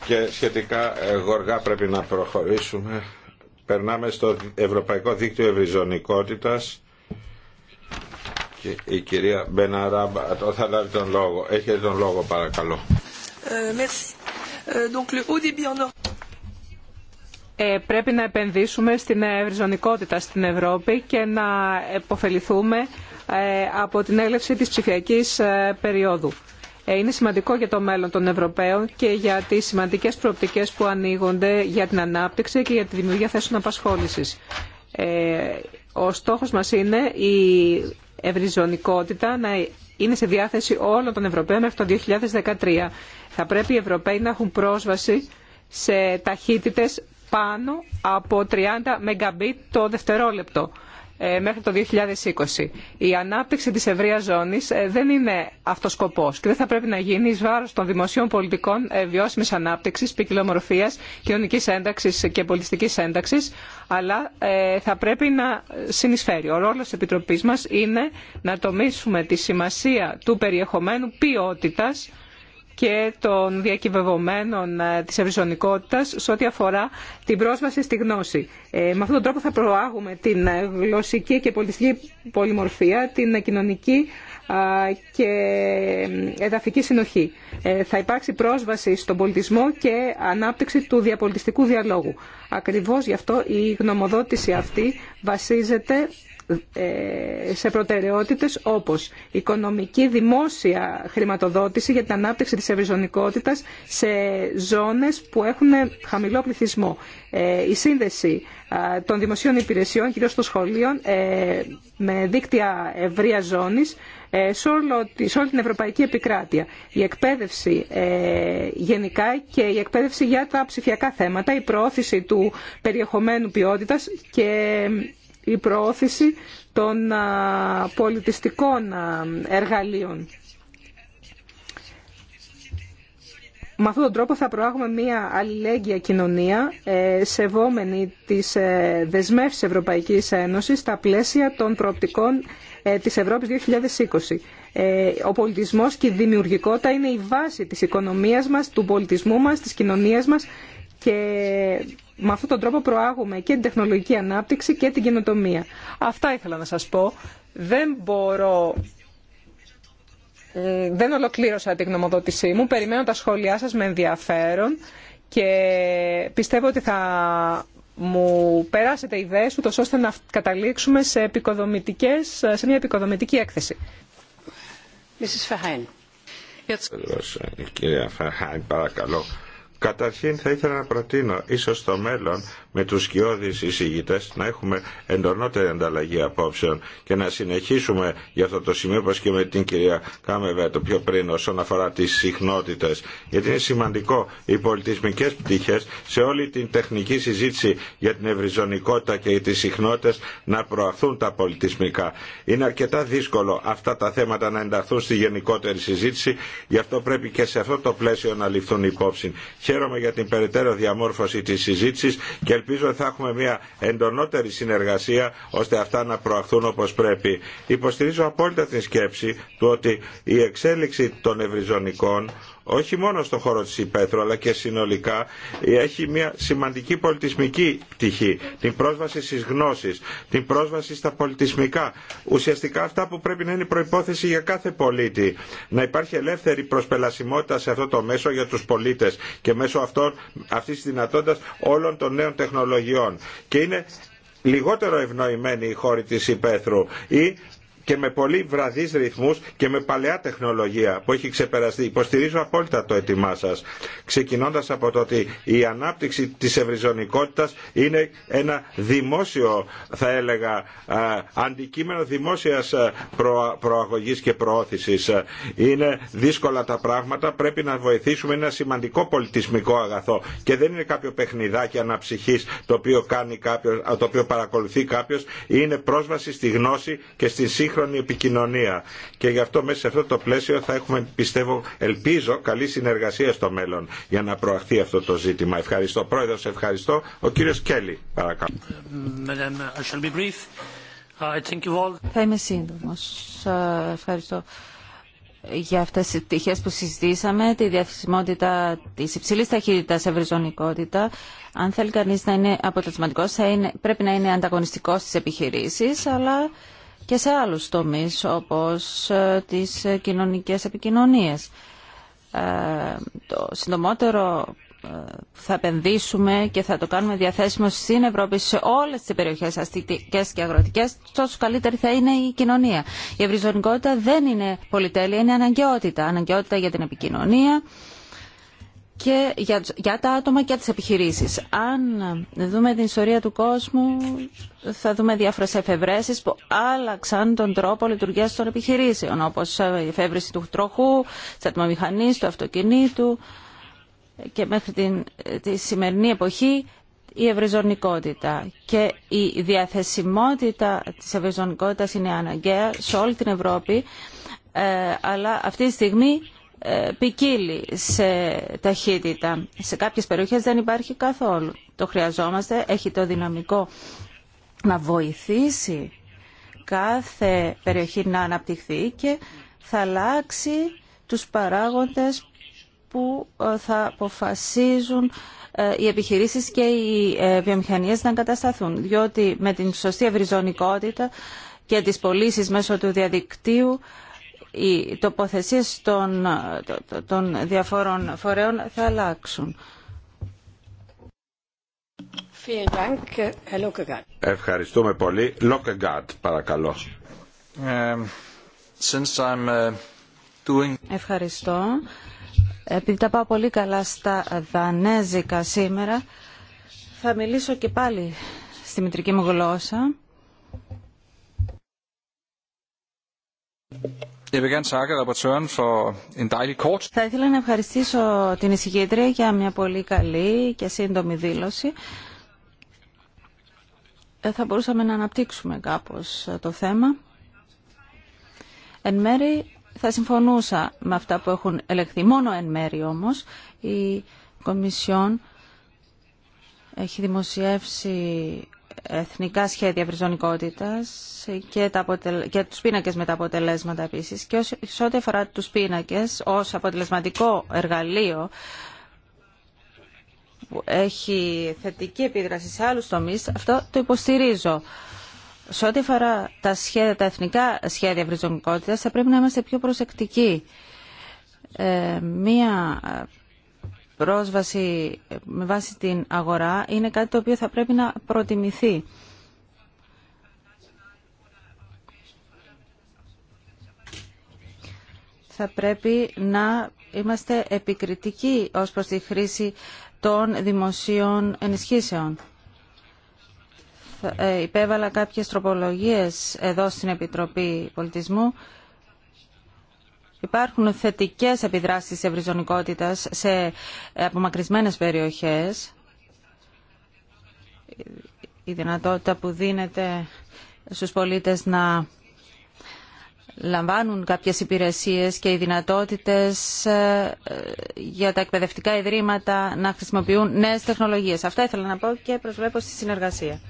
Και σχετικά γοργά πρέπει να προχωρήσουμε. Περνάμε στο Ευρωπαϊκό Δίκτυο Ευρυζωνικότητας και η κυρία Μπεναράμπα θα λάβει τον λόγο. Έχετε τον λόγο παρακαλώ. Ε, ε, donc, le ε, πρέπει να επενδύσουμε στην ευρυζωνικότητα στην Ευρώπη και να επωφεληθούμε ε, από την έλευση της ψηφιακής ε, περίοδου. Είναι σημαντικό για το μέλλον των Ευρωπαίων και για τις σημαντικές προοπτικές που ανοίγονται για την ανάπτυξη και για τη δημιουργία θέσεων απασχόλησης. Ο στόχος μας είναι η ευρυζωνικότητα να είναι σε διάθεση όλων των Ευρωπαίων μέχρι το 2013. Θα πρέπει οι Ευρωπαίοι να έχουν πρόσβαση σε ταχύτητες πάνω από 30 Mbit το δευτερόλεπτο ε, μέχρι το 2020. Η ανάπτυξη της ευρείας ζώνης ε, δεν είναι αυτός σκοπός και δεν θα πρέπει να γίνει εις βάρος των δημοσίων πολιτικών ε, βιώσιμης ανάπτυξης, ποικιλομορφίας, κοινωνικής ένταξης και πολιτιστικής ένταξης, αλλά θα πρέπει να συνεισφέρει. Ο ρόλος της Επιτροπής μας είναι να τομίσουμε τη σημασία του περιεχομένου ποιότητας και των διακυβευομένων ε, της ευρυζωνικότητα σε ό,τι αφορά την πρόσβαση στη γνώση. Ε, με αυτόν τον τρόπο θα προάγουμε την ε, γλωσσική και πολιτιστική πολυμορφία, την κοινωνική και εδαφική συνοχή. Θα υπάρξει πρόσβαση στον πολιτισμό και ανάπτυξη του διαπολιτιστικού διαλόγου. Ακριβώς γι' αυτό η γνωμοδότηση αυτή βασίζεται ε, σε προτεραιότητες όπως οικονομική δημόσια χρηματοδότηση για την ανάπτυξη της ευρυζωνικότητας σε ζώνες που έχουν χαμηλό πληθυσμό. Ε, η σύνδεση των δημοσίων υπηρεσιών, κυρίως των σχολείων, ε, με δίκτυα ευρεία ζώνης σε, όλη την ευρωπαϊκή επικράτεια. Η εκπαίδευση γενικά και η εκπαίδευση για τα ψηφιακά θέματα, η προώθηση του περιεχομένου ποιότητας και η προώθηση των πολιτιστικών εργαλείων. Με αυτόν τον τρόπο θα προάγουμε μια αλληλέγγυα κοινωνία ε, σεβόμενη τις ε, δεσμεύσεις Ευρωπαϊκής Ένωσης στα πλαίσια των προοπτικών ε, της Ευρώπης 2020. Ο πολιτισμός και η δημιουργικότητα είναι η βάση της οικονομίας μας, του πολιτισμού μας, της κοινωνίας μας και με αυτόν τον τρόπο προάγουμε και την τεχνολογική ανάπτυξη και την καινοτομία. Αυτά ήθελα να σας πω. Δεν μπορώ... Ε, δεν ολοκλήρωσα την γνωμοδότησή μου. Περιμένω τα σχόλιά σας με ενδιαφέρον και πιστεύω ότι θα μου περάσετε ιδέες ούτως ώστε να καταλήξουμε σε, επικοδομητικές, σε μια επικοδομητική έκθεση. Ε, κυρία Φαχάιν, παρακαλώ. Καταρχήν θα ήθελα να προτείνω ίσως στο μέλλον με τους σκιώδεις εισηγητές να έχουμε εντονότερη ανταλλαγή απόψεων και να συνεχίσουμε για αυτό το σημείο όπως και με την κυρία Κάμεβε το πιο πριν όσον αφορά τις συχνότητες γιατί είναι σημαντικό οι πολιτισμικές πτυχές σε όλη την τεχνική συζήτηση για την ευρυζωνικότητα και τις συχνότητες να προαθούν τα πολιτισμικά. Είναι αρκετά δύσκολο αυτά τα θέματα να ενταχθούν στη γενικότερη συζήτηση γι' αυτό πρέπει και σε αυτό το πλαίσιο να ληφθούν υπόψη Χαίρομαι για την περαιτέρω διαμόρφωση της συζήτησης και ελπίζω ότι θα έχουμε μια εντονότερη συνεργασία ώστε αυτά να προαχθούν όπως πρέπει. Υποστηρίζω απόλυτα την σκέψη του ότι η εξέλιξη των ευρυζωνικών όχι μόνο στον χώρο της Υπέτρου αλλά και συνολικά έχει μια σημαντική πολιτισμική πτυχή, την πρόσβαση στις γνώσεις, την πρόσβαση στα πολιτισμικά, ουσιαστικά αυτά που πρέπει να είναι προϋπόθεση για κάθε πολίτη. Να υπάρχει ελεύθερη προσπελασιμότητα σε αυτό το μέσο για τους πολίτες και μέσω αυτών, αυτής της δυνατότητας όλων των νέων τεχνολογιών. Και είναι λιγότερο ευνοημένοι οι χώροι της Υπέθρου και με πολύ βραδείς ρυθμούς και με παλαιά τεχνολογία που έχει ξεπεραστεί. Υποστηρίζω απόλυτα το έτοιμά σας. Ξεκινώντας από το ότι η ανάπτυξη της ευρυζωνικότητας είναι ένα δημόσιο, θα έλεγα, αντικείμενο δημόσιας προαγωγής και προώθησης. Είναι δύσκολα τα πράγματα, πρέπει να βοηθήσουμε ένα σημαντικό πολιτισμικό αγαθό και δεν είναι κάποιο παιχνιδάκι αναψυχής το οποίο, κάνει το παρακολουθεί κάποιος, είναι πρόσβαση στη γνώση και στη σύγχρονη σύγχρονη επικοινωνία. Και γι' αυτό μέσα σε αυτό το πλαίσιο θα έχουμε, πιστεύω, ελπίζω, καλή συνεργασία στο μέλλον για να προαχθεί αυτό το ζήτημα. Ευχαριστώ. Πρόεδρος, ευχαριστώ. Ο κύριος Κέλλη, παρακαλώ. Θα είμαι σύντομος. Ε, ευχαριστώ για αυτές τις πτυχές που συζητήσαμε, τη διαθεσιμότητα της υψηλής ταχύτητας, ευρυζωνικότητα. Αν θέλει κανείς να είναι αποτελεσματικός, θα πρέπει να είναι ανταγωνιστικός στις επιχειρήσεις, αλλά και σε άλλους τομείς όπως ε, τις ε, κοινωνικές επικοινωνίες. Ε, το συντομότερο θα επενδύσουμε και θα το κάνουμε διαθέσιμο στην Ευρώπη σε όλες τις περιοχές αστικές και αγροτικές, τόσο καλύτερη θα είναι η κοινωνία. Η ευρυζωνικότητα δεν είναι πολυτέλεια, είναι αναγκαιότητα. Αναγκαιότητα για την επικοινωνία, και για, τα άτομα και τις επιχειρήσεις. Αν δούμε την ιστορία του κόσμου, θα δούμε διάφορες εφευρέσεις που άλλαξαν τον τρόπο λειτουργίας των επιχειρήσεων, όπως η εφεύρεση του τροχού, της ατμομηχανής, του αυτοκινήτου και μέχρι την, τη σημερινή εποχή η ευρυζωνικότητα και η διαθεσιμότητα της ευρυζωνικότητας είναι αναγκαία σε όλη την Ευρώπη ε, αλλά αυτή τη στιγμή ε, ποικίλει σε ταχύτητα. Σε κάποιες περιοχές δεν υπάρχει καθόλου. Το χρειαζόμαστε, έχει το δυναμικό να βοηθήσει κάθε περιοχή να αναπτυχθεί και θα αλλάξει τους παράγοντες που ε, θα αποφασίζουν ε, οι επιχειρήσεις και οι βιομηχανίες να εγκατασταθούν. Διότι με την σωστή ευρυζωνικότητα και τις πωλήσει μέσω του διαδικτύου οι τοποθεσίες των, των διαφόρων φορέων θα αλλάξουν. Ευχαριστούμε πολύ. Λόκεγκάτ, παρακαλώ. Ε, Ευχαριστώ. Επειδή τα πάω πολύ καλά στα δανέζικα σήμερα, θα μιλήσω και πάλι στη μητρική μου γλώσσα. Θα ήθελα να ευχαριστήσω την εισηγήτρια για μια πολύ καλή και σύντομη δήλωση. Ε, θα μπορούσαμε να αναπτύξουμε κάπως ε, το θέμα. Εν μέρη θα συμφωνούσα με αυτά που έχουν ελεγχθεί. Μόνο εν μέρη όμως η Κομισιόν έχει δημοσιεύσει εθνικά σχέδια βριζονικότητας και, αποτελε... και τους πίνακες με τα αποτελέσματα επίσης. Και σε ό,τι αφορά του πίνακε, ως αποτελεσματικό εργαλείο που έχει θετική επίδραση σε άλλους τομείς, αυτό το υποστηρίζω. Σε ό,τι αφορά τα, σχέδια, τα εθνικά σχέδια βριζονικότητας θα πρέπει να είμαστε πιο προσεκτικοί. Ε, μία πρόσβαση με βάση την αγορά είναι κάτι το οποίο θα πρέπει να προτιμηθεί. Θα πρέπει να είμαστε επικριτικοί ως προς τη χρήση των δημοσίων ενισχύσεων. Ε, υπέβαλα κάποιες τροπολογίες εδώ στην Επιτροπή Πολιτισμού Υπάρχουν θετικές επιδράσεις ευρυζωνικότητας σε απομακρυσμένες περιοχές. Η δυνατότητα που δίνεται στους πολίτες να λαμβάνουν κάποιες υπηρεσίες και οι δυνατότητες ε, για τα εκπαιδευτικά ιδρύματα να χρησιμοποιούν νέες τεχνολογίες. Αυτά ήθελα να πω και προσβλέπω στη συνεργασία.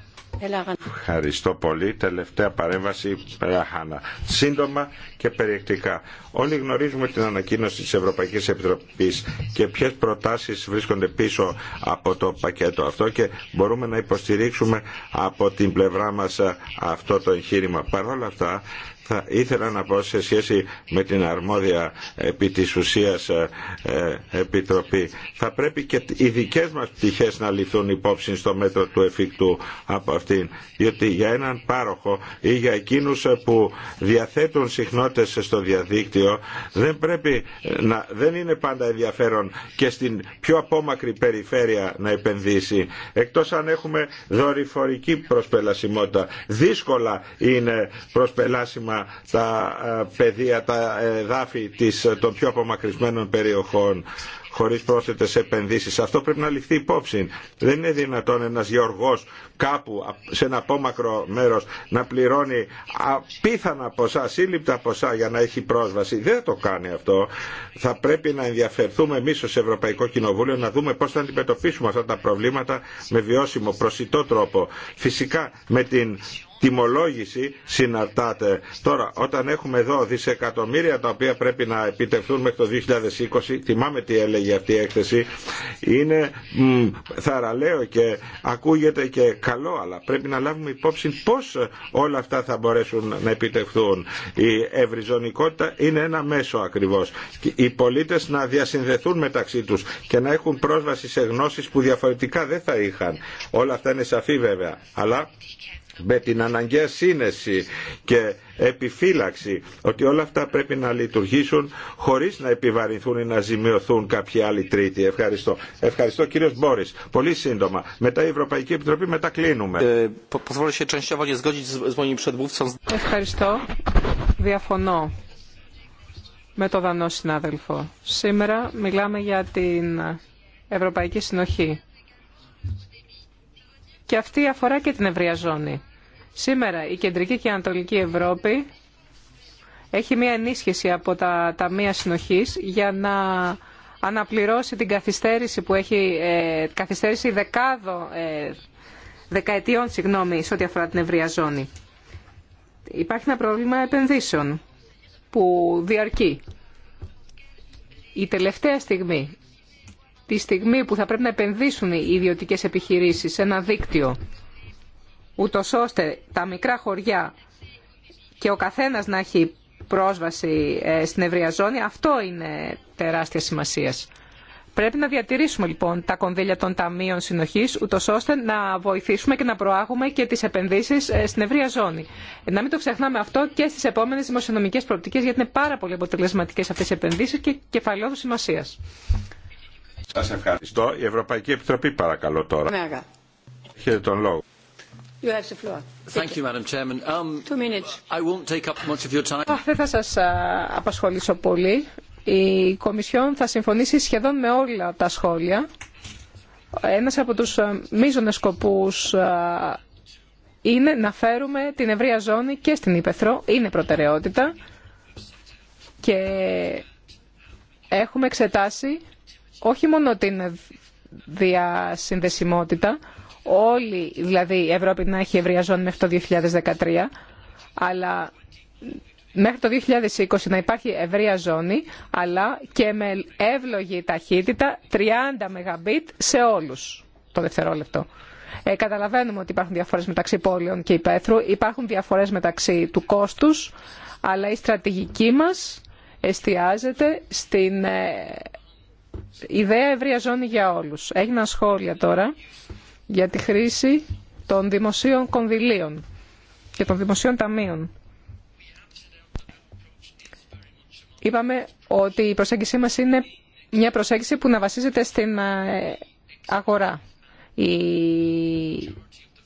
Ευχαριστώ πολύ. Τελευταία παρέμβαση, Ραχάνα. Σύντομα και περιεκτικά. Όλοι γνωρίζουμε την ανακοίνωση της Ευρωπαϊκής Επιτροπής και ποιες προτάσεις βρίσκονται πίσω από το πακέτο αυτό και μπορούμε να υποστηρίξουμε από την πλευρά μας αυτό το εγχείρημα. Παρ' όλα αυτά, θα ήθελα να πω σε σχέση με την αρμόδια επί της ουσίας ε, ε, επιτροπή. Θα πρέπει και οι δικές μας πτυχές να ληφθούν υπόψη στο μέτρο του εφικτού από αυτήν. Διότι για έναν πάροχο ή για εκείνους που διαθέτουν συχνότητες στο διαδίκτυο δεν, πρέπει να, δεν είναι πάντα ενδιαφέρον και στην πιο απόμακρη περιφέρεια να επενδύσει. Εκτός αν έχουμε δορυφορική προσπελασιμότητα. Δύσκολα είναι προσπελάσιμα τα ε, πεδία, τα ε, εδάφη ε, των πιο απομακρυσμένων περιοχών χωρίς πρόσθετες επενδύσεις. Αυτό πρέπει να ληφθεί υπόψη. Δεν είναι δυνατόν ένας γεωργός κάπου σε ένα απόμακρο μέρος να πληρώνει απίθανα ποσά, σύλληπτα ποσά για να έχει πρόσβαση. Δεν το κάνει αυτό. Θα πρέπει να ενδιαφερθούμε εμείς ως Ευρωπαϊκό Κοινοβούλιο να δούμε πώς θα αντιμετωπίσουμε αυτά τα προβλήματα με βιώσιμο, προσιτό τρόπο. Φυσικά με την τιμολόγηση συναρτάται. Τώρα, όταν έχουμε εδώ δισεκατομμύρια τα οποία πρέπει να επιτευχθούν μέχρι το 2020, θυμάμαι τι έλεγε αυτή η έκθεση, είναι μ, θαραλέο και ακούγεται και καλό, αλλά πρέπει να λάβουμε υπόψη πώς όλα αυτά θα μπορέσουν να επιτευχθούν. Η ευρυζωνικότητα είναι ένα μέσο ακριβώς. Οι πολίτες να διασυνδεθούν μεταξύ τους και να έχουν πρόσβαση σε γνώσεις που διαφορετικά δεν θα είχαν. Όλα αυτά είναι σαφή βέβαια, αλλά με την αναγκαία σύνεση και επιφύλαξη ότι όλα αυτά πρέπει να λειτουργήσουν χωρίς να επιβαρυνθούν ή να ζημιωθούν κάποιοι άλλοι τρίτοι. Ευχαριστώ. Ευχαριστώ κύριος Μπόρις. Πολύ σύντομα. Μετά η Ευρωπαϊκή Επιτροπή, μετά κλείνουμε. Ε, Ευχαριστώ. ευχαριστω διαφωνω με τον δανό συνάδελφο. Σήμερα μιλάμε για την Ευρωπαϊκή Συνοχή. Και αυτή αφορά και την ευρεία ζώνη. Σήμερα η Κεντρική και η Ανατολική Ευρώπη έχει μία ενίσχυση από τα Ταμεία Συνοχής για να αναπληρώσει την καθυστέρηση που έχει ε, καθυστέρηση δεκάδο, ε, δεκαετιών συγγνώμη, σε ό,τι αφορά την ευρεία ζώνη. Υπάρχει ένα πρόβλημα επενδύσεων που διαρκεί. Η τελευταία στιγμή, τη στιγμή που θα πρέπει να επενδύσουν οι ιδιωτικές επιχειρήσεις σε ένα δίκτυο ούτω ώστε τα μικρά χωριά και ο καθένας να έχει πρόσβαση ε, στην ευρεία ζώνη, αυτό είναι τεράστια σημασία. Πρέπει να διατηρήσουμε λοιπόν τα κονδύλια των ταμείων συνοχή, ούτω ώστε να βοηθήσουμε και να προάγουμε και τι επενδύσει ε, στην ευρεία ζώνη. Να μην το ξεχνάμε αυτό και στι επόμενε δημοσιονομικέ προοπτικέ, γιατί είναι πάρα πολύ αποτελεσματικέ αυτέ οι επενδύσει και κεφαλαιόδου σημασία. Σα ευχαριστώ. Η Ευρωπαϊκή Επιτροπή, παρακαλώ τώρα. Ναι, Έχετε τον λόγο δεν θα σας απασχολήσω πολύ. Η Κομισιόν θα συμφωνήσει σχεδόν με όλα τα σχόλια. Ένας από τους μείζονες σκοπούς είναι να φέρουμε την ευρεία ζώνη και στην Ήπεθρο. Είναι προτεραιότητα και έχουμε εξετάσει όχι μόνο την διασυνδεσιμότητα, όλη δηλαδή η Ευρώπη να έχει ευρεία ζώνη μέχρι το 2013, αλλά μέχρι το 2020 να υπάρχει ευρεία ζώνη, αλλά και με εύλογη ταχύτητα 30 Mbit σε όλους το δευτερόλεπτο. Ε, καταλαβαίνουμε ότι υπάρχουν διαφορές μεταξύ πόλεων και υπαίθρου, υπάρχουν διαφορές μεταξύ του κόστους, αλλά η στρατηγική μας εστιάζεται στην ε, ιδέα ευρεία ζώνη για όλους. Έγιναν σχόλια τώρα για τη χρήση των δημοσίων κονδυλίων και των δημοσίων ταμείων. Είπαμε ότι η προσέγγιση μας είναι μια προσέγγιση που να βασίζεται στην ε, αγορά. Η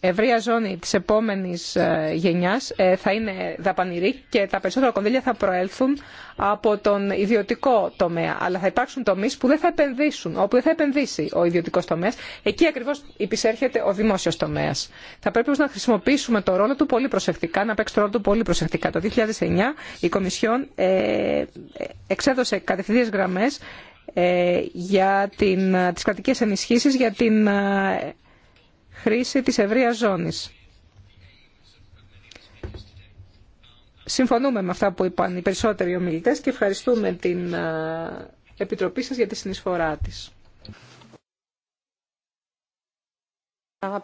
ευρεία ζώνη της επόμενης ε, γενιάς ε, θα είναι δαπανηρή και τα περισσότερα κονδύλια θα προέλθουν από τον ιδιωτικό τομέα. Αλλά θα υπάρξουν τομείς που δεν θα επενδύσουν, όπου δεν θα επενδύσει ο ιδιωτικός τομέας. Εκεί ακριβώς υπησέρχεται ο δημόσιος τομέας. Θα πρέπει να χρησιμοποιήσουμε το ρόλο του πολύ προσεκτικά, να παίξει το ρόλο του πολύ προσεκτικά. Το 2009 η Κομισιόν ε, εξέδωσε κατευθυντήριες γραμμές για τι τις κρατικές για την χρήση της ευρείας ζώνης. Συμφωνούμε με αυτά που είπαν οι περισσότεροι ομιλητές και ευχαριστούμε την ε, Επιτροπή σας για τη συνεισφορά της. Euh,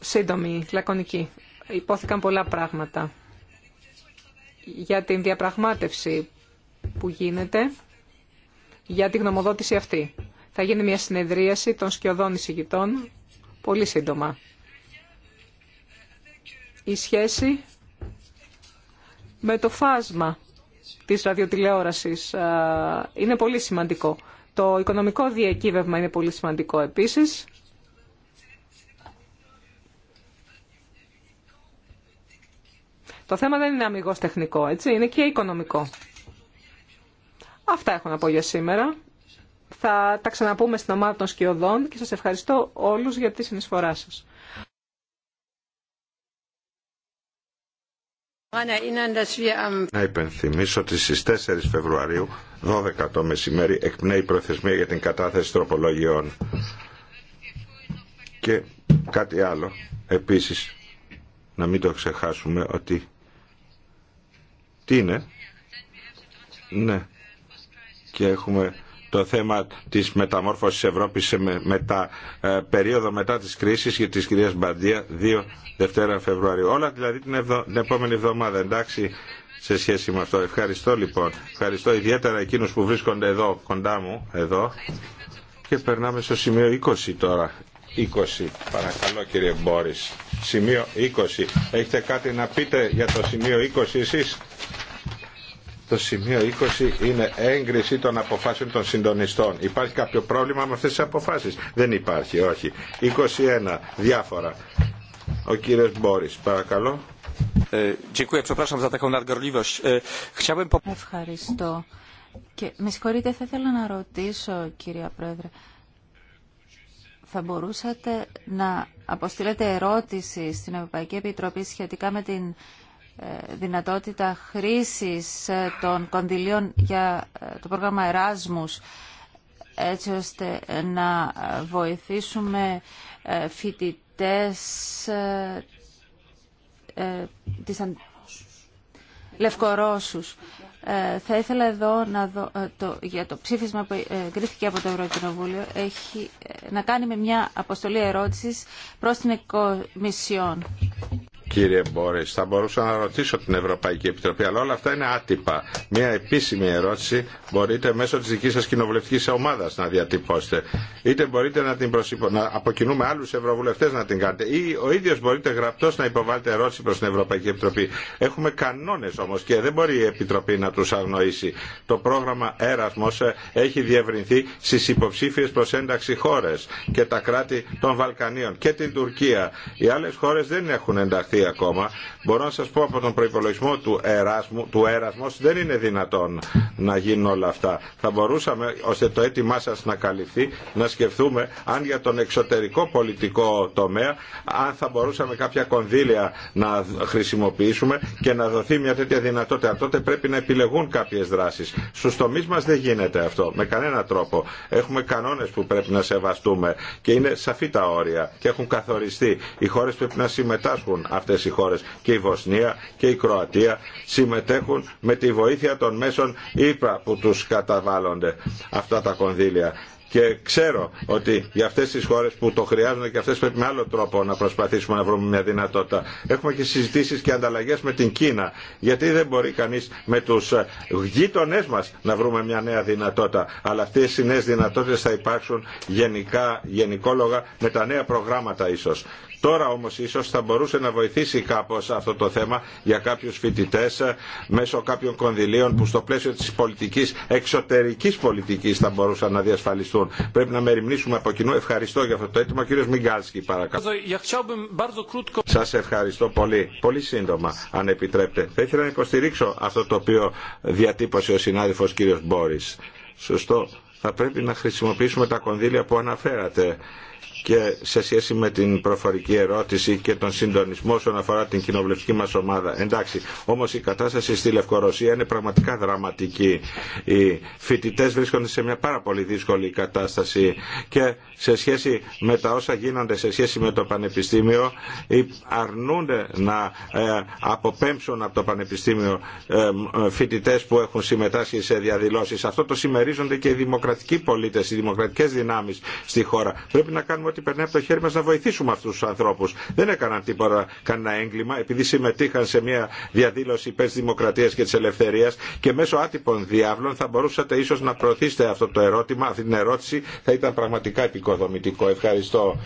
Σύντομη, λακωνική. Υπόθηκαν πολλά πράγματα για την διαπραγμάτευση που γίνεται για τη γνωμοδότηση αυτή θα γίνει μια συνεδρίαση των σκιωδών εισηγητών πολύ σύντομα. Η σχέση με το φάσμα της ραδιοτηλεόρασης είναι πολύ σημαντικό. Το οικονομικό διακύβευμα είναι πολύ σημαντικό επίσης. Το θέμα δεν είναι αμυγός τεχνικό, έτσι, είναι και οικονομικό. Αυτά έχω να πω για σήμερα. Θα τα ξαναπούμε στην ομάδα των σκιωδών και σας ευχαριστώ όλους για τη συνεισφορά σας. Να υπενθυμίσω ότι στις 4 Φεβρουαρίου, 12 το μεσημέρι, εκπνέει η προθεσμία για την κατάθεση τροπολογιών. Και κάτι άλλο, επίσης, να μην το ξεχάσουμε ότι... Τι είναι? Ναι. Και έχουμε το θέμα της μεταμόρφωσης Ευρώπης σε με, μετα, ε, περίοδο μετά της κρίσης και της κυρίας Μπαντία 2 Δευτέρα Φεβρουαρίου. Όλα δηλαδή την, την επόμενη εβδομάδα, εντάξει, σε σχέση με αυτό. Ευχαριστώ λοιπόν. Ευχαριστώ ιδιαίτερα εκείνους που βρίσκονται εδώ, κοντά μου, εδώ. Και περνάμε στο σημείο 20 τώρα. 20. Παρακαλώ κύριε Μπόρις. Σημείο 20. Έχετε κάτι να πείτε για το σημείο 20 εσείς. Το σημείο 20 είναι έγκριση των αποφάσεων των συντονιστών. Υπάρχει κάποιο πρόβλημα με αυτές τις αποφάσεις. Δεν υπάρχει, όχι. 21. Διάφορα. Ο κύριος Μπόρις, παρακαλώ. Ε, ε, Ευχαριστώ. Και με συγχωρείτε, θα ήθελα να ρωτήσω, κυρία Πρόεδρε, θα μπορούσατε να αποστείλετε ερώτηση στην Ευρωπαϊκή Επιτροπή σχετικά με την ε, δυνατότητα χρήσης ε, των κονδυλίων για ε, το πρόγραμμα Εράσμους έτσι ώστε να βοηθήσουμε φοιτητές της Λευκορώσους. Θα ήθελα εδώ να δω, το, για το ψήφισμα που εγκρίθηκε από το Ευρωκοινοβούλιο έχει να κάνει με μια αποστολή ερώτησης προς την Εκομισιόν κύριε Μπόρε, Θα μπορούσα να ρωτήσω την Ευρωπαϊκή Επιτροπή, αλλά όλα αυτά είναι άτυπα. Μια επίσημη ερώτηση μπορείτε μέσω τη δική σα κοινοβουλευτική ομάδα να διατυπώσετε. Είτε μπορείτε να την να αποκοινούμε άλλου ευρωβουλευτέ να την κάνετε. Ή ο ίδιο μπορείτε γραπτό να υποβάλλετε ερώτηση προ την Ευρωπαϊκή Επιτροπή. Έχουμε κανόνε όμω και δεν μπορεί η Επιτροπή να του αγνοήσει. Το πρόγραμμα Έρασμό ε, έχει διευρυνθεί στι υποψήφίε προ ένταξη χώρε και τα κράτη των Βαλκανίων και την Τουρκία. Οι άλλε χώρε δεν έχουν ενταχθεί ακόμα. Μπορώ να σα πω από τον προπολογισμό του, Εράσμου, του Έρασμος δεν είναι δυνατόν να γίνουν όλα αυτά. Θα μπορούσαμε ώστε το έτοιμά σα να καλυφθεί να σκεφτούμε αν για τον εξωτερικό πολιτικό τομέα αν θα μπορούσαμε κάποια κονδύλια να χρησιμοποιήσουμε και να δοθεί μια τέτοια δυνατότητα. Τότε πρέπει να επιλεγούν κάποιε δράσει. Στου τομεί μα δεν γίνεται αυτό με κανένα τρόπο. Έχουμε κανόνε που πρέπει να σεβαστούμε και είναι σαφή τα όρια και έχουν καθοριστεί. Οι χώρε πρέπει να συμμετάσχουν αυτές οι χώρες και η Βοσνία και η Κροατία συμμετέχουν με τη βοήθεια των μέσων ΙΠΑ που τους καταβάλλονται αυτά τα κονδύλια. Και ξέρω ότι για αυτέ τι χώρε που το χρειάζονται και αυτέ πρέπει με άλλο τρόπο να προσπαθήσουμε να βρούμε μια δυνατότητα. Έχουμε και συζητήσει και ανταλλαγέ με την Κίνα. Γιατί δεν μπορεί κανεί με του γείτονέ μα να βρούμε μια νέα δυνατότητα. Αλλά αυτέ οι νέε δυνατότητε θα υπάρξουν γενικά, γενικόλογα με τα νέα προγράμματα ίσω. Τώρα όμως ίσως θα μπορούσε να βοηθήσει κάπως αυτό το θέμα για κάποιους φοιτητέ ε, μέσω κάποιων κονδυλίων που στο πλαίσιο της πολιτικής, εξωτερικής πολιτικής θα μπορούσαν να διασφαλιστούν. Πρέπει να μεριμνήσουμε από κοινού. Ευχαριστώ για αυτό το έτοιμο. Κύριο κύριος Μιγκάλσκι παρακαλώ. Σας ευχαριστώ πολύ. Πολύ σύντομα αν επιτρέπετε. Θα ήθελα να υποστηρίξω αυτό το οποίο διατύπωσε ο συνάδελφος κύριος Μπόρις. Σωστό. Θα πρέπει να χρησιμοποιήσουμε τα κονδύλια που αναφέρατε και σε σχέση με την προφορική ερώτηση και τον συντονισμό όσον αφορά την κοινοβουλευτική μας ομάδα. Εντάξει, όμως η κατάσταση στη Λευκορωσία είναι πραγματικά δραματική. Οι φοιτητές βρίσκονται σε μια πάρα πολύ δύσκολη κατάσταση και σε σχέση με τα όσα γίνονται σε σχέση με το Πανεπιστήμιο αρνούνται να ε, αποπέμψουν από το Πανεπιστήμιο ε, ε, φοιτητές που έχουν συμμετάσχει σε διαδηλώσεις. Αυτό το συμμερίζονται και οι δημοκρατικοί πολίτε, οι δημοκρατικέ δυνάμει στη χώρα. Πρέπει να κάνουμε ό,τι περνάει από το χέρι μα να βοηθήσουμε αυτού του ανθρώπου. Δεν έκαναν τίποτα, κανένα έγκλημα, επειδή συμμετείχαν σε μια διαδήλωση υπέρ τη δημοκρατία και τη ελευθερία και μέσω άτυπων διάβλων θα μπορούσατε ίσω να προωθήσετε αυτό το ερώτημα, αυτή την ερώτηση θα ήταν πραγματικά επικοδομητικό. Ευχαριστώ.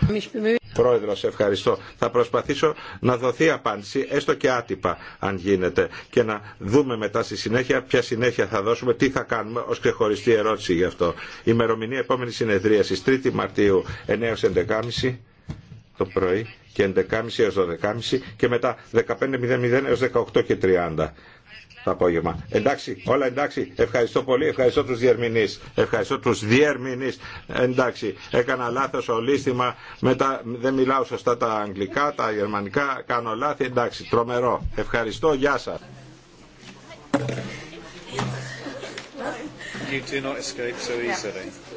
Πρόεδρο, ευχαριστώ. Θα προσπαθήσω να δοθεί απάντηση, έστω και άτυπα, αν γίνεται, και να δούμε μετά στη συνέχεια ποια συνέχεια θα δώσουμε, τι θα κάνουμε ω ξεχωριστή ερώτηση γι' αυτό. Η ημερομηνία επόμενη συνεδρίαση, 3η Μαρτίου, 9 11.30 το πρωί και 11.30 έως 12.30 και μετά 15.00 έως 18.30 το απόγευμα. Εντάξει, όλα εντάξει. Ευχαριστώ πολύ, ευχαριστώ τους διερμηνείς. Ευχαριστώ τους διερμηνείς. Εντάξει, έκανα λάθος ολίσθημα, μετά δεν μιλάω σωστά τα αγγλικά, τα γερμανικά, κάνω λάθη. Εντάξει, τρομερό. Ευχαριστώ, γεια σας. You do not escape so easily.